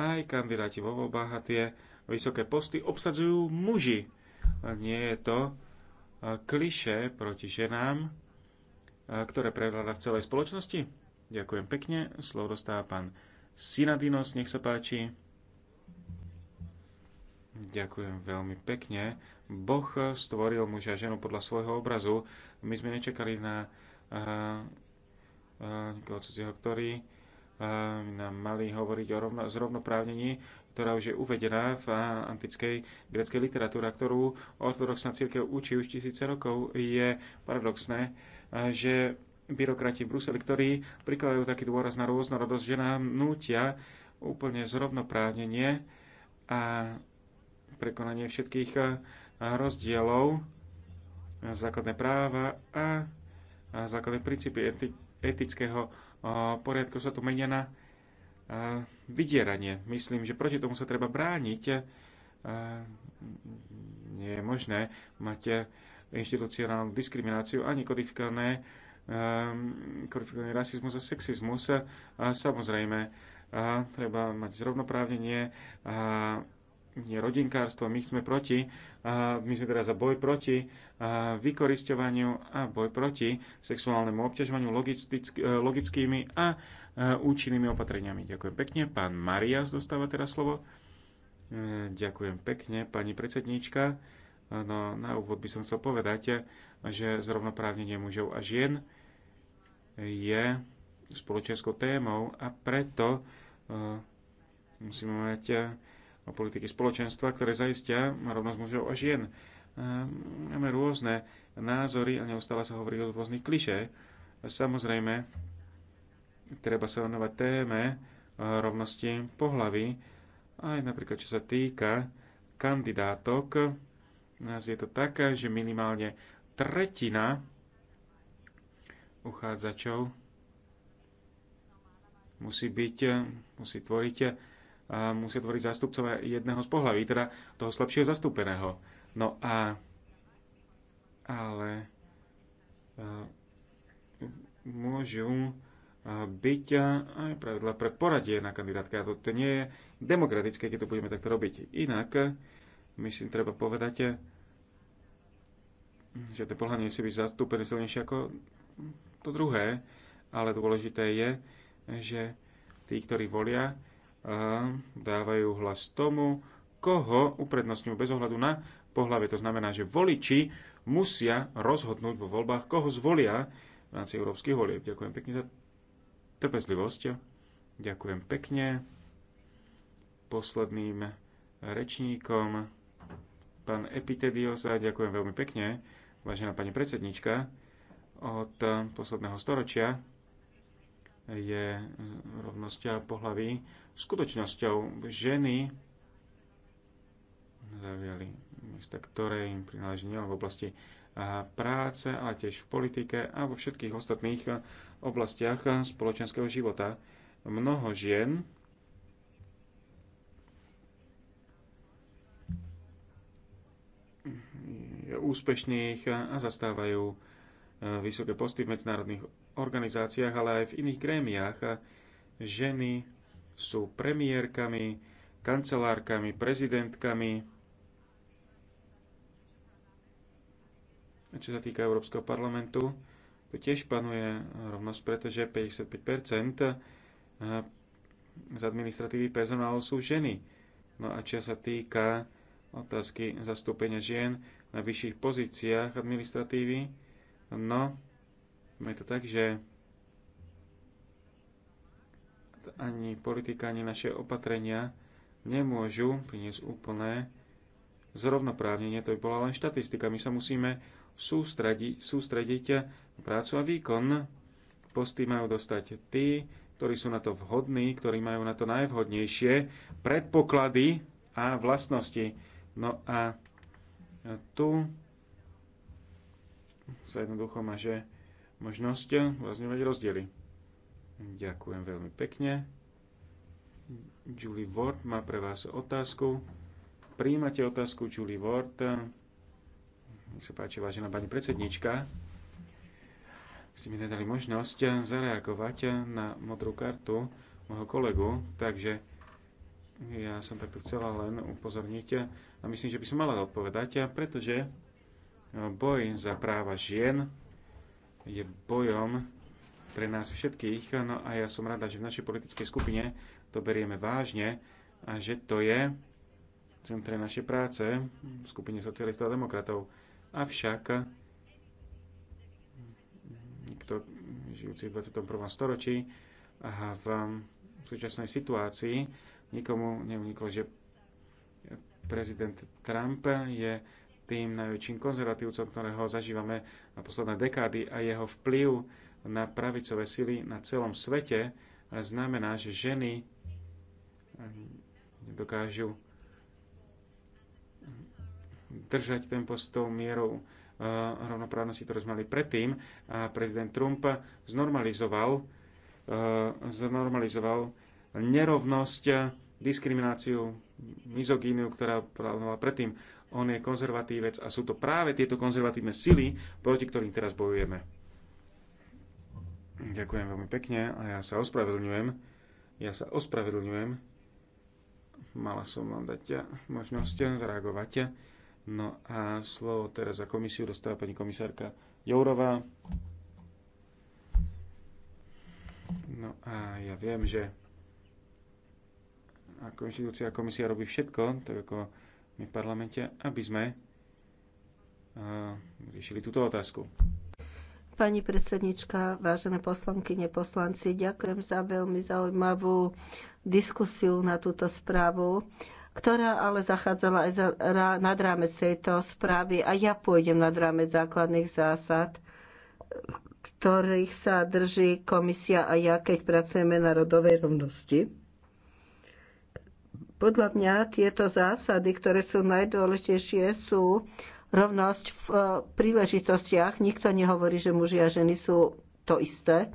Speaker 2: aj kandidáti vo voľbách a tie vysoké posty obsadzujú muži. Nie je to kliše proti ženám, ktoré prevláda v celej spoločnosti? Ďakujem pekne. Slovo dostáva pán Sinadinos, nech sa páči. Ďakujem veľmi pekne. Boh stvoril muža a ženu podľa svojho obrazu. My sme nečakali na uh, uh, niekoho cudzieho, ktorý uh, nám mali hovoriť o rovno, zrovnoprávnení ktorá už je uvedená v antickej greckej literatúre, ktorú ortodoxná církev učí už tisíce rokov, je paradoxné, že byrokrati v Bruseli, ktorí prikladajú taký dôraz na rôznorodosť, že nám nútia úplne zrovnoprávnenie a prekonanie všetkých rozdielov, základné práva a základné princípy etického eh, poriadku sa tu menia na eh, vydieranie. Myslím, že proti tomu sa treba brániť. Nie je možné mať inštitucionálnu diskrimináciu ani kodifikované ehm, kodifikovaný rasizmus a sexizmus. A samozrejme, a treba mať zrovnoprávnenie, a nie rodinkárstvo, my sme proti, a my sme teraz za boj proti a vykoristovaniu a boj proti sexuálnemu obťažovaniu logickými a E, účinnými opatreniami. Ďakujem pekne. Pán Marias dostáva teraz slovo. E, ďakujem pekne, pani predsednička. No, na úvod by som chcel povedať, že zrovnoprávnenie mužov a žien je spoločenskou témou a preto e, musíme mať o politiky spoločenstva, ktoré zaistia rovnosť mužov a žien. Máme rôzne názory a neustále sa hovorí o rôznych klišé. Samozrejme, treba sa venovať téme eh, rovnosti pohlavy. Aj napríklad, čo sa týka kandidátok, nás eh, je to také, že minimálne tretina uchádzačov musí byť, eh, musí tvoriť, musí tvoriť zástupcové jedného z pohlaví, teda toho slabšieho zastúpeného. No a ale môžu byť aj pravidla pre poradie na kandidátka. To, to nie je demokratické, keď to budeme takto robiť. Inak, e, myslím, treba povedať, e, že to pohľadne si byť zastúpené silnejšie ako to druhé, ale dôležité je, že tí, ktorí volia, e, dávajú hlas tomu, koho uprednostňujú bez ohľadu na pohľave. To znamená, že voliči musia rozhodnúť vo voľbách, koho zvolia v rámci európskych volieb. Ďakujem pekne za trpezlivosť. Ďakujem pekne. Posledným rečníkom pán Epitedios a ďakujem veľmi pekne, vážená pani predsednička. Od posledného storočia je rovnosť pohlaví skutočnosťou. Ženy zaviali miesta, ktoré im prináleží nielen v oblasti práce, ale tiež v politike a vo všetkých ostatných eh, oblastiach eh, spoločenského života. Mnoho žien je úspešných a zastávajú eh, vysoké posty v medzinárodných organizáciách, ale aj v iných grémiách. Ženy sú premiérkami, kancelárkami, prezidentkami, čo sa týka Európskeho parlamentu, tu tiež panuje rovnosť, pretože 55% eh, z administratívy personálu sú ženy. No a čo sa týka otázky zastúpenia žien na vyšších pozíciách administratívy, no je to tak, že ani politika, ani naše opatrenia nemôžu priniesť úplné zrovnoprávnenie. To by bola len štatistika. My sa musíme sústredi, sústrediť prácu a výkon. Posty majú dostať tí, ktorí sú na to vhodní, ktorí majú na to najvhodnejšie predpoklady a vlastnosti. No a tu sa jednoducho má, že možnosť vlastňovať rozdiely. Ďakujem veľmi pekne. Julie Ward má pre vás otázku. Príjmate otázku Julie Ward. Nech sa páči, vážená pani predsednička. Ste mi nedali možnosť zareagovať na modrú kartu môjho kolegu, takže ja som takto chcela len upozorniť a myslím, že by som mala odpovedať, pretože boj za práva žien je bojom pre nás všetkých. No a ja som rada, že v našej politickej skupine to berieme vážne a že to je v centre našej práce v skupine socialistov a demokratov. Avšak niekto žijúci v 21. storočí a v súčasnej situácii nikomu neuniklo, že prezident Trump je tým najväčším konzervatívcom, ktorého zažívame na posledné dekády a jeho vplyv na pravicové sily na celom svete znamená, že ženy dokážu držať tempo s tou mierou eh, rovnoprávnosti, ktoré sme mali predtým. A prezident Trump znormalizoval, eh, znormalizoval nerovnosť, diskrimináciu, mizogíniu, ktorá plánovala predtým. On je konzervatívec a sú to práve tieto konzervatívne sily, proti ktorým teraz bojujeme. Ďakujem veľmi pekne a ja sa ospravedlňujem. Ja sa ospravedlňujem. Mala som vám dať možnosť zareagovať No a slovo teraz za komisiu dostáva pani komisárka Jourová. No a ja viem, že ako inštitúcia komisia robí všetko, tak ako my v parlamente, aby sme eh, riešili túto otázku.
Speaker 8: Pani predsednička, vážené poslanky, poslanci, ďakujem za veľmi zaujímavú diskusiu na túto správu ktorá ale zachádzala aj za, nad rámec tejto správy a ja pôjdem nad rámec základných zásad, ktorých sa drží komisia a ja, keď pracujeme na rodovej rovnosti. Podľa mňa tieto zásady, ktoré sú najdôležitejšie, sú rovnosť v e, príležitostiach. Nikto nehovorí, že muži a ženy sú to isté.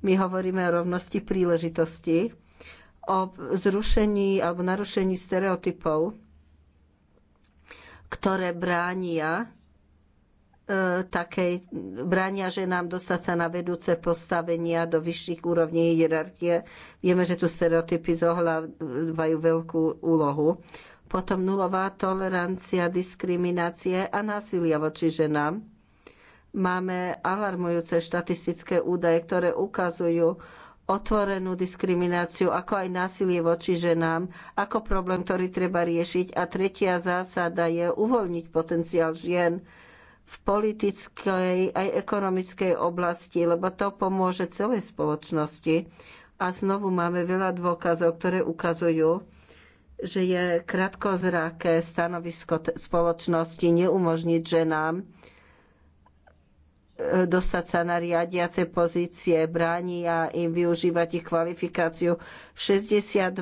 Speaker 8: My hovoríme o rovnosti príležitosti o zrušení alebo narušení stereotypov, ktoré bránia e, takej, bránia ženám dostať sa na vedúce postavenia do vyšších úrovní hierarchie. Vieme, že tu stereotypy zohľavajú veľkú úlohu. Potom nulová tolerancia diskriminácie a násilia voči ženám. Máme alarmujúce štatistické údaje, ktoré ukazujú, otvorenú diskrimináciu, ako aj násilie voči ženám, ako problém, ktorý treba riešiť. A tretia zásada je uvoľniť potenciál žien v politickej aj ekonomickej oblasti, lebo to pomôže celej spoločnosti. A znovu máme veľa dôkazov, ktoré ukazujú, že je krátkozraké stanovisko spoločnosti neumožniť ženám E, dostať sa na riadiace pozície, bránia im využívať ich kvalifikáciu. 62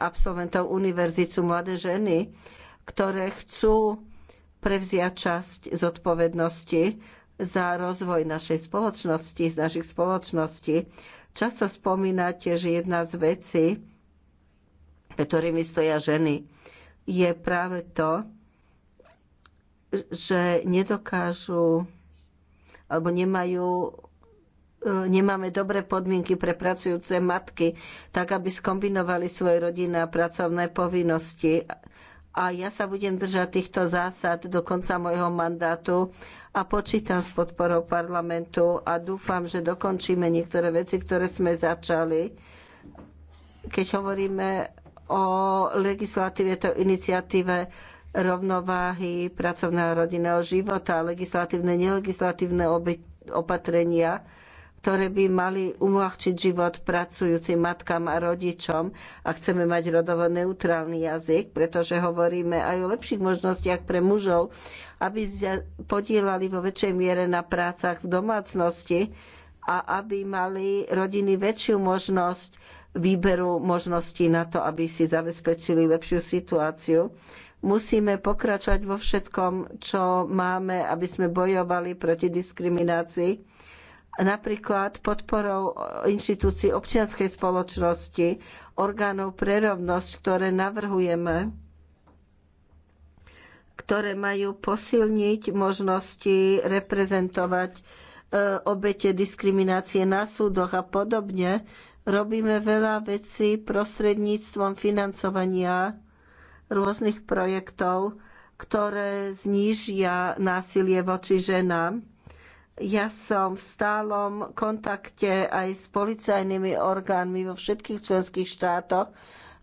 Speaker 8: absolventov univerzít sú mladé ženy, ktoré chcú prevziať časť zodpovednosti za rozvoj našej spoločnosti, z našich spoločností. Často spomínate, že jedna z vecí, pre ktorými stoja ženy, je práve to, že nedokážu alebo nemajú e, nemáme dobré podmienky pre pracujúce matky, tak aby skombinovali svoje rodinné a pracovné povinnosti. A ja sa budem držať týchto zásad do konca môjho mandátu a počítam s podporou parlamentu a dúfam, že dokončíme niektoré veci, ktoré sme začali. Keď hovoríme o legislatíve, to iniciatíve rovnováhy pracovného a rodinného života, legislatívne, nelegislatívne opatrenia, ktoré by mali uľahčiť život pracujúcim matkám a rodičom a chceme mať rodovo neutrálny jazyk, pretože hovoríme aj o lepších možnostiach pre mužov, aby sa podielali vo väčšej miere na prácach v domácnosti a aby mali rodiny väčšiu možnosť výberu možností na to, aby si zabezpečili lepšiu situáciu. Musíme pokračovať vo všetkom, čo máme, aby sme bojovali proti diskriminácii. Napríklad podporou inštitúcií občianskej spoločnosti, orgánov pre rovnosť, ktoré navrhujeme, ktoré majú posilniť možnosti reprezentovať e, obete diskriminácie na súdoch a podobne, robíme veľa vecí prostredníctvom financovania rôznych projektov, ktoré znížia násilie voči ženám. Ja som v stálom kontakte aj s policajnými orgánmi vo všetkých členských štátoch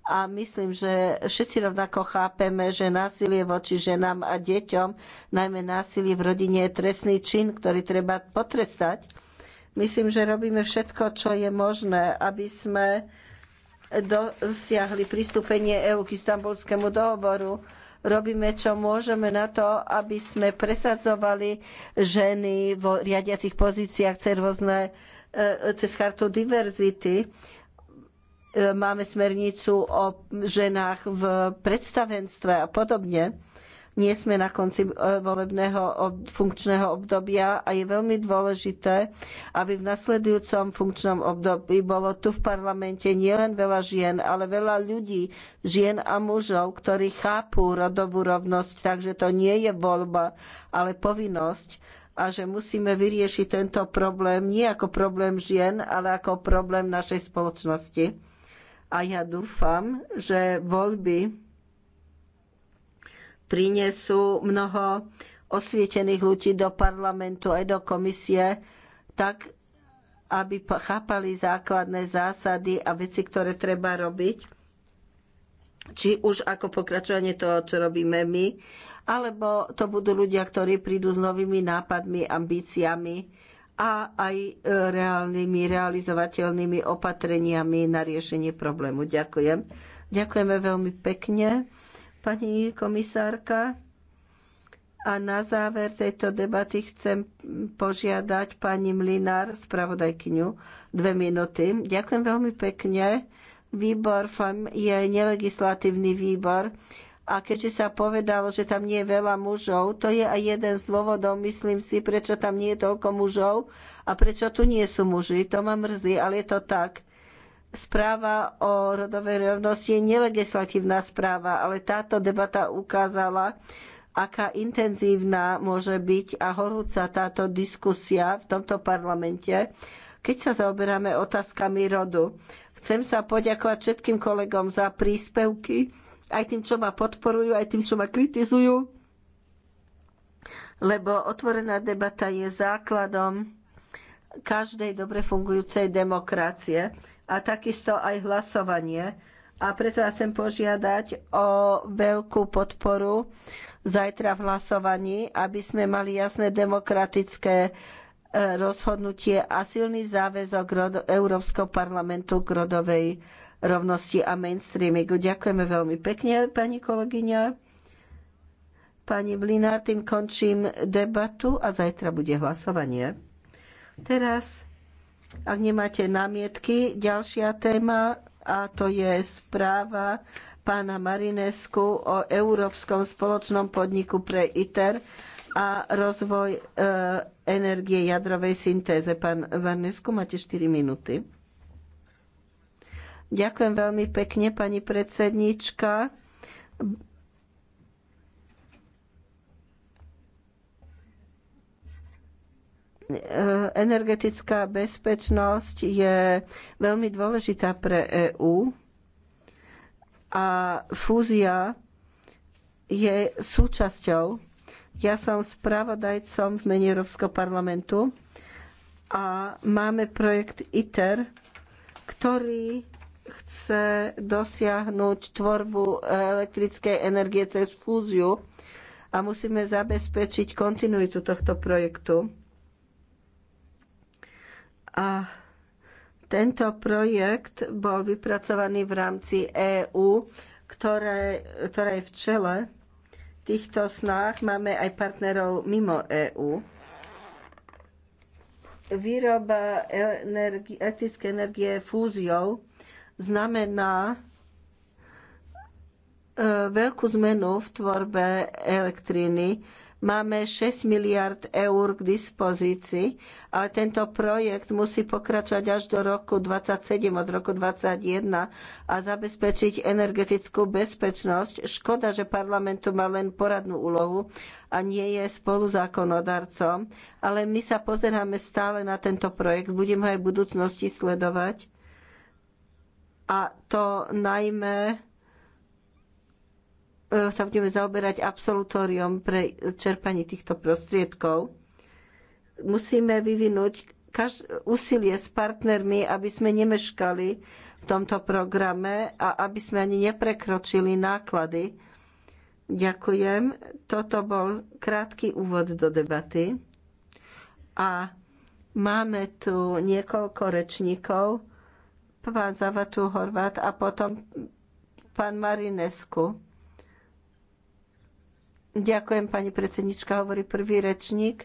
Speaker 8: a myslím, že všetci rovnako chápeme, že násilie voči ženám a deťom, najmä násilie v rodine, je trestný čin, ktorý treba potrestať. Myslím, že robíme všetko, čo je možné, aby sme dosiahli pristúpenie EÚ k istambulskému dohovoru. Robíme, čo môžeme na to, aby sme presadzovali ženy vo riadiacich pozíciách cez rôzne, e, cez chartu diverzity. E, máme smernicu o ženách v predstavenstve a podobne nie sme na konci e, volebného funkčného obdobia a je veľmi dôležité, aby v nasledujúcom funkčnom období bolo tu v parlamente nielen veľa žien, ale veľa ľudí, žien a mužov, ktorí chápu rodovú rovnosť, takže to nie je voľba, ale povinnosť a že musíme vyriešiť tento problém nie ako problém žien, ale ako problém našej spoločnosti. A ja dúfam, že voľby prinesú mnoho osvietených ľudí do parlamentu aj do komisie, tak aby chápali základné zásady a veci, ktoré treba robiť. Či už ako pokračovanie toho, čo robíme my, alebo to budú ľudia, ktorí prídu s novými nápadmi, ambíciami a aj e, reálnymi, realizovateľnými opatreniami na riešenie problému. Ďakujem. Ďakujeme veľmi pekne pani komisárka. A na záver tejto debaty chcem požiadať pani Mlinár, spravodajkyňu, dve minúty. Ďakujem veľmi pekne. Výbor FAM je nelegislatívny výbor a keďže sa povedalo, že tam nie je veľa mužov, to je aj jeden z dôvodov, myslím si, prečo tam nie je toľko mužov a prečo tu nie sú muži. To ma mrzí, ale je to tak správa o rodovej rovnosti je nelegislatívna správa, ale táto debata ukázala, aká intenzívna môže byť a horúca táto diskusia v tomto parlamente, keď sa zaoberáme otázkami rodu. Chcem sa poďakovať všetkým kolegom za príspevky, aj tým, čo ma podporujú, aj tým, čo ma kritizujú, lebo otvorená debata je základom každej dobre fungujúcej demokracie a takisto aj hlasovanie. A preto ja chcem požiadať o veľkú podporu zajtra v hlasovaní, aby sme mali jasné demokratické e, rozhodnutie a silný záväzok Európskeho parlamentu k rodovej rovnosti a mainstreamingu. Ďakujeme veľmi pekne, pani kolegyňa. Pani Blinár, tým končím debatu a zajtra bude hlasovanie. Teraz ak nemáte námietky, ďalšia téma a to je správa pána Marinesku o Európskom spoločnom podniku pre ITER a rozvoj e, energie jadrovej syntéze. Pán Marinesku, máte 4 minúty. Ďakujem veľmi pekne, pani predsednička. energetická bezpečnosť je veľmi dôležitá pre EÚ a fúzia je súčasťou. Ja som spravodajcom v mene Európskeho parlamentu a máme projekt ITER, ktorý chce dosiahnuť tvorbu elektrickej energie cez fúziu a musíme zabezpečiť kontinuitu tohto projektu. A tento projekt bol vypracovaný v rámci EÚ, ktoré, ktoré je v čele týchto snách. Máme aj partnerov mimo EÚ. Výroba energi- elektrické energie fúziou znamená e, veľkú zmenu v tvorbe elektriny Máme 6 miliard eur k dispozícii, ale tento projekt musí pokračovať až do roku 27, od roku 21 a zabezpečiť energetickú bezpečnosť. Škoda, že parlamentu má len poradnú úlohu a nie je spoluzákonodarcom, ale my sa pozeráme stále na tento projekt, budeme ho aj v budúcnosti sledovať. A to najmä E, sa budeme zaoberať absolutóriom pre čerpanie týchto prostriedkov. Musíme vyvinúť úsilie s partnermi, aby sme nemeškali v tomto programe a aby sme ani neprekročili náklady. Ďakujem. Toto bol krátky úvod do debaty. A máme tu niekoľko rečníkov. Pán Zavatu Horvát a potom pán Marinesku. Ďakujem, pani predsednička, hovorí prvý rečník.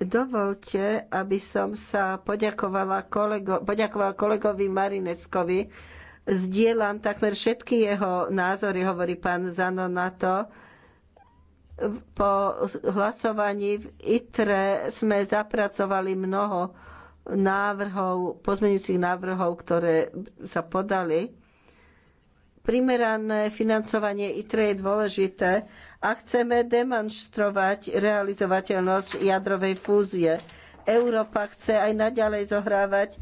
Speaker 8: Dovolte, aby som sa poďakovala kolego, poďakoval kolegovi Marineckovi. Zdieľam takmer všetky jeho názory, hovorí pán Zano na to. Po hlasovaní v ITRE sme zapracovali mnoho návrhov, pozmeňujúcich návrhov, ktoré sa podali Primerané financovanie ITRE je dôležité a chceme demonstrovať realizovateľnosť jadrovej fúzie. Európa chce aj naďalej zohrávať e,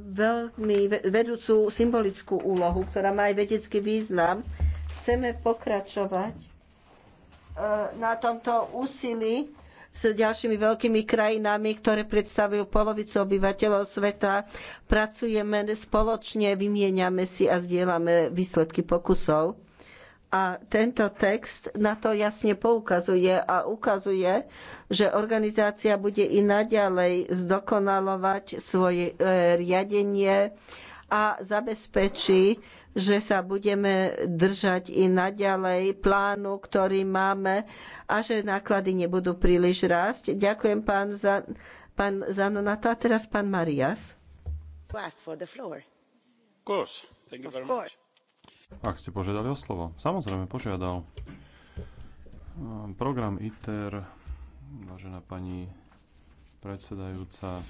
Speaker 8: veľmi vedúcu symbolickú úlohu, ktorá má aj vedecký význam. Chceme pokračovať e, na tomto úsilí s ďalšími veľkými krajinami, ktoré predstavujú polovicu obyvateľov sveta. Pracujeme spoločne, vymieňame si a zdieľame výsledky pokusov. A tento text na to jasne poukazuje a ukazuje, že organizácia bude i naďalej zdokonalovať svoje e, riadenie a zabezpečí, že sa budeme držať i naďalej plánu, ktorý máme a že náklady nebudú príliš rásť. Ďakujem pán, za, pán to. a teraz pán Marias.
Speaker 7: Ak ste požiadali o slovo. Samozrejme, požiadal. Ehm, program ITER, vážená pani predsedajúca,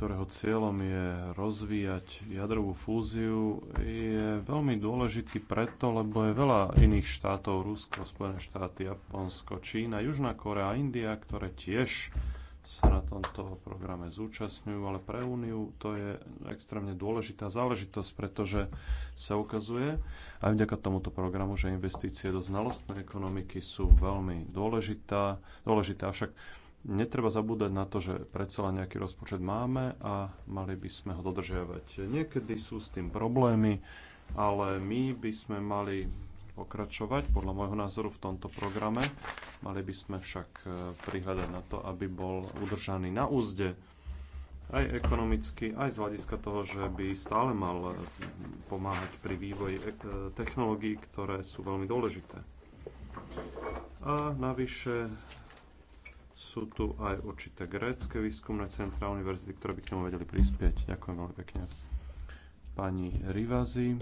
Speaker 7: ktorého cieľom je rozvíjať jadrovú fúziu, je veľmi dôležitý preto, lebo je veľa iných štátov, Rusko, Spojené štáty, Japonsko, Čína, Južná Korea, India, ktoré tiež sa na tomto programe zúčastňujú, ale pre Úniu to je extrémne dôležitá záležitosť, pretože sa ukazuje aj vďaka tomuto programu, že investície do znalostnej ekonomiky sú veľmi dôležitá, dôležitá Avšak Netreba zabúdať na to, že predsa len nejaký rozpočet máme a mali by sme ho dodržiavať. Niekedy sú s tým problémy, ale my by sme mali pokračovať podľa môjho názoru v tomto programe. Mali by sme však e, prihľadať na to, aby bol udržaný na úzde aj ekonomicky, aj z hľadiska toho, že by stále mal e, pomáhať pri vývoji e, technológií, ktoré sú veľmi dôležité. A navyše sú tu aj určité grécké výskumné centra univerzity, ktoré by k tomu vedeli prispieť. Ďakujem veľmi pekne. Pani Rivazi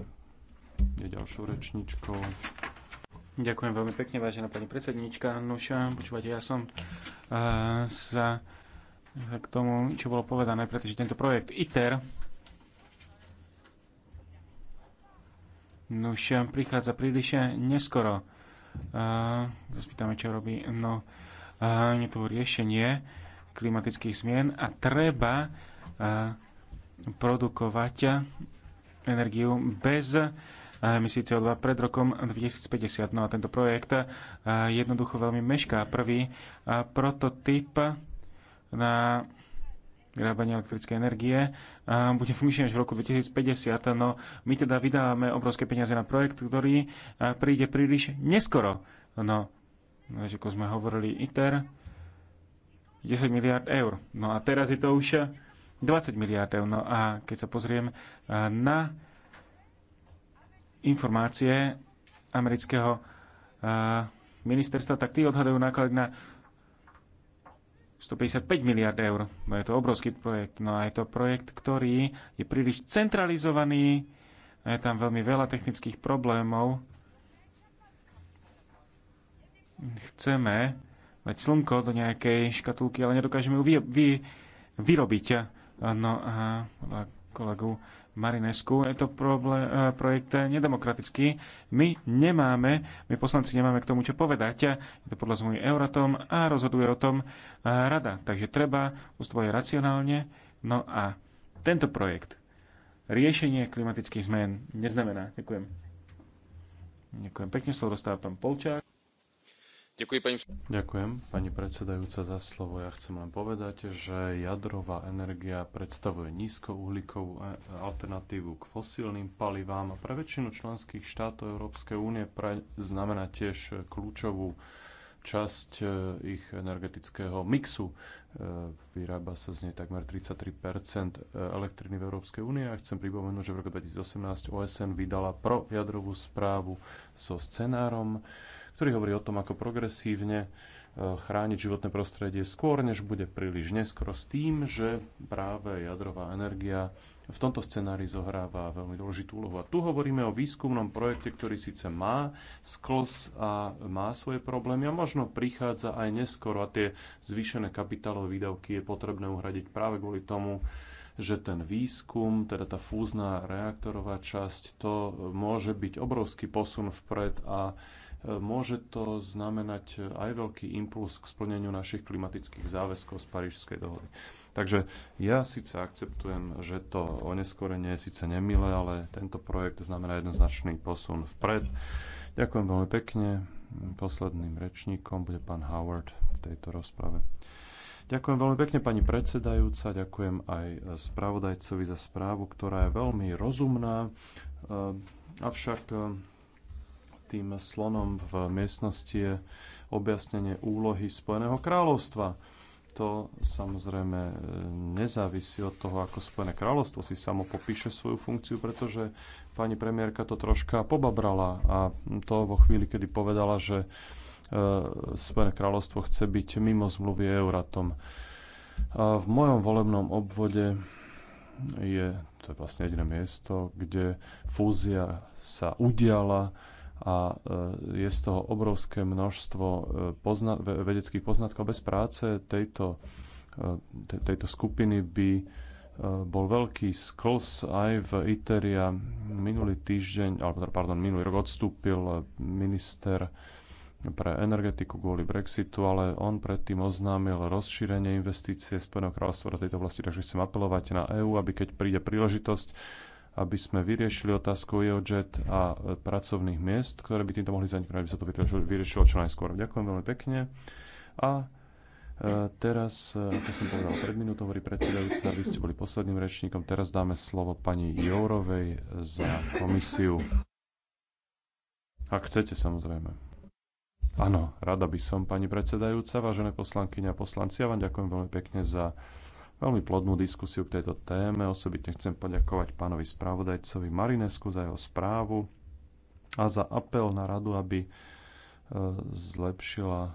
Speaker 7: je ďalšou rečničkou. Ďakujem
Speaker 2: veľmi pekne, vážená pani predsednička. Nuša, počúvate, ja som uh,
Speaker 7: eh, sa
Speaker 2: k tomu, čo bolo povedané, pretože tento projekt ITER Nuša prichádza príliš neskoro. Uh, Zaspýtame, čo robí. No, uh, je tu riešenie klimatických zmien a treba eh, produkovať energiu bez eh, emisí CO2 pred rokom 2050. No a tento projekt eh, jednoducho veľmi mešká. Prvý prototyp na grábanie elektrickej energie bude funkčný až v roku 2050. No my teda vydávame obrovské peniaze na projekt, ktorý príde príliš neskoro. No ako sme hovorili ITER, 10 miliard eur. No a teraz je to už 20 miliard eur. No a keď sa pozriem eh, na informácie amerického eh, ministerstva, tak tí odhadujú náklad na 155 miliard eur. No je to obrovský projekt. No a je to projekt, ktorý je príliš centralizovaný, je tam veľmi veľa technických problémov chceme dať slnko do nejakej škatulky, ale nedokážeme ju vy, vy, vyrobiť. No a kolegu Marinesku. Je to problém, eh, projekt nedemokratický. My nemáme, my poslanci nemáme k tomu, čo povedať. Je to podľa zmluvy Euratom a rozhoduje o tom eh, rada. Takže treba ustvoje racionálne. No a tento projekt riešenie klimatických zmen neznamená. Ďakujem. Ďakujem pekne, slovo dostáva pán Polčák. Ďakujem,
Speaker 7: pani predsedajúca, za slovo. Ja chcem len povedať, že jadrová energia predstavuje nízkouhlíkovú e, alternatívu k fosílnym palivám a pre väčšinu členských štátov Európskej únie znamená tiež kľúčovú časť e, ich energetického mixu. E, vyrába sa z nej takmer 33 elektriny v Európskej únie a chcem pripomenúť, že v roku 2018 OSN vydala projadrovú správu so scenárom, ktorý hovorí o tom, ako progresívne e, chrániť životné prostredie skôr, než bude príliš neskoro s tým, že práve jadrová energia v tomto scenári zohráva veľmi dôležitú úlohu. A tu hovoríme o výskumnom projekte, ktorý síce má sklos a má svoje problémy a možno prichádza aj neskoro a tie zvýšené kapitálové výdavky je potrebné uhradiť práve kvôli tomu, že ten výskum, teda tá fúzná reaktorová časť, to môže byť obrovský posun vpred a môže to znamenať aj veľký impuls k splneniu našich klimatických záväzkov z Parížskej dohody. Takže ja síce akceptujem, že to oneskorenie je síce nemilé, ale tento projekt znamená jednoznačný posun vpred. Ďakujem veľmi pekne. Posledným rečníkom bude pán Howard v tejto rozprave. Ďakujem veľmi pekne pani predsedajúca, ďakujem aj spravodajcovi za správu, ktorá je veľmi rozumná, avšak tým slonom v miestnosti je objasnenie úlohy Spojeného kráľovstva. To samozrejme e, nezávisí od toho, ako Spojené kráľovstvo si samo popíše svoju funkciu, pretože pani premiérka to troška pobabrala a to vo chvíli, kedy povedala, že e, Spojené kráľovstvo chce byť mimo zmluvy Euratom. A v mojom volebnom obvode je, to je vlastne jediné miesto, kde fúzia sa udiala a e, je z toho obrovské množstvo e, pozna- vedeckých poznatkov. Bez práce tejto, e, tejto skupiny by bol veľký sklz aj v Iteria. Minulý týždeň, alebo teda, pardon, minulý rok odstúpil minister pre energetiku kvôli Brexitu, ale on predtým oznámil rozšírenie investície Spojeného kráľovstva do tejto oblasti, takže chcem apelovať na EÚ, aby keď príde príležitosť, aby sme vyriešili otázku EOJet a e, pracovných miest, ktoré by týmto mohli zaniknúť, aby sa to vyriešilo, čo najskôr. Ďakujem veľmi pekne. A e, teraz, e, ako som povedal pred minútou, hovorí predsedajúca, vy ste boli posledným rečníkom, teraz dáme slovo pani Jourovej za komisiu. Ak chcete, samozrejme. Áno, rada by som, pani predsedajúca, vážené poslankyne a poslanci, ja vám ďakujem veľmi pekne za veľmi plodnú diskusiu k tejto téme. Osobitne chcem poďakovať pánovi spravodajcovi Marinesku za jeho správu a za apel na radu, aby e, zlepšila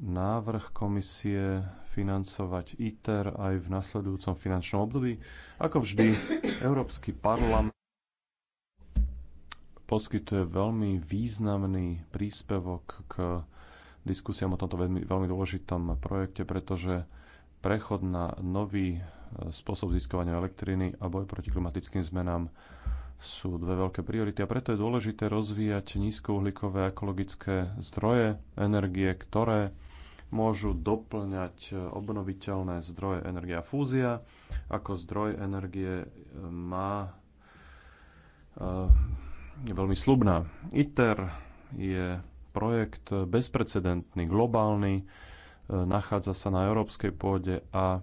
Speaker 7: návrh komisie financovať ITER aj v nasledujúcom finančnom období. Ako vždy, Európsky parlament poskytuje veľmi významný príspevok k diskusiám o tomto veľmi, veľmi dôležitom projekte, pretože prechod na nový e, spôsob získavania elektriny a boj proti klimatickým zmenám sú dve veľké priority a preto je dôležité rozvíjať nízkouhlíkové ekologické zdroje energie, ktoré môžu doplňať e, obnoviteľné zdroje energie. A fúzia ako zdroj energie e, má je veľmi slubná. ITER je projekt bezprecedentný, globálny, E, nachádza sa na európskej pôde a e,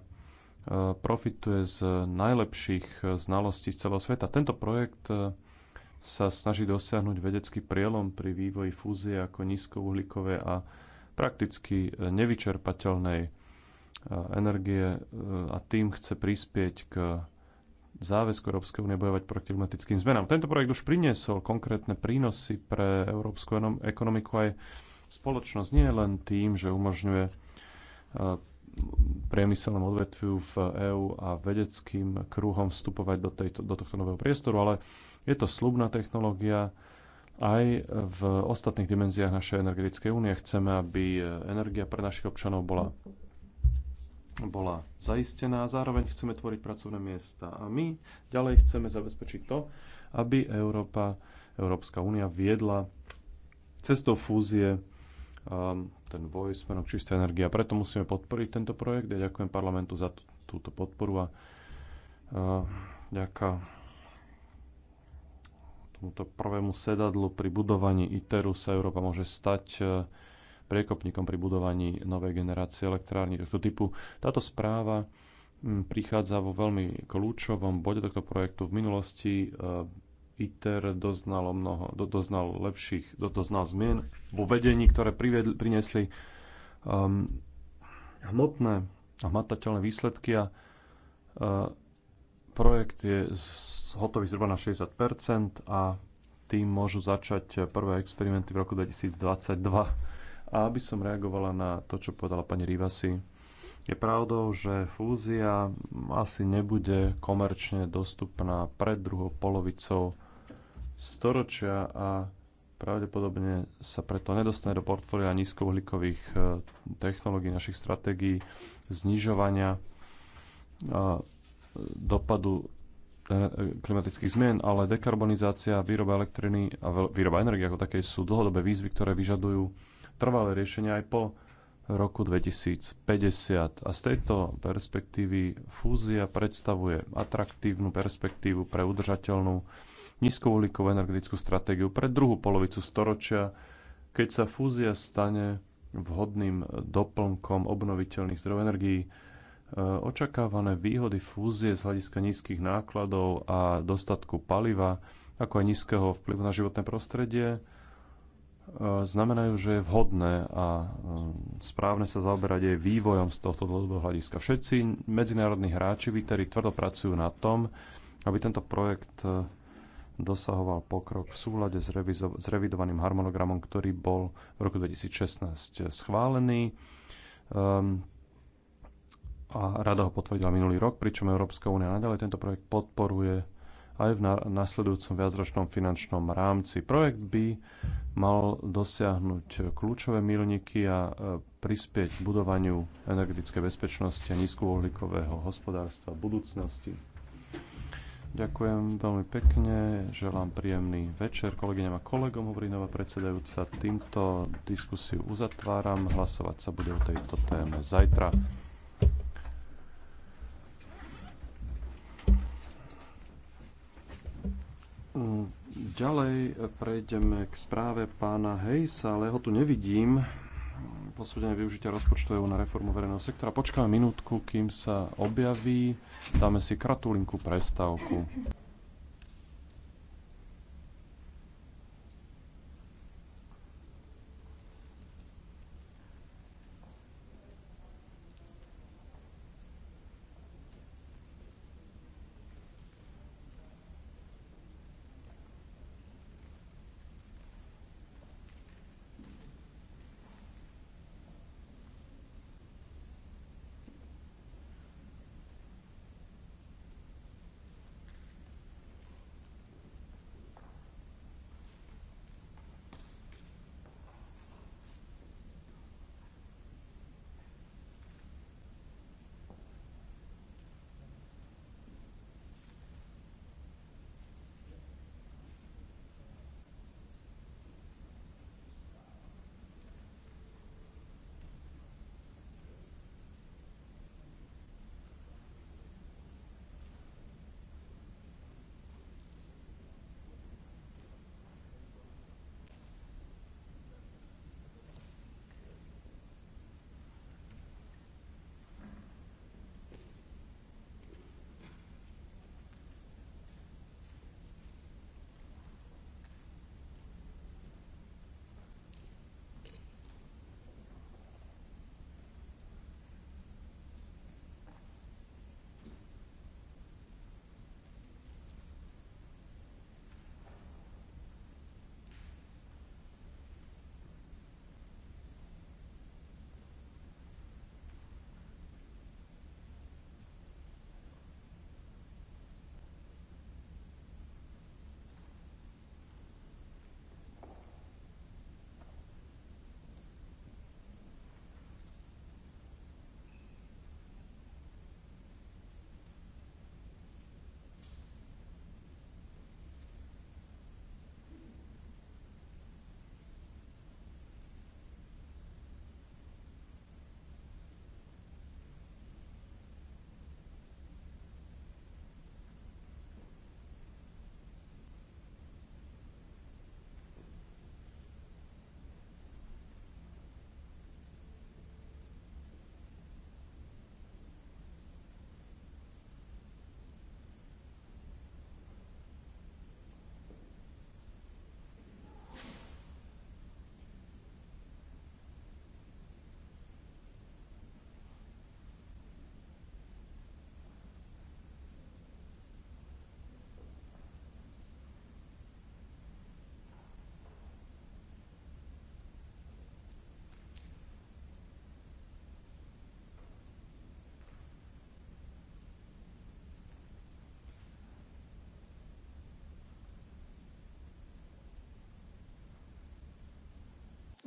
Speaker 7: profituje z najlepších e, znalostí z celého sveta. Tento projekt sa snaží dosiahnuť vedecký prielom pri vývoji fúzie ako nízkouhlíkové a prakticky nevyčerpateľnej energie a tým chce prispieť k záväzku Európskej únie bojovať proti klimatickým zmenám. Tento projekt už priniesol konkrétne prínosy pre európsku ekonomiku aj spoločnosť nie len tým, že umožňuje priemyselnom odvetviu v EÚ a vedeckým kruhom vstupovať do, tejto, do tohto nového priestoru, ale je to slubná technológia aj v ostatných dimenziách našej energetickej únie. Chceme, aby energia pre našich občanov bola, bola zaistená a zároveň chceme tvoriť pracovné miesta. A my ďalej chceme zabezpečiť to, aby Európa, Európska únia viedla cestou fúzie um, ten voj smerom čistá energia. preto musíme podporiť tento projekt. Ja ďakujem parlamentu za túto podporu a uh, ďaká tomuto prvému sedadlu pri budovaní ITERu sa Európa môže stať uh, priekopníkom pri budovaní novej generácie elektrární tohto typu. Táto správa prichádza vo veľmi kľúčovom bode tohto projektu. V minulosti e, ITER doznalo mnoho, do, doznal lepších, do, doznal zmien vo vedení, ktoré priniesli um, hmotné a hmatateľné výsledky a uh, projekt je hotový zhruba na 60% a tým môžu začať prvé experimenty v roku 2022. A aby som reagovala na to, čo povedala pani Rivasi, je pravdou, že fúzia asi nebude komerčne dostupná pred druhou polovicou storočia a pravdepodobne sa preto nedostane do portfólia nízkouhlíkových e, technológií, našich stratégií znižovania e, dopadu e, klimatických zmien, ale dekarbonizácia, výroba elektriny a výroba energie ako také sú dlhodobé výzvy, ktoré vyžadujú trvalé riešenia aj po roku 2050. A z tejto perspektívy fúzia predstavuje atraktívnu perspektívu pre udržateľnú nízkouhlíkovú energetickú stratégiu pre druhú polovicu storočia, keď sa fúzia stane vhodným doplnkom obnoviteľných zdrojov energií. Eh, očakávané výhody fúzie z hľadiska nízkych nákladov a dostatku paliva, ako aj nízkeho vplyvu na životné prostredie, eh, znamenajú, že je vhodné a eh, správne sa zaoberať aj vývojom z tohto dlhodobého hľadiska. Všetci medzinárodní hráči, ktorí tvrdo pracujú na tom, aby tento projekt dosahoval pokrok v súlade s, revizo- s revidovaným harmonogramom, ktorý bol v roku 2016 schválený. Um, a rada ho potvrdila minulý rok, pričom Európska únia naďalej tento projekt podporuje aj v nasledujúcom viacročnom finančnom rámci. Projekt by mal dosiahnuť kľúčové milníky a e, prispieť k budovaniu energetickej bezpečnosti a nízkouhlíkového hospodárstva v budúcnosti. Ďakujem veľmi pekne, želám príjemný večer kolegyňam a kolegom, hovorí nová predsedajúca. Týmto diskusiu uzatváram, hlasovať sa bude o tejto téme zajtra. Hm, ďalej prejdeme k správe pána Hejsa, ale ho tu nevidím posúdenie využitia rozpočtu EU na reformu verejného sektora. Počkáme minútku, kým sa objaví. Dáme si kratulinku prestávku.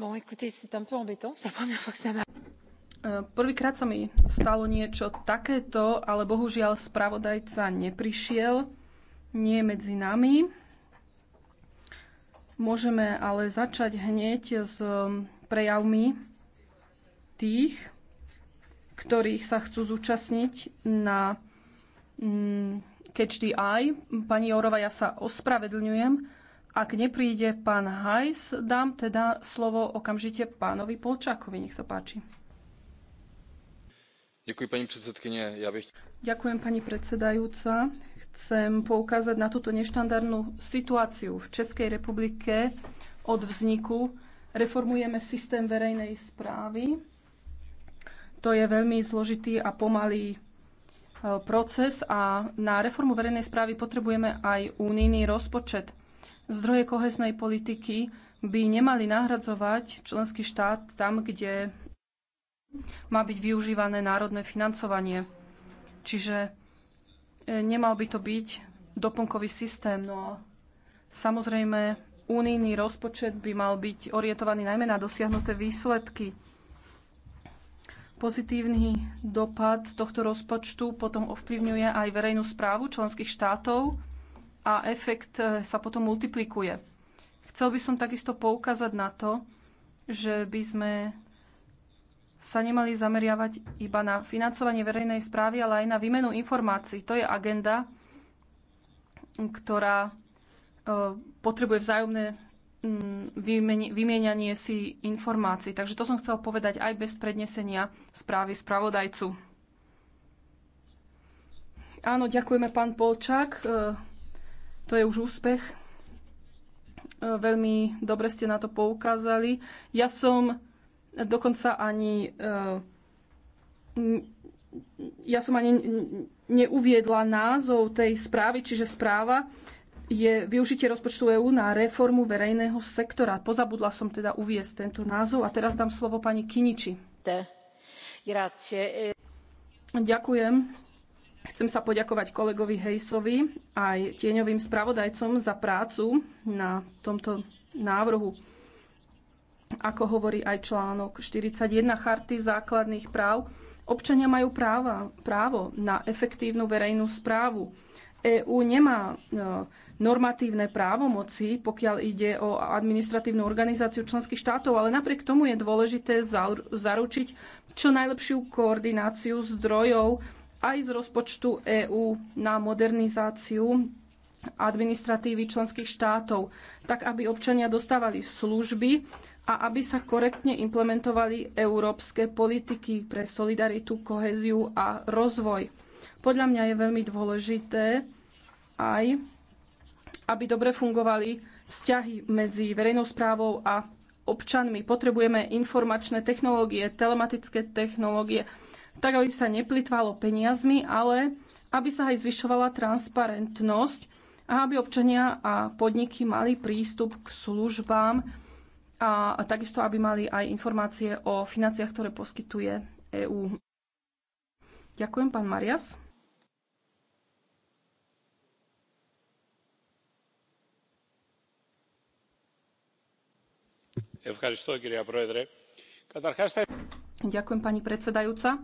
Speaker 9: Eh, prvýkrát sa mi stalo niečo takéto, ale bohužiaľ spravodajca neprišiel, nie je medzi nami. Môžeme ale začať hneď s um, prejavmi tých, ktorých sa chcú zúčastniť na mm, Catch the Eye. Pani Jourova, ja sa ospravedlňujem ak nepríde pán Hajs, dám teda slovo okamžite pánovi Polčákovi. Nech sa páči.
Speaker 1: Ďakujem, pani predsedkynie. Ja bych...
Speaker 9: Ďakujem, pani predsedajúca. Chcem poukázať na túto neštandardnú situáciu. V Českej republike od vzniku reformujeme systém verejnej správy. To je veľmi zložitý a pomalý e, proces a na reformu verejnej správy potrebujeme aj únijný rozpočet. Zdroje kohesnej politiky by nemali nahradzovať členský štát tam, kde má byť využívané národné financovanie. Čiže e, nemal by to byť doplnkový systém. No a samozrejme, unijný rozpočet by mal byť orientovaný najmä na dosiahnuté výsledky. Pozitívny dopad tohto rozpočtu potom ovplyvňuje aj verejnú správu členských štátov a efekt eh, sa potom multiplikuje. Chcel by som takisto poukázať na to, že by sme sa nemali zameriavať iba na financovanie verejnej správy, ale aj na výmenu informácií. To je agenda, ktorá eh, potrebuje vzájomné mm, vymienianie si informácií. Takže to som chcel povedať aj bez prednesenia správy spravodajcu. Áno, ďakujeme pán Polčák. Eh, to je už úspech. E, veľmi dobre ste na to poukázali. Ja som dokonca ani e, ja som ani neuviedla názov tej správy, čiže správa je využitie rozpočtu EÚ na reformu verejného sektora. Pozabudla som teda uviesť tento názov a teraz dám slovo pani Kiniči.
Speaker 4: Grazie.
Speaker 9: Ďakujem. Chcem sa poďakovať kolegovi Hejsovi aj tieňovým spravodajcom za prácu na tomto návrhu. Ako hovorí aj článok 41 Charty základných práv, občania majú práva, právo na efektívnu verejnú správu. EÚ nemá e, normatívne právomoci, pokiaľ ide o administratívnu organizáciu členských štátov, ale napriek tomu je dôležité zaručiť čo najlepšiu koordináciu zdrojov aj z rozpočtu EÚ na modernizáciu administratívy členských štátov, tak aby občania dostávali služby a aby sa korektne implementovali európske politiky pre solidaritu, koheziu a rozvoj. Podľa mňa je veľmi dôležité aj, aby dobre fungovali vzťahy medzi verejnou správou a občanmi. Potrebujeme informačné technológie, telematické technológie, tak aby sa neplitvalo peniazmi, ale aby sa aj zvyšovala transparentnosť a aby občania a podniky mali prístup k službám a, a takisto, aby mali aj informácie o financiách, ktoré poskytuje EÚ. Ďakujem, pán Marias. Ďakujem, pani predsedajúca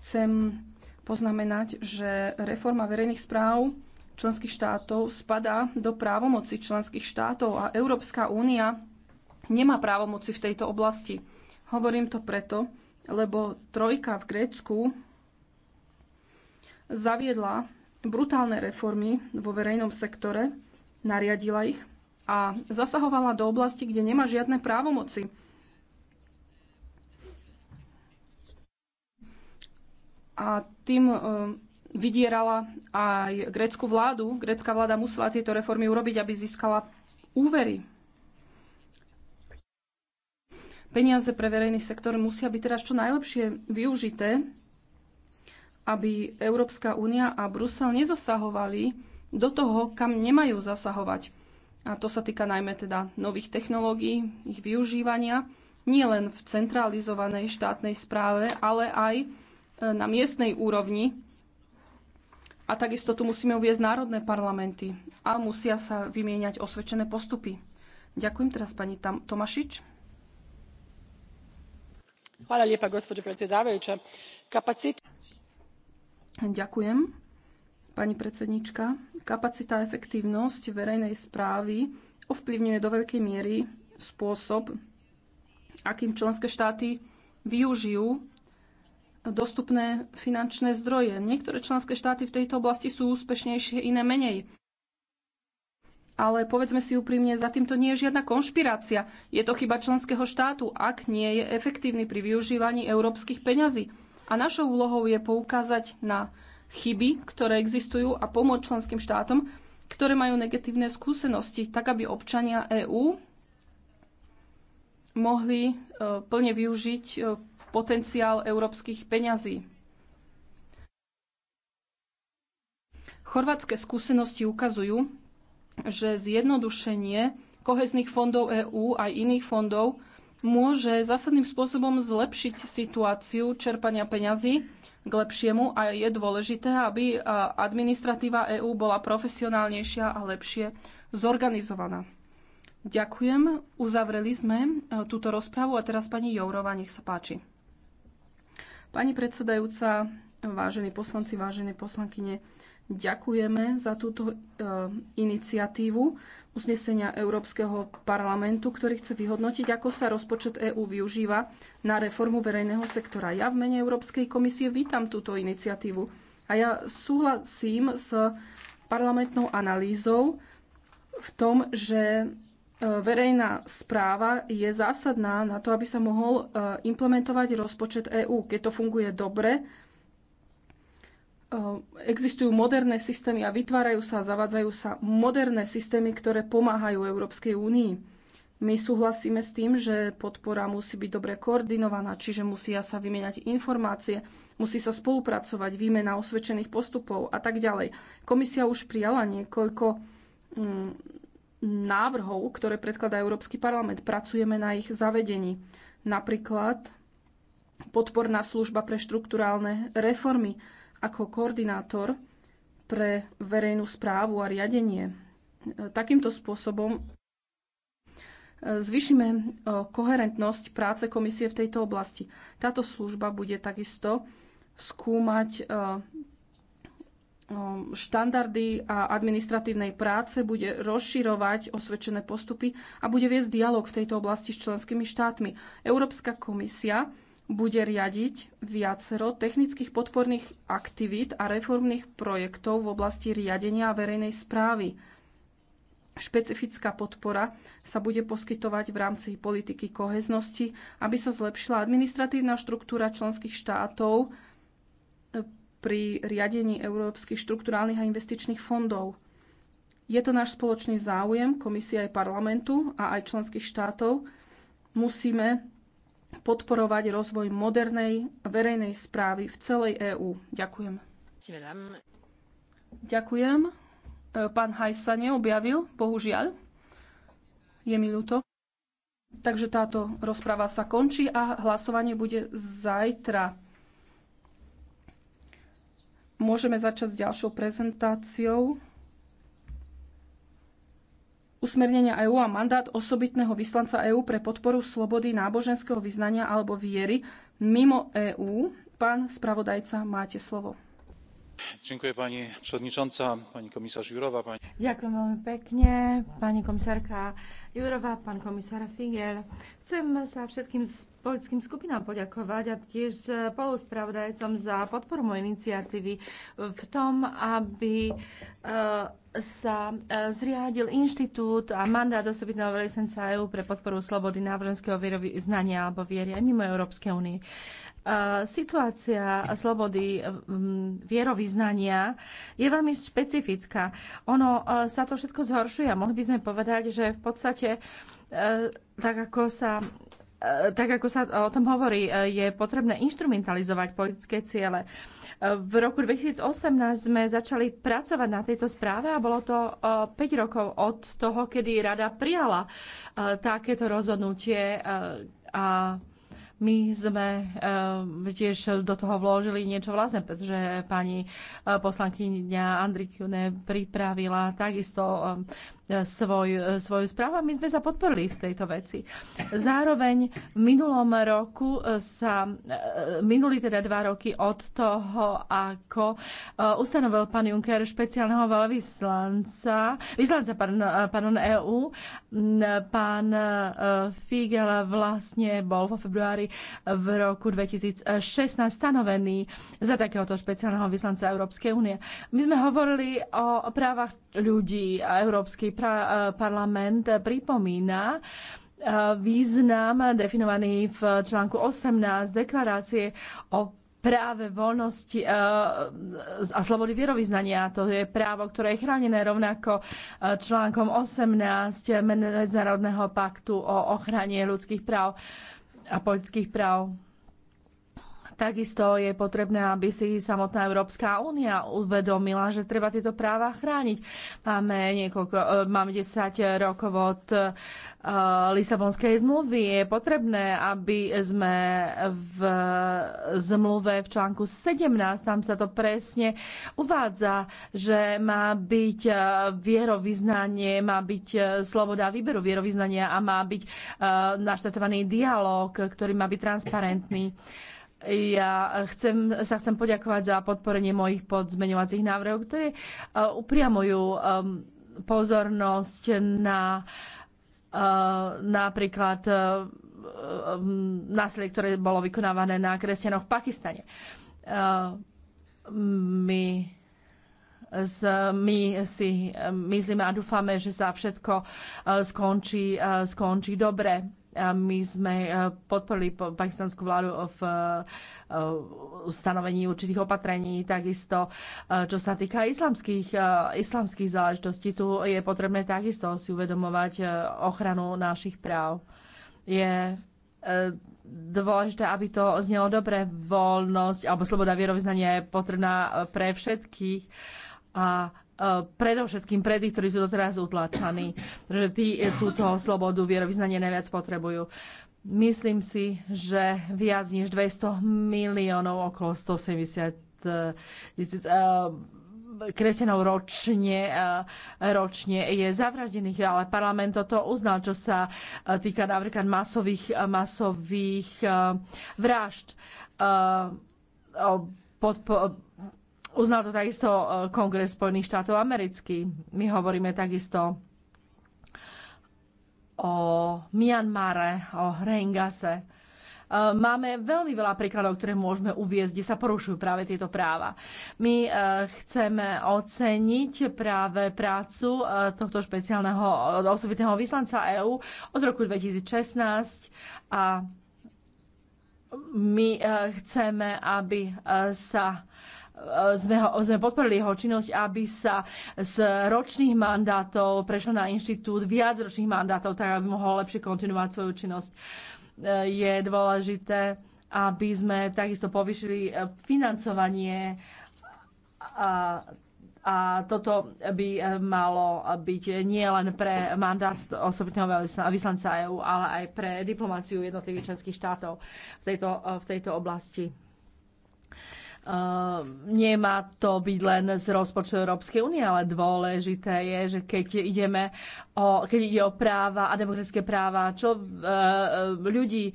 Speaker 9: Chcem poznamenať, že reforma verejných správ členských štátov spadá do právomoci členských štátov a Európska únia nemá právomoci v tejto oblasti. Hovorím to preto, lebo trojka v Grécku zaviedla brutálne reformy vo verejnom sektore, nariadila ich a zasahovala do oblasti, kde nemá žiadne právomoci. a tým e, vydierala aj grécku vládu. Grécka vláda musela tieto reformy urobiť, aby získala úvery. Peniaze pre verejný sektor musia byť teraz čo najlepšie využité, aby Európska únia a Brusel nezasahovali do toho, kam nemajú zasahovať. A to sa týka najmä teda nových technológií, ich využívania, nielen v centralizovanej štátnej správe, ale aj E, na miestnej úrovni. A takisto tu musíme uviezť národné parlamenty a musia sa vymieňať osvedčené postupy. Ďakujem teraz pani Tomašič. Hvala lijepa, gospođo predsjedavajuća. Kapacit... Ďakujem, pani predsednička. Kapacita a efektívnosť verejnej správy ovplyvňuje do veľkej miery spôsob, akým členské štáty využijú dostupné finančné zdroje. Niektoré členské štáty v tejto oblasti sú úspešnejšie, iné menej. Ale povedzme si úprimne, za týmto nie je žiadna konšpirácia. Je to chyba členského štátu, ak nie je efektívny pri využívaní európskych peňazí. A našou úlohou je poukázať na chyby, ktoré existujú a pomôcť členským štátom, ktoré majú negatívne skúsenosti, tak aby občania EÚ mohli e, plne využiť e, potenciál európskych peňazí. Chorvátske skúsenosti ukazujú, že zjednodušenie kohezných fondov EÚ aj iných fondov môže zásadným spôsobom zlepšiť situáciu čerpania peňazí k lepšiemu a je dôležité, aby administratíva EÚ bola profesionálnejšia a lepšie zorganizovaná. Ďakujem. Uzavreli sme e, túto rozpravu a teraz pani Jourova, nech sa páči. Pani predsedajúca, vážení poslanci, vážené poslankyne, ďakujeme za túto e, iniciatívu uznesenia Európskeho parlamentu, ktorý chce vyhodnotiť, ako sa rozpočet EÚ využíva na reformu verejného sektora. Ja v mene Európskej komisie vítam túto iniciatívu a ja súhlasím s parlamentnou analýzou v tom, že E, verejná správa je zásadná na to, aby sa mohol e, implementovať rozpočet EÚ. Keď to funguje dobre, e, existujú moderné systémy a vytvárajú sa a zavádzajú sa moderné systémy, ktoré pomáhajú Európskej únii. My súhlasíme s tým, že podpora musí byť dobre koordinovaná, čiže musia sa vymieňať informácie, musí sa spolupracovať, výmena osvedčených postupov a tak ďalej. Komisia už prijala niekoľko mm, návrhov, ktoré predkladá Európsky parlament. Pracujeme na ich zavedení. Napríklad podporná služba pre štruktúrálne reformy ako koordinátor pre verejnú správu a riadenie. E, takýmto spôsobom e, zvýšime e, koherentnosť práce komisie v tejto oblasti. Táto služba bude takisto skúmať No, štandardy a administratívnej práce, bude rozširovať osvedčené postupy a bude viesť dialog v tejto oblasti s členskými štátmi. Európska komisia bude riadiť viacero technických podporných aktivít a reformných projektov v oblasti riadenia a verejnej správy. Špecifická podpora sa bude poskytovať v rámci politiky koheznosti, aby sa zlepšila administratívna štruktúra členských štátov pri riadení európskych štrukturálnych a investičných fondov. Je to náš spoločný záujem, komisia aj parlamentu a aj členských štátov. Musíme podporovať rozvoj modernej verejnej správy v celej EÚ. Ďakujem. Ďakujem. E, pán Hajs sa neobjavil, bohužiaľ. Je mi ľúto. Takže táto rozpráva sa končí a hlasovanie bude zajtra. Môžeme začať s ďalšou prezentáciou. Usmernenia EÚ a mandát osobitného vyslanca EÚ pre podporu slobody náboženského vyznania alebo viery mimo EÚ. Pán spravodajca,
Speaker 10: máte slovo.
Speaker 2: Ďakujem pani przewodnicząca, pani komisár Jurowa. Pani...
Speaker 10: Ďakujem veľmi pekne, pani komisárka Jurová, pán komisár Figel. Chcem sa všetkým politickým skupinám poďakovať a tiež spoluspravodajcom za podporu mojej iniciatívy v tom, aby e, sa e, zriadil inštitút a mandát osobitného veľvyslanca EU pre podporu slobody náboženského vierovýznania alebo viery aj mimo Európskej únie. E, situácia slobody vierovýznania je veľmi špecifická. Ono sa to všetko zhoršuje a mohli by sme povedať, že v podstate tak ako sa E, tak ako sa o tom hovorí, e, je potrebné instrumentalizovať politické ciele. E, v roku 2018 sme začali pracovať na tejto správe a bolo to 5 rokov od toho, kedy rada prijala takéto rozhodnutie a my sme tiež do toho vložili niečo vlastné, pretože pani poslankyňa Andrikune pripravila takisto E, svoj, e, svoju správu a my sme sa podporili v tejto veci. Zároveň v minulom roku e, sa, minuli teda dva roky od toho, ako ustanovil pán Juncker špeciálneho veľvyslanca, vyslanca, pardon, pardon EU, pán Figel vlastne bol vo februári v roku 2016 stanovený za takéhoto špeciálneho vyslanca Európskej únie. My sme hovorili o právach ľudí a Európskej pra- eh, parlament pripomína eh, význam definovaný v článku 18 deklarácie o práve voľnosti eh, a slobody vierovýznania. To je právo, ktoré je chránené rovnako článkom 18 Medzinárodného paktu o ochrane ľudských práv a politických práv. Takisto je potrebné, aby si samotná Európska únia uvedomila, že treba tieto práva chrániť. Máme, niekoľko, e, máme 10 rokov od e, Lisabonskej zmluvy. Je potrebné, aby sme v zmluve v článku 17, tam sa to presne uvádza, že má byť e, vierovýznanie, má byť sloboda výberu vierovýznania a má byť naštatovaný dialog, ktorý má byť transparentný. Ja chcem, sa chcem poďakovať za podporenie mojich podzmeňovacích návrhov, ktoré e, upriamujú e, pozornosť na e, napríklad násilie, ktoré bolo vykonávané na kresťanoch v Pakistane. My my si myslíme a dúfame, že sa všetko skončí, skončí dobre my sme e, podporili pakistanskú vládu v e, e, ustanovení určitých opatrení, takisto čo sa týka islamských, islamských záležitostí, tu je potrebné takisto si uvedomovať ochranu našich práv. Je dôležité, aby to znelo dobre. Voľnosť alebo sloboda vierovýznania je potrebná pre všetkých. A Eh, predovšetkým pre tých, ktorí sú doteraz utlačaní, že tí eh, túto slobodu vierovýznania najviac potrebujú. Myslím si, že viac než 200 miliónov, okolo 170 eh, tisíc kresenou ročne, ročne je zavraždených, ale parlament toto uznal, čo sa týka napríklad masových, masových vražd. Podpo- Uznal to takisto e, Kongres Spojených štátov americký. My hovoríme takisto o Mianmare, o rengase. E, máme veľmi veľa príkladov, ktoré môžeme uviezť, kde sa porušujú práve tieto práva. My e, chceme oceniť práve prácu tohto špeciálneho osobitného vyslanca EÚ od roku 2016 a my chceme, aby sa E, sme, ho, sme podporili jeho činnosť, aby sa z ročných mandátov prešlo na inštitút viacročných mandátov, tak aby mohol lepšie kontinuovať svoju činnosť. E, je dôležité, aby sme takisto povyšili e, financovanie a a toto by malo byť nie len pre mandát osobitného vyslanca EÚ, ale aj pre diplomáciu jednotlivých členských štátov v tejto, v tejto oblasti. Ehm, nemá to byť len z rozpočtu Európskej únie, ale dôležité je, že keď, ideme o, keď ide o práva a demokratické práva čo, e, e, ľudí, e,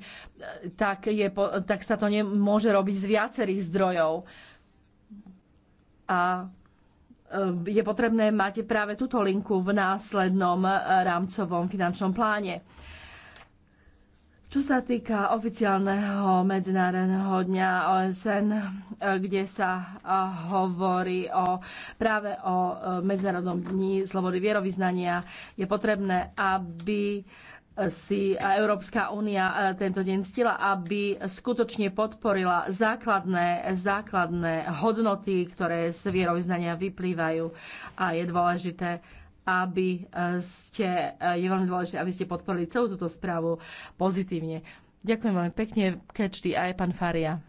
Speaker 10: tak, je, tak sa to nemôže robiť z viacerých zdrojov. A je potrebné mať práve túto linku v následnom rámcovom finančnom pláne. Čo sa týka oficiálneho medzinárodného dňa OSN, eh, kde sa eh, hovorí o, práve o eh, Medzinárodnom dni slobody vierovýznania, je potrebné, aby si Európska únia tento deň stila, aby skutočne podporila základné, základné hodnoty, ktoré z vierovýznania vyplývajú. A je dôležité, aby e, ste, e, je veľmi dôležité, aby ste podporili celú túto správu pozitívne. Ďakujem veľmi pekne, Kečty aj pán Faria.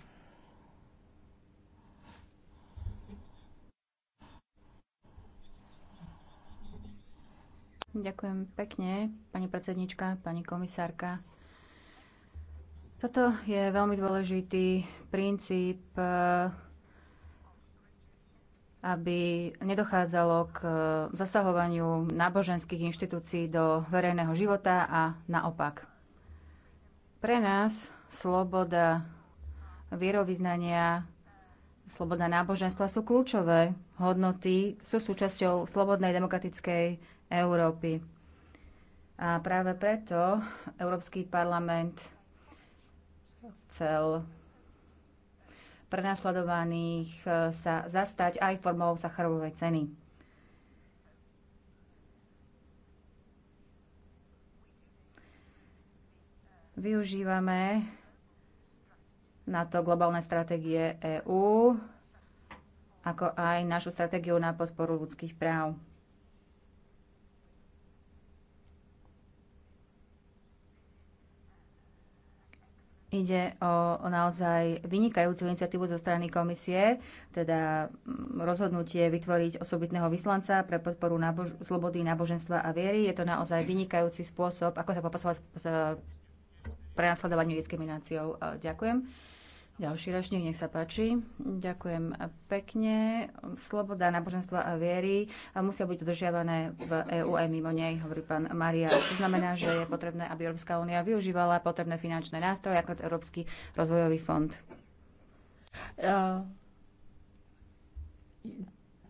Speaker 11: Ďakujem pekne, pani predsednička, pani komisárka. Toto je veľmi dôležitý princíp e, aby nedochádzalo k e, zasahovaniu náboženských inštitúcií do verejného života a naopak. Pre nás sloboda vierovýznania, sloboda náboženstva sú kľúčové hodnoty, sú súčasťou slobodnej demokratickej Európy. A práve preto Európsky parlament chcel prenasledovaných e, sa zastať aj formou Sacharovej ceny. Využívame na to globálne stratégie EÚ, ako aj našu stratégiu na podporu ľudských práv. Ide o naozaj vynikajúcu iniciatívu zo strany komisie, teda mm, rozhodnutie vytvoriť osobitného vyslanca pre podporu nábož- slobody náboženstva a viery. Je to naozaj vynikajúci spôsob, ako sa popasovať s e, prenasledovaniu diskrimináciou. E, ďakujem. Ďalší rečník, nech sa páči. Ďakujem pekne. Sloboda náboženstva a viery musia byť dodržiavané v EÚ aj mimo nej, hovorí pán Maria. To znamená, že je potrebné, aby Európska únia využívala potrebné finančné nástroje, ako Európsky rozvojový fond. E,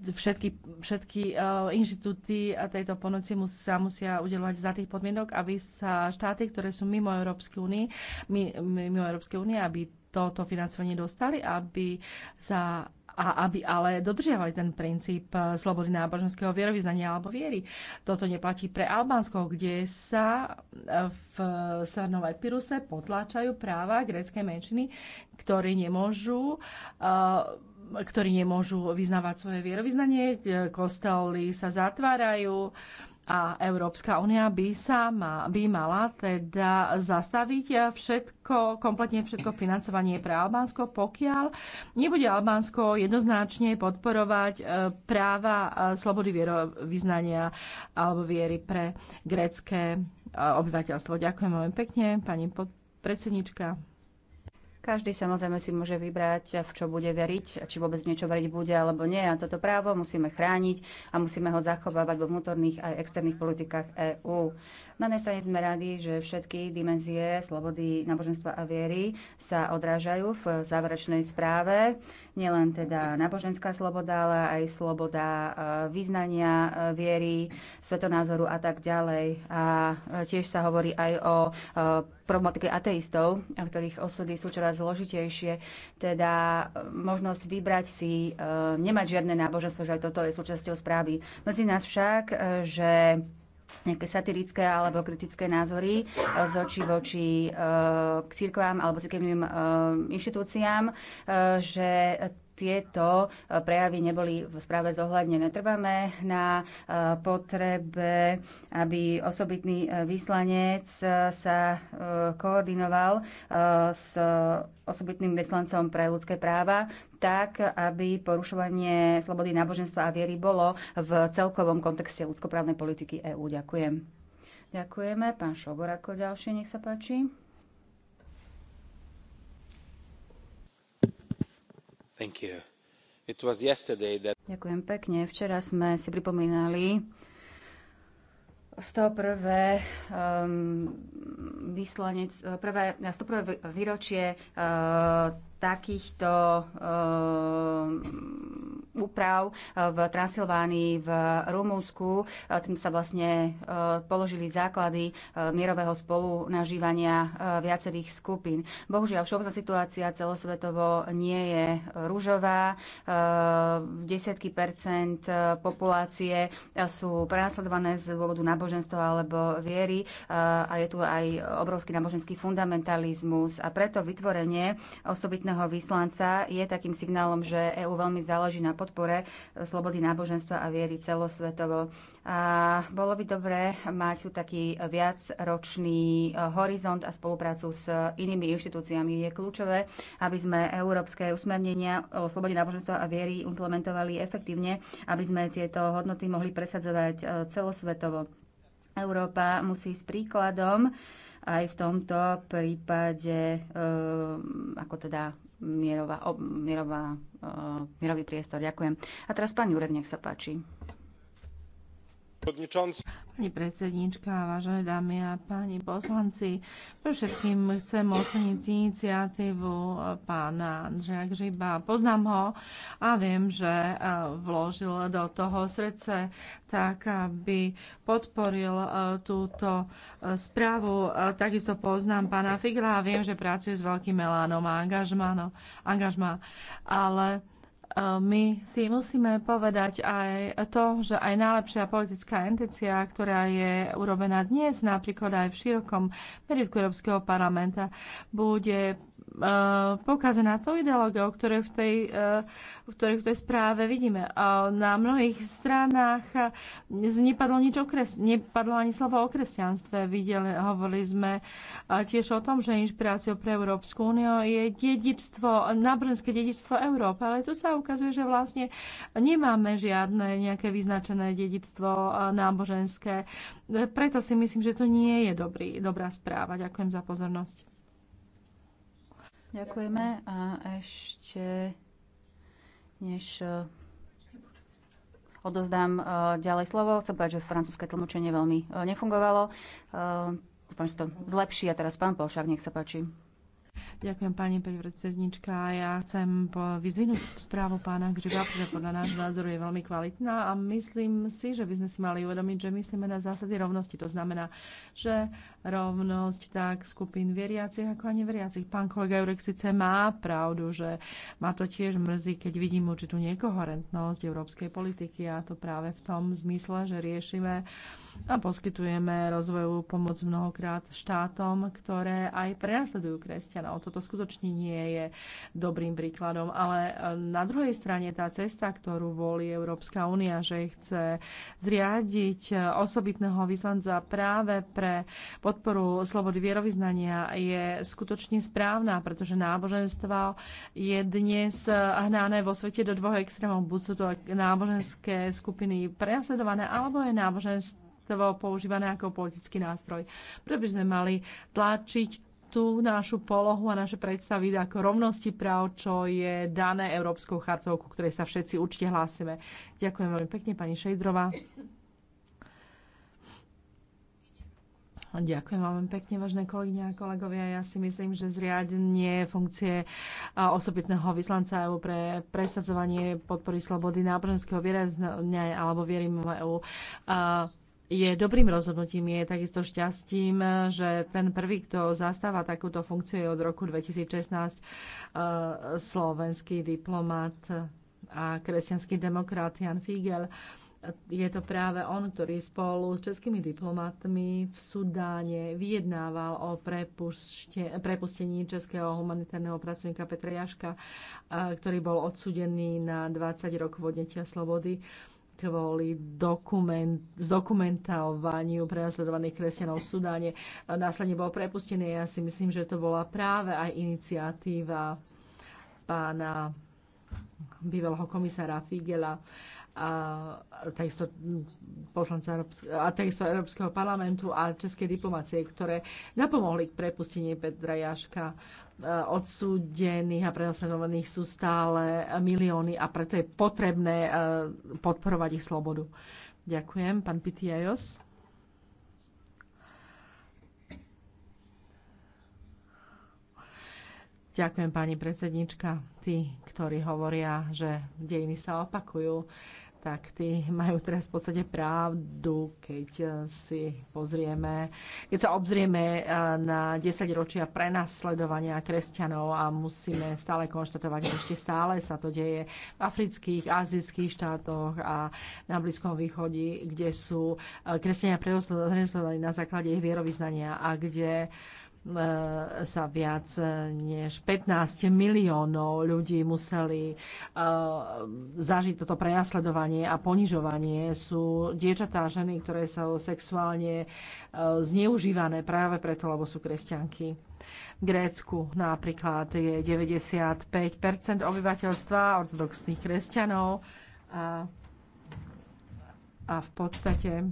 Speaker 11: všetky, všetky e, inštitúty
Speaker 10: tejto pomoci sa musia udelovať za tých podmienok, aby sa štáty, ktoré sú mimo Európskej únie, mimo Európskej únie, aby toto financovanie dostali, aby sa a aby ale dodržiavali ten princíp eh, slobody náboženského vierovýznania alebo viery. Toto neplatí pre Albánsko, kde sa eh, v Severnom Epiruse potláčajú práva gréckej menšiny, ktorí nemôžu eh, ktorí nemôžu vyznávať svoje vierovýznanie, kostely sa zatvárajú, a Európska únia by, sa ma, by mala teda zastaviť všetko, kompletne všetko financovanie pre Albánsko, pokiaľ nebude Albánsko jednoznačne podporovať e, práva slobody vierovýznania alebo viery pre grecké e, obyvateľstvo. Ďakujem veľmi pekne, pani
Speaker 11: predsednička. Každý samozrejme si môže vybrať, v čo bude veriť, či vôbec niečo veriť bude alebo nie. A toto právo musíme chrániť a musíme ho zachovávať vo vnútorných aj externých politikách EÚ. Na jednej strane sme radi, že všetky dimenzie slobody náboženstva a viery sa odrážajú v záverečnej správe. Nielen teda náboženská sloboda, ale aj sloboda e, význania e, viery, svetonázoru a tak ďalej. A e, tiež sa hovorí aj o problematike ateistov, ktorých osudy sú čoraz čoraz zložitejšie. Teda e, možnosť vybrať si, e, nemať žiadne náboženstvo, že aj toto je súčasťou správy. Medzi nás však, e, že nejaké satirické alebo kritické názory z očí voči k církvám alebo cirkevným inštitúciám, že tieto e, prejavy neboli v správe zohľadnené. Trváme na e, potrebe, aby osobitný e, vyslanec sa koordinoval s osobitným vyslancom pre ľudské práva, tak, aby porušovanie slobody náboženstva a viery bolo v celkovom kontexte ľudskoprávnej politiky EÚ. Ďakujem. Ďakujeme. Pán Šobor ako ďalšie, nech sa páči. Ďakujem pekne. Včera sme si pripomínali 101. Um, prvé, výročie uh, takýchto um, úprav eh, v Transilvánii, v Rumúnsku. Eh, tým sa vlastne eh, položili základy mierového spolunažívania viacerých skupín. Bohužiaľ, všeobecná situácia celosvetovo nie je rúžová. Desiatky percent populácie sú prenasledované z dôvodu náboženstva alebo viery a je tu aj obrovský náboženský fundamentalizmus a preto vytvorenie osobitného vyslanca je takým signálom, že EÚ veľmi záleží na podpore eh, slobody náboženstva a viery celosvetovo. A bolo by dobré mať tu taký viacročný eh, horizont a spoluprácu s inými inštitúciami. Je kľúčové, aby sme európske usmernenia o slobode náboženstva a viery implementovali efektívne, aby sme tieto hodnoty mohli presadzovať eh, celosvetovo. Európa musí s príkladom aj v tomto prípade, ako teda mierová, ob, mierová, uh, mierový priestor. Ďakujem. A teraz pán Jurek, nech sa páči. Pani
Speaker 10: predsednička, vážené dámy a páni poslanci, pre všetkým chcem oceniť iniciatívu pána Andreja Gžiba. Poznám ho a viem, že e, vložil do toho srdce tak, aby podporil e, túto e, správu. Takisto poznám pána Figla a viem, že pracuje s veľkým elánom a angažmá, ale my si musíme povedať aj to, že aj najlepšia politická intencia, ktorá je urobená dnes, napríklad aj v širokom meritku Európskeho parlamenta, bude Eh, poukáza na to ideológiou, ktoré v tej, eh, v ktorej v tej správe vidíme. Na mnohých stranách eh, nepadlo, nič okres, nepadlo ani slovo o kresťanstve. Videli, hovorili sme tiež o tom, že inšpiráciou pre Európsku úniu je dedičstvo, náboženské dedičstvo Európy, ale tu sa ukazuje, že vlastne nemáme žiadne nejaké vyznačené dedičstvo náboženské. Preto si myslím, že to nie je dobrý, dobrá správa. Ďakujem za pozornosť.
Speaker 11: Ďakujeme a ešte než eh, odozdám eh, ďalej slovo. Chcem povedať, že francúzske tlmočenie veľmi eh, nefungovalo. Dúfam, že to zlepší. A teraz pán Polšák, nech sa páči.
Speaker 10: Ďakujem pani predsednička. Ja chcem vyzvinúť správu pána Gžiba, že podľa nášho názoru je veľmi kvalitná a myslím si, že by sme si mali uvedomiť, že myslíme na zásady rovnosti. To znamená, že rovnosť tak skupín veriacich ako ani neveriacich. Pán kolega Jurek síce má pravdu, že ma to tiež mrzí, keď vidím určitú nekoherentnosť európskej politiky a to práve v tom zmysle, že riešime a poskytujeme rozvojovú pomoc mnohokrát štátom, ktoré aj prenasledujú kresťanov Iránov. Toto skutočne nie je dobrým príkladom, ale e, na druhej strane tá cesta, ktorú volí Európska únia, že chce zriadiť e, osobitného vyslanca práve pre podporu slobody vierovýznania je skutočne správna, pretože náboženstvo je dnes e, hnané vo svete do dvoch extrémov. Buď sú to náboženské skupiny preasledované alebo je náboženstvo používané ako politický nástroj. Preto by sme mali tlačiť tú našu polohu a naše predstavy ako rovnosti práv, čo je dané Európskou chartou, ku ktorej sa všetci určite hlásime. Ďakujem veľmi pekne, pani Šejdrová. Ďakujem vám pekne, vážne kolegyne a kolegovia. Ja si myslím, že zriadenie funkcie osobitného vyslanca EU pre presadzovanie podpory slobody náboženského vierenia alebo viery EU je dobrým rozhodnutím, je takisto šťastím, eh, že ten prvý, kto zastáva takúto funkciu, je od roku 2016 eh, slovenský diplomat a kresťanský demokrat Jan Figel. Je to práve on, ktorý spolu s českými diplomatmi v Sudáne vyjednával o prepustení českého humanitárneho pracovníka Petra Jaška, eh, ktorý bol odsudený na 20 rokov odnetia slobody kvôli dokument, zdokumentovaniu prenasledovaných kresťanov v Sudáne. Následne bol prepustený. Ja si myslím, že to bola práve aj iniciatíva pána bývalého komisára Figela a takisto poslanca Európskeho, a takisto Európskeho parlamentu a českej diplomácie, ktoré napomohli k prepustení Petra Jaška. Eh, odsúdených a prenasledovaných sú stále milióny a preto je potrebné eh, podporovať ich slobodu. Ďakujem. Pán Pitiajos. Ďakujem, pani predsednička. Tí, ktorí hovoria, že dejiny sa opakujú, tak tí majú teraz v podstate pravdu, keď eh, si pozrieme, keď sa obzrieme eh, na 10 ročia prenasledovania kresťanov a musíme stále konštatovať, že ešte stále sa to deje v afrických, azijských štátoch a na Blízkom východe, kde sú eh, kresťania prenasledovaní na základe ich vierovýznania a kde E, sa viac e, než 15 miliónov ľudí museli e, zažiť toto prenasledovanie a ponižovanie. Sú diečatá a ženy, ktoré sa sexuálne zneužívané práve preto, lebo sú kresťanky. V Grécku napríklad je 95 obyvateľstva ortodoxných kresťanov a, a v podstate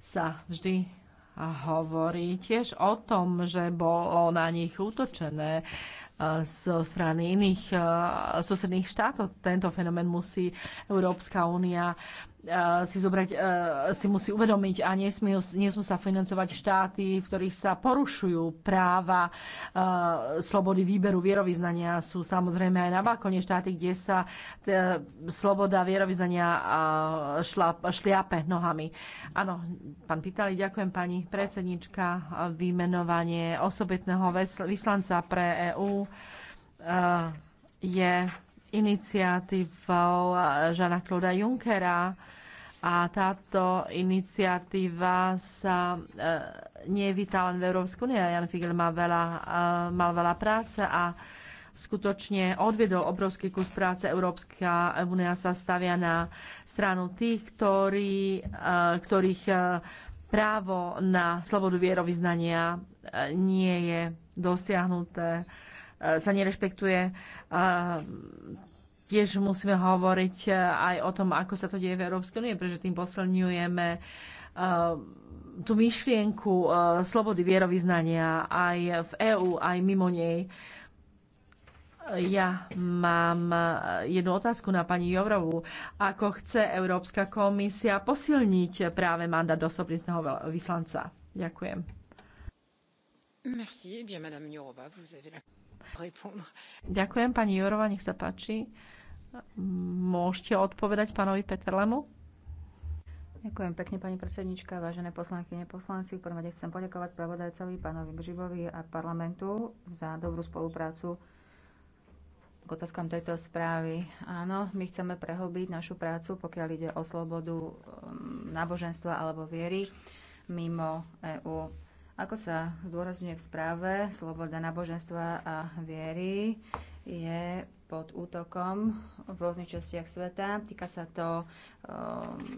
Speaker 10: sa vždy hovorí tiež o tom, že bolo na nich útočené e, zo strany iných e, susedných štátov. Tento fenomén musí Európska únia si, zobrať, si musí uvedomiť a nesmú, nesmú sa financovať štáty, v ktorých sa porušujú práva slobody výberu vierovýznania. Sú samozrejme aj na balkone štáty, kde sa e, sloboda vierovýznania šla, šliape nohami. Áno, pán Pitali, ďakujem pani predsednička. Vymenovanie osobitného vyslanca pre EÚ e, je iniciatívou eh, Žana Kloda Junckera a táto iniciatíva sa e, eh, nevítá len v Európskej únie. Jan Figel má veľa, e, mal veľa práce a skutočne odviedol obrovský kus práce. Európska únia sa stavia na stranu tých, ktorí, e, ktorých právo na slobodu vierovýznania nie je dosiahnuté sa nerešpektuje. Tiež musíme hovoriť e, aj o tom, ako sa to deje v Európskej únie, pretože tým posilňujeme e, tú myšlienku e, slobody vierovýznania aj v EÚ, aj mimo nej. Ja mám jednu otázku na pani Jovrovú. Ako chce Európska komisia posilniť práve mandát osobnistného vyslanca? Ďakujem.
Speaker 4: Merci. Eh bien, Madame Jourova, vous avez la...
Speaker 10: Ďakujem, pani Jorova, nech sa páči.
Speaker 11: Môžete odpovedať pánovi Petrlemu? Ďakujem pekne, pani predsednička, vážené poslanky, neposlanci. prvom rade chcem poďakovať pravodajcovi, pánovi Gžibovi a parlamentu za dobrú spoluprácu k otázkam tejto správy. Áno, my chceme prehlbiť našu prácu, pokiaľ ide o slobodu um, náboženstva alebo viery mimo EÚ. Ako sa zdôrazňuje v správe, sloboda náboženstva a viery je pod útokom v rôznych častiach sveta. Týka sa to uh,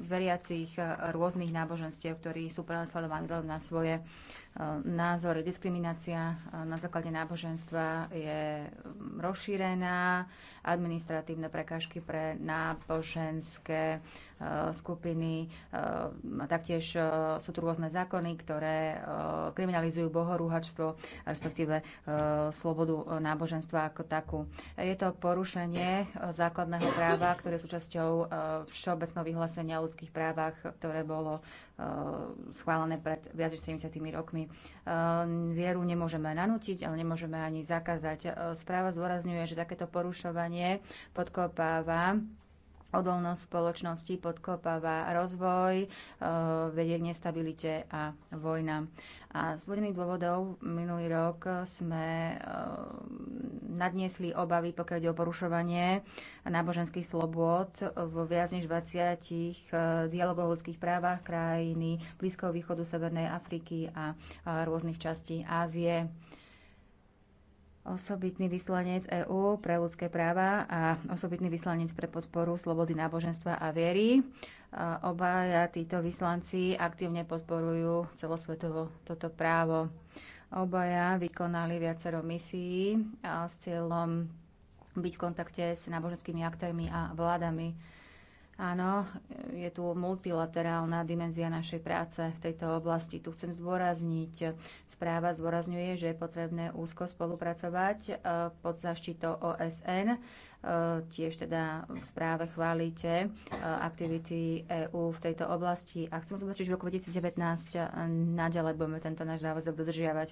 Speaker 11: veriacich rôznych náboženstiev, ktorí sú prenasledovaní vzhľadom na svoje uh, názory. Diskriminácia uh, na základe náboženstva je um, rozšírená, administratívne prekážky pre náboženské uh, skupiny, uh, taktiež uh, sú tu rôzne zákony, ktoré uh, kriminalizujú bohorúhačstvo, respektíve uh, slobodu uh, náboženstva ako takú. Je to porušenie e, základného práva, ktoré je súčasťou e, Všeobecného vyhlásenia o ľudských právach, ktoré bolo e, schválené pred viac než 70 rokmi. Vieru nemôžeme nanútiť, ale nemôžeme ani zakázať. Správa zdôrazňuje, že takéto porušovanie podkopáva Odolnosť spoločnosti podkopáva rozvoj, e, vedie k nestabilite a vojna. A z vodných dôvodov minulý rok sme e, nadniesli obavy, pokiaľ ide o porušovanie náboženských slobôd v viac než 20 e, dialogov o ľudských právach krajiny Blízkoho východu, Severnej Afriky a rôznych častí Ázie osobitný vyslanec EÚ pre ľudské práva a osobitný vyslanec pre podporu slobody náboženstva a viery. E, obaja títo vyslanci aktívne podporujú celosvetovo toto právo. Obaja vykonali viacero misií s cieľom byť v kontakte s náboženskými aktérmi a vládami. Áno, je tu multilaterálna dimenzia našej práce v tejto oblasti. Tu chcem zdôrazniť. Správa zdôrazňuje, že je potrebné úzko spolupracovať e, pod zaštitou OSN. E, tiež teda v správe chválite e, aktivity EÚ v tejto oblasti. A chcem zúčastniť, že v roku 2019 naďalej budeme tento náš záväzok dodržiavať.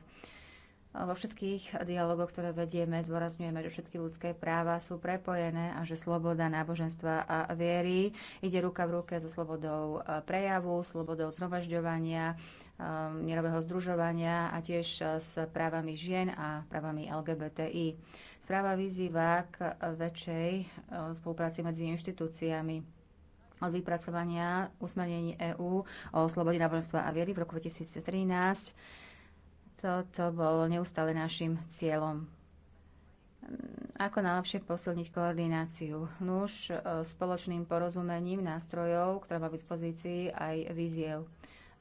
Speaker 11: Vo všetkých dialogoch, ktoré vedieme, zdôrazňujeme, že všetky ľudské práva sú prepojené a že sloboda náboženstva a viery ide ruka v ruke so slobodou eh, prejavu, slobodou zhromažďovania, eh, mierového združovania a tiež eh, s právami žien a právami LGBTI. Správa vyzýva k väčšej spolupráci medzi inštitúciami od vypracovania usmernení EÚ o slobode náboženstva a viery v roku 2013 toto bolo neustále našim cieľom. Ako najlepšie posilniť koordináciu? Nuž e, spoločným porozumením nástrojov, ktoré má v dispozícii aj víziev,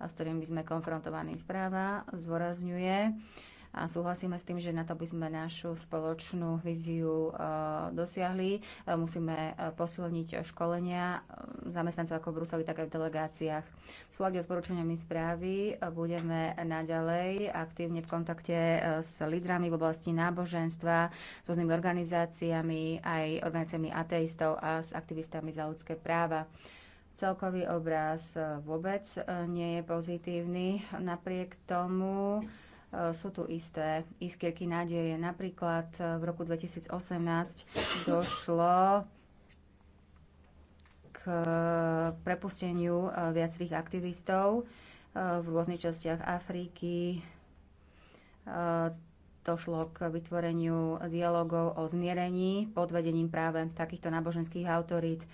Speaker 11: s ktorým by sme konfrontovaní. Správa zdôrazňuje a súhlasíme s tým, že na to, by sme našu spoločnú viziu e, dosiahli, e, musíme e, posilniť školenia zamestnancov ako v Bruseli, tak aj v delegáciách. V súlade odporúčaniami správy budeme naďalej aktívne v kontakte s lídrami v oblasti náboženstva, s rôznymi organizáciami, aj organizáciami ateistov a s aktivistami za ľudské práva celkový obraz vôbec nie je pozitívny. Napriek tomu E, sú tu isté iskierky nádeje. Napríklad e, v roku 2018 došlo k prepusteniu e, viacerých aktivistov v rôznych častiach Afriky. Došlo k vytvoreniu dialogov o zmierení pod vedením práve takýchto náboženských autorít.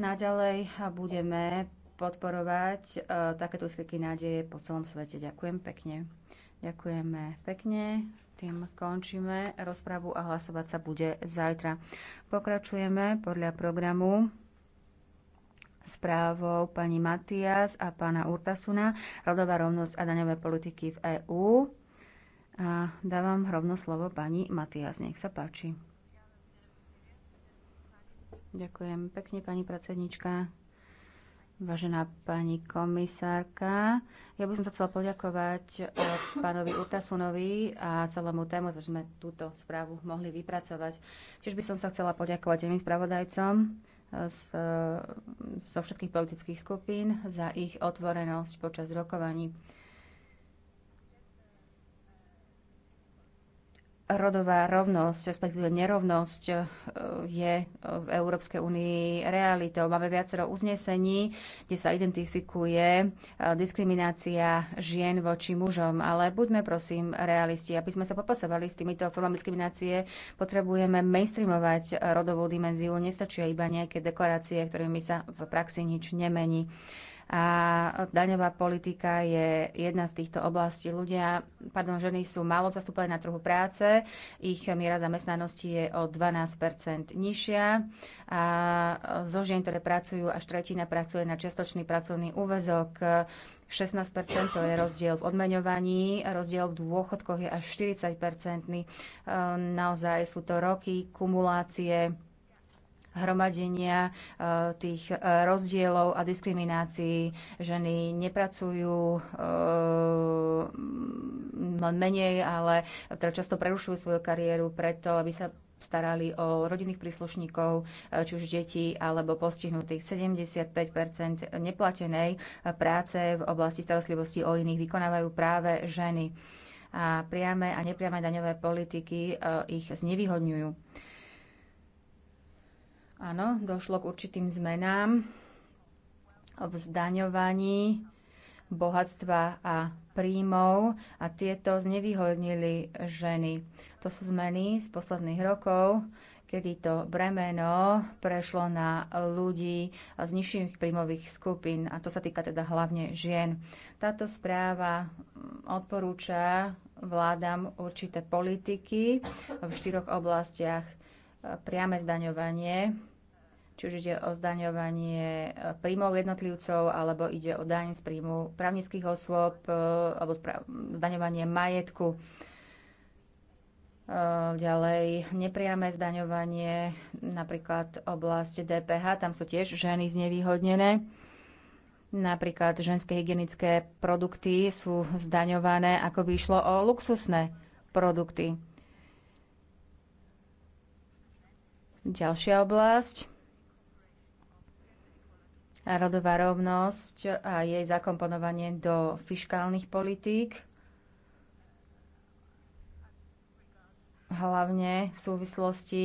Speaker 11: Naďalej budeme podporovať takéto skriky nádeje po celom svete. Ďakujem pekne. Ďakujeme pekne. Tým končíme rozpravu a hlasovať sa bude zajtra. Pokračujeme podľa programu správou pani Matias a pána Urtasuna rodová rovnosť a daňové politiky v EÚ. A dávam rovno slovo pani Matias. Nech sa páči. Ďakujem pekne, pani predsednička. Vážená pani komisárka, ja by som sa chcela poďakovať eh, pánovi Utasunovi a celému tému, že sme túto správu mohli vypracovať. Tiež by som sa chcela poďakovať mým spravodajcom eh, eh, zo všetkých politických skupín za ich otvorenosť počas rokovaní. rodová rovnosť, respektíve nerovnosť e, je v Európskej únii realitou. Máme viacero uznesení, kde sa identifikuje e, diskriminácia žien voči mužom, ale buďme prosím realisti, aby sme sa popasovali s týmito formami diskriminácie, potrebujeme mainstreamovať rodovú dimenziu. Nestačia iba nejaké deklarácie, ktorými sa v praxi nič nemení a daňová politika je jedna z týchto oblastí. Ľudia, pardon, ženy sú málo zastúpené na trhu práce, ich miera zamestnanosti je o 12 nižšia a zo žien, ktoré pracujú, až tretina pracuje na čiastočný pracovný úvezok. 16 to je rozdiel v odmeňovaní, rozdiel v dôchodkoch je až 40 ehm, Naozaj sú to roky kumulácie hromadenia e, tých e, rozdielov a diskriminácií. Ženy nepracujú e, menej, ale teda často prerušujú svoju kariéru preto, aby sa starali o rodinných príslušníkov, či už detí alebo postihnutých. 75 neplatenej práce v oblasti starostlivosti o iných vykonávajú práve ženy. A priame a nepriame daňové politiky ich znevýhodňujú. Áno, došlo k určitým zmenám v zdaňovaní bohatstva a príjmov a tieto znevýhodnili ženy. To sú zmeny z posledných rokov, kedy to bremeno prešlo na ľudí z nižších príjmových skupín a to sa týka teda hlavne žien. Táto správa mm, odporúča vládam určité politiky v štyroch oblastiach priame zdaňovanie, či už ide o zdaňovanie e, príjmov jednotlivcov, alebo ide o daň z príjmu právnických osôb, e, alebo zdaňovanie majetku. E, ďalej nepriame zdaňovanie, napríklad oblasť DPH, tam sú tiež ženy znevýhodnené. Napríklad ženské hygienické produkty sú zdaňované, ako by išlo o luxusné produkty. Ďalšia oblasť rodová rovnosť a jej zakomponovanie do fiškálnych politík, hlavne v súvislosti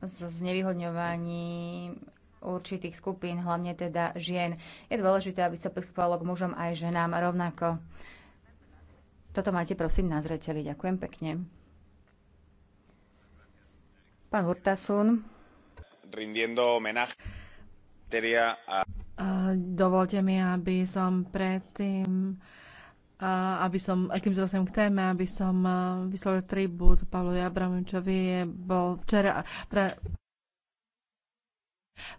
Speaker 11: s znevýhodňovaním určitých skupín, hlavne teda žien. Je dôležité, aby sa pristupovalo k mužom aj ženám rovnako. Toto máte prosím na zreteli. Ďakujem pekne. Pán Hurtasun
Speaker 2: rindiendo homenaje a...
Speaker 10: Dovolte mi, aby som predtým aby som, akým zrozumiem k téme, aby som vyslovil tribút Pavlovi Abramovičovi, bol včera, pre,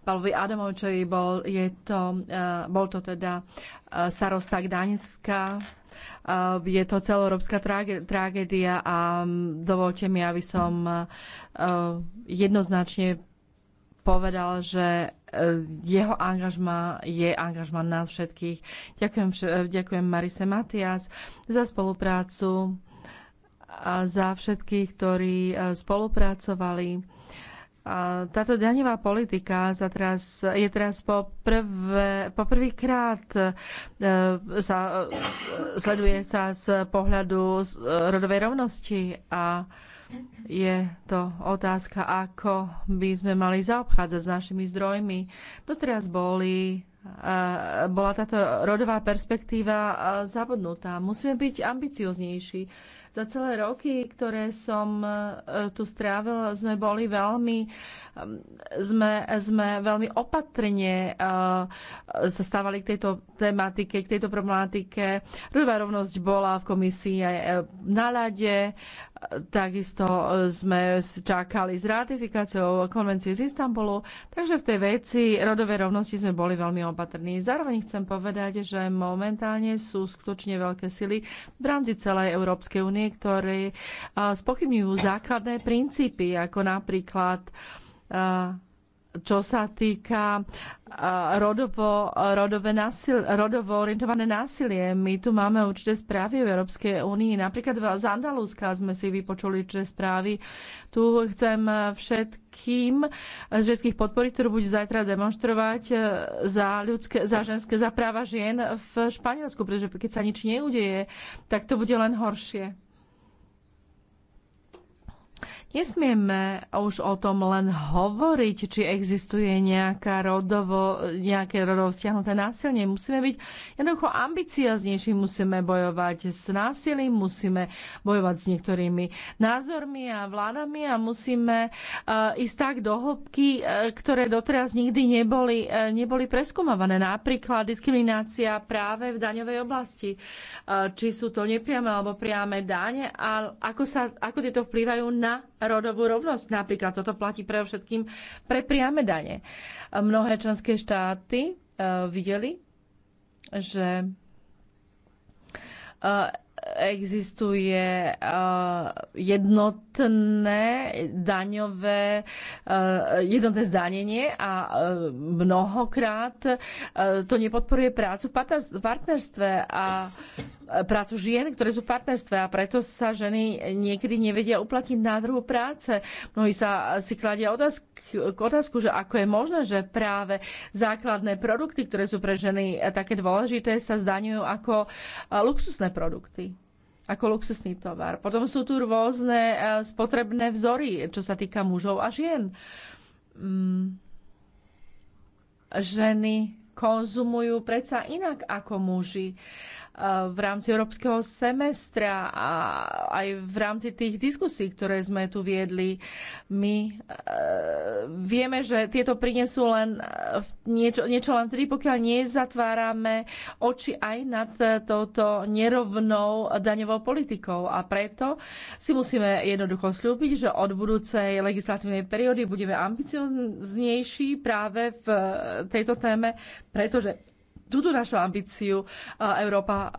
Speaker 10: Pavlovi Adamovičovi bol, je to, bol to teda starosta Gdaňska, je to celoeurópska tragédia a dovolte mi, aby som jednoznačne povedal, že e, jeho angažma je angažma nás všetkých. Ďakujem, e, ďakujem Marise Matias za spoluprácu a za všetkých, ktorí e, spolupracovali. Táto daňová politika teraz, je teraz po, prvé, po prvýkrát sa, sleduje sa z pohľadu rodovej rovnosti a je to otázka, ako by sme mali zaobchádzať s našimi zdrojmi. Doteraz boli e, bola táto rodová perspektíva e, zabudnutá. Musíme byť ambicioznejší za celé roky, ktoré som e, tu strávil, sme boli veľmi, sme, sme veľmi opatrne e, sa stávali k tejto tematike, k tejto problematike. Rodová rovnosť bola v komisii aj e, na ľade, takisto sme čakali s ratifikáciou konvencie z Istanbulu, takže v tej veci rodovej rovnosti sme boli veľmi opatrní. Zároveň chcem povedať, že momentálne sú skutočne veľké sily v rámci celej Európskej únie, ktoré e, spochybňujú základné princípy, ako napríklad e, čo sa týka e, rodovo, rodové násil, rodovo orientované násilie. My tu máme určité správy v Európskej únii. Napríklad z Andalúska sme si vypočuli určité správy. Tu chcem všetkým, všetkých podporiť, ktorú budú zajtra demonstrovať za, ľudské, za ženské, za práva žien v Španielsku, pretože keď sa nič neudeje, tak to bude len horšie. Nesmieme už o tom len hovoriť, či existuje nejaká rodovo, nejaké rodovo stiahnuté násilie. Musíme byť jednoducho ambicioznejší, musíme bojovať s násilím, musíme bojovať s niektorými názormi a vládami a musíme uh, ísť tak do hĺbky, uh, ktoré doteraz nikdy neboli, uh, neboli preskúmované. Napríklad diskriminácia práve v daňovej oblasti. Uh, či sú to nepriame alebo priame dáne a ako, sa, ako tieto vplývajú na rodovú rovnosť. Napríklad toto platí pre všetkým pre priame dane. Mnohé členské štáty uh, videli, že uh, existuje e, jednotné daňové, jednotné zdanenie a mnohokrát to nepodporuje prácu v partnerstve a E, prácu žien, ktoré sú v partnerstve a preto sa ženy niekedy nevedia uplatniť na druhú práce. Mnohí sa si kladia otázku, otázku, že ako je možné, že práve základné produkty, ktoré sú pre ženy také dôležité, sa zdaňujú ako e, luxusné produkty ako luxusný tovar. Potom sú tu rôzne e, spotrebné vzory, čo sa týka mužov a žien. Mm. Ženy konzumujú predsa inak ako muži v rámci európskeho semestra a aj v rámci tých diskusí, ktoré sme tu viedli. My eh, vieme, že tieto prinesú len eh, niečo, niečo len vtedy, pokiaľ nezatvárame oči aj nad eh, touto nerovnou daňovou politikou. A preto si musíme jednoducho slúbiť, že od budúcej legislatívnej periódy budeme ambicioznejší práve v tejto téme, pretože túto našu ambíciu Európa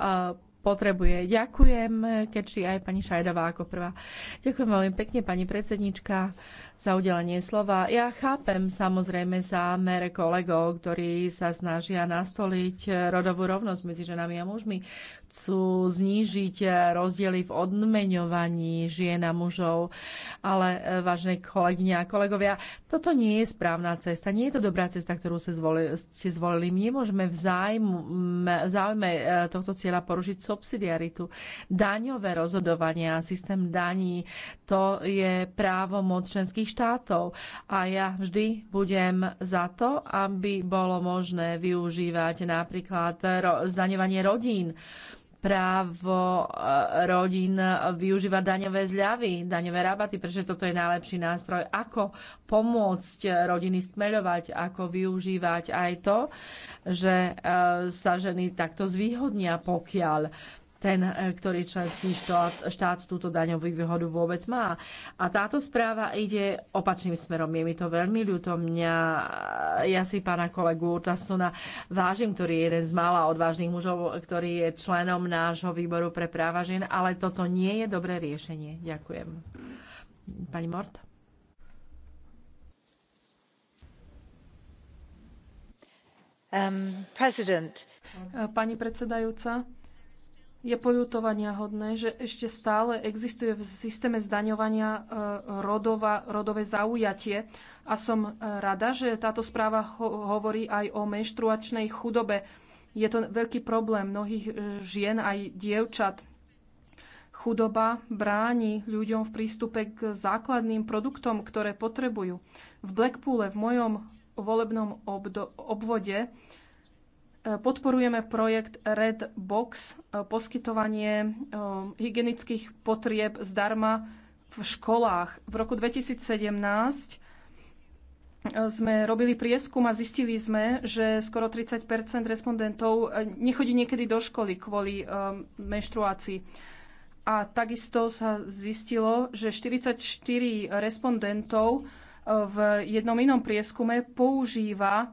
Speaker 10: potrebuje. Ďakujem, keďže aj pani Šajdová ako prvá. Ďakujem veľmi pekne, pani predsednička za udelenie slova. Ja chápem samozrejme zámer kolegov, ktorí sa snažia nastoliť rodovú rovnosť medzi ženami a mužmi. Chcú znížiť rozdiely v odmeňovaní žien a mužov. Ale e, vážne kolegyne a kolegovia, toto nie je správna cesta. Nie je to dobrá cesta, ktorú ste zvolili. Ste zvolili. My nemôžeme v záujme e, tohto cieľa porušiť subsidiaritu. Daňové rozhodovania, systém daní, to je právo moc členských Spojených štátov. A ja vždy budem za to, aby bolo možné využívať napríklad zdaňovanie rodín právo eh, rodín využívať daňové zľavy, daňové rabaty, pretože toto je najlepší nástroj, ako pomôcť rodiny stmeľovať, ako využívať aj to, že eh, sa ženy takto zvýhodnia, pokiaľ ten, e, ktorý členský štát, štát túto daňovú výhodu vôbec má. A táto správa ide opačným smerom. Je mi to veľmi ľúto. Mňa, e, ja si pána kolegu Tasuna vážim, ktorý je jeden z mála odvážnych mužov, ktorý je členom nášho výboru pre práva žien, ale toto nie je dobré riešenie. Ďakujem. Pani Mort?
Speaker 9: Um, president. Pani predsedajúca, je poľutovania hodné, že ešte stále existuje v systéme zdaňovania e, rodova, rodové zaujatie a som e, rada, že táto správa hovorí aj o menštruačnej chudobe. Je to veľký problém mnohých e, žien aj dievčat. Chudoba bráni ľuďom v prístupe k základným produktom, ktoré potrebujú. V Blackpoole, v mojom volebnom obvode, Podporujeme projekt Red Box, e, poskytovanie e, hygienických potrieb zdarma v školách. V roku 2017 e, sme robili prieskum a zistili sme, že skoro 30 respondentov nechodí niekedy do školy kvôli menštruácii. A takisto sa zistilo, že 44 respondentov v jednom inom prieskume používa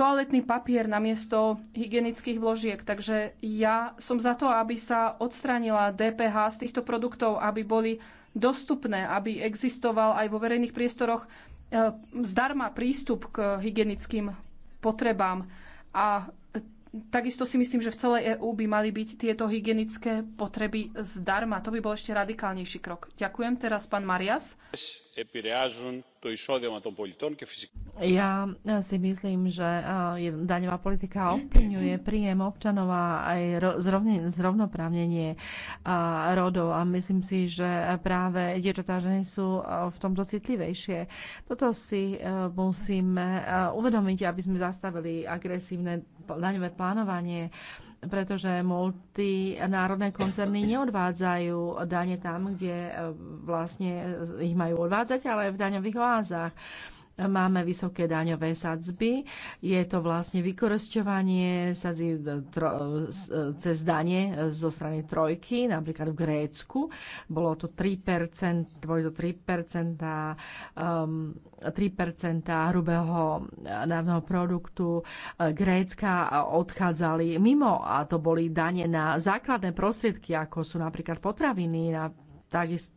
Speaker 9: toaletný papier namiesto hygienických vložiek. Takže ja som za to, aby sa odstránila DPH z týchto produktov, aby boli dostupné, aby existoval aj vo verejných priestoroch eh, zdarma prístup k hygienickým potrebám. A takisto si myslím, že v celej EÚ by mali byť tieto hygienické potreby zdarma. To by bol ešte radikálnejší krok. Ďakujem teraz, pán Marias.
Speaker 10: Ja e, si myslím, že e, daňová politika ovplyvňuje príjem občanov a aj zrovnoprávnenie e, rodov a myslím si, že práve dievčatá ženy sú v tomto citlivejšie. Toto si musíme uvedomiť, aby sme zastavili agresívne daňové plánovanie pretože multinárodné koncerny neodvádzajú dane tam, kde e, vlastne ich majú odvádzať, ale v daňových oázach. Máme vysoké daňové sadzby. Je to vlastne vykorosťovanie sadzby cez dane zo strany trojky, napríklad v Grécku. Bolo to 3%, boli to 3%, um, 3% hrubého národného produktu Grécka odchádzali mimo a to boli dane na základné prostriedky, ako sú napríklad potraviny, na takisto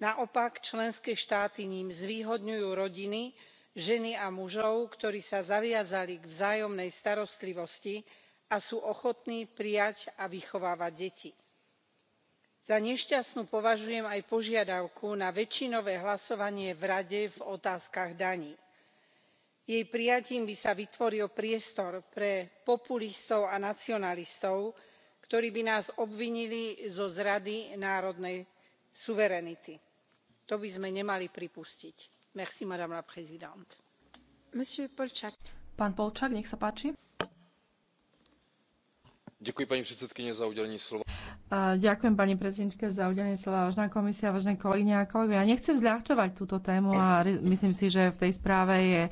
Speaker 4: naopak členské štáty ním zvýhodňujú rodiny ženy a mužov ktorí sa zaviazali k vzájomnej starostlivosti a sú ochotní prijať a vychovávať deti. za nešťastnú považujem aj požiadavku na väčšinové hlasovanie v rade v otázkach daní. jej prijatím by sa vytvoril priestor pre populistov a nacionalistov ktorí by nás obvinili zo zrady národnej suverenity. to by sme nemali pripustiť.
Speaker 1: Ďakujem pani predsedkyne za udelenie slova.
Speaker 10: Ďakujem komisia, vážené kolegyne a kolegovia. nechcem zľahčovať túto tému a myslím si, že v tej správe je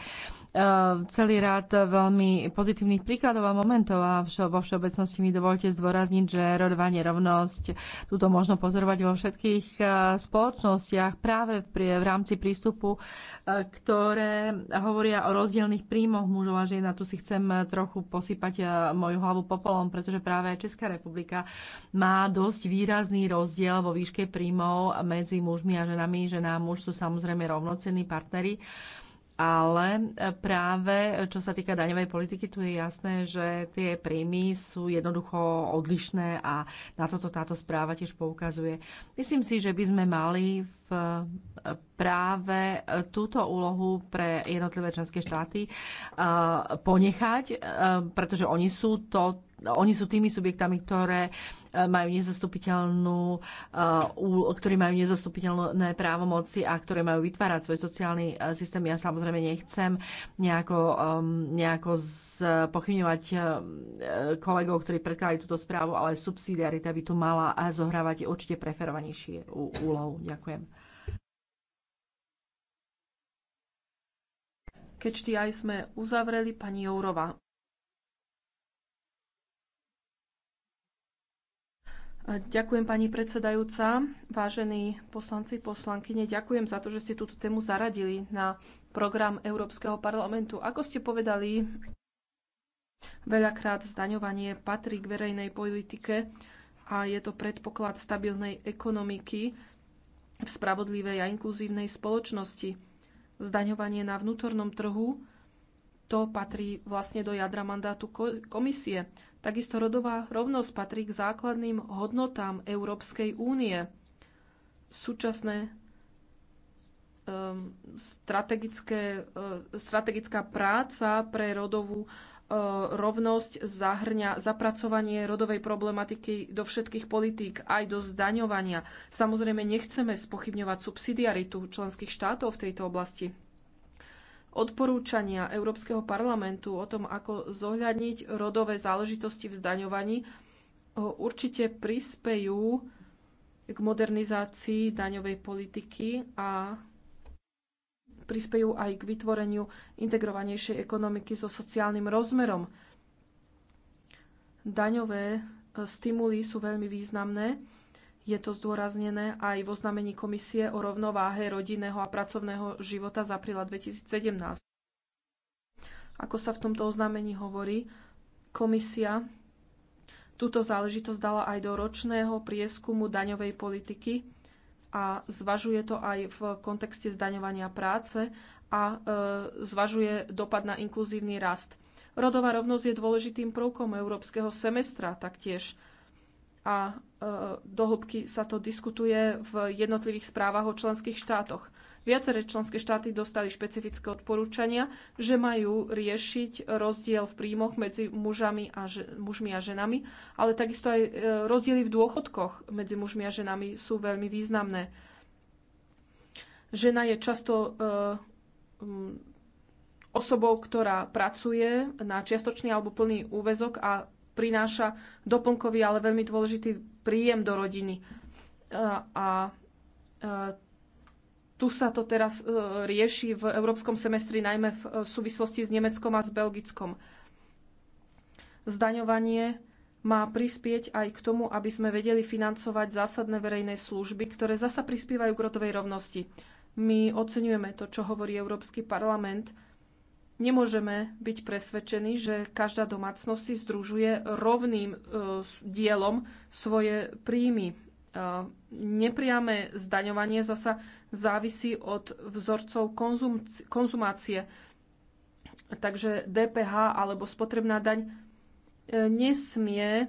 Speaker 10: Ehm, celý rád veľmi pozitívnych príkladov a momentov a vo všeobecnosti mi dovolte zdôrazniť, že rodová nerovnosť túto možno pozorovať vo všetkých eh, spoločnostiach práve v rámci prístupu, eh, ktoré hovoria o rozdielných príjmoch mužov a žien. A tu si chcem eh, trochu posypať moju hlavu popolom, pretože práve Česká republika má dosť výrazný rozdiel vo výške príjmov medzi mužmi a ženami. Žena a muž sú samozrejme rovnocenní partnery ale e, práve e, čo sa týka daňovej politiky, tu je jasné, že tie príjmy sú jednoducho odlišné a na toto táto správa tiež poukazuje. Myslím si, že by sme mali v e, práve túto úlohu pre jednotlivé členské štáty ponechať, pretože oni sú to oni sú tými subjektami, ktoré e, majú nezastupiteľnú, e, ktorí majú nezastupiteľné právomoci a ktoré majú vytvárať svoj sociálny e, systém. Ja samozrejme nechcem nejako, um, nejako pochyňovať kolegov, ktorí predkladajú túto správu, ale subsidiarita by tu mala zohrávať určite preferovanejšie úlohu. Ďakujem. Keď aj sme uzavreli, pani
Speaker 9: Jourova Ďakujem pani predsedajúca, vážení poslanci, poslankyne. Ďakujem za to, že ste túto tému zaradili na program Európskeho parlamentu. Ako ste povedali, veľakrát zdaňovanie patrí k verejnej politike a je to predpoklad stabilnej ekonomiky v spravodlivej a inkluzívnej spoločnosti. Zdaňovanie na vnútornom trhu to patrí vlastne do jadra mandátu komisie. Takisto rodová rovnosť patrí k základným hodnotám Európskej únie. Súčasné ehm, strategické, e, strategická práca pre rodovú e, rovnosť zahrňa zapracovanie rodovej problematiky do všetkých politík, aj do zdaňovania. Samozrejme, nechceme spochybňovať subsidiaritu členských štátov v tejto oblasti odporúčania Európskeho parlamentu o tom, ako zohľadniť rodové záležitosti v zdaňovaní, určite prispejú k modernizácii daňovej politiky a prispejú aj k vytvoreniu integrovanejšej ekonomiky so sociálnym rozmerom. Daňové e, stimuly sú veľmi významné je to zdôraznené aj vo znamení Komisie o rovnováhe rodinného a pracovného života z apríla 2017. Ako sa v tomto oznámení hovorí, komisia túto záležitosť dala aj do ročného prieskumu daňovej politiky a zvažuje to aj v kontexte zdaňovania práce a e, zvažuje dopad na inkluzívny rast. Rodová rovnosť je dôležitým prvkom európskeho semestra taktiež – a e, dohlbky sa to diskutuje v jednotlivých správach o členských štátoch. Viaceré členské štáty dostali špecifické odporúčania, že majú riešiť rozdiel v príjmoch medzi mužami a mužmi a ženami, ale takisto aj e, rozdiely v dôchodkoch medzi mužmi a ženami sú veľmi významné. Žena je často e, osobou, ktorá pracuje na čiastočný alebo plný úvezok a prináša doplnkový, ale veľmi dôležitý príjem do rodiny. E, a e, tu sa to teraz e, rieši v európskom semestri, najmä v súvislosti s Nemeckom a s Belgickom. Zdaňovanie má prispieť aj k tomu, aby sme vedeli financovať zásadné verejné služby, ktoré zasa prispievajú k rodovej rovnosti. My oceňujeme to, čo hovorí Európsky parlament Nemôžeme byť presvedčení, že každá domácnosť si združuje rovným e, dielom svoje príjmy. E, nepriame zdaňovanie zasa závisí od vzorcov konzum konzumácie. Takže DPH alebo spotrebná daň e, nesmie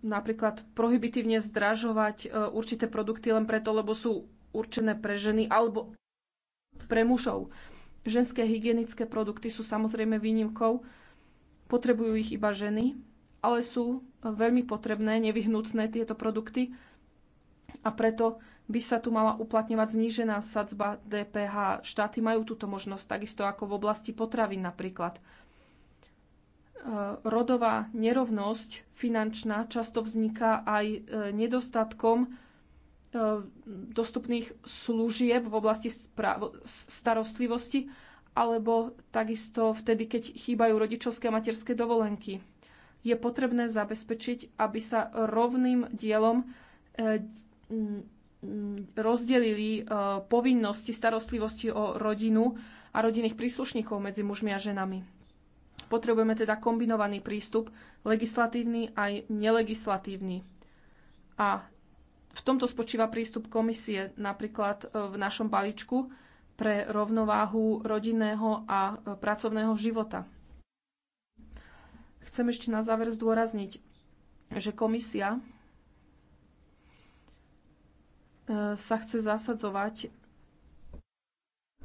Speaker 9: napríklad prohibitívne zdražovať určité produkty len preto, lebo sú určené pre ženy alebo pre mužov. Ženské hygienické produkty sú samozrejme výnimkou, potrebujú ich iba ženy, ale sú veľmi potrebné, nevyhnutné tieto produkty a preto by sa tu mala uplatňovať znížená sadzba DPH. Štáty majú túto možnosť, takisto ako v oblasti potravy napríklad. E, rodová nerovnosť finančná často vzniká aj e, nedostatkom E, dostupných služieb v oblasti starostlivosti alebo takisto vtedy, keď chýbajú rodičovské a materské dovolenky. Je potrebné zabezpečiť, aby sa rovným dielom e, rozdelili e, povinnosti starostlivosti o rodinu a rodinných príslušníkov medzi mužmi a ženami. Potrebujeme teda kombinovaný prístup, legislatívny aj nelegislatívny. A v tomto spočíva prístup komisie napríklad e, v našom balíčku pre rovnováhu rodinného a e, pracovného života. Chcem ešte na záver zdôrazniť, že komisia e, sa chce zasadzovať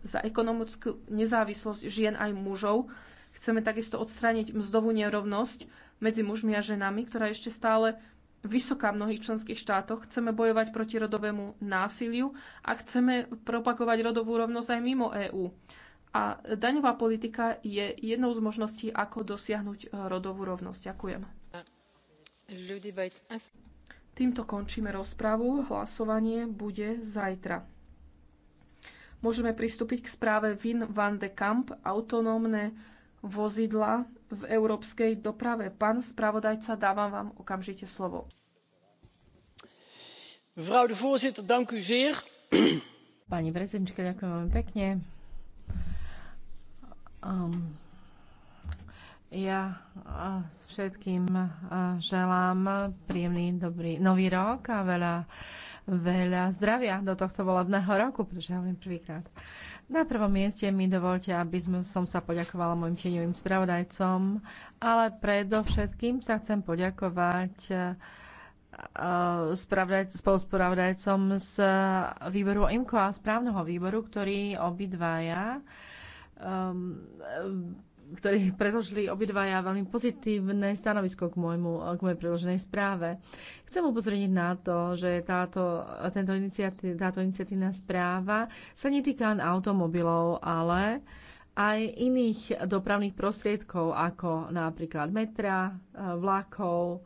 Speaker 9: za ekonomickú nezávislosť žien aj mužov. Chceme takisto odstrániť mzdovú nerovnosť medzi mužmi a ženami, ktorá ešte stále vysoká v mnohých členských štátoch. Chceme bojovať proti rodovému násiliu a chceme propagovať rodovú rovnosť aj mimo EÚ. A daňová politika je jednou z možností, ako dosiahnuť rodovú rovnosť. Ďakujem. Týmto končíme rozpravu. Hlasovanie bude zajtra. Môžeme pristúpiť k správe Vin van de Kamp, autonómne vozidla v európskej doprave. Pán spravodajca, dávam vám okamžite slovo.
Speaker 10: Pani predsednička, ďakujem veľmi pekne. Um, ja všetkým želám príjemný dobrý nový rok a veľa, veľa zdravia do tohto volebného roku, pretože ja viem prvýkrát. Uh, na prvom mieste mi dovolte, aby som sa poďakovala mojim tieňovým spravodajcom, ale predovšetkým sa chcem poďakovať eh, spoluspravodajcom z výboru IMCO a správneho výboru, ktorí obidvaja um, ktorí predložili obidvaja veľmi pozitívne stanovisko k, môjmu, k mojej predloženej správe. Chcem upozorniť na to, že táto, tento iniciatív, táto iniciatívna správa sa netýka len automobilov, ale aj iných dopravných prostriedkov, ako napríklad metra, e, vlakov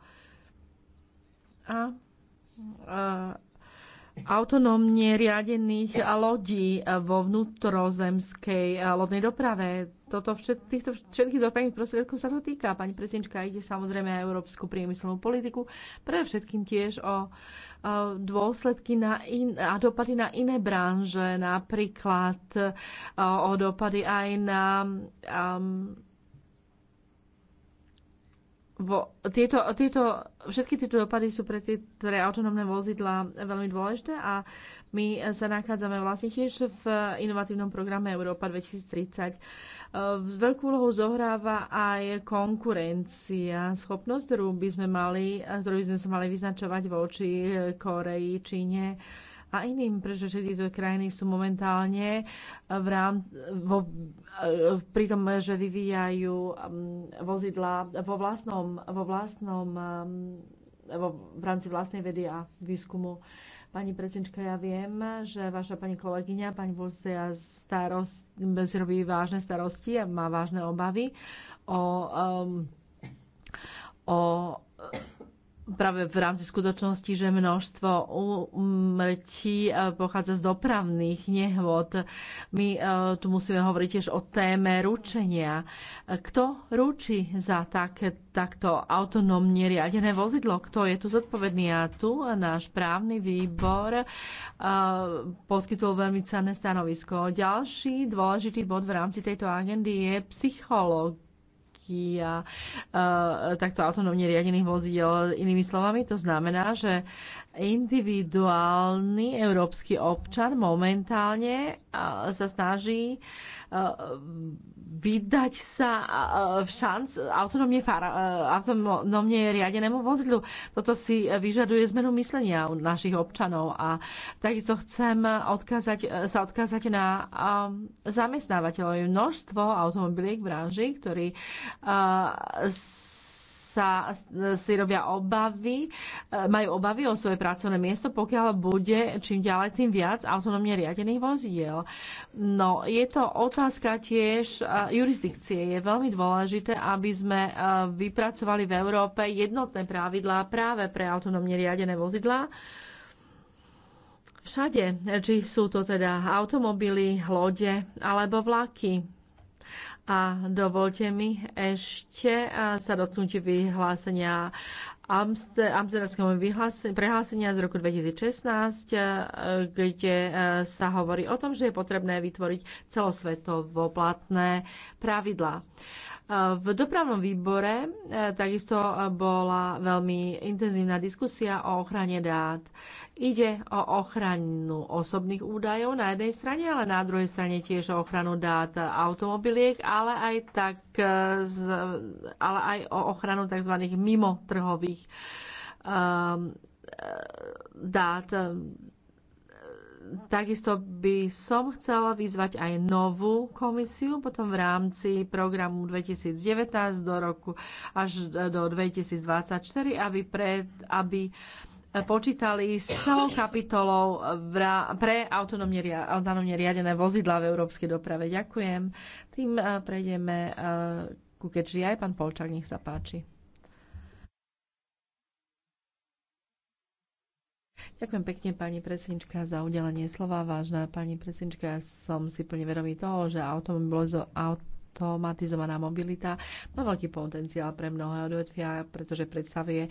Speaker 10: a, a e, autonómne riadených lodí vo vnútrozemskej eh, lodnej doprave. Toto všet, týchto všetkých dopravných prostriedkov sa to týka. Pani predsednička, ide samozrejme aj európsku priemyselnú politiku, pre všetkým tiež o, eh, dôsledky na in, a dopady na iné branže, napríklad o, eh, o dopady aj na um, vo, tieto, tieto, všetky tieto dopady sú pre tie autonómne vozidla veľmi dôležité a my sa nachádzame vlastne tiež v inovatívnom programe Európa 2030. veľkú úlohu zohráva aj konkurencia, schopnosť, ktorú by sme mali, ktorú by sme sa mali vyznačovať voči Koreji, Číne, a iným, pretože tieto krajiny sú momentálne v rám, vo, pri tom, že vyvíjajú um, vozidla vo vlastnom, vo vlastnom um, vo, v rámci vlastnej vedy a výskumu. Pani predsednička, ja viem, že vaša pani kolegyňa, pani Bolsia, starost, si robí vážne starosti a má vážne obavy o, um, o práve v rámci skutočnosti, že množstvo umrtí e, pochádza z dopravných nehôd. My e, tu musíme hovoriť tiež o téme ručenia. Kto ručí za tak, takto autonómne riadené vozidlo? Kto je tu zodpovedný? A tu náš právny výbor e, poskytol veľmi cenné stanovisko. Ďalší dôležitý bod v rámci tejto agendy je psychológ technológií a takto autonómne riadených vozidel. Inými slovami, to znamená, že individuálny európsky občan momentálne sa snaží vydať sa v šanc autonómne, autonómne riadenému vozidlu. Toto si vyžaduje zmenu myslenia u našich občanov a takisto chcem odkázať, sa odkázať na zamestnávateľov. Je množstvo automobiliek v branži, ktorí sa e, si robia obavy, e, majú obavy o svoje pracovné miesto, pokiaľ bude čím ďalej tým viac autonómne riadených vozidiel. No, je to otázka tiež e, jurisdikcie. Je veľmi dôležité, aby sme vypracovali v Európe jednotné pravidlá práve pre autonómne riadené vozidlá všade, či sú to teda automobily, lode alebo vlaky. A dovolte mi ešte sa dotknúť vyhlásenia Amsterdamského prehlásenia z roku 2016, e, kde e, sa hovorí o tom, že je potrebné vytvoriť celosvetovo platné pravidlá. V dopravnom výbore e, takisto bola veľmi intenzívna diskusia o ochrane dát. Ide o ochranu osobných údajov na jednej strane, ale na druhej strane tiež o ochranu dát automobiliek, ale aj, tak, e, ale aj o ochranu tzv. mimotrhových e, dát Takisto by som chcela vyzvať aj novú komisiu, potom v rámci programu 2019 do roku až do 2024, aby, pred, aby počítali s celou kapitolou pre autonómne, riadené vozidla v európskej doprave. Ďakujem. Tým eh, prejdeme eh, ku Keči aj pán Polčák, nech sa páči. Ďakujem pekne, pani predsednička, za udelenie slova. Vážna pani predsednička, ja som si plne vedomý toho, že automobilizo, auto automatizovaná mobilita má veľký potenciál pre mnohé odvetvia, pretože predstavuje,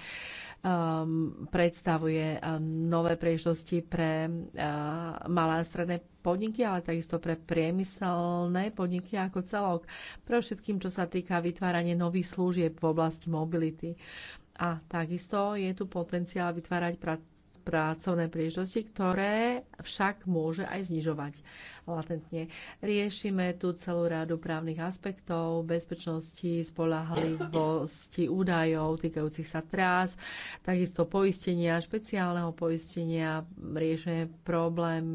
Speaker 10: um, predstavuje uh, nové príležitosti pre uh, malé a stredné podniky, ale takisto pre priemyselné podniky ako celok. Pre všetkým, čo sa týka vytvárania nových služieb v oblasti mobility. A takisto je tu potenciál vytvárať pracovné príležitosti, ktoré však môže aj znižovať latentne. Riešime tu celú rádu právnych aspektov, bezpečnosti, spolahlivosti údajov týkajúcich sa trás, takisto poistenia, špeciálneho poistenia, riešime problém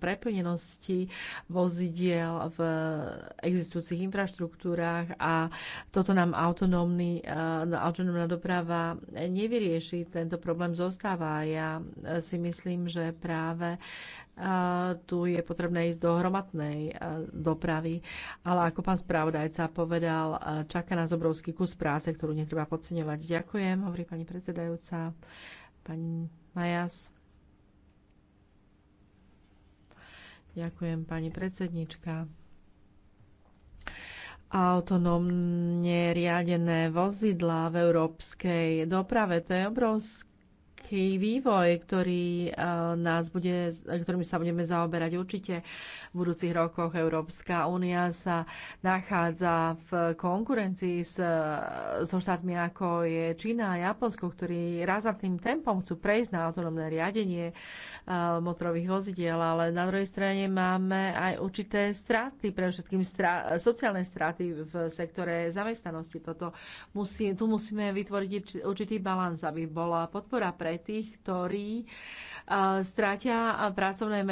Speaker 10: preplnenosti vozidiel v existujúcich infraštruktúrách a toto nám autonómny, eh, autonómna doprava nevyrieši. Tento problém zostáva. Ja si myslím, že práve tu je potrebné ísť do hromadnej e, dopravy. Ale ako pán spravodajca povedal, e, čaká nás obrovský kus práce, ktorú netreba podceňovať. Ďakujem, hovorí pani predsedajúca, pani Majas. Ďakujem, pani predsednička. Autonómne riadené vozidla v európskej doprave, to je obrovské veľký vývoj, ktorý, e, nás bude, ktorým sa budeme zaoberať určite v budúcich rokoch. Európska únia sa nachádza v konkurencii s, e, so štátmi ako je Čína a Japonsko, ktorí razantným tempom chcú prejsť na autonómne riadenie e, motorových vozidiel, ale na druhej strane máme aj určité straty, pre všetkým stra- sociálne straty v sektore zamestnanosti. Toto musí, tu musíme vytvoriť určitý balans, aby bola podpora pre tých, ktorí e, strátia pracovné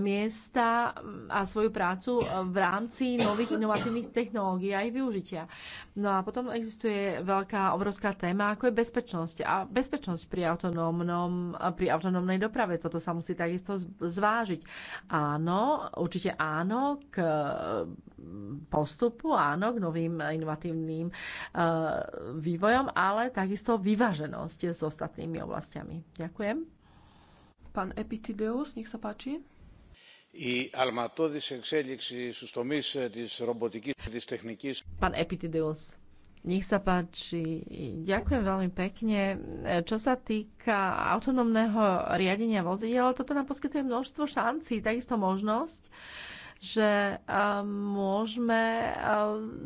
Speaker 10: miesta a svoju prácu v rámci nových inovatívnych technológií a ich využitia. No a potom existuje veľká, obrovská téma, ako je bezpečnosť. A bezpečnosť pri, autonómnom, pri autonómnej doprave. Toto sa musí takisto zvážiť. Áno, určite áno k postupu, áno k novým inovatívnym e, vývojom, ale takisto vyváženosť s ostatnými oblastiami problémami. Ďakujem. Pán Epitideus, nech sa páči. Pán Epitideus, nech sa páči. Ďakujem veľmi pekne. E, čo sa týka autonómneho riadenia vozidel, toto nám poskytuje množstvo šancí, takisto možnosť že eh, môžeme eh,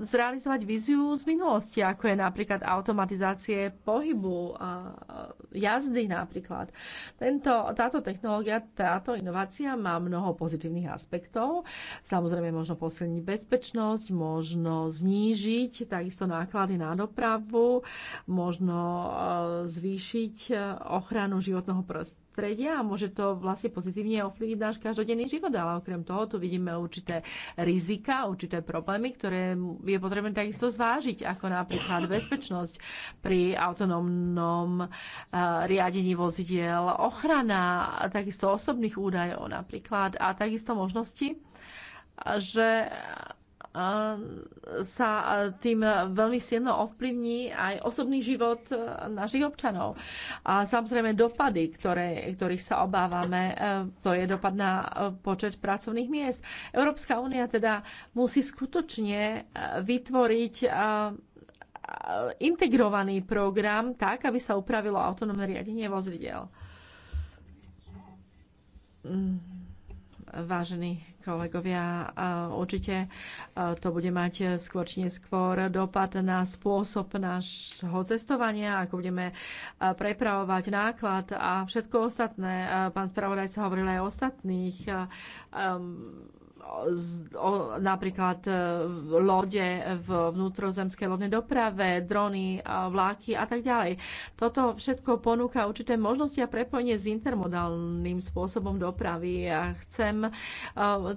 Speaker 10: zrealizovať víziu z minulosti, ako je napríklad automatizácie pohybu, eh, jazdy napríklad. Tento, táto technológia, táto inovácia má mnoho pozitívnych aspektov. Samozrejme, možno posilniť bezpečnosť, možno znížiť takisto náklady na dopravu, možno zvýšiť ochranu životného prostredia prostredia a môže to vlastne pozitívne ovplyvniť náš každodenný život. Ale okrem toho tu vidíme určité rizika, určité problémy, ktoré je potrebné takisto zvážiť, ako napríklad bezpečnosť pri autonómnom eh, riadení vozidiel, ochrana takisto osobných údajov napríklad a takisto možnosti, že E, sa e, tým veľmi silno ovplyvní aj osobný život e, našich občanov. A samozrejme dopady, ktoré, ktorých sa obávame, to je dopad na počet pracovných miest. Európska únia teda musí skutočne vytvoriť integrovaný program tak, aby sa upravilo autonómne riadenie vozidel. Mm, Vážený kolegovia, určite to bude mať skôr či neskôr dopad na spôsob nášho cestovania, ako budeme prepravovať náklad a všetko ostatné. Pán spravodajca hovoril aj o ostatných um, napríklad e, lode v vnútrozemskej lodnej doprave, drony, e, vláky a tak ďalej. Toto všetko ponúka určité možnosti a prepojenie s intermodálnym spôsobom dopravy. Ja chcem e,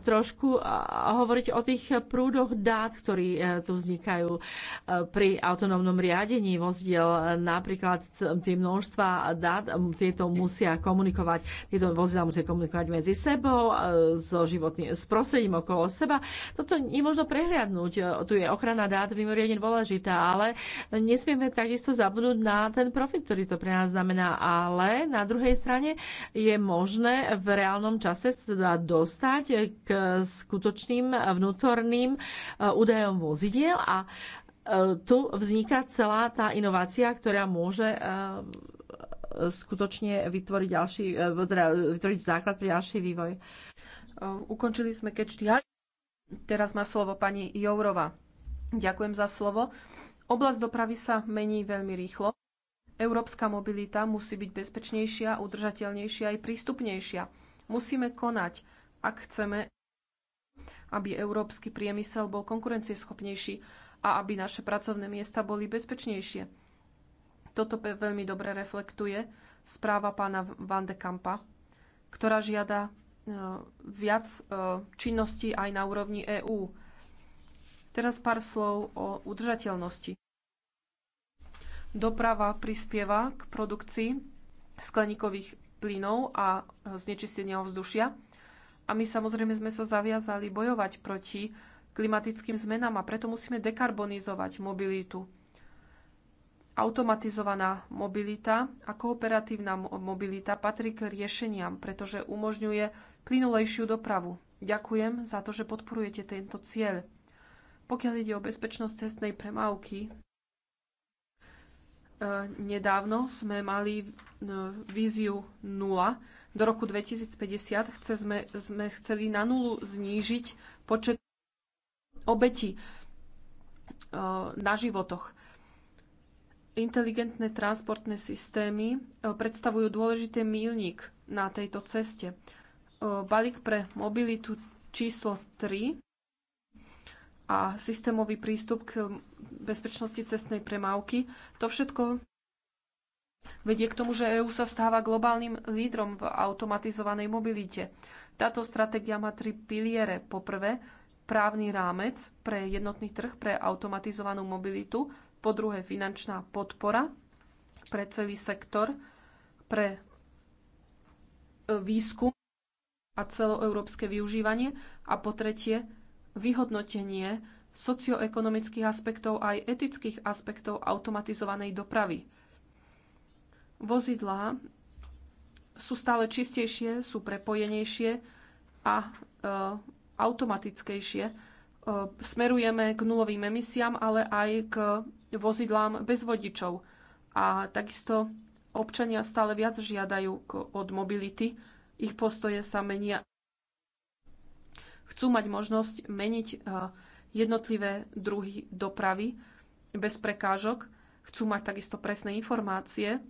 Speaker 10: trošku hovoriť o tých prúdoch dát, ktorí tu vznikajú pri autonómnom riadení vozdiel. Napríklad tie množstva dát, tieto musia komunikovať, tieto vozidla musia komunikovať medzi sebou, so životným, s prostredím prostredím okolo seba. Toto možno prehliadnúť. E, tu je ochrana dát mimoriadne dôležitá, ale nesmieme takisto zabudnúť na ten profit, ktorý to pre nás znamená. Ale na druhej strane je možné v reálnom čase sa dostať k skutočným vnútorným e, údajom vozidiel a e, tu vzniká celá tá inovácia, ktorá môže skutočne vytvoriť, ďalší, teda vytvoriť základ pre ďalší vývoj. Eh, ukončili
Speaker 9: sme catch Teraz má slovo pani Jourova. Ďakujem za slovo. Oblasť dopravy sa mení veľmi rýchlo. Európska mobilita musí byť bezpečnejšia, udržateľnejšia aj prístupnejšia. Musíme konať, ak chceme, aby európsky priemysel bol konkurencieschopnejší a aby naše pracovné miesta boli bezpečnejšie. Toto veľmi dobre reflektuje správa pána Van de Kampa, ktorá žiada No, viac e, činností aj na úrovni EÚ. Teraz pár slov o udržateľnosti. Doprava prispieva k produkcii skleníkových plynov a e, znečistenia ovzdušia. A my samozrejme sme sa zaviazali bojovať proti klimatickým zmenám a preto musíme dekarbonizovať mobilitu. Automatizovaná mobilita a kooperatívna mobilita patrí k riešeniam, pretože umožňuje plynulejšiu dopravu. Ďakujem za to, že podporujete tento cieľ. Pokiaľ ide o bezpečnosť cestnej premávky, e, nedávno sme mali e, víziu 0. Do roku 2050 chce sme, sme chceli na nulu znížiť počet obetí e, na životoch. Inteligentné transportné systémy predstavujú dôležitý mílnik na tejto ceste balík pre mobilitu číslo 3 a systémový prístup k bezpečnosti cestnej premávky. To všetko vedie k tomu, že EÚ sa stáva globálnym lídrom v automatizovanej mobilite. Táto stratégia má tri piliere. Po prvé, právny rámec pre jednotný trh pre automatizovanú mobilitu. Po druhé, finančná podpora pre celý sektor, pre e, výskum a celoeurópske využívanie a po tretie vyhodnotenie socioekonomických aspektov aj etických aspektov automatizovanej dopravy. Vozidlá sú stále čistejšie, sú prepojenejšie a e, automatickejšie. E, smerujeme k nulovým emisiám, ale aj k vozidlám bez vodičov. A takisto občania stále viac žiadajú k, od mobility ich postoje sa menia. Chcú mať možnosť meniť e, jednotlivé druhy dopravy bez prekážok. Chcú mať takisto presné informácie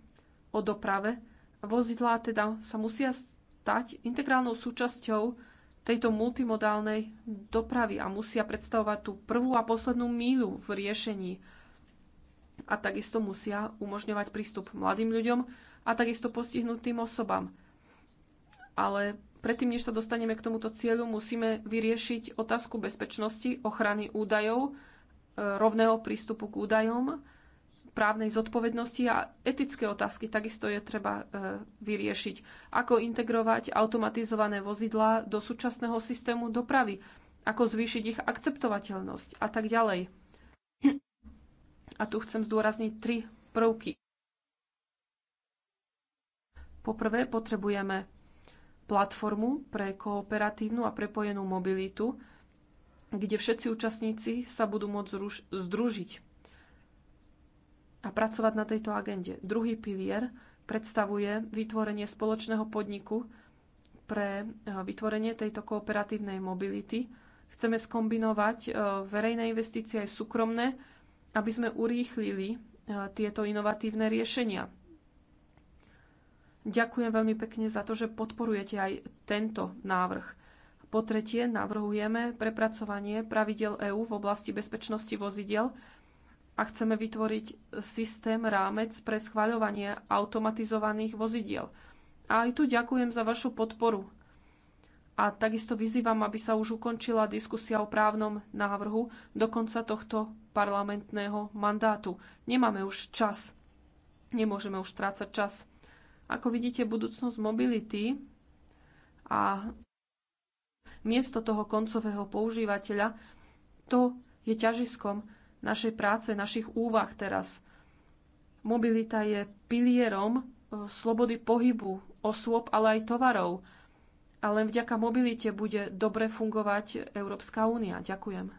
Speaker 9: o doprave. Vozidlá teda sa musia stať integrálnou súčasťou tejto multimodálnej dopravy a musia predstavovať tú prvú a poslednú míľu v riešení. A takisto musia umožňovať prístup mladým ľuďom a takisto postihnutým osobám ale predtým, než sa dostaneme k tomuto cieľu, musíme vyriešiť otázku bezpečnosti, ochrany údajov, e, rovného prístupu k údajom, právnej zodpovednosti a etické otázky takisto je treba e, vyriešiť. Ako integrovať automatizované vozidlá do súčasného systému dopravy, ako zvýšiť ich akceptovateľnosť a tak ďalej. A tu chcem zdôrazniť tri prvky. Poprvé potrebujeme platformu pre kooperatívnu a prepojenú mobilitu, kde všetci účastníci sa budú môcť združiť a pracovať na tejto agende. Druhý pilier predstavuje vytvorenie spoločného podniku pre eh, vytvorenie tejto kooperatívnej mobility. Chceme skombinovať eh, verejné investície aj súkromné, aby sme urýchlili eh, tieto inovatívne riešenia. Ďakujem veľmi pekne za to, že podporujete aj tento návrh. Po tretie, navrhujeme prepracovanie pravidel EÚ v oblasti bezpečnosti vozidiel a chceme vytvoriť systém rámec pre schváľovanie automatizovaných vozidiel. A aj tu ďakujem za vašu podporu. A takisto vyzývam, aby sa už ukončila diskusia o právnom návrhu do konca tohto parlamentného mandátu. Nemáme už čas. Nemôžeme už strácať čas. Ako vidíte, budúcnosť mobility a miesto toho koncového používateľa, to je ťažiskom našej práce, našich úvah teraz. Mobilita je pilierom e, slobody pohybu osôb, ale aj tovarov. A len vďaka mobilite bude dobre fungovať Európska únia. Ďakujem.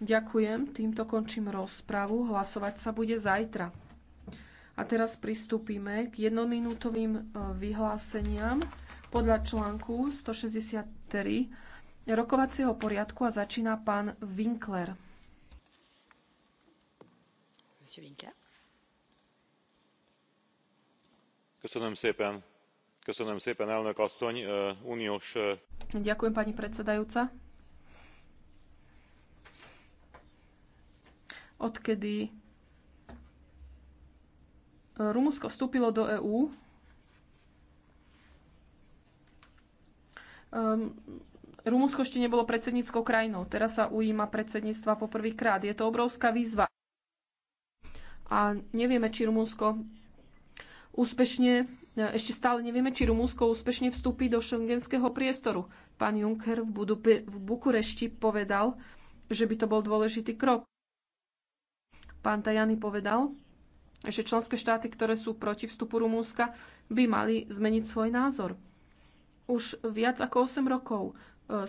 Speaker 9: Ďakujem. Týmto končím rozpravu. Hlasovať sa bude zajtra. A teraz pristúpime k jednominútovým e, vyhláseniam podľa článku 163 rokovacieho poriadku a začína pán Winkler. Ďakujem pani predsedajúca. Odkedy Rumunsko vstúpilo do EÚ. Um, ehm, Rumunsko ešte nebolo predsedníckou krajinou. Teraz sa ujíma predsedníctva poprvýkrát. Je to obrovská výzva. A nevieme, či Rumunsko úspešne, e, ešte stále nevieme, či Rumunsko úspešne vstúpi do šengenského priestoru. Pán Juncker v, Budupe, v Bukurešti povedal, že by to bol dôležitý krok. Pán Tajani povedal, že členské štáty, ktoré sú proti vstupu Rumúnska, by mali zmeniť svoj názor. Už viac ako 8 rokov e,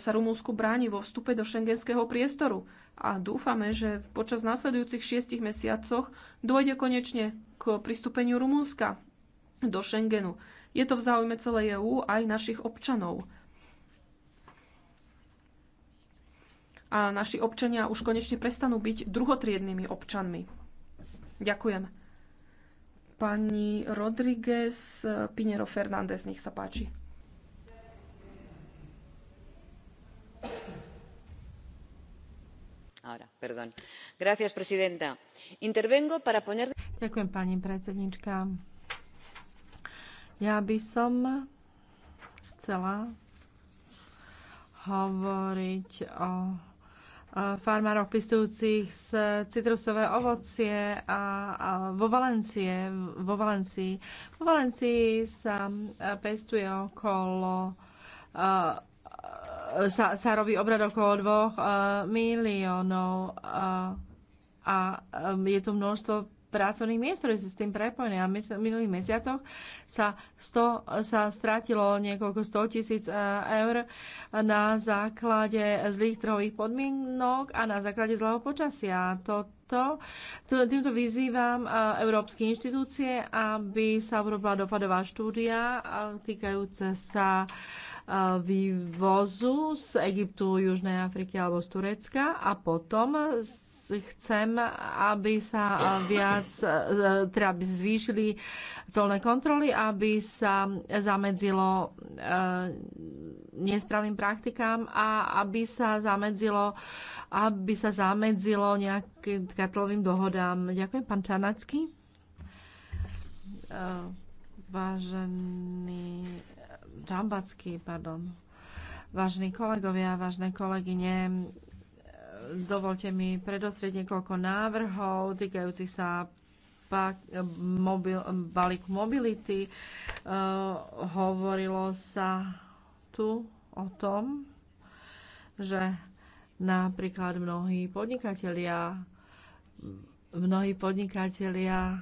Speaker 9: sa Rumúnsku bráni vo vstupe do šengenského priestoru a dúfame, že počas následujúcich šiestich mesiacoch dôjde konečne k pristúpeniu Rumúnska do Schengenu. Je to v záujme celej EÚ aj našich občanov. A naši občania už konečne prestanú byť druhotriednými občanmi. Ďakujem. Pani Rodriguez Pinero Fernández, nech sa páči.
Speaker 7: Ahora, perdón.
Speaker 11: Gracias, presidenta. Intervengo para poner...
Speaker 10: Ďakujem, pani predsednička. Ja by som chcela hovoriť o farmárov pestujúcich z citrusové ovocie a, a vo, Valencie, vo Valencii. Vo Valencii sa e, pestuje okolo e, e, sa, sa robí obrad okolo dvoch miliónov a je tu množstvo pracovných miest, ktoré sú s tým prepojené. A v minulých mesiacoch sa, 100, sa strátilo niekoľko 100 tisíc e, eur na základe zlých trhových podmienok a na základe zlého počasia. to, týmto vyzývam e, európske inštitúcie, aby sa urobila dopadová štúdia e, týkajúce sa vývozu z Egyptu, Južnej Afriky alebo z Turecka a potom chcem, aby sa viac, teda aby zvýšili colné kontroly, aby sa zamedzilo eh, nesprávnym praktikám a aby sa zamedzilo, aby sa zamedzilo nejakým katlovým dohodám. Ďakujem, pán Čarnacký. Eh, vážený Čambacký, eh, pardon. Vážení kolegovia, vážne kolegyne, dovolte mi predostrieť niekoľko návrhov týkajúcich sa mobil, balík mobility. Uh, hovorilo sa tu o tom, že napríklad mnohí podnikatelia mnohí podnikatelia e,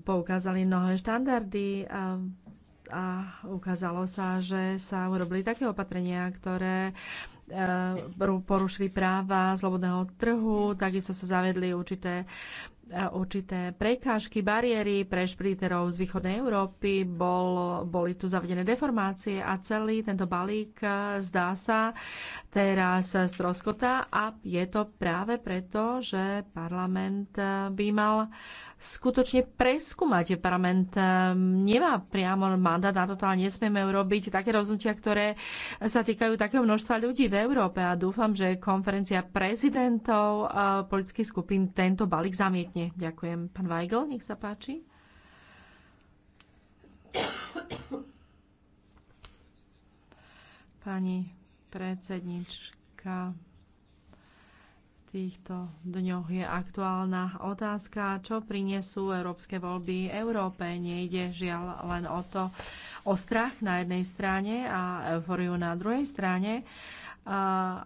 Speaker 10: poukázali mnohé štandardy a, a ukázalo sa, že sa urobili také opatrenia, ktoré E, porušili práva slobodného trhu, takisto sa zavedli určité e, určité prekážky, bariéry pre šprinterov z východnej Európy, bol, boli tu zavedené deformácie a celý tento balík e, zdá sa teraz stroskota a je to práve preto, že parlament by mal uh, skutočne preskúmať. Parlament ehm, nemá priamo mandát na toto, ale nesmieme urobiť také rozhodnutia, ktoré sa týkajú takého množstva ľudí v Európe a dúfam, že konferencia prezidentov eh, politických skupín tento balík zamietne. Ďakujem. Pán Weigl, nech sa páči. Pani predsednička, týchto dňoch je aktuálna otázka, čo prinesú európske voľby Európe. Nejde žiaľ len o to, o strach na jednej strane a euforiu na druhej strane, a,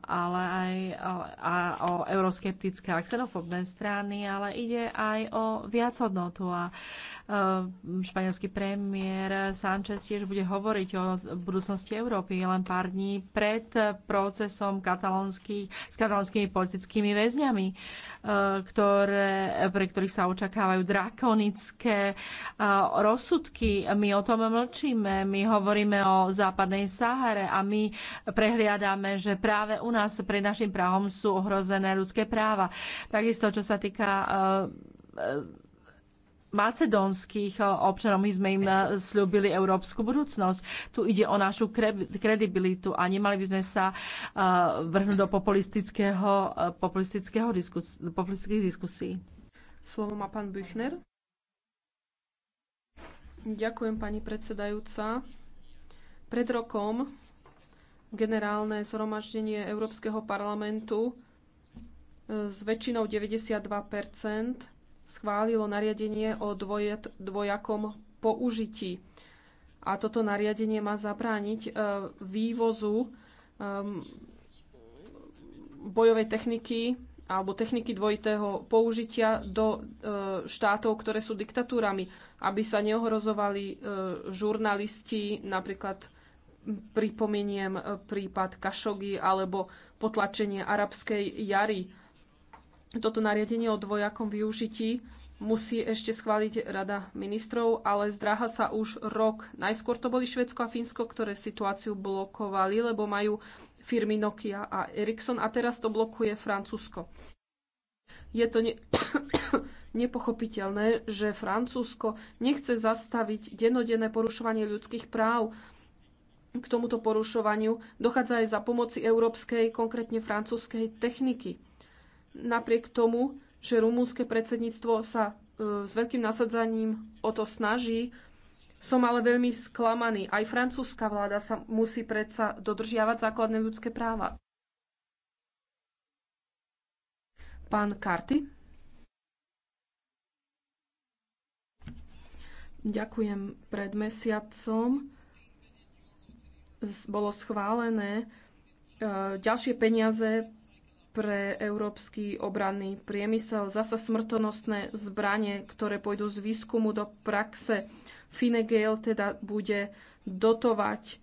Speaker 10: ale aj a, a o euroskeptické a xenofobné strany, ale ide aj o viac hodnotu a Ehm, španielský premiér Sánchez tiež bude hovoriť o budúcnosti Európy len pár dní pred procesom s katalonskými politickými väzňami, ehm, ktoré, pre ktorých sa očakávajú drakonické ehm, rozsudky. My o tom mlčíme, my hovoríme o západnej Sahare a my prehliadame, že práve u nás pred našim právom sú ohrozené ľudské práva. Takisto, čo sa týka macedónskych eh, občanov. My sme im eh, slúbili európsku budúcnosť. Tu ide o našu kredibilitu a nemali by sme sa eh, vrhnúť do populistického, populistického diskus, populistických diskusí.
Speaker 9: Slovo má pán Büchner. Ďakujem, pani predsedajúca. Pred rokom generálne zhromaždenie Európskeho parlamentu s väčšinou 92 schválilo nariadenie o dvoj, dvojakom použití. A toto nariadenie má zabrániť e, vývozu ehm, bojovej techniky alebo techniky dvojitého použitia do e, štátov, ktoré sú diktatúrami, aby sa neohrozovali e, žurnalisti, napríklad pripomeniem prípad Kašogy alebo potlačenie arabskej jary toto nariadenie o dvojakom využití musí ešte schváliť Rada ministrov, ale zdráha sa už rok. Najskôr to boli Švedsko a Fínsko, ktoré situáciu blokovali, lebo majú firmy Nokia a Ericsson a teraz to blokuje Francúzsko. Je to ne- nepochopiteľné, že Francúzsko nechce zastaviť denodenné porušovanie ľudských práv. K tomuto porušovaniu dochádza aj za pomoci európskej, konkrétne francúzskej techniky napriek tomu, že rumúnske predsedníctvo sa e, s veľkým nasadzaním o to snaží, som ale veľmi sklamaný. Aj francúzska vláda sa musí predsa dodržiavať základné ľudské práva. Pán Karty. Ďakujem. Pred mesiacom bolo schválené e, ďalšie peniaze pre európsky obranný priemysel. Zasa smrtonosné zbranie, ktoré pôjdu z výskumu do praxe. Finegale teda bude dotovať e,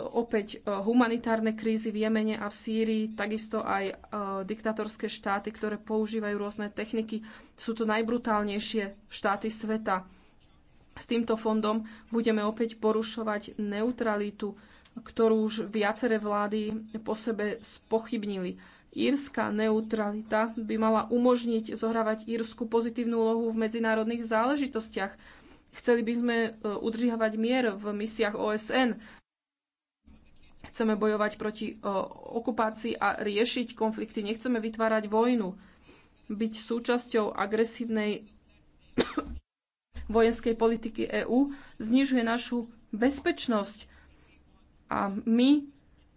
Speaker 9: opäť e, humanitárne krízy v Jemene a v Sýrii, takisto aj e, diktatorské štáty, ktoré používajú rôzne techniky. Sú to najbrutálnejšie štáty sveta. S týmto fondom budeme opäť porušovať neutralitu, ktorú už viaceré vlády po sebe spochybnili Írska neutralita by mala umožniť zohrávať Írsku pozitívnu úlohu v medzinárodných záležitostiach. Chceli by sme e, udržiavať mier v misiách OSN. Chceme bojovať proti e, okupácii a riešiť konflikty. Nechceme vytvárať vojnu. Byť súčasťou agresívnej vojenskej politiky EÚ znižuje našu bezpečnosť. A my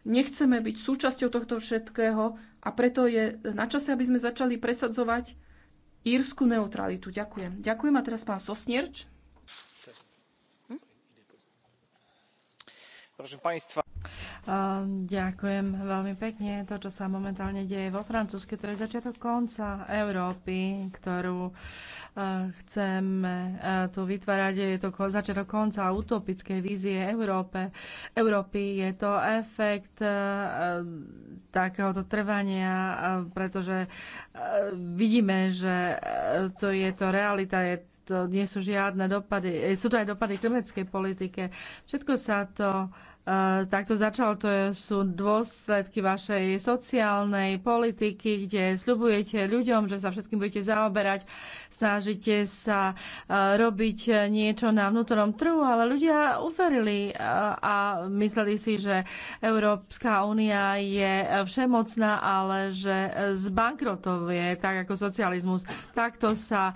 Speaker 9: nechceme byť súčasťou tohto všetkého, a preto je na čase, aby sme začali presadzovať írsku neutralitu. Ďakujem. Ďakujem a teraz pán Sosnierč.
Speaker 4: Hm?
Speaker 10: Ehm, ďakujem veľmi pekne. To, čo sa momentálne deje vo Francúzsku, to je začiatok konca Európy, ktorú Chceme tu vytvárať, je to začiatok konca utopickej vízie Európe. Európy je to efekt takéhoto trvania, pretože vidíme, že to je to realita, je to, nie sú žiadne dopady, sú to aj dopady klimatskej politike. Všetko sa to Uh, takto začalo, to je, sú dôsledky vašej sociálnej politiky, kde sľubujete ľuďom, že sa všetkým budete zaoberať snažíte sa e, robiť niečo na vnútornom trhu, ale ľudia uverili e, a mysleli si, že Európska únia je všemocná, ale že zbankrotovie, tak ako socializmus. E, takto sa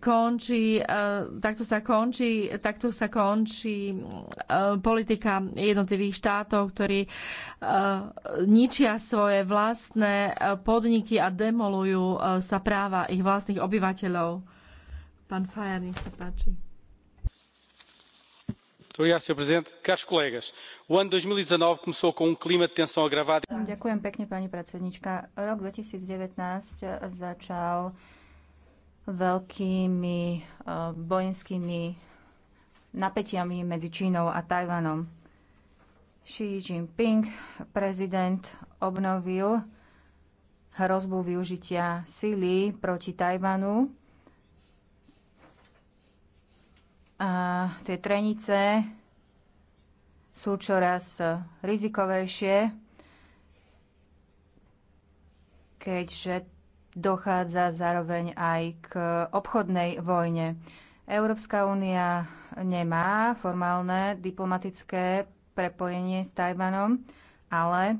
Speaker 10: končí, takto sa končí, takto sa končí politika jednotlivých štátov, ktorí ničia svoje vlastné podniky a demolujú sa práva ich vlastných obyvateľov. Pán Fajar, nech sa
Speaker 11: páči. E um Ďakujem pekne, pani predsednička. Rok 2019 začal veľkými eh, vojenskými napätiami medzi Čínou a Tajvanom. Xi Jinping, prezident, obnovil hrozbu využitia sily proti Tajvanu. A tie trenice sú čoraz rizikovejšie, keďže dochádza zároveň aj k obchodnej vojne. Európska únia nemá formálne diplomatické prepojenie s Tajvanom, ale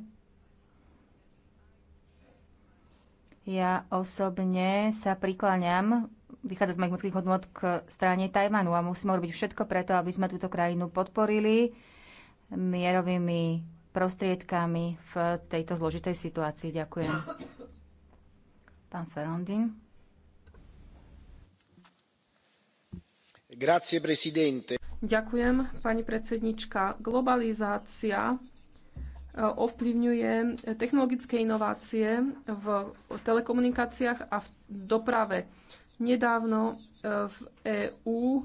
Speaker 11: Ja osobne sa prikláňam vychádzať z mojich hodnot k strane Tajvanu a musíme robiť všetko preto, aby sme túto krajinu podporili mierovými prostriedkami v tejto zložitej situácii. Ďakujem. Pán Ferrandin.
Speaker 10: Grazie, presidente.
Speaker 9: Ďakujem, pani predsednička. Globalizácia ovplyvňuje technologické inovácie v telekomunikáciách a v doprave. Nedávno e, v EÚ e,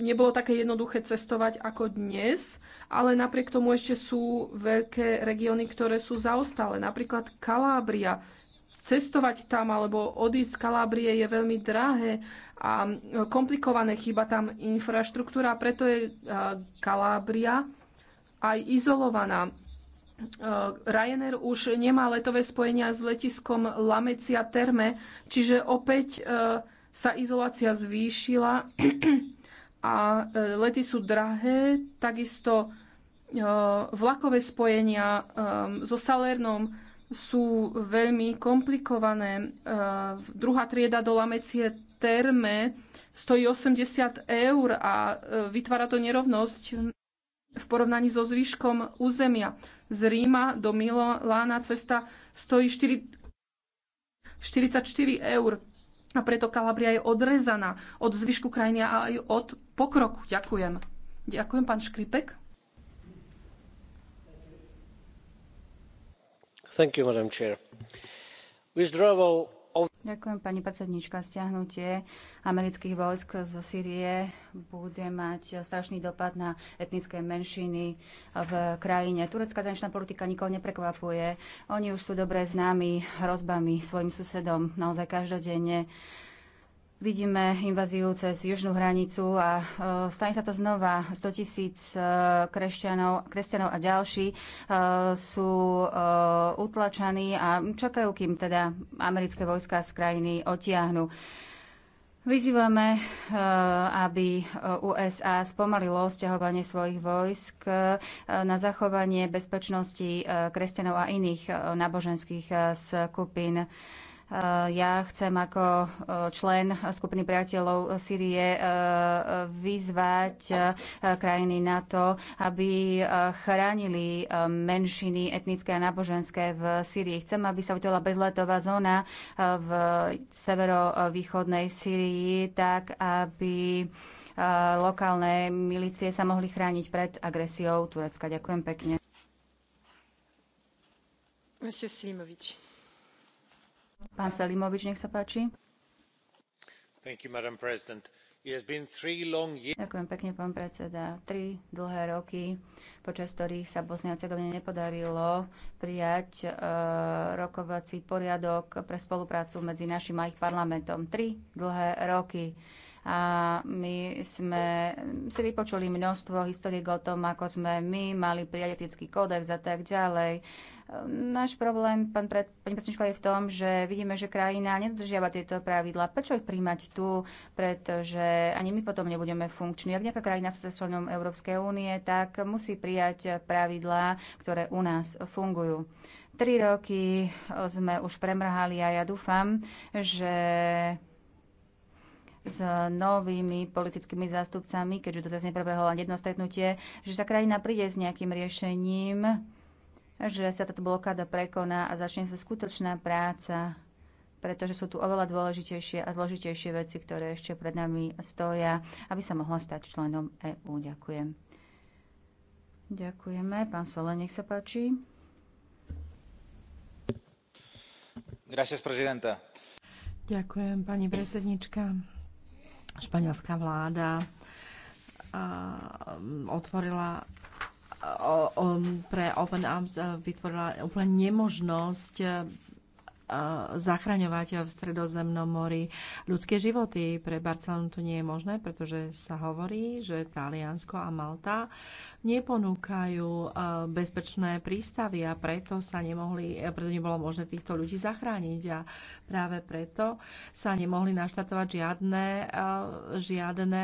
Speaker 9: nebolo také jednoduché cestovať ako dnes, ale napriek tomu ešte sú veľké regióny, ktoré sú zaostalé. Napríklad Kalábria. Cestovať tam alebo odísť z Kalábrie je veľmi drahé a komplikované. Chýba tam infraštruktúra, preto je e, Kalábria aj izolovaná. E, Ryanair už nemá letové spojenia s letiskom Lamecia Terme, čiže opäť e, sa izolácia zvýšila a e, lety sú drahé, takisto vlakové spojenia so Salernom sú veľmi komplikované. Druhá trieda do Lamecie Terme stojí 80 eur a vytvára to nerovnosť v porovnaní so zvyškom územia. Z Ríma do Milána cesta stojí 4, 44 eur a preto Kalabria je odrezaná od zvyšku krajiny a aj od pokroku. Ďakujem. Ďakujem, pán Škripek.
Speaker 5: Thank you, Madam Chair. Withdrawal
Speaker 11: Ďakujem, pani predsednička. Stiahnutie amerických vojsk zo Sýrie bude mať strašný dopad na etnické menšiny v krajine. Turecká zahraničná politika nikoho neprekvapuje. Oni už sú dobre známi hrozbami svojim susedom naozaj každodenne. Vidíme invaziu cez južnú hranicu a uh, stane sa to znova. 100 tisíc uh, kresťanov, kresťanov a ďalší uh, sú uh, utlačaní a čakajú, kým teda americké vojska z krajiny otiahnu. Vyzývame, aby USA spomalilo stiahovanie svojich vojsk na zachovanie bezpečnosti kresťanov a iných náboženských skupín. Eh, ja chcem ako eh, člen skupiny priateľov Sýrie eh, vyzvať krajiny na to, aby chránili menšiny etnické a náboženské v Sýrii. Chcem, aby sa udelila bezletová zóna v severovýchodnej Sýrii, tak aby lokálne milície sa mohli chrániť pred agresiou Turecka. Ďakujem pekne. Monsieur Slimovič. Pán Selimovič, nech sa páči.
Speaker 5: Ďakujem
Speaker 11: pekne, pán predseda. Tri dlhé roky, počas ktorých sa Bosne a Cegovine nepodarilo prijať e, rokovací poriadok pre spoluprácu medzi našim a ich parlamentom. Tri dlhé roky a my sme si vypočuli množstvo historiek o tom, ako sme my mali prijať etický kódex a tak ďalej. Náš problém, pán pred, pani predsednička, je v tom, že vidíme, že krajina nedodržiava tieto pravidlá. Prečo ich príjmať tu? Pretože ani my potom nebudeme funkční. Ak nejaká krajina sa členom Európskej únie, tak musí prijať pravidlá, ktoré u nás fungujú. Tri roky sme už premrhali a ja dúfam, že s novými politickými zástupcami, keďže to teraz neprebehlo len jedno stretnutie, že tá krajina príde s nejakým riešením, že sa táto blokáda prekoná a začne sa skutočná práca, pretože sú tu oveľa dôležitejšie a zložitejšie veci, ktoré ešte pred nami stoja, aby sa mohla stať členom EÚ. Ďakujem. Ďakujeme. Pán Sole, nech sa páči.
Speaker 5: Gracias, prezidenta.
Speaker 11: Ďakujem, pani predsednička.
Speaker 10: Španielská vláda otvorila pre Open Arms e, vytvorila úplne nemožnosť e, e, zachraňovať v stredozemnom mori ľudské životy. Pre Barcelonu to nie je možné, pretože sa hovorí, že Taliansko a Malta neponúkajú bezpečné prístavy a preto sa nemohli, preto nebolo možné týchto ľudí zachrániť a práve preto sa nemohli naštatovať žiadne, žiadne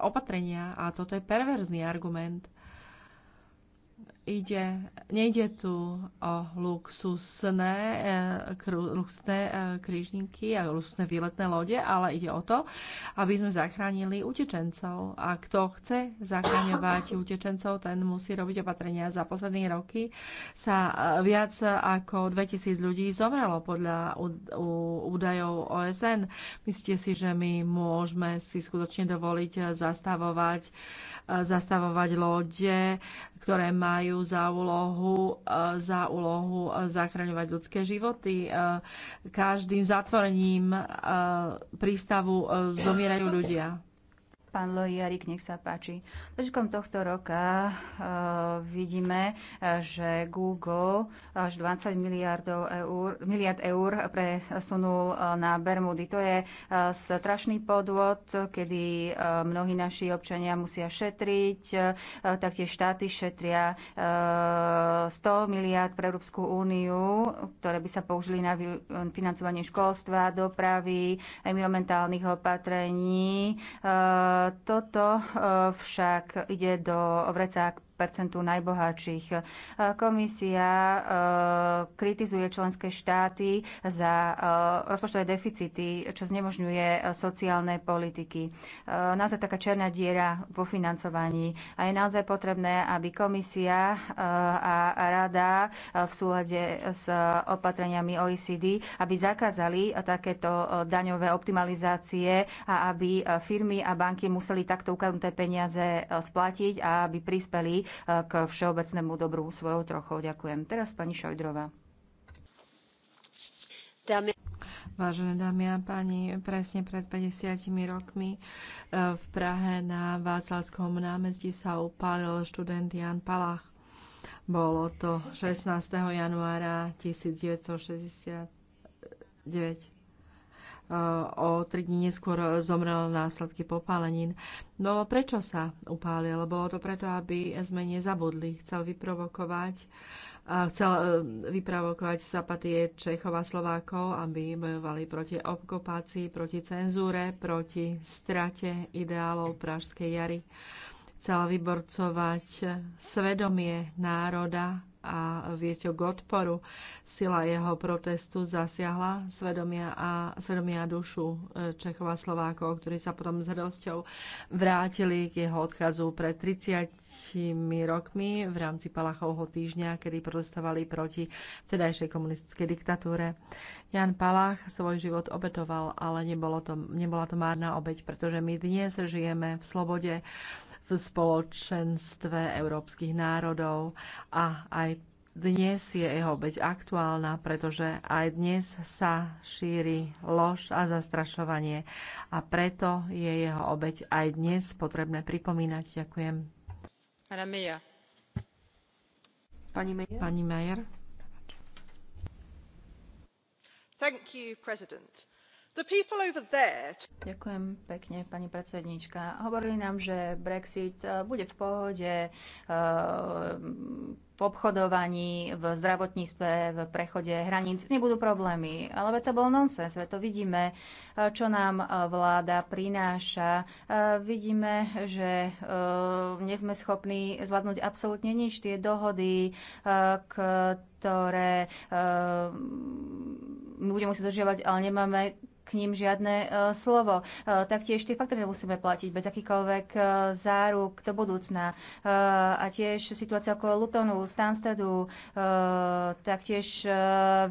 Speaker 10: opatrenia a toto je perverzný argument ide, nejde tu o luxusné, e, luxusné e, krížníky a luxusné výletné lode, ale ide o to, aby sme zachránili utečencov. A kto chce zachráňovať utečencov, ten musí robiť opatrenia. Za posledné roky sa e, viac ako 2000 ľudí zomrelo podľa údajov OSN. Myslíte si, že my môžeme si skutočne dovoliť zastavovať, zastavovať lode, ktoré majú za úlohu, eh, za úlohu eh, zachraňovať ľudské životy. Eh, každým zatvorením
Speaker 11: prístavu zomierajú ľudia. Pán Lojarik, nech sa páči. Začiatkom tohto roka uh, vidíme, eh, že Google až 20 miliardov eur, miliard eur presunul eh, na Bermudy. To je uh, strašný podvod, kedy uh, mnohí naši občania musia šetriť, uh, taktiež štáty šetria uh, 100 miliard pre Európsku úniu, ktoré by sa použili na financovanie školstva, dopravy, environmentálnych opatrení. Uh, toto eh, však ide do vrecák percentu najbohatších. E, komisia e, kritizuje členské štáty za e, rozpočtové deficity, čo znemožňuje sociálne politiky. Naozaj taká černá diera vo financovaní. A je naozaj potrebné, aby komisia a rada v súlade s opatreniami OECD, aby zakázali takéto daňové optimalizácie a aby firmy a banky museli takto ukradnuté peniaze splatiť a aby prispeli k všeobecnému dobru svojou trochou. Ďakujem. Teraz pani Šojdrová. Dámy. Vážené dámy a páni,
Speaker 10: presne pred 50 rokmi e, v Prahe na Václavskom námestí sa upálil študent Jan Palach. Bolo to 16. januára 1969 o tri dní neskôr zomrel následky popálenín. No prečo sa upálil? Bolo to preto, aby sme nezabudli. Chcel vyprovokovať chcel e, vyprovokovať zapatie Čechov a Slovákov, aby bojovali proti okupácii, proti cenzúre, proti strate ideálov Pražskej jary. Chcel vyborcovať svedomie národa a viete o k odporu. Sila jeho protestu zasiahla svedomia a, svedomia a dušu e, Čechov a Slovákov, ktorí sa potom s hrdosťou vrátili k jeho odkazu pred 30 rokmi v rámci Palachovho týždňa, kedy protestovali proti vtedajšej komunistickej diktatúre. Jan Palach svoj život obetoval, ale nebolo to, nebola to márna obeť, pretože my dnes žijeme v slobode v spoločenstve európskych národov a aj dnes je jeho obeď aktuálna, pretože aj dnes sa šíri lož a zastrašovanie a preto je jeho obeď aj dnes potrebné pripomínať. Ďakujem. Pani Meyer. Pani Meyer.
Speaker 4: Thank you, President
Speaker 11: Ďakujem pekne, pani predsednička. Hovorili nám, že Brexit e, bude v pohode e, v obchodovaní, v zdravotníctve, v prechode hraníc. Nebudú problémy, ale to bol nonsens. To vidíme, e, čo nám vláda prináša. Vidíme, že nie sme schopní zvládnuť absolútne nič. Tie dohody, ktoré my budeme musieť držiavať, ale nemáme k ním žiadne e, slovo. E, taktiež tie faktory musíme platiť bez akýkoľvek e, záruk do budúcna. A tiež situácia okolo Lutonu, Stanstedu, taktiež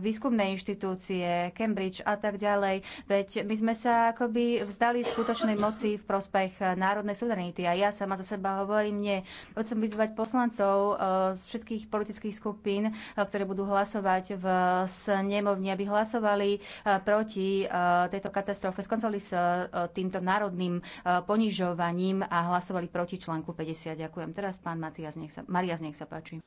Speaker 11: výskumné inštitúcie, Cambridge a tak ďalej. Veď my sme sa akoby vzdali skutočnej moci v prospech národnej suverenity. A ja sama za seba hovorím nie. Chcem vyzvať poslancov z všetkých politických skupín, ktoré budú hlasovať v snemovni, aby hlasovali proti tejto katastrofe, skoncali s e, týmto národným e, ponižovaním a hlasovali proti článku 50. Ďakujem. Teraz pán Matias, nech sa, Marias, nech sa páči.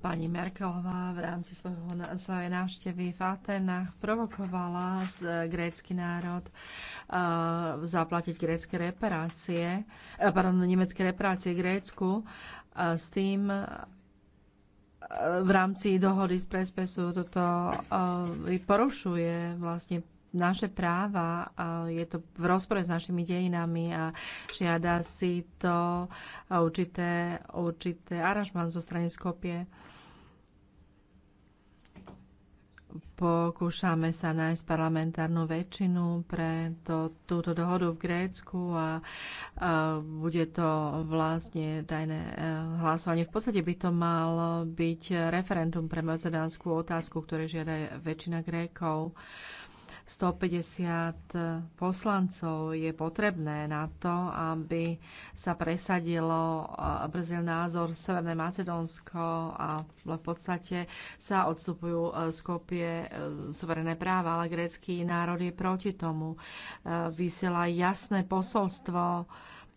Speaker 11: Pani
Speaker 10: Merkelová v rámci svojho, svojej návštevy v Atenách provokovala z e, grécky národ zaplatiť grécké reparácie, pardon, nemecké reparácie Grécku s tým, v rámci dohody z Prespesu toto eh, porušuje vlastne naše práva, je to v rozpore s našimi dejinami a žiada si to určité, určité aranžman zo strany Skopie. Pokúšame sa nájsť parlamentárnu väčšinu pre to, túto dohodu v Grécku a, a bude to vlastne tajné e, hlasovanie. V podstate by to malo byť referendum pre macedánsku otázku, ktoré žiada väčšina Grékov. Uh, 150 poslancov je potrebné na to, aby sa presadilo brzil názor Severné Macedónsko a v podstate sa odstupujú z e, kopie suverené práva, ale grécky národ je proti tomu. E, vysiela jasné posolstvo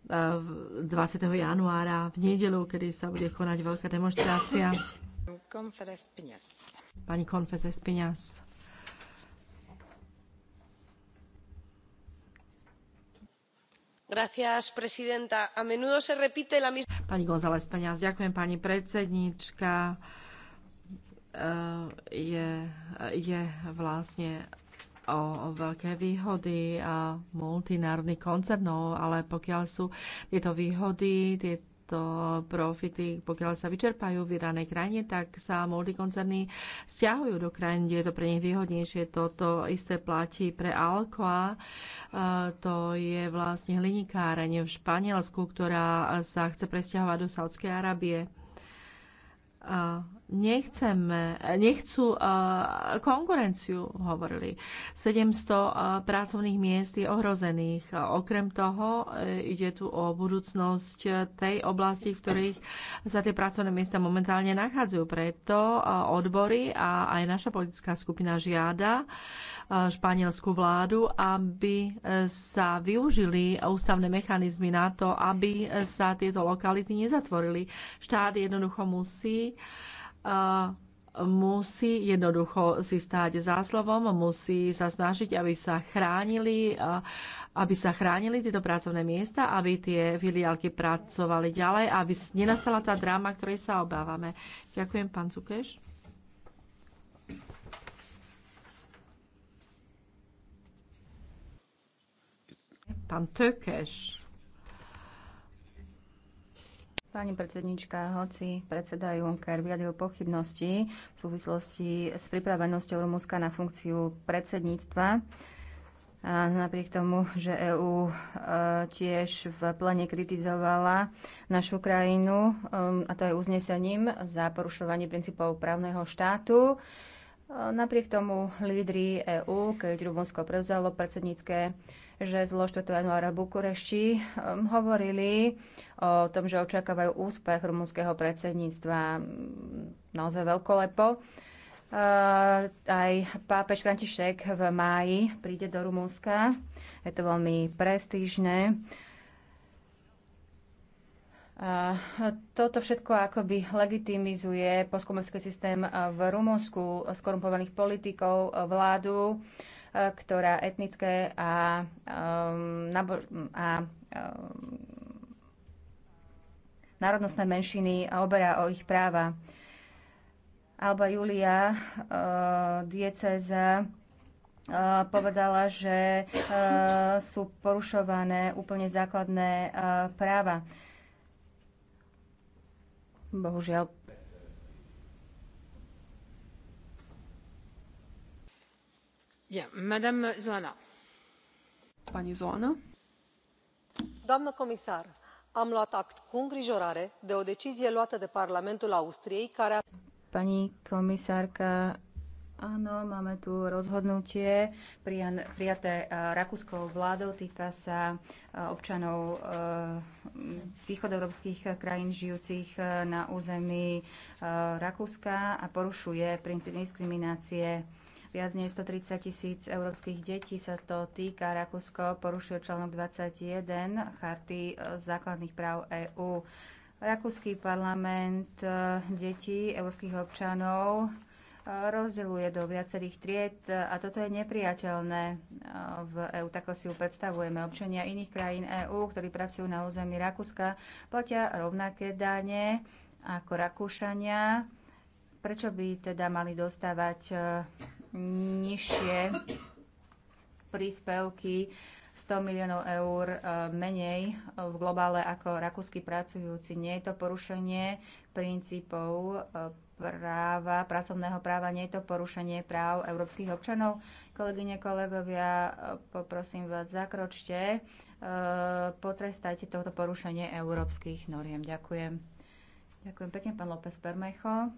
Speaker 10: 20. E, januára v nedelu, kedy sa bude konať veľká demonstrácia. Pani Konfes Espinas. Pani González Peňaz, ďakujem pani predsednička. Eh, je, je vlastne o, o veľké výhody a multinárodných koncernov, ale pokiaľ sú tieto výhody, tie, tieto profity, pokiaľ sa vyčerpajú v danej krajine, tak sa multikoncerny stiahujú do krajín, kde je to pre nich výhodnejšie. Toto isté platí pre Alcoa. E, to je vlastne hlinikáreň v Španielsku, ktorá sa chce presťahovať do Saudskej Arábie nechceme, nechcú eh, konkurenciu, hovorili. 700 eh, pracovných miest je ohrozených. Okrem toho eh, ide tu o budúcnosť tej oblasti, v ktorých sa tie pracovné miesta momentálne nachádzajú. Preto odbory a aj naša politická skupina žiada španielskú vládu, aby sa využili ústavné mechanizmy na to, aby sa tieto lokality nezatvorili. Štát jednoducho musí uh, musí jednoducho si stáť za slovom, musí sa snažiť, aby sa chránili, aby sa chránili tieto pracovné miesta, aby tie filiálky pracovali ďalej, aby nenastala tá dráma, ktorej sa obávame. Ďakujem, pán Cukeš. Pán Tökeš.
Speaker 11: Pani predsednička, hoci predseda Juncker vyjadil pochybnosti v súvislosti s pripravenosťou Rumúnska na funkciu predsedníctva, a napriek tomu, že EÚ e, tiež v plene kritizovala našu krajinu, um, a to aj uznesením za porušovanie princípov právneho štátu, Napriek tomu lídri EÚ, keď Rumunsko prevzalo predsednícke žezlo 4. januára v Bukurešti, um, hovorili o tom, že očakávajú úspech rumunského predsedníctva um, naozaj veľkolepo. Uh, aj pápež František v máji príde do Rumunska. Je to veľmi prestížne. Toto všetko akoby legitimizuje poskumovský systém v Rumunsku, skorumpovaných politikov, vládu, e, ktorá etnické a, e, a e, národnostné menšiny oberá o ich práva. Alba Julia, uh, dieceza, povedala, že sú porušované úplne základné práva. Bohužiaľ. Ja, madame Zoana.
Speaker 9: Pani Zoana.
Speaker 8: Doamnă comisar, am luat act cu îngrijorare de o decizie luată de Parlamentul Austriei care a...
Speaker 11: Pani komisárka, Áno, máme tu rozhodnutie prijaté e, rakúskou vládou, týka sa e, občanov e, východoeurópskych krajín žijúcich na území Rakúska a porušuje princíp diskriminácie. Viac než 130 tisíc európskych detí sa to týka. Rakúsko porušuje článok 21 Charty základných práv EÚ. Rakúsky parlament detí európskych občanov rozdeluje do viacerých tried a toto je nepriateľné e, v EÚ. tak si ju predstavujeme. Občania iných krajín EÚ, ktorí pracujú na území Rakúska, platia rovnaké dane ako Rakúšania. Prečo by teda mali dostávať e, nižšie príspevky 100 miliónov eur e, menej v globále ako rakúsky pracujúci. Nie je to porušenie princípov práva, pracovného práva, nie je to porušenie práv európskych občanov. Kolegyne, kolegovia, poprosím vás, zakročte, e, potrestajte toto porušenie európskych noriem. Ďakujem. Ďakujem pekne, pán López Permecho.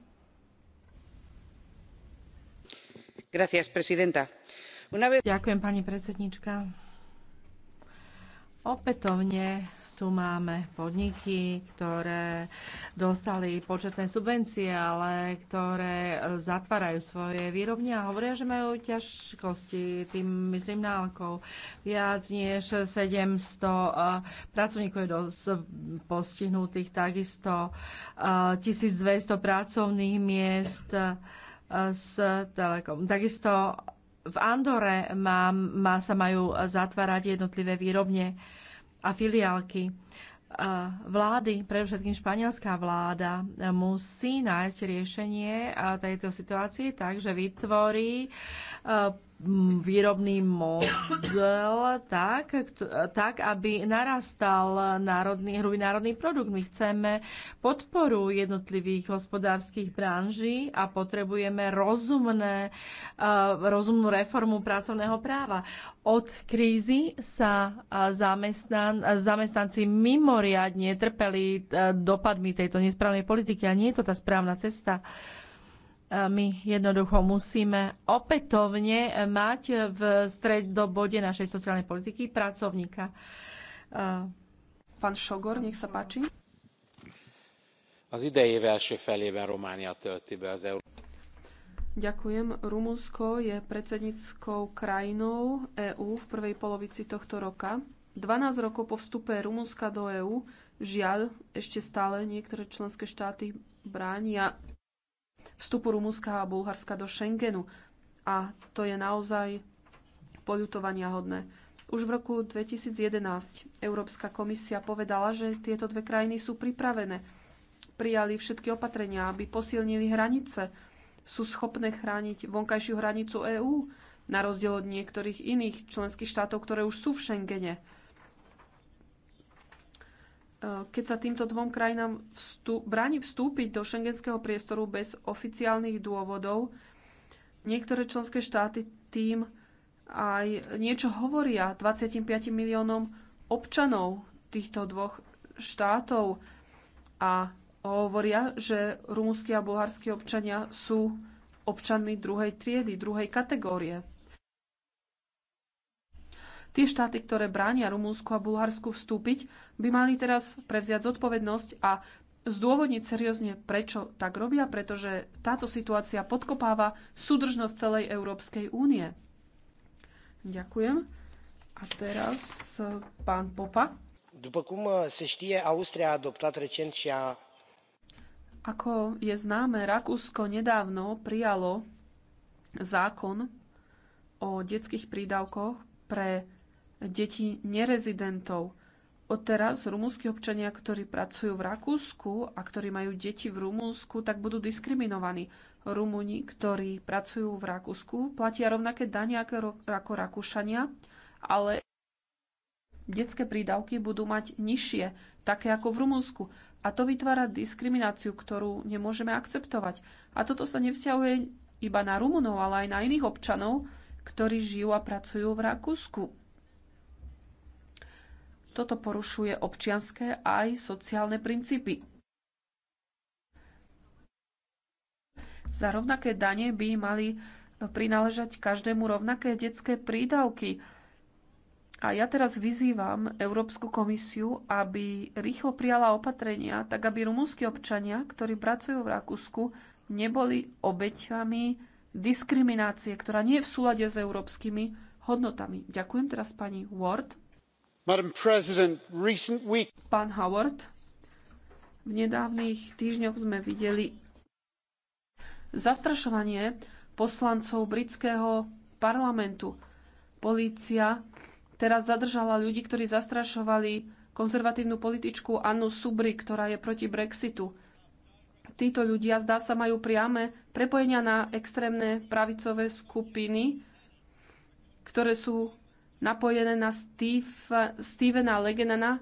Speaker 11: Ďakujem, pani
Speaker 10: predsednička. Opätovne tu máme podniky, ktoré dostali početné subvencie, ale ktoré zatvárajú svoje výrobne a hovoria, že majú ťažkosti, tým myslím na Viac než 700 eh, pracovníkov je dosť postihnutých, takisto 1200 eh, pracovných miest eh, s Telekom. Takisto v Andore má, má sa majú zatvárať jednotlivé výrobne a filiálky. E, vlády, predovšetkým španielská vláda, e, musí nájsť riešenie e, tejto situácie tak, že vytvorí výrobný model tak, tak aby narastal národný, hrubý národný produkt. My chceme podporu jednotlivých hospodárskych branží a potrebujeme rozumné, rozumnú reformu pracovného práva. Od krízy sa zamestnan, zamestnanci mimoriadne trpeli dopadmi tejto nesprávnej politiky a nie je to tá správna cesta my jednoducho musíme opätovne mať v stredobode našej sociálnej politiky pracovníka. Pán Šogor, nech sa páči.
Speaker 1: Az első felében Románia tölti be az EU.
Speaker 9: Ďakujem. Rumunsko je predsedníckou krajinou EÚ v prvej polovici tohto roka. 12 rokov po vstupe Rumunska do EÚ, žiaľ, ešte stále niektoré členské štáty bránia vstupu Rumúnska a Bulharska do Schengenu. A to je naozaj poľutovania hodné. Už v roku 2011 Európska komisia povedala, že tieto dve krajiny sú pripravené. Prijali všetky opatrenia, aby posilnili hranice. Sú schopné chrániť vonkajšiu hranicu EÚ, na rozdiel od niektorých iných členských štátov, ktoré už sú v Schengene keď sa týmto dvom krajinám vstup, bráni vstúpiť do šengenského priestoru bez oficiálnych dôvodov, niektoré členské štáty tým aj niečo hovoria 25 miliónom občanov týchto dvoch štátov a hovoria, že rumúnsky a bulharskí občania sú občanmi druhej triedy, druhej kategórie. Tie štáty, ktoré bránia Rumunsku a Bulharsku vstúpiť, by mali teraz prevziať zodpovednosť a zdôvodniť seriózne, prečo tak robia, pretože táto situácia podkopáva súdržnosť celej Európskej únie. Ďakujem. A teraz eh, pán Popa.
Speaker 5: După cum eh, se știe, Austria a adoptat recent și a...
Speaker 9: Ako je známe, Rakúsko nedávno prijalo zákon o detských prídavkoch pre detí nerezidentov. Odteraz rumúnsky občania, ktorí pracujú v Rakúsku a ktorí majú deti v Rumúnsku, tak budú diskriminovaní. Rumúni, ktorí pracujú v Rakúsku, platia rovnaké dania ako Rakúšania, ale detské prídavky budú mať nižšie, také ako v Rumunsku. A to vytvára diskrimináciu, ktorú nemôžeme akceptovať. A toto sa nevzťahuje iba na Rumunov, ale aj na iných občanov, ktorí žijú a pracujú v Rakúsku. Toto porušuje občianské aj sociálne princípy. Za rovnaké dane by mali prináležať každému rovnaké detské prídavky. A ja teraz vyzývam Európsku komisiu, aby rýchlo prijala opatrenia, tak aby rumúnsky občania, ktorí pracujú v Rakúsku, neboli obeťami diskriminácie, ktorá nie je v súlade s európskymi hodnotami. Ďakujem teraz pani Ward Pán Howard, v nedávnych týždňoch sme videli zastrašovanie poslancov britského parlamentu. Polícia teraz zadržala ľudí, ktorí zastrašovali konzervatívnu političku Annu Subri, ktorá je proti Brexitu. Títo ľudia, zdá sa, majú priame prepojenia na extrémne pravicové skupiny, ktoré sú napojené na Steve, Stevena Legenana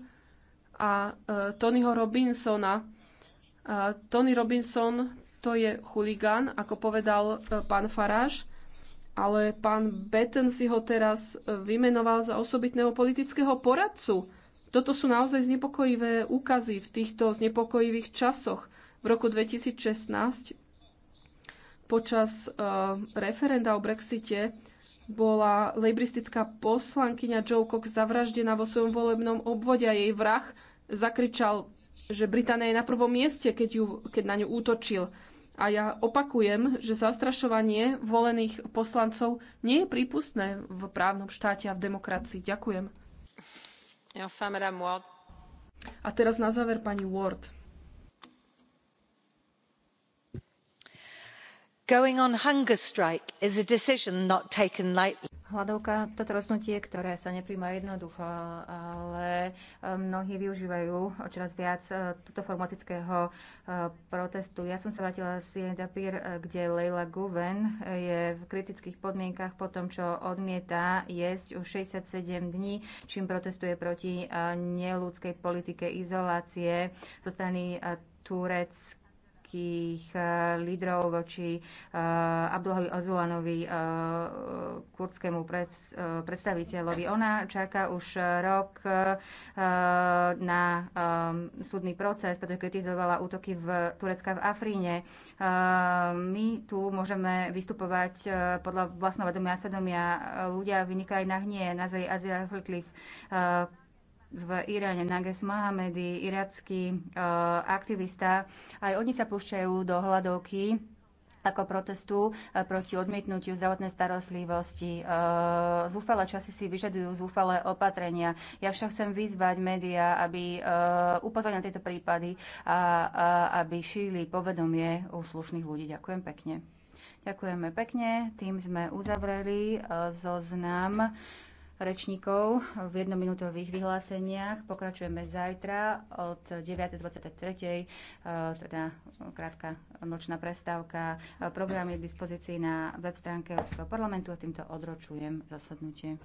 Speaker 9: a uh, Tonyho Robinsona. Uh, Tony Robinson to je chuligán, ako povedal uh, pán Faráš, ale pán Betten si ho teraz vymenoval za osobitného politického poradcu. Toto sú naozaj znepokojivé úkazy v týchto znepokojivých časoch. V roku 2016 počas uh, referenda o Brexite bola lejbristická poslankyňa Joe Cox zavraždená vo svojom volebnom obvode a jej vrah zakričal, že Británia je na prvom mieste, keď, ju, keď na ňu útočil. A ja opakujem, že zastrašovanie volených poslancov nie je prípustné v právnom štáte a v demokracii. Ďakujem. A teraz na záver
Speaker 4: pani Ward.
Speaker 11: Going on hunger strike is a decision not taken lightly. Hladovka, toto rozhodnutie, ktoré sa nepríjma jednoducho, ale e, mnohí využívajú e, čoraz viac e, túto formatického protestu. Ja som sa vrátila z Jendapír, kde Leila Guven je v kritických podmienkach po tom, čo odmieta jesť už 67 dní, čím protestuje proti neludskej politike izolácie zo strany Turecka kurdských eh, lídrov voči eh, Abdulhovi Ozulanovi, eh, kurdskému predstaviteľovi. Ona čaká už rok na súdny proces, pretože kritizovala útoky v Turecka v Afríne. My tu môžeme vystupovať podľa vlastného vedomia a svedomia. Ľudia vynikajú na hnie nazvej Azia Hlitliv, v Iráne, Nages Mohamedy, iracký e, aktivista. Aj oni sa púšťajú do hľadovky ako protestu e, proti odmietnutiu zdravotnej starostlivosti. E, zúfale časy si vyžadujú zúfale opatrenia. Ja však chcem vyzvať médiá, aby upozornili na tieto prípady a aby šírili povedomie u slušných ľudí. Ďakujem pekne. Ďakujeme pekne. Tým sme uzavreli zoznam rečníkov v jednominútových vyhláseniach. Pokračujeme zajtra od 9.23. Eh, teda krátka nočná prestávka. Program je k dispozícii na web stránke Európskeho parlamentu a týmto odročujem zasadnutie.